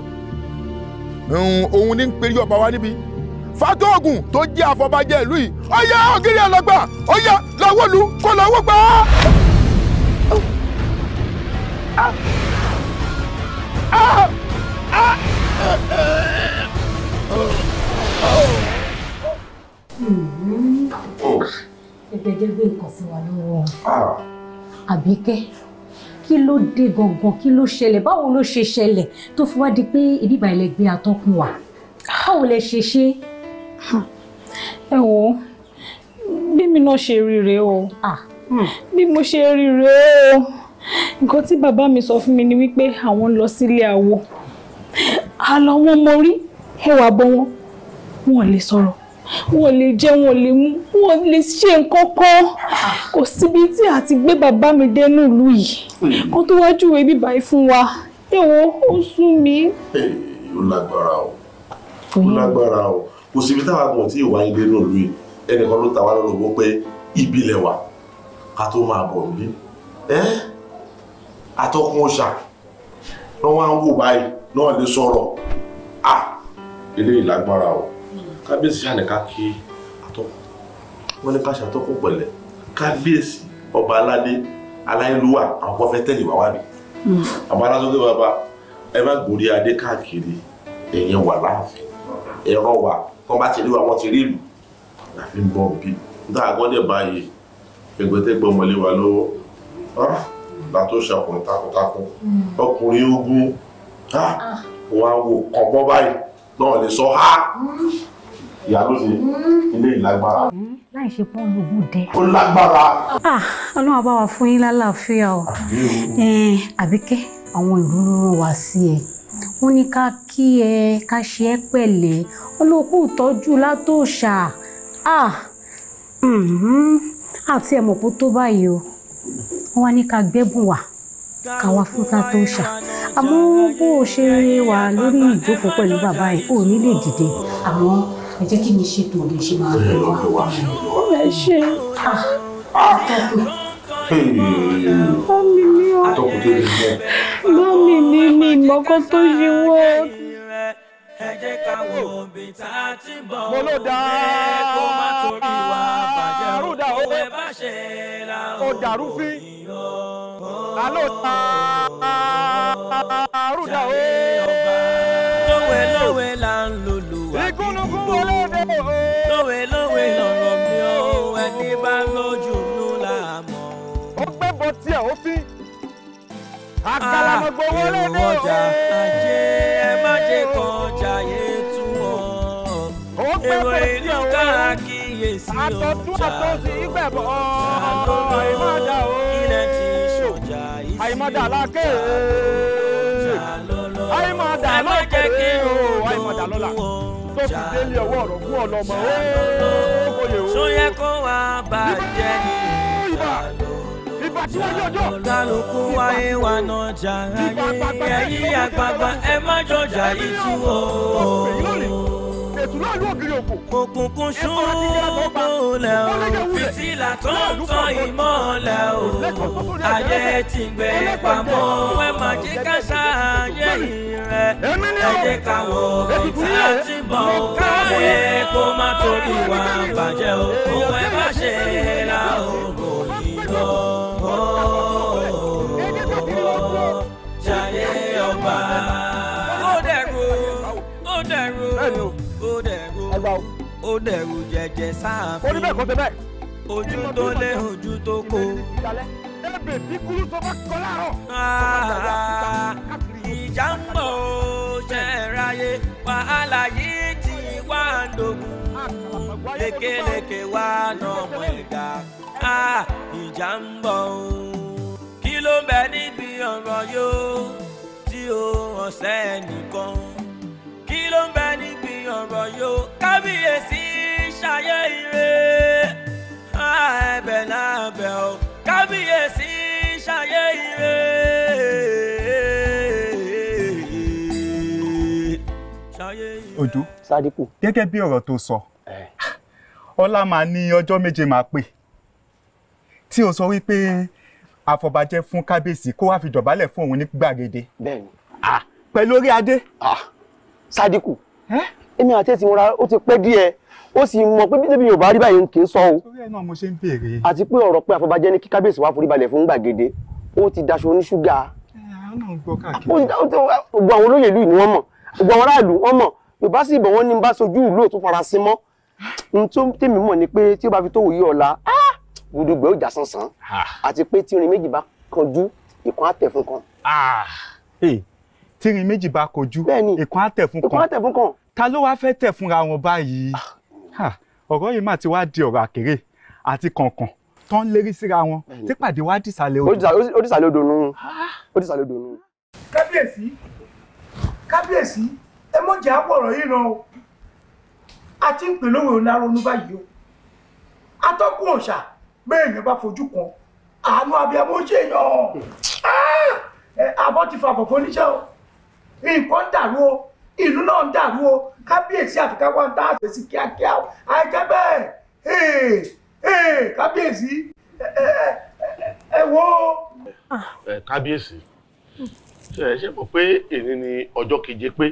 òun ní nperí ọba wa níbi fátọ́ọ̀gùn tó jẹ́ àfọbàjẹ ìlú yìí ọyá ògiri àlàpà ọyá lọ́wọ́ lu kó pa á. Ah! Ah! Ah! ah! ẹgbẹ́ jẹ́ gbé nǹkan sí wa lọ́wọ́ ah. àbíkẹ́ kí ló dé gangan kí ló ṣẹlẹ̀ báwo ló ṣe ṣẹlẹ̀ tó fi wá di pé ìdíbà ilẹ̀ gbé atọ́kùn wá báwo lẹ ṣe ṣe. Hmm. ẹ wo bí mi náà ṣe rí rèé o ah. hmm. bí mo ṣe rí rèé o nǹkan tí bàbá mi sọ fún mi ni wípé àwọn lọ sílé awo àlọ́ wọn mo rí ẹwà bọ́ wọn wọn lè sọ̀rọ̀ wọn lè jẹ wọn lè mú wọn lè ṣe nǹkan kan kò síbi tí a ti gbé bàbá mi dẹnu ìlú yìí hmm. kó tó wájú ìwé bíbá yìí fún wa èwo ó sún mi. ó lágbára o ó lágbára o kò síbi táwa kan tí ìwà yín dẹnu ìlú yìí ẹnìkan ló ta wá lọ́rọ̀ wọ́n pé ibi lẹwà ká tó máa bọ̀ nílé ẹ́ atọ́kùn ọ̀ṣà lọ́wọ́ à ń wò báyìí náà lè sọ̀rọ̀ ah eléyìí lágbára o hmm. kábíyèsí ṣàní ká kí atọ́kùn wọ́n ní ká ṣe atọ́kùn pẹ̀lẹ́ kábíyèsí ọba aládé aláìlúwà àwọn kan fẹ́ tẹ̀lé wá wá bí hmm. àwọn alásọ́dé bàbá ẹ má gòrí adé káàkiri ẹ̀yìn wà láàfin ẹ̀rọ wà kọ́ bá ti rí wa wọ́n ti rí ìlú láfi ń bọ̀ bí nígbà àgọ́dẹ̀ báyìí ẹgbẹ́tẹ́gbẹ́ ọmọlé wa lọ́wọ́ la tó ṣe ọkùnrin takuntakun hmm. ọkùnrin ogun ah. wọ́n á wò kọ́ bọ́ báyìí náà lè sọ ha ìyàló ṣe ilé ìlágbára. láì ṣe pọ́n lóògùn dẹ. ó lágbára. ọlọ́run á bá wa fún yín lálàáfíà o àbíkẹ́ àwọn ìrúnú rán wá sí ẹ wọ́n ní ká kí ẹ ká ṣe ẹ pẹ̀lẹ́ olóòkú ìtọ́jú látòṣà mhm. àti ẹ̀mọ̀pọ̀ tó báyìí o wọ́n wá ní ká gbẹ́bùn wá káwa fúnta tó ń ṣà àmọ́ bó o ṣe wà lórí ìjókòó pẹ̀lú bàbá yìí ò ní lè dìde àmọ́ ẹ jẹ́ kí mi ṣètò òde ṣe máa pè wá. ẹ ṣe ah, àtọkùn. bámi ni ó bámi ni mi ìmọ̀kọ́ tó ṣe wọ́n ẹ jẹ́ ká wo ibi tá ti bọ̀ ọ́ ẹ kó má torí wa bàjẹ́ o ẹ bá ṣe ra o òyìn o àlọ́ ta àrùdà o. lówe lówe là ń lulù wá bí lówe lówe lọ̀rọ̀ mi o ẹni bá lójú nù là mọ̀. ó gbẹ́ bọ́ tí a ó fi àkàlà gbogbo wọlé dé o. èrò ọjà ajé ẹ má jẹ kọjá èrò ìlú káàkiyèsí o ṣàlọ́ ìgbẹ̀bọ̀ àìmọ́dà o ilẹ̀ ti ṣòjà ìsìn àìmọ́dà lákè àìmọ́dà lákè àìmọ́dà lọ́la tó fi délé ọwọ́ ọ̀rọ̀ fún ọlọ́mọ ó kò yẹ o. sóyẹ kó wá bàjẹ́ ni ìbá ìbá tí wọ́n wa náà jà ayé ẹ̀yìn àgbààgbà ẹ má jọjà yìí tú o òkùnkùn ṣubú lẹ̀ o fìtílà tó ń tan ìmọ́lẹ̀ o ayé ti gbé pamọ́ ẹ má jẹ́ ká ṣàyè rẹ̀ ẹ jẹ́ káwọn òbí bọ̀ ọ́ kó má torí wa bàjẹ́ o òun má ṣe é la òògùn yìí lọ. gbà o. ó dẹ̀rù jẹjẹ sáàfin. ó ní bẹ́ẹ̀ kó ṣe ojú tó lé ojú tó kó. ebè bí kúrú tó bá kọ láàárọ̀. Ah, ìjà ń bọ̀ ó ṣe wàhálà yìí ti wá lógun ah, lékeleke wá nọmọ ìgbà ah, ìjà ń bọ̀ ó kí ló ń bẹ níbi ọ̀rọ̀ yóò tí ó hàn sẹ́nìkan kí ló ń bẹ níbi lọ̀rọ̀ yóò kábíyèsí ṣayé ire ẹ̀bẹ̀ náà bẹ̀ kábíyèsí ṣayé ire. ojú sadiku gẹ́gẹ́ bí ọ̀rọ̀ tó sọ ọlá máa ní ọjọ́ méje máa pè tí o sọ wípé àfọ̀bàjẹ́ fún kábíyèsí kó wá fi dọ̀bálẹ̀ fún òun ní gbàgede ah, pẹ̀lú orí adé ah, sadiku èmi àti ẹ̀sìn mọ́ra ó ti pẹ́ díẹ̀ ó sì mọ̀ pé bíbí mi bá rí báyìí kì í sọ o. torí ẹ náà mo ṣe ń béèrè. àti pé ọ̀rọ̀ pé àfọbàjẹ́ ní kí kábíyèsí wàá foríbalẹ̀ fún gbàgede ó ti daṣọ oníṣúgà. gbogbo àwọn olóyè ìlú ni wọ́n mọ̀ gbogbo àwọn aráàlú wọ́n mọ̀ yorùbá sì bọ̀ wọ́n ní bá sojú ìlú òtún farasin mọ́ n tó tèmi mọ̀ ni pé tí ó bá fi tó wòye ọ̀la gbùdùgbẹ́ ò já sánsan àti pé tí irin méjì bá kanjú ìkan àtẹ̀ fún kan. Ah. tírin méjì bá kojú ìkan àtẹ̀ fún kan ta ló wá fẹ́ tẹ̀ fúnra wọn báyìí ah. ọ̀rọ̀ yìí mà ti wá di ọ̀rọ̀ àkèrè àti kọ̀ọ̀kan tó ń lérí síra wọn tí pàdé wá dìsàlẹ̀ odò. ó dìsàlẹ̀ odò nù ah. ó dìsàlẹ̀ odò nù. kábíyèsí kábíyèsí ẹ mọ̀jà àpọ̀rọ̀ yìí ràn o a ti ń pè lóore ọ̀la báyìí o atọ́kùn òòṣà béèyàn bá fojú kan àánú abiyamọ ṣèyàn àbọ̀ hmm. ah! ti fàbọ̀ fún o nǹkan dàrú o ìlú náà ń dàrú o kábíyèsí àfikà wà ń dáàbò sí kíákíá o àìjẹ́ bẹ́ẹ̀ kábíyèsí ẹ wo. Ah. kábíyèsí ṣe mọ̀ pé èyí ni ọjọ́ keje pé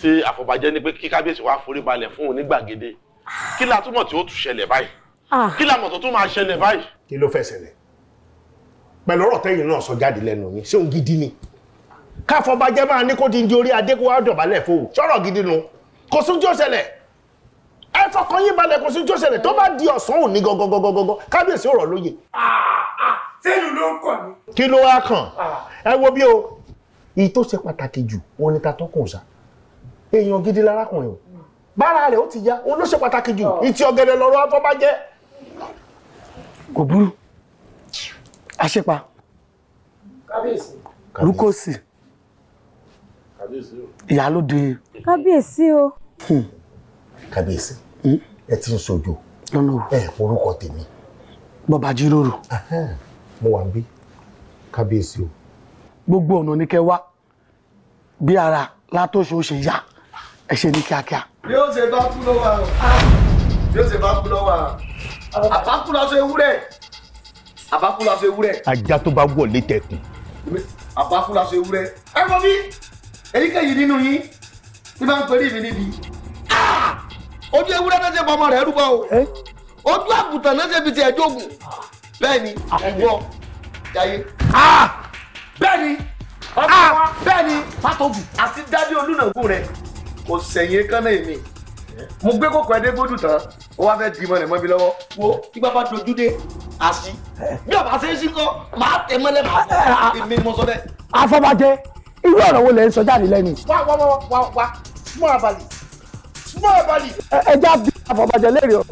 tí àfọ̀bàjẹ́ ni pé kí kábíyèsí wàá forí balẹ̀ fún onígbàgede kí la túmọ̀ tí ó tún ṣẹlẹ̀ báyìí ah. kí la mọ̀ tó tún máa ṣẹlẹ̀ báyìí. kí ló fẹ́ ṣẹlẹ̀ pẹ̀lú ọ̀rọ̀ tẹ́yìn náà sọ jáde lẹ́nu yín ṣé òun gidi ni káfọbajẹ máa ní kó ti di orí adé kó wá dọ̀bálẹ̀ fò sọ̀rọ̀ gidi nu kò sún tí ó ṣẹlẹ̀ ẹ fọkàn yín balẹ̀ kò sún tí ó ṣẹlẹ̀ tó bá di ọ̀sán òní gọgọgọgọgọ kábíyèsí ọ̀rọ̀ lóye. sẹ́yìn ló ń kọ̀ ni. kí ló wá kàn ẹ wo bí o èyí tó ṣe pàtàkì jù òun ni ta tọkùn sá èèyàn gidi lárákùnrin o bára rẹ̀ ó ti ya òun ló ṣe pàtàkì jù ìtì ọ̀gẹ̀dẹ̀ lọ́rọ̀ afọbajẹ. kò burú àṣepa rúkọ̀sì ìyálóde. kábíyèsí o. kábíyèsí hmm. Hmm. ẹ ti ń sojo ẹ orúkọ tèmi. bọ́ba jíròrò. mo wà ń bí kábíyèsí o. gbogbo ọ̀nà ni kẹ́ wá bí ara látòṣe ó ṣe yá ẹ ṣe ní kíákíá. bí ó ṣe bá kú lọ́wọ́ àrùn bí ó ṣe bá kú lọ́wọ́ àrùn àbákúlọ́sọ ewúrẹ́ àbákúlọ́sọ ewúrẹ́. ajá tó bá wọlé tẹkùn. àbákúlọ́sọ ewúrẹ́. ẹ mọ bí èyíkéyìí nínú yín tí bá ń pèrè mi níbi. ojú ewúrẹ́ náà ṣe fọmọ rẹ̀ rúbọ o ojú àgùntàn náà ṣe fi ti ẹjọ́ ògùn bẹ́ẹ̀ ni ẹ̀wọ́ jayé. Ah! Ah! bẹ́ẹ̀ ni ah! bẹ́ẹ̀ ni pátọ́gù àti dádé olùnàgún rẹ̀ kò sẹ̀yìn kánná èmi mo gbé kókó ẹdẹgbódù tán ó wá fẹ́ di mọ́lẹ̀ mọ́ mi lọ́wọ́ wo ìgbà bá dojú dé àṣì bí ọba ṣe é ṣí kọ́ máa tẹ̀ mọ́lẹ̀ máa tẹ̀ èmi ni afọbajẹ irú ọ̀rọ̀ wo lẹ ń sọ jáde lẹ́nu. wá wá wá wá wá súnmọ́ abalì súnmọ́ abalì. ẹ já bí àfọ̀bàjẹ́ léèrè o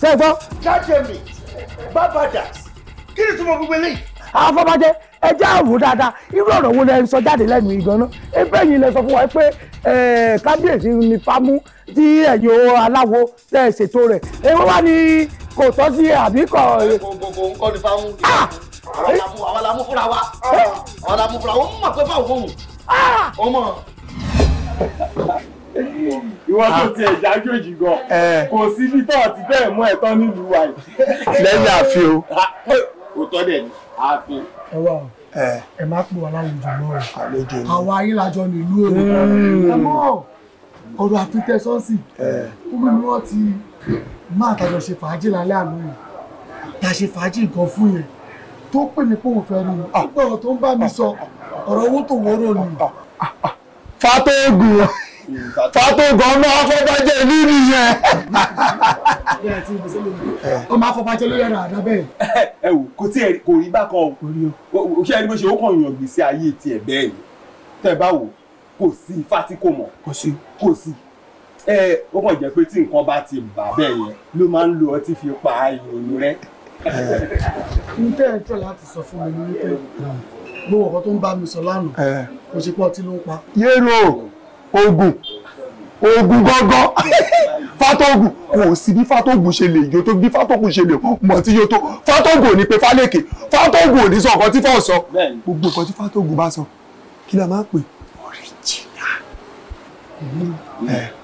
ṣe gbọ́. jáde mi bábàdà kí ni túmọ̀ gbogbo eléyìí. àfọ̀bàjẹ́ ẹ já àwò dáadáa irú ọ̀rọ̀ wo lẹ ń sọ jáde lẹ́nu ìgànnà ẹgbẹ́ yìí lẹ sọ fún wa pé kábíyèsí ni fámú tí ẹ̀yìn aláwo tẹ̀ ṣètò rẹ̀ èwo wá ní kò tọ́ sí àbí kò. gbogbo nǹkan ni fámú. àwọn làmú fúnra wa àwọn làmú fúnra wa ó mọ̀ pé báwo fóun ọmọ ìwọ tó ti ẹja jòjì gan kò sí bí tọ́ ti bẹ́ẹ̀ mú ẹ̀tọ́ nílùú wa yìí. lẹ́yìn àfi o. o tọ́ dẹ̀ ni àfi. ẹ wá o ẹ má pè wá láwùjọ náà o àwọn ayélujájọ nílùú òun mm. ẹ mọ ọ̀rọ̀ àfitẹsọsì kúrú ni wọn ti máa tàjọ ṣe fàájì lálẹ́ àná yìí tá a ṣe fàájì gan fún yẹn tó pè mí pé òun fẹ́ rí mi ó gbọ́dọ̀ tó ń bá mi sọ ọ̀rọ̀ owó tó wóró ni. fatóògùn fatóògùn ọmọ afọbajẹ nínú yẹn. ọmọ afọbajẹ ló yára àdá bẹ́ẹ̀. kò tí ẹ kò rí bákan o ṣé ẹni bó ṣe ó kàn yàn gbèsè ayé tiẹ̀ bẹ́ẹ̀ ni tẹ́ bá wò kò sí ifá tí kò mọ̀ kò sí kò sí ẹ ó kàn jẹ́ pé tí nǹkan bá ti bà bẹ́ẹ̀ yẹn ló máa ń lo ọtí fi pa ìrònú rẹ. n tẹ́ ẹ tọ́ láti sọ fún mi ní pé gbogbo nǹkan tó ń bá mi sọ lánàá kò tí ló ń pa. yéèrò ogun ogun gángan fatogun kò sí bí fatogun ṣe lè yó tó bí fatogun ṣe lè mọ̀ tí yó tó fatogun ò ní pe fálèkè fatogun ò ní sọ nǹkan tí fọ́ sọ gbogbo nǹkan tí fatogun bá sọ kí la máa pè original.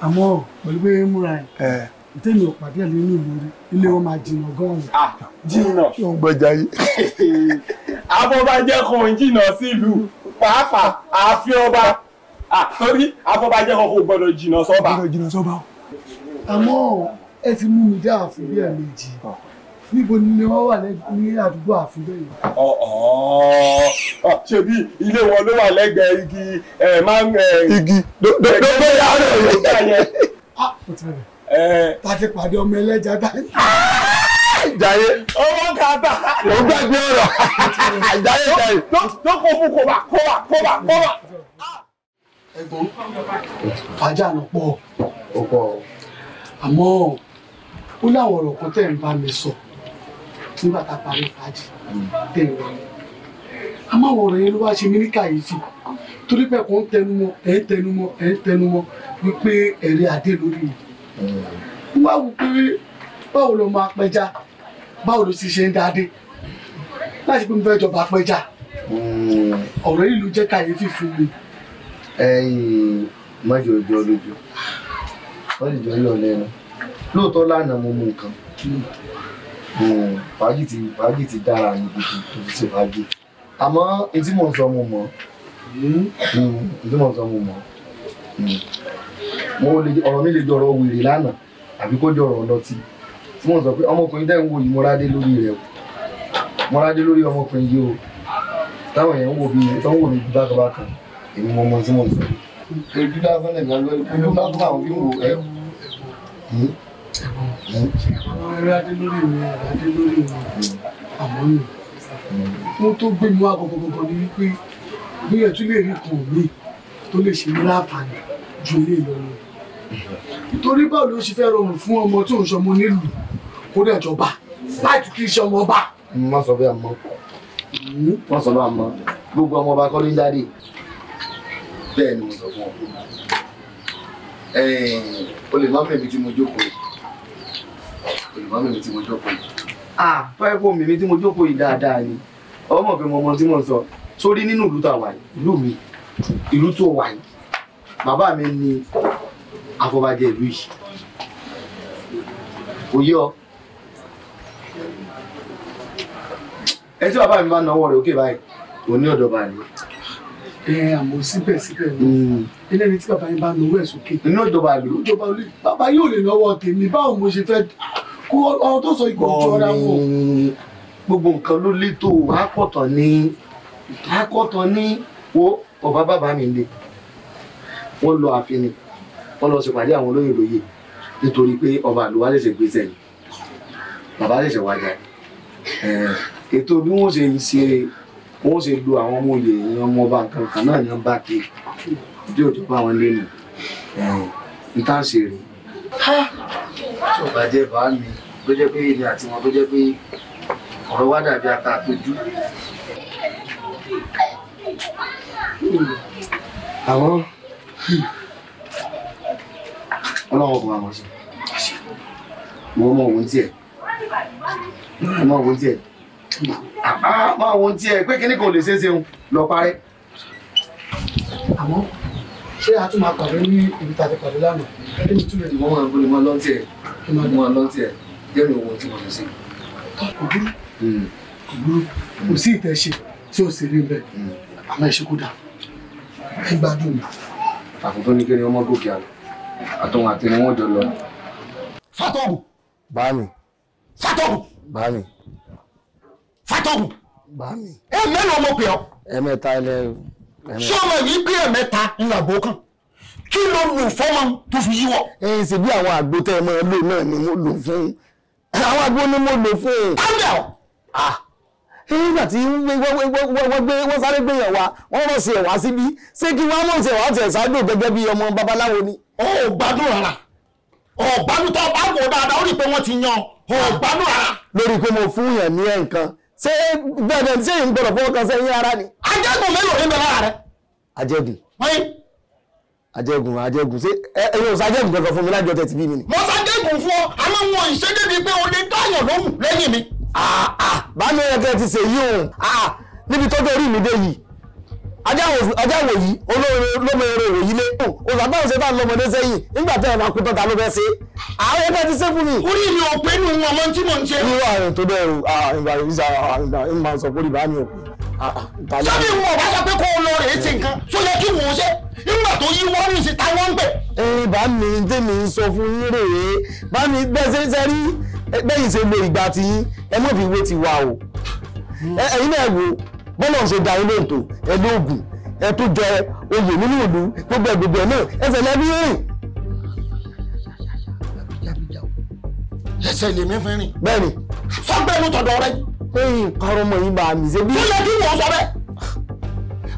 àmọ́ pẹ̀lú pé múra ẹ̀ tẹ́mi ò pàdé ẹ̀ nínú ìlú rí ilé wọn máa jìnnà gan-an. jìnnà. yóò gbọ́jà yìí. afọbajẹ kan jìnnà sílùú pàápàá àfi ọba torí afọbajẹ kan kò gbọ́dọ̀ jìnnà sọ́ba. gbọ́dọ̀ jìnnà sọ́ba o. àmọ́ ẹ ti mú mi dá àfin bí ẹ̀ méjì níbo ni wọ́n wà ní àdúgbò àfúgbẹ́yìn. ṣebí ilé wọn ló wà lẹ́gbẹ̀ẹ́ igi máa ń. igi ló gbé yàrá rẹ̀ yẹn láti pàdé ọmọ ẹlẹ́ja báyìí. Jaiye. Ọmọ kàtà. Mo gbàgbé ọ̀rọ̀. Jaiye Jaiye. Tó kó fún kó bá kó bá kó bá kó bá. Ẹ̀gbọ́n, ajá ló pọ̀. Ó pọ̀. Àmọ́ ó láwọn ọ̀rọ̀ kan tẹ̀ ń bá mi sọ nígbà tá a parí fàájì tẹ̀ ń wọlé. Àmọ́ àwọn ọ̀rọ̀ yẹn ló wá ṣe mí ní kàyéfì torí pé kò ń tẹnu mọ́ ẹ̀ ń tẹnu mọ́ ẹ̀ ń tẹnu mọ́ wípé ẹ̀rí adé lórí mi wá wù pé báwo ló máa pẹja báwo ló sì ṣe ń dáadé láti pé mo fẹ́ jọba pẹja hmm. ọ̀rọ̀ yìí ló jẹ́ kàyéfì fún mi. ẹyin mọ́jọ ọjọ́ lójú wọ́n lè jọ ń lọ lẹ́nu lóòótọ́ lánàá mo mú nǹkan hmm, fàájì ti fàájì ti dára ní gbogbo tó fi ṣe fàájì àmọ́ etí mò ń sọ mo mọ̀ etí hmm. mò ń sọ mo mọ̀ mo lè ọ̀rọ̀ mi lè jọ̀rọ̀ wèrè lánàá àbí kó jọ̀rọ̀ ọlọ́tí tí wọ́n sọ pé ọmọkùnrin dẹ́ ń wo yìí mọ́rádé lórí rẹ̀ o mọ́rádé lórí ọmọkùnrin yìí o táwọn èèyàn ń wò bí tó ń wò mí bákan bákan èmi mo mọ tí mo sọ. ojú lásán lè gbàgbọ́ ojú lásán làwọn fi ń wo ẹ. mọ́rádé lórí mi mọ́rádé lórí mi àmọ́ mi mo tó gbé mi wá gọ́gọ́gọ́gọ́ ni wípé bí ẹ̀ tún lè rí kan mi tó lè ṣe mí láǹfààní ju ilé ìlọrin nítorí báwo ló ṣe fẹ́ rọrùn fún ọmọ tó ń ṣọmọ nílùú kó dẹ̀ jọba láti kí iṣẹ́ ọmọ ọba. má sọ bẹ́ẹ̀ mọ́ hmm? má sọ bẹ́ẹ̀ mọ́ gbogbo ọmọ ọba kọ́ ló ń jáde bẹ́ẹ̀ ni mo sọ fún ọ. o lè má mẹ́mi tí mo jókòó o lè má mẹ́mi tí mo jókòó. ah pẹ́ẹ́pọ̀ mímí tí mo jókòó yìí dáadáa ni ọmọ pé mo mọ tí mo sọ sórí nínú ìlú tá a wà yìí ìlú mi ìlú tó wà yìí bàbá mi ni afọbajẹ ìlú yìí òye ọ ẹ tí bàbá mi bá náwó rẹ òkè báyìí òun ní ọ̀dọ̀ báyìí. ẹ àmọ́ síbẹ̀síbẹ̀ ẹlẹ́ni hmm. tí bàbá yẹn bá náwó ẹ̀ sókè. inú ọ̀dọ̀ báyìí. inú ọ̀dọ̀ báyìí bàbá yóò lè lọ́wọ́ tèmi báwo mo ṣe fẹ́ kó ọ tó sọ ìgbọ̀ jọra wọn. gbogbo nǹkan ló létò àkọ́tọ̀ ní àkọ́tọ̀ ní wo ọba bàbá mi lè wọ́n lọ ààfin ni wọ́n lọ ṣèpàdé àwọn olóyè lóyè nítorí pé ọba àlùwá lè ṣe gbèsè ni bàbá lè ṣe wájà ètò bí wọ́n ṣe ṣe wọ́n ṣe lo àwọn ọmọ òye ìran ọmọ ọba nǹkan kan náà ni wọ́n bá ké ìdí òjò bá wọn lé nù n tá ṣe rè. tí ò bá jẹ́ bàá mi tó jẹ́ pé èmi àti wọn tó jẹ́ pé ọ̀rọ̀ wá dàbí ata àpéjú àwọn ọlọ́wọ́ ọkùnrin àmọ́ sí mo mọ òun tiẹ̀ mo mọ òun tiẹ̀ máa wo tiẹ̀ pé kíní kan lè ṣe é ṣeun lọ parẹ́. àmọ́ ṣé a tún máa pàdé ní ibi tá a ti pàdé lánàá kí ni túlẹ̀ ni wọ́n máa gbọ́dọ̀ máa lọ tiẹ̀ kí máa gbọ́dọ̀ máa lọ tiẹ̀ jẹ́rìí owó tí mo lọ sí. kò burú hmm. kò burú kò sí ìtẹ̀ ṣe tí ó sì rí bẹ́ẹ̀ hmm. àmọ́ ẹ̀ ṣe kó dà ẹ gbádùn mi àfi tó ní kí ni ọmọ gòkè àná àtọ̀hún àti ni wọ́n jọ lọ. fatọ́hùn. báàmì. fatọ́hùn. báàmì. fatọ́hùn. báàmì. ẹ mélòó mo pè ọ́. ẹ̀mẹ́ta ilé. ṣé ọmọ yìí bí ẹ̀mẹ́ta ńlá bó kàn kí ló lò fọ́mọ tó fi yíwọ́. ẹ ẹ ṣe bí àwọn àgbo tẹ ẹ máa lò náà ni mo lò fún àwọn àgbo ni mo lò fún. calm ah! down nígbà tí wọ́n sáré gbé yẹ̀wà wọ́n rọ̀ sí ẹ̀wà síbí ṣé kí wọ́n mọ̀ sí ẹ̀wà tẹ̀ ṣáájú gẹ́gẹ́ bí ọmọ babaláwo ni. ó gbádùn rárá ọ̀gbádùn tó bá wò dáadáa ó rí i pé wọ́n ti yan ọ̀gbádùn rárá. lórí pé mo fún yẹn ní nǹkan ṣé gbẹ̀dẹ̀ ṣé ń gbọ́dọ̀ fọwọ́ kan sẹ́yìn ara ni. ajẹ́gùn mélòó ní bẹ̀rẹ̀ rẹ. ajẹ́gùn. wọ́n ajẹ́gùn ajẹ́gùn ṣé ẹ̀yin ò ṣàjẹ́gùn kankan fún mi lájọ tẹ̀ tì bí mi ni. mo ṣàjẹ́gùn fún ọ àmọ́ wọn ìṣẹ́jẹ́ bíi pé o lè dáyọ̀ lóhùn lẹ́yìn mi. Ah, ah, bá mi rẹ̀ kẹ́ ti ṣe yí ah, níbi tọ́jú orí mi dé yìí ajá wòyí olómìnira òwòyí lé òṣàbá oh, òṣè bá lọmọdé sẹ́yìn nígbà tẹ́ ẹ̀ máa kú tọ́ta ti ṣe fún mi. orí mi ò pé nù ọmọ tí mò ń ṣe. irú àrùn tó bẹ́ẹ̀ ìgbà sọ mi ò sábì sọ pé kó o lọ ṣe nǹkan tó yẹ kí wọ́n ṣe nígbà tó yí bẹ́yìn ṣe lo ìgbà tí yín ẹ mọ̀ fi wé ti wa o ẹ̀yin náà wo bọ́lá ń ṣe da ilé ètò ẹ lóògùn ẹ tó jẹ oyè nínú ìlú gbogbo ẹgbẹgbẹ náà ẹsẹ̀ lẹ́bí rìn. ẹsẹ̀ lèmi fi rìn. bẹ́ẹ̀ni. sọ́gbẹ́ mi tọ̀dọ̀ rẹ. ẹyìn parọ́ mọ yín bá mi ṣe bí. tó yẹ kí wọ́n sọ bẹ́ẹ̀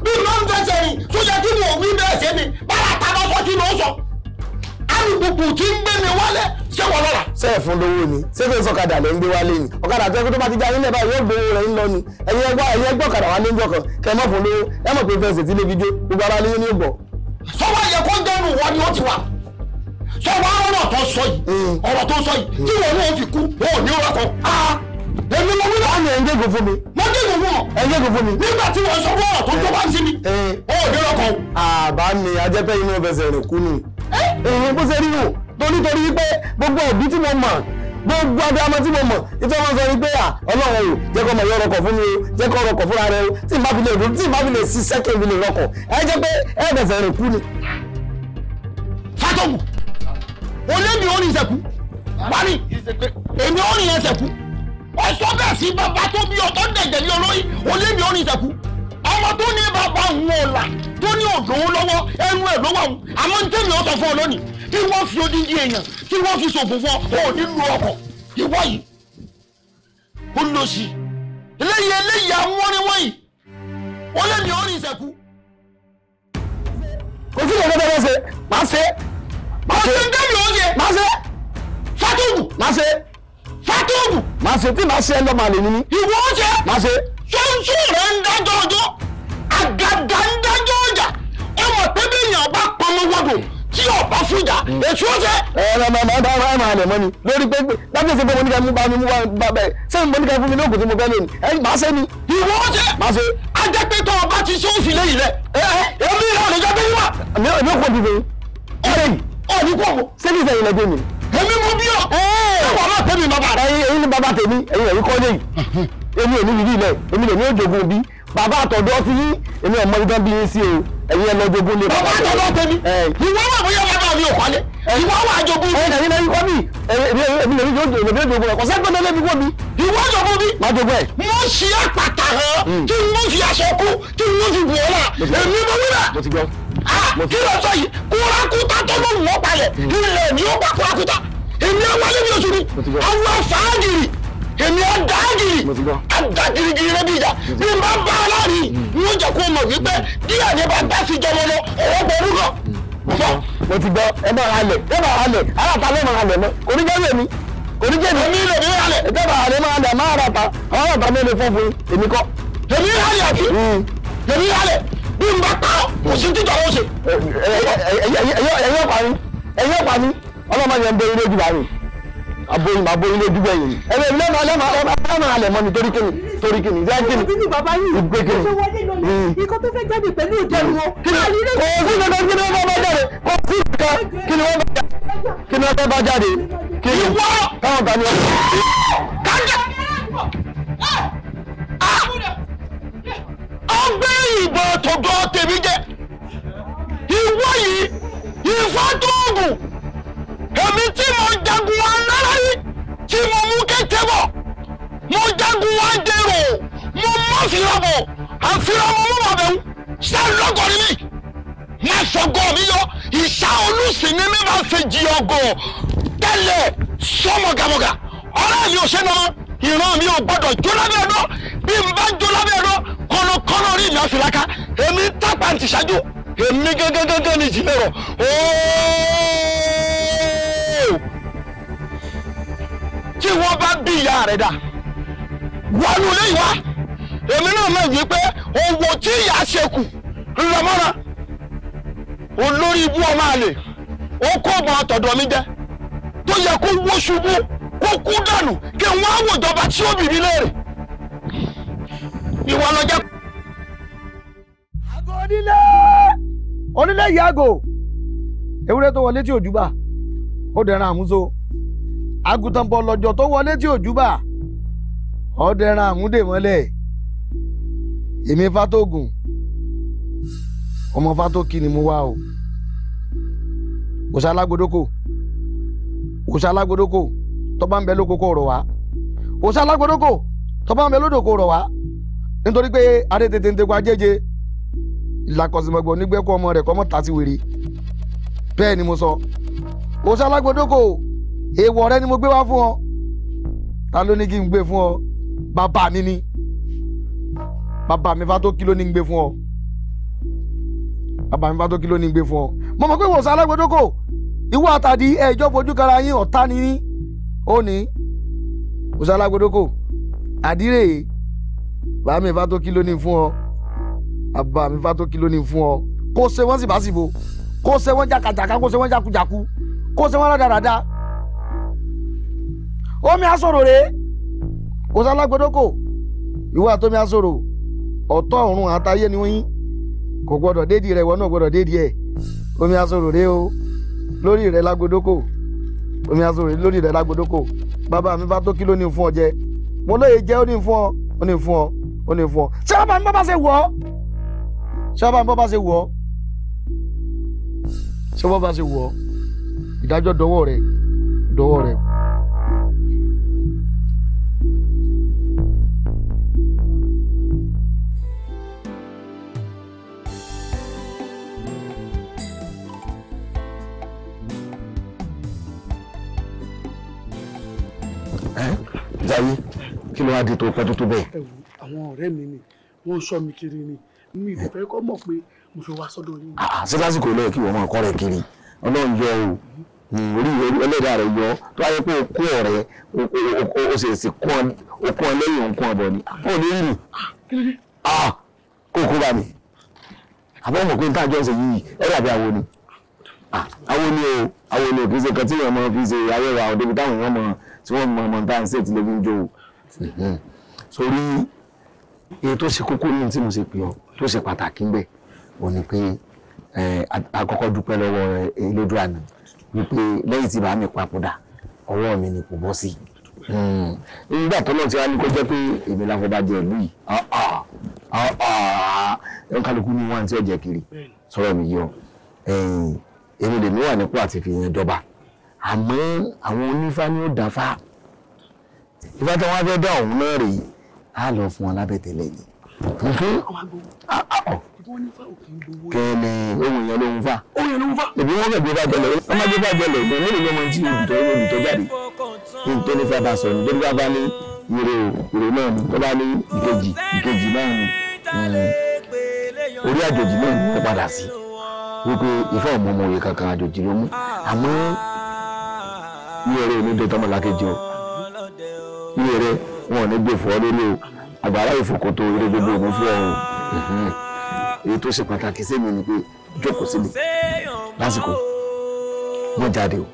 bí mo ń fẹsẹ̀ rìn tó yẹ kí wọ́n wí bẹ́ẹ̀ ṣe mi a ta lọ́sọ̀ kí ló sọ. alùpùpù tí ń gbé mi wálé ṣé wọn lọ́la. sẹ́ẹ̀ fún lówó ni ṣébí ń sọ̀kadà lẹ́ ń gbé wálé ni ọ̀kadà tó ẹkú tó bá ti já nílẹ̀ báyìí yóò gbowó rẹ̀ ń lọ ni ẹ̀yin ẹgbọ́ ẹ̀yin ẹgbọ́ ọ̀kadà wà ní ìjọkan kẹ́ mọ̀ fún lówó ẹ mọ̀ pé fẹsẹ̀ sílé fídíò gbogbo ara lé ní ìgbọ̀. sọ́wọ́ yẹ kó dẹnu wọn ni ó ti wà sọ́wọ́ ọ̀rọ̀ tó sọ yìí hmm. ọ̀rọ̀ tó sọ yìí tí wọn náà fi kú wọn ò ní ọ̀rọ̀ kan. èmi ló wúlò àná ẹ̀ ń gégùn fún mi. mo gégùn fún ọ. ẹ̀ ń gégùn fún mi. nígbà tí wọ́n sọ wọ́ọ̀rọ̀ tó tó bá ń sí mi. ó eh. kan. àbá ah, mi ajẹ́pẹ́ inú ọbẹ̀ sẹ̀rẹ̀ kú nù. èyí eh? eh, bó ṣe rí wò tó nítorí wípé gbogbo ẹbí tí mo mọ̀ gbogbo abiyamọ tí mo mọ̀ ìtọ́ wọn sọ wípé à ọlọ́run o jẹ́ kọ́ ọmọ yẹn rọkọ̀ fún mi o jẹ́ kọ́ rọkọ̀ fúnra rẹ o tí n bá fi lè dúró tí n bá fi lè sí sẹ́kẹ̀ mi lè rọkọ̀ ẹ jẹ́ pé ẹ bẹ̀fẹ̀ rẹ̀ kú ni. fatomu olóbi ò ní ìsẹ̀kú wani èmi ò ní ìsẹ̀kú ọ̀sọ́ bẹ́ẹ̀ sí bàbá tó bí ọ̀tọ́ dẹ̀jẹ̀ ní olóyìn olóbi ò ní ìsẹ̀kú ọmọ tó ní bàbá òun ọ̀la tó ní òdòwó lọ́wọ́ ẹnu ẹ̀ lọ́wọ́ àwọn àmọ́ ní tẹ́mi ọ̀sọ̀ fún ọ lónìí tí wọ́n fi odindi èèyàn tí wọ́n fi ṣòfò fún ọ ò ní lu ọkọ̀ ìwọ yìí ó lọ sí i eléyìí eléyìí amúnrinwọ̀nyí ó lé ní orin ìsẹ̀kú. kò sí ìyẹn bẹ́ẹ̀ ṣe máa ṣe. ọ̀sẹ̀ ń dẹ́bi oúnjẹ. máa ṣe. fatugu. máa ṣe. fatugu. máa ṣe tí máa ṣe ẹ lọ́mọ àlè nínú. ìwọ oúnjẹ. máa ṣe. sọ́nsù rẹ̀ ń dájọ́ ọjọ́ àgàdà ń dájọ́ ọjà ọmọ tẹ́bí èèyàn bá pọnmọ́ wọ́dọ̀ tí yóò bá fújà èsì ó ṣe. ẹ ẹ máa máa bá máa máa lẹ̀ mọ́ ni lórí pé dábìlì ṣe pé mo ní ká mú bá mi mú bá bẹ́ẹ̀ ṣé mo ní ká fún mi ní oògùn mo fẹ́ lónìí ẹ máa ṣe ni. ìwọ ó máa ṣe. a jẹ́ pé tọ́ ọba ti ṣe òfin lẹ́yìn rẹ̀ èmi ìlà òníjọ́ bí wà. mi ò ní kò dìbò ọ̀rẹ́ yìí ọ̀ní kò wò. ṣé ní ìsẹ̀yìn lẹ́gbẹ̀ẹ́ mi. èmi mo bí ọ. bàbá bàbá àtọ̀dọ̀ ti yín èmi ọmọ idán bí yín sí o ẹ̀yin ẹ lọ jogún lé. bàbá àtọ̀dọ̀ tèmi ìwọ wà bóyá wà náà mi ò kọ́lé ìwọ wà jogún mi. ẹ̀yin lẹ́yìn kọ́ mi èmi lèmi jogún rẹ̀ kọ́sẹ́ gbọ́dọ̀ lẹ́mi kọ́ mi. ìwọ jogún mi. má jogún ẹ̀. mo ṣí àpàtà hàn tí mo fi aṣọ kú tí mo fi bù ọ́ la èmi mo wí rà. mo ti gbọ́. kí ló sọ yìí kúrakúta tó mọ̀ wọ́n palẹ̀ ilẹ̀ ni ó gbà kúrakúta èmi àwọn alẹ́ mi ò sùn ni àwọn fàájì èmi ọ̀dà àgìrì àdà gírígírí rẹ ìjà bí n bá bá a láàrin ni ó jẹ́ kó mọ̀ wípé díẹ̀ ní bá bá sí jọmọ lọ ọwọ́ gbọ́dún náà. mo ti gbọ́ ẹ bá ra lẹ̀ ẹ bá ra lẹ̀ aláta ló máa lẹ̀ mọ́ kò ní jẹ́ wèmí kò ní jẹ́ wèmí lè ní ra lẹ̀. ẹ bá ra lẹ̀ máa lẹ̀ máa ra ta àwọn ọ̀tá mi lè fọ́ fún èmi kọ́. èmi ra lẹ̀ àti èmi ra lẹ̀ bí n bá pa kò sí títọ́ ó ṣe. ẹ̀yọ́ pa ni ọlọ́mọ yẹn ń bẹ ilé jù aboyin aboyin lójú bẹ́ẹ̀ yìí ẹ̀rọ ìlú ẹ̀ma ẹ̀ma ẹ̀ma ẹ̀ma alẹ̀ mọ́ mi torí kíni torí kíni ìyá kíni ìgbé kíni ìgbé kíni. ikọ̀ tó fẹ́ jáde pẹ̀lú ìjẹun o. kí ni hmm. kò sí kankan kí ni wọ́n bá jáde kò sí kankan kí ni wọ́n bá jáde kí ni wọ́n bá jáde kí ni káwọn kan ní wọn. kájà ah! ah! ah! ọgbẹ́ ìbọn tó gbọ́ tèmi jẹ ìwọ yìí ìfọ́tò oògùn èmi tí mo jagun wa náírà rí tí mo mú kété bọ̀ mo jagun wa dèrò mo mọ̀ fìlàbọ̀ àfìlàbọ̀ mo mọ̀ bẹ̀rù ṣé lọ́gọ̀ ni mí má sọ̀gọ̀ mi yọ ìṣá olùsìn ni mi máa fi jí ọgọ̀ tẹ́lẹ̀ sọ́mọ̀gàmọ̀gà ọ̀rẹ́ mi ò ṣe náà ìran mi ò gbọ́dọ̀ jó lábẹ́ ẹ̀rọ bí n bá jó lábẹ́ kọ́nọ́kọ́nọ́ rí ìyá fìlàkà èmi tápà ń tìṣájú èmi gẹ́gẹ́gẹ́gẹ́ ni ìjìnlẹ̀ rọ̀ ooo. tí wọ́n bá bí ìyá rẹ̀ dà wọnú ilé ìwá èmi náà mọ̀ wípé owó tí ìyá ṣe kù ńlọmọ́ra olórí ibú ọmọ àlè ó kó ọmọ ọ̀tọ̀dọ̀ mi jẹ tó yẹ kó wó ṣubú kó kú dànù kí wọ́n á wòjọba tí ó bì mí léèrè ìwọ lọ jẹ́. àgọ́ onílé onílé yàgò ewúrẹ́ tó wọlé tí ò jù bá ó dẹ̀ran àmúso. àgùntàn bọ̀ lọ́jọ́ tó wọlé tí òjú bà ọdẹ èmi ọmọ fatókì ni mo wá o òsà alágbódókò òsà alágbódókò tó ń bẹ lóko wá ń bẹ lódò wá nítorí pé adé ajéje ìlàkọ̀sìmọ̀gbọ̀n ọmọ rẹ kọ́mọ́ tà èèwọ̀ rẹ ni mo gbé wá fún ọ ta ló ní kí n gbé fún ọ bàbá mi ni bàbá mi Fátókí ló ní gbé fún ọ bàbá mi Fátókí ló ní gbé fún ọ mo mọ̀ pé wòsàn alágbèdókò ìwọ àtàdí ẹjọ́ fojú kara yín ọ̀tá ni yín ó ní wòsàn alágbèdókò àdírè bàbá mi Fátókí ló ní fún ọ bàbá mi Fátókí ló ní fún ọ kó ṣe wọ́n sì bá sì bo kó ṣe wọ́n jákàjàká kó ṣe wọ́n jákujàku kó ṣe wọ́n rádaràda omi asòrò rèé kò sá Iwa to mi asoro. Oto ọ̀run ataye ni wọ́n yín kò gbọ́dọ̀ dédìí rẹ̀ ìwọ náà gbọ́dọ̀ dédìí ẹ̀ omi asòrò re o lórí rẹ̀ lágbèdókò omi asòrò rèé lórí rẹ̀ Baba mi bá tó kí ló ní fún ọ jẹ mo lóye jẹ ó ní fún ọ ó ní fún ọ ó ní fún ọ ṣé bàbá mi bọ́ bá ṣe wọ̀ ọ́ mi bọ́ bá ṣe wọ̀ ọ́ ṣé bàbá mi bọ́ bá ṣe wọ̀ ọ́ ìdájọ́ jayé kí ló wá di tó pẹ́ tó tó bẹ́ẹ̀. ẹ wo àwọn ọ̀rẹ́ mi ni wọ́n sọ mi kiri ni mi ò fẹ́ kọ́ mọ̀ pé mo fi wá sọ́dọ̀ yín. Ah, ah, ṣé lásìkò lọ́yẹ̀ kí wọ́n máa kọ́ rẹ̀ kiri ọlọ́run yọ o hmm, orí ìwé ẹlẹ́dàá rẹ̀ yọ tó wáyé pé o kú ọ̀rẹ́ o sì sì kún ọ lẹ́yìn òun kún ọ bọ̀ ni ó ní rìn kó kó bá mi àbọ̀ mọ̀ pé n táàjọ́ ṣe yìí ẹ̀rọ àbí àwọn ni àwọn ah, ni o àwọn ni o kì í ṣe kan tí èèyàn máa fi ṣe ayẹ̀wò àwọn débi táwọn èèyàn máa tí wọ́n mọ ọmọ táwọn ṣe ti lè fi ń jó o. Mhm. sórí èyí tó ṣe kókó ní tí mo ṣe pè ọ́ tó ṣe pàtàkì ń bẹ̀ ò ní pé àkọ́kọ́ dúpẹ́ lọ́wọ́ Elédùà mi wípé lẹ́yìn tí bàá mi papòdà ọwọ́ mi ni kò bọ́ sí mhm. nígbà tó náà ti wá ní kó jẹ́ pé èmi láfọbàjẹ́ ìlú yìí ah, ah, ah, ẹ̀rọ kálukú ní wọn àti ọ̀jẹ̀ kiri sọ̀rọ̀ mi yọ èmi lèmi wà nípò àti fi yẹn dọ́ba àmọ́ àwọn onífá ni ó dáfá ìfá tí wọ́n fẹ́ dá òun náà rèé á lọ fún wọn lábẹ́tẹ̀lẹ̀ yìí. kẹ́ni ohun èèyàn ló ń fà. ohun èèyàn ló ń fà. èmi wọ́n fẹ́ gbé bá jẹlẹ̀ wọ́n máa gbé bá jẹlẹ̀ ìgbọ̀n mélòó ló máa ń tí olùtọ́ olùtọ́ jáde kí n tó ní fẹ́ bá sọ ní débi bá ní ire ire náà ni tó bá ní ìkejì ìkejì náà ni orí àjòjì náà ni wọ́n padà sí wípé ìfẹ́ ọ̀mọ́mọ́ òye kankan àjòjì ló mú àmọ́ ilé rẹ ní dẹtọmọ làkejì o ilé rẹ wọn ò ní gbé fọ lórí o àgbàrá ìfòkòtò eré gbogbo ògùn fún ọ o èyí tó ṣe pàtàkì sẹ́mi ni pé jókòó síbi lásìkò wọ́n jáde o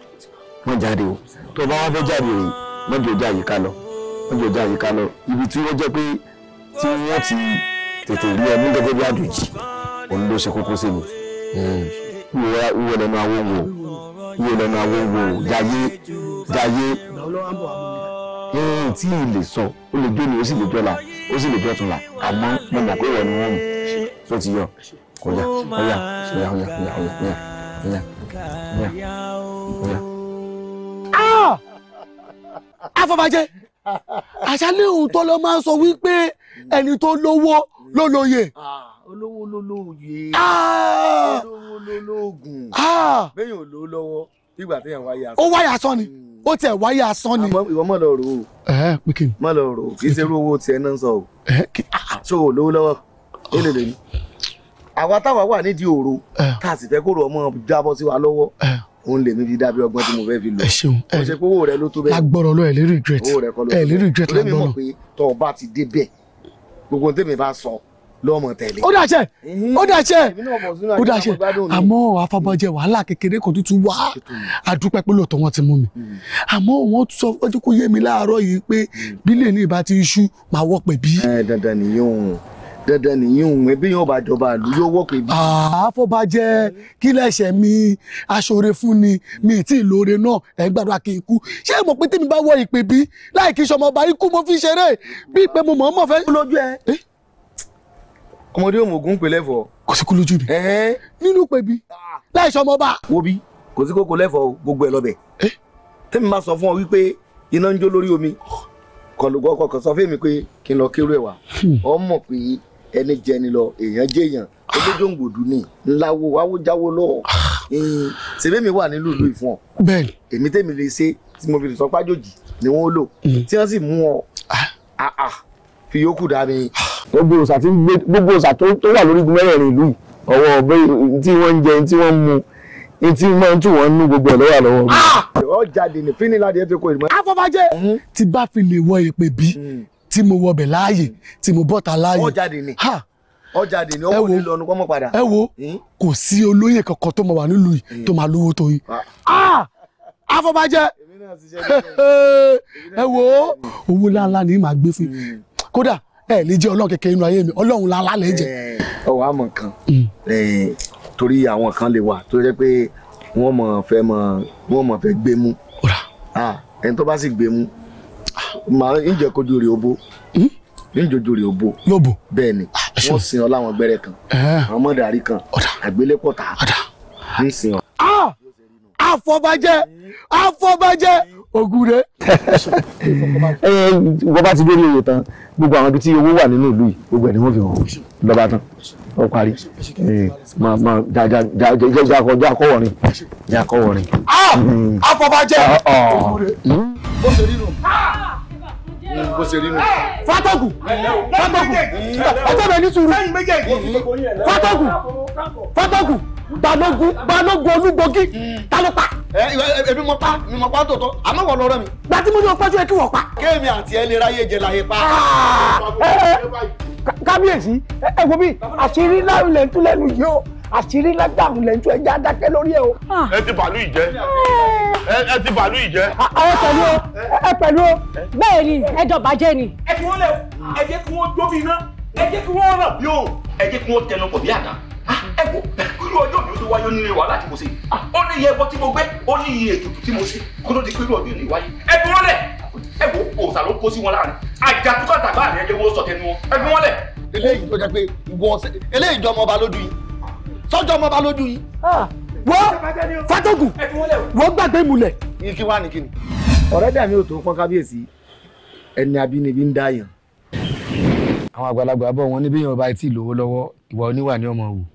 wọ́n jáde o tó o bá wá fẹ́ jáde rèé wọ́n jẹ́ ọjà àyíká lọ wọ́n jẹ́ ọjà àyíká lọ ibi tí wọ́n jẹ́ pé tí wọ́n ti tètè rí ẹ ní gẹ́gẹ́ bí òun ló ṣe kókó sẹ́mi wọ́n lẹ́nu àwọn òun o wò lọ́nà àwọn wò jayé jayé tí ì lè sọ ó lè jóni ó sì lè jọla ó sì lè jọtúnla àmọ́ mo mọ̀ pé ìwọ ni wọ́n tó ti yọ ọ̀yà ọ̀yà ọ̀yà ọ̀yà ọ̀yà ọ̀yà ọ̀yà ọ̀yà ọ̀yà. afọbajẹ àṣálẹ́ òun tó lọ máa ń sọ wípé ẹni tó lówó ló lóye. Ah olówó ló lóye ah! olówó ló lóògùn ah! bẹ́yìn ò ló lọ́wọ́ ìgbà téèyàn wáyé asán. ó wáyé asán ni hmm. ó tiẹ̀ wáyé asán ni. ìwọ mọ̀ lọ rò ó mọ̀ lọ rò ó kì í ṣe irú owó tiẹ̀ náà sọ o ah, ṣó o lọ́wọ́ èlé lè àwa táwa wà nídìí òru eh. tá a sì fẹ́ kóró ọmọ jábọ́ sí wa lọ́wọ́ eh. òun lèmi fi dábí ọgbọ́n tí mo fẹ́ fi lò. ẹ ṣeun ẹ ṣe pé owó rẹ ló tó bẹ́ẹ̀. lágbọ́rọ̀ lọ ẹ lè regret ẹ lè regret lágbọ́rọ̀. olómi mọ̀ pé tọ́ ọ bá ti dé bẹ́ẹ̀ gbogbo tèmi bá sọ lọ́mọ tẹ̀lé. ó dàṣẹ ó dàṣẹ ó dàṣẹ àmọ́ àfọbọ́jẹ wàhálà kékeré kan tuntun wá àdúpẹ́ pé lóòótọ́ wọn ti mú mi hmm. àmọ́ wọn sọ ọjọ́ kó yé mi láàárọ̀ yìí pé hmm. bílẹ̀ ní ìbá ti ṣú máa wọ́ pẹ̀ bí. dandan nìyí òun dandan nìyí òun ẹbí yóò bá jọba àlù yóò wọ́ bí. àfọbàjẹ kí lẹ̀ṣẹ̀ mi aṣọre fún ni mi tí ìlóore náà ẹ̀ ń gbàdúrà kí n kú ṣé mo pé tèmi bá wọ ìpè bí láì kí sọmọ bá ikú mo fi ṣeré bí ìpè mo mọ̀ ọ́n mọ̀ fẹ́. lójú ẹ eh? ọmọdé ò mọ̀gún pè lẹ́fọ̀ọ́. kò sí kó lójú mi. nínú pẹ̀bí láì sọmọ bá. wo bí kò sí kókó lẹ́fọ̀ọ́ gbogbo ẹ̀ lọ́bẹ̀. tẹ́mi máa sọ fún ọ wípé iná ń jó lórí omi kọlùkọ kọkàn sọ fún mi pé kí n lọ kérò ẹ̀ wá hmm. ọmọ pé ẹni jẹni lọ èèyàn jẹyàn olójó ń gbòdú ni ńláwo awójáwo lọ ah. ṣèbí mi wà nílùú ìlú ìfún ọ bẹ́ẹ̀ni èmi tèmi lè ṣe tí mo fi lè sọ pájòjì ni wọn lò hmm. tí wọn sì mú ọ ah. Ah, fi yókù dání. gbogbo òòṣà tí gbogbo òòṣà tó wà lórí igun mẹ́rẹ̀ẹ̀rin ìlú ọwọ́ ọ̀bẹ tí wọ́n ń jẹ tí wọ́n ń mu tí máa ń tù wọ́n nú gbogbo ẹ̀ lọ́wọ́ lọ́wọ́ mi. ọjà dèní fíniládìí ẹ ti kó ìmọ̀. afọbajẹ tí bá fi lè wọ èpè bí hmm. tí mo wọbẹ̀ láàyè tí mo bọ́ta láàyè. ọjà dèní ọjà dèní ó kò ní lọ padà. ẹ wo hmm. kò sí olóyè kankan tó máa wà nílùú yìí hmm. tó máa lówó tó yìí. Ah. afọbajẹ ẹ wo owó láńlá ni màá gbé fún yìí kódà ẹ lè jẹ́ ọlọ́run kékeré inú ayé mi ọlọ́run la lálẹ́ jẹ. ọwọ àmọ́ kan torí àwọn kan lè wà tó jẹ́ pé wọ́n mọ̀ fẹ́ mọ̀ wọ́n mọ̀ fẹ́ gbé mú ẹni tó bá sì gbé mú màá ń jẹ́ kójú rè ó bó níjòjò rẹ̀ òbo. lóbo bẹ́ẹ̀ ni ah, wọ́n sin ọ láwọn gbẹ́rẹ́ kan àwọn mọ̀dàrí kan àgbélépọ̀tà ń sin ọ. àfọ̀bàjẹ́ ah! àfọ̀bàjẹ́ ogun rẹ. wọ́n bá ti dé ní òye tán gbogbo àwọn ibi tí owó wà nínú ìlú yìí gbogbo ẹ̀ ni wọ́n fi hàn lọ́ba tán ó parí jà kọ́wọ́ rìn jà kọ́wọ́ rìn. afọbajẹ ah, ah. bó ṣe rí nù mm, bó ṣe rí nù. fatogu fatogu ọjọ́ bẹ ní sùúrù fatogu fatogu balógun balógun olúgbògì hmm. ta ló pa. èmi mo pa mi mo pa tòótọ́ àmọ́ wọ́n lọ́rọ́ mi. gba tí mo ní ọpọ́jú ẹ kí wọ́n pa. kéèmì àti ẹ lè ráyè jẹ láyé pa. Ah! Eh, eh. kábíyèsí ẹ wo bí àṣírí láàrin lè ń tú lẹ́nu yìí o àṣírí lágbàrún lè ń tú ẹjẹ́ adákẹ́ lórí ẹ o. Ah. ẹ ti bàálù ìjẹ eh. ẹ ti bàálù ìjẹ. Ah, àwọn pẹ̀lú o ẹ pẹ̀lú o bẹ́ẹ̀ ni ẹ dọ̀bàjẹ́ ni. ẹ ti wọ́n lẹ̀ ẹ jẹ́ kí wọ́n dóbi iná ẹ jẹ́ kí wọ́n rà bí o ẹ jẹ́ kí wọ́n tẹnu kò bí àdá. Ah, ẹ wo irú ọjọ́ mi ò tó wáyé onílé wàhálà tí mo ṣe ah, ó ní iye ẹbọ tí mo gbé ó ní iye ètùtù tí mo ṣe kó ló di pé irú ọjọ́ mi wáyé ẹ fi wọ́n lẹ̀ ẹ wo òòsà ló kó sí wọn láàrin àjàtúkọ̀ tàbá rẹ̀ ẹ lè wo sọ̀tẹ̀ nu wọn ẹ fi wọ́n lẹ̀. eléyìí tó jẹ pé ìwọ ọsẹ eléyìí jọ ọmọọba lójú yìí sọjọ ọmọọba lójú yìí wo fatogun wo gbàgbé mulẹ̀. kí wàá ní kíni. ọ̀rẹ́ dàmí ò tó pọ́n kábíyèsí ẹni abínibí ń dáyàn. àwọn àgbàlagbà bọ̀ wọ́n ní bí yorùbá ti lówó lọ́wọ́ ìwà oníwà ni ọmọ wò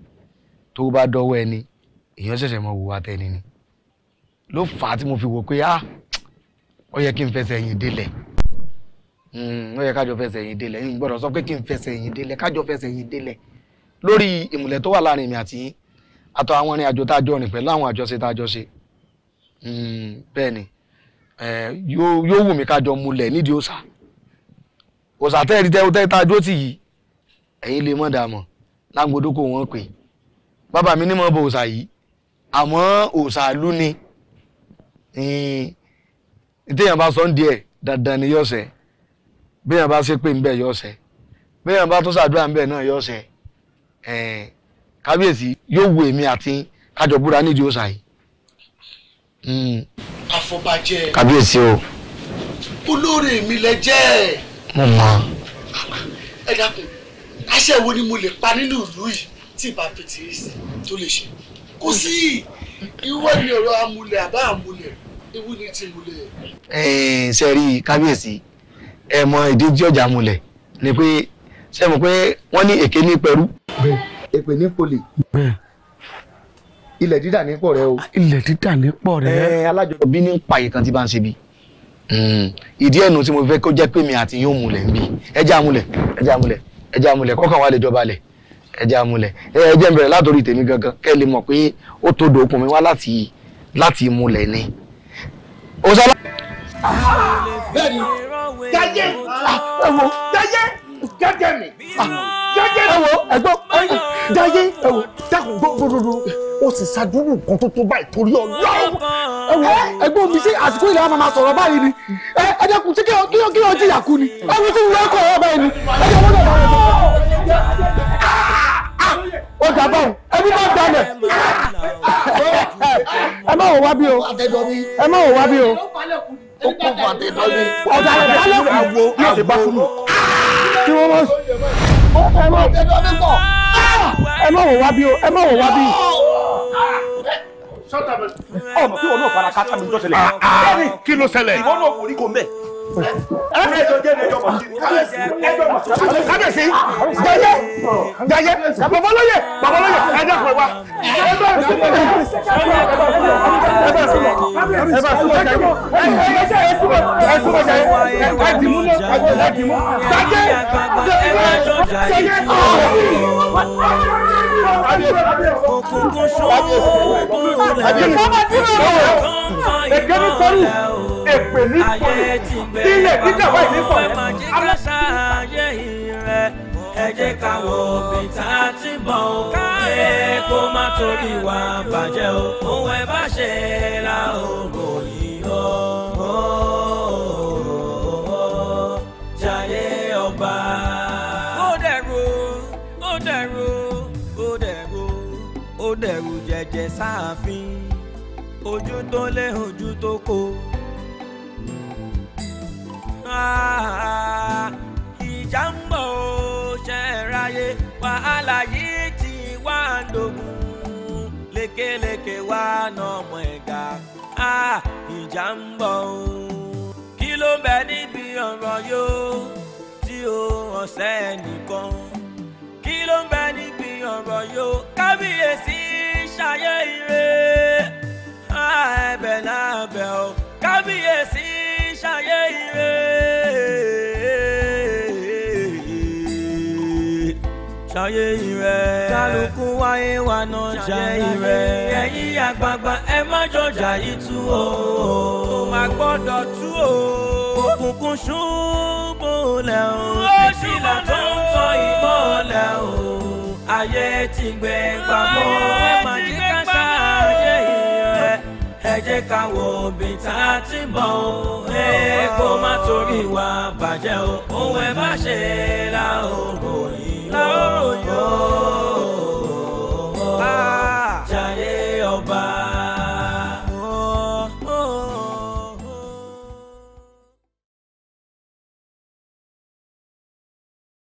tó bá dọ́wọ́ ẹni èèyàn ṣẹ̀ṣẹ̀ mọ wùwà tẹni ni ló fà á tí mo fi wò pé ah ó yẹ kí n fẹsẹ̀ yìn délẹ̀ hmm, ó yẹ kájọ fẹsẹ̀ yìn délẹ̀ n gbọ́dọ̀ sọ pé kí n fẹsẹ̀ yìn délẹ̀ kájọ fẹsẹ̀ yìn délẹ̀ lórí ìmùlẹ̀ tó wà láàrin mi àti yín àtọ àwọn ìrìn àjò tá a pẹ̀lú àwọn àjọṣe tá ṣe hmm, bẹ́ẹ̀ ni yóò wù mí kájọ múlẹ̀ nídìí òòsà òòsà tẹ́ẹ̀rí tẹ́ẹ̀rí tá a yìí ẹ̀yin lè mọ̀ dààmú lágbódókò wọn pè é bàbá mi ní mọ̀ bọ òòsà yìí àmọ́ òòsà lú ni téèyàn bá sọ ń di ẹ̀ dandan ni yọ̀ọ̀sẹ̀ béèyàn bá ṣe pé ń bẹ̀ yọ̀ọ̀sẹ̀ béèyàn bá tún ṣàdúrà ń bẹ̀ náà yọ̀ọ̀sẹ̀ kábíyèsí yóò wo èmi àti kájọ nídìí òòsà yìí. àfọbàjẹ hmm. kábíyèsí o. olóore mi lẹ jẹ́ mo mọ̀. ẹ dákun aṣẹ́ wo ni mo lè pa nínú ìlú yìí tí ìbá pètè sí tó lè ṣe kò sí ìwọ ni ọ̀rọ̀ amúlẹ̀ àbá amúlẹ̀ ewu ni ti múlẹ̀. ṣe rí kábíyèsí ẹ mọ ìdí tí ọjà múlẹ̀ ni pé ṣe mọ̀ pé wọ́n ní èké ní pẹ̀rú. èpè ní poli ilẹ̀ dídà ní pọ̀ rẹ o. ilẹ̀ dídà ní pọ̀ rẹ. ẹ alájọbọ bí ní pààyè kan tí bá ń ṣe bí. Hmm. ìdí ẹ̀nu tí mo fẹ́ kó jẹ́ pé mi àti yóò múlẹ̀ ń bí ẹjẹ́ amúlẹ̀ ẹjẹ́ amúlẹ̀ ẹjẹ́ amúlẹ̀ kọ́kàn wa lè jọba lẹ̀ ẹjẹ́ amúlẹ̀ ẹjẹ́ ń bẹ̀rẹ̀ látòrí tèmi gangan kẹ́ lè mọ̀ pé ó tó do okùn mi wá láti láti múlẹ̀ ni. ó sọ bẹ́ẹ̀ni jẹjẹ ah, ẹwọ jẹjẹ jẹjẹ mi ah, jẹjẹ ẹwọ ẹgbọ jẹjẹ ẹwọ dákun gbogbogbò ó sì ṣàdúrù nǹkan tó tó báyìí torí Ọlọ́run ẹwọ ẹ̀gbọ́n mi sí àsìkò ìlera máa máa sọ̀rọ̀ báyìí ni ẹ ẹ dẹ́kun tí kí ọ kí ọ jìyà kú ni ẹwọ tí mo máa ń kọ ọ báyìí ni ẹ jẹ wọn náà bá wọn ó ga báwọn ẹbí máa ń dalẹ̀ ẹ má wò wá bí o ẹ má wò wá bí o. ó kún fún àtẹ̀dọ́ mi. ọ̀daràn dálẹ̀ wò àwo àti bákúnù. kí wọ́n mọ̀ ẹ má ẹ má wò wá bí o ẹ má wò wá bí ọmọ kí wọn náà fara káta mi jọ ṣẹlẹ̀. Ah, ah. kí ló ṣẹlẹ̀. ìwọ náà kò rí kò mẹ́ kábíyèsí ẹ dẹ́kun nítorí èpè ní ìpolè tí ilé ìdíjà wà ní ìpolè. ẹ jẹ́ ká wo òbí tá a ti bọ̀ ọ́ ẹ kó má torí ìwà bàjẹ́ o òun ẹ bá ṣe la ògbò yìí o. ó dẹ̀rù ó sáàfin ojú tó lé ojú tó kó kan ìjà ń bọ̀ ó ṣẹ̀ráyé wàhálà yìí ti wá dògùn lékelèké wá nọmọ ẹ̀gà ìjà ń bọ̀ ó kí ló bẹ níbi ọ̀rọ̀ yóò tí ó hàn sẹ́nìkan kí ló bẹ níbi ọ̀rọ̀ yóò kábíyèsí ṣayé ire ẹ̀bẹ̀ lábẹ́ ọ kábíyèsí ṣayé ire. ṣayé ire. kálukú wáyé wa náà ṣayé ire. ẹ̀yin àgbààgbà ẹ má jọjà yìí tú o. kò má gbọ́dọ̀ tú o. òkùnkùn ṣubú lẹ̀ o. ìjìlá tó ń tọ́ ìmọ́lẹ̀ o. ayé ti gbẹ pamọ́. ẹ má jí jẹ́ ká wo bí tá a ti bọ̀ ọ́ ẹ kó má torí wa bàjẹ́ o òun ẹ bá ṣe la ó ròyìn la ó ròyìn o jáde ọba.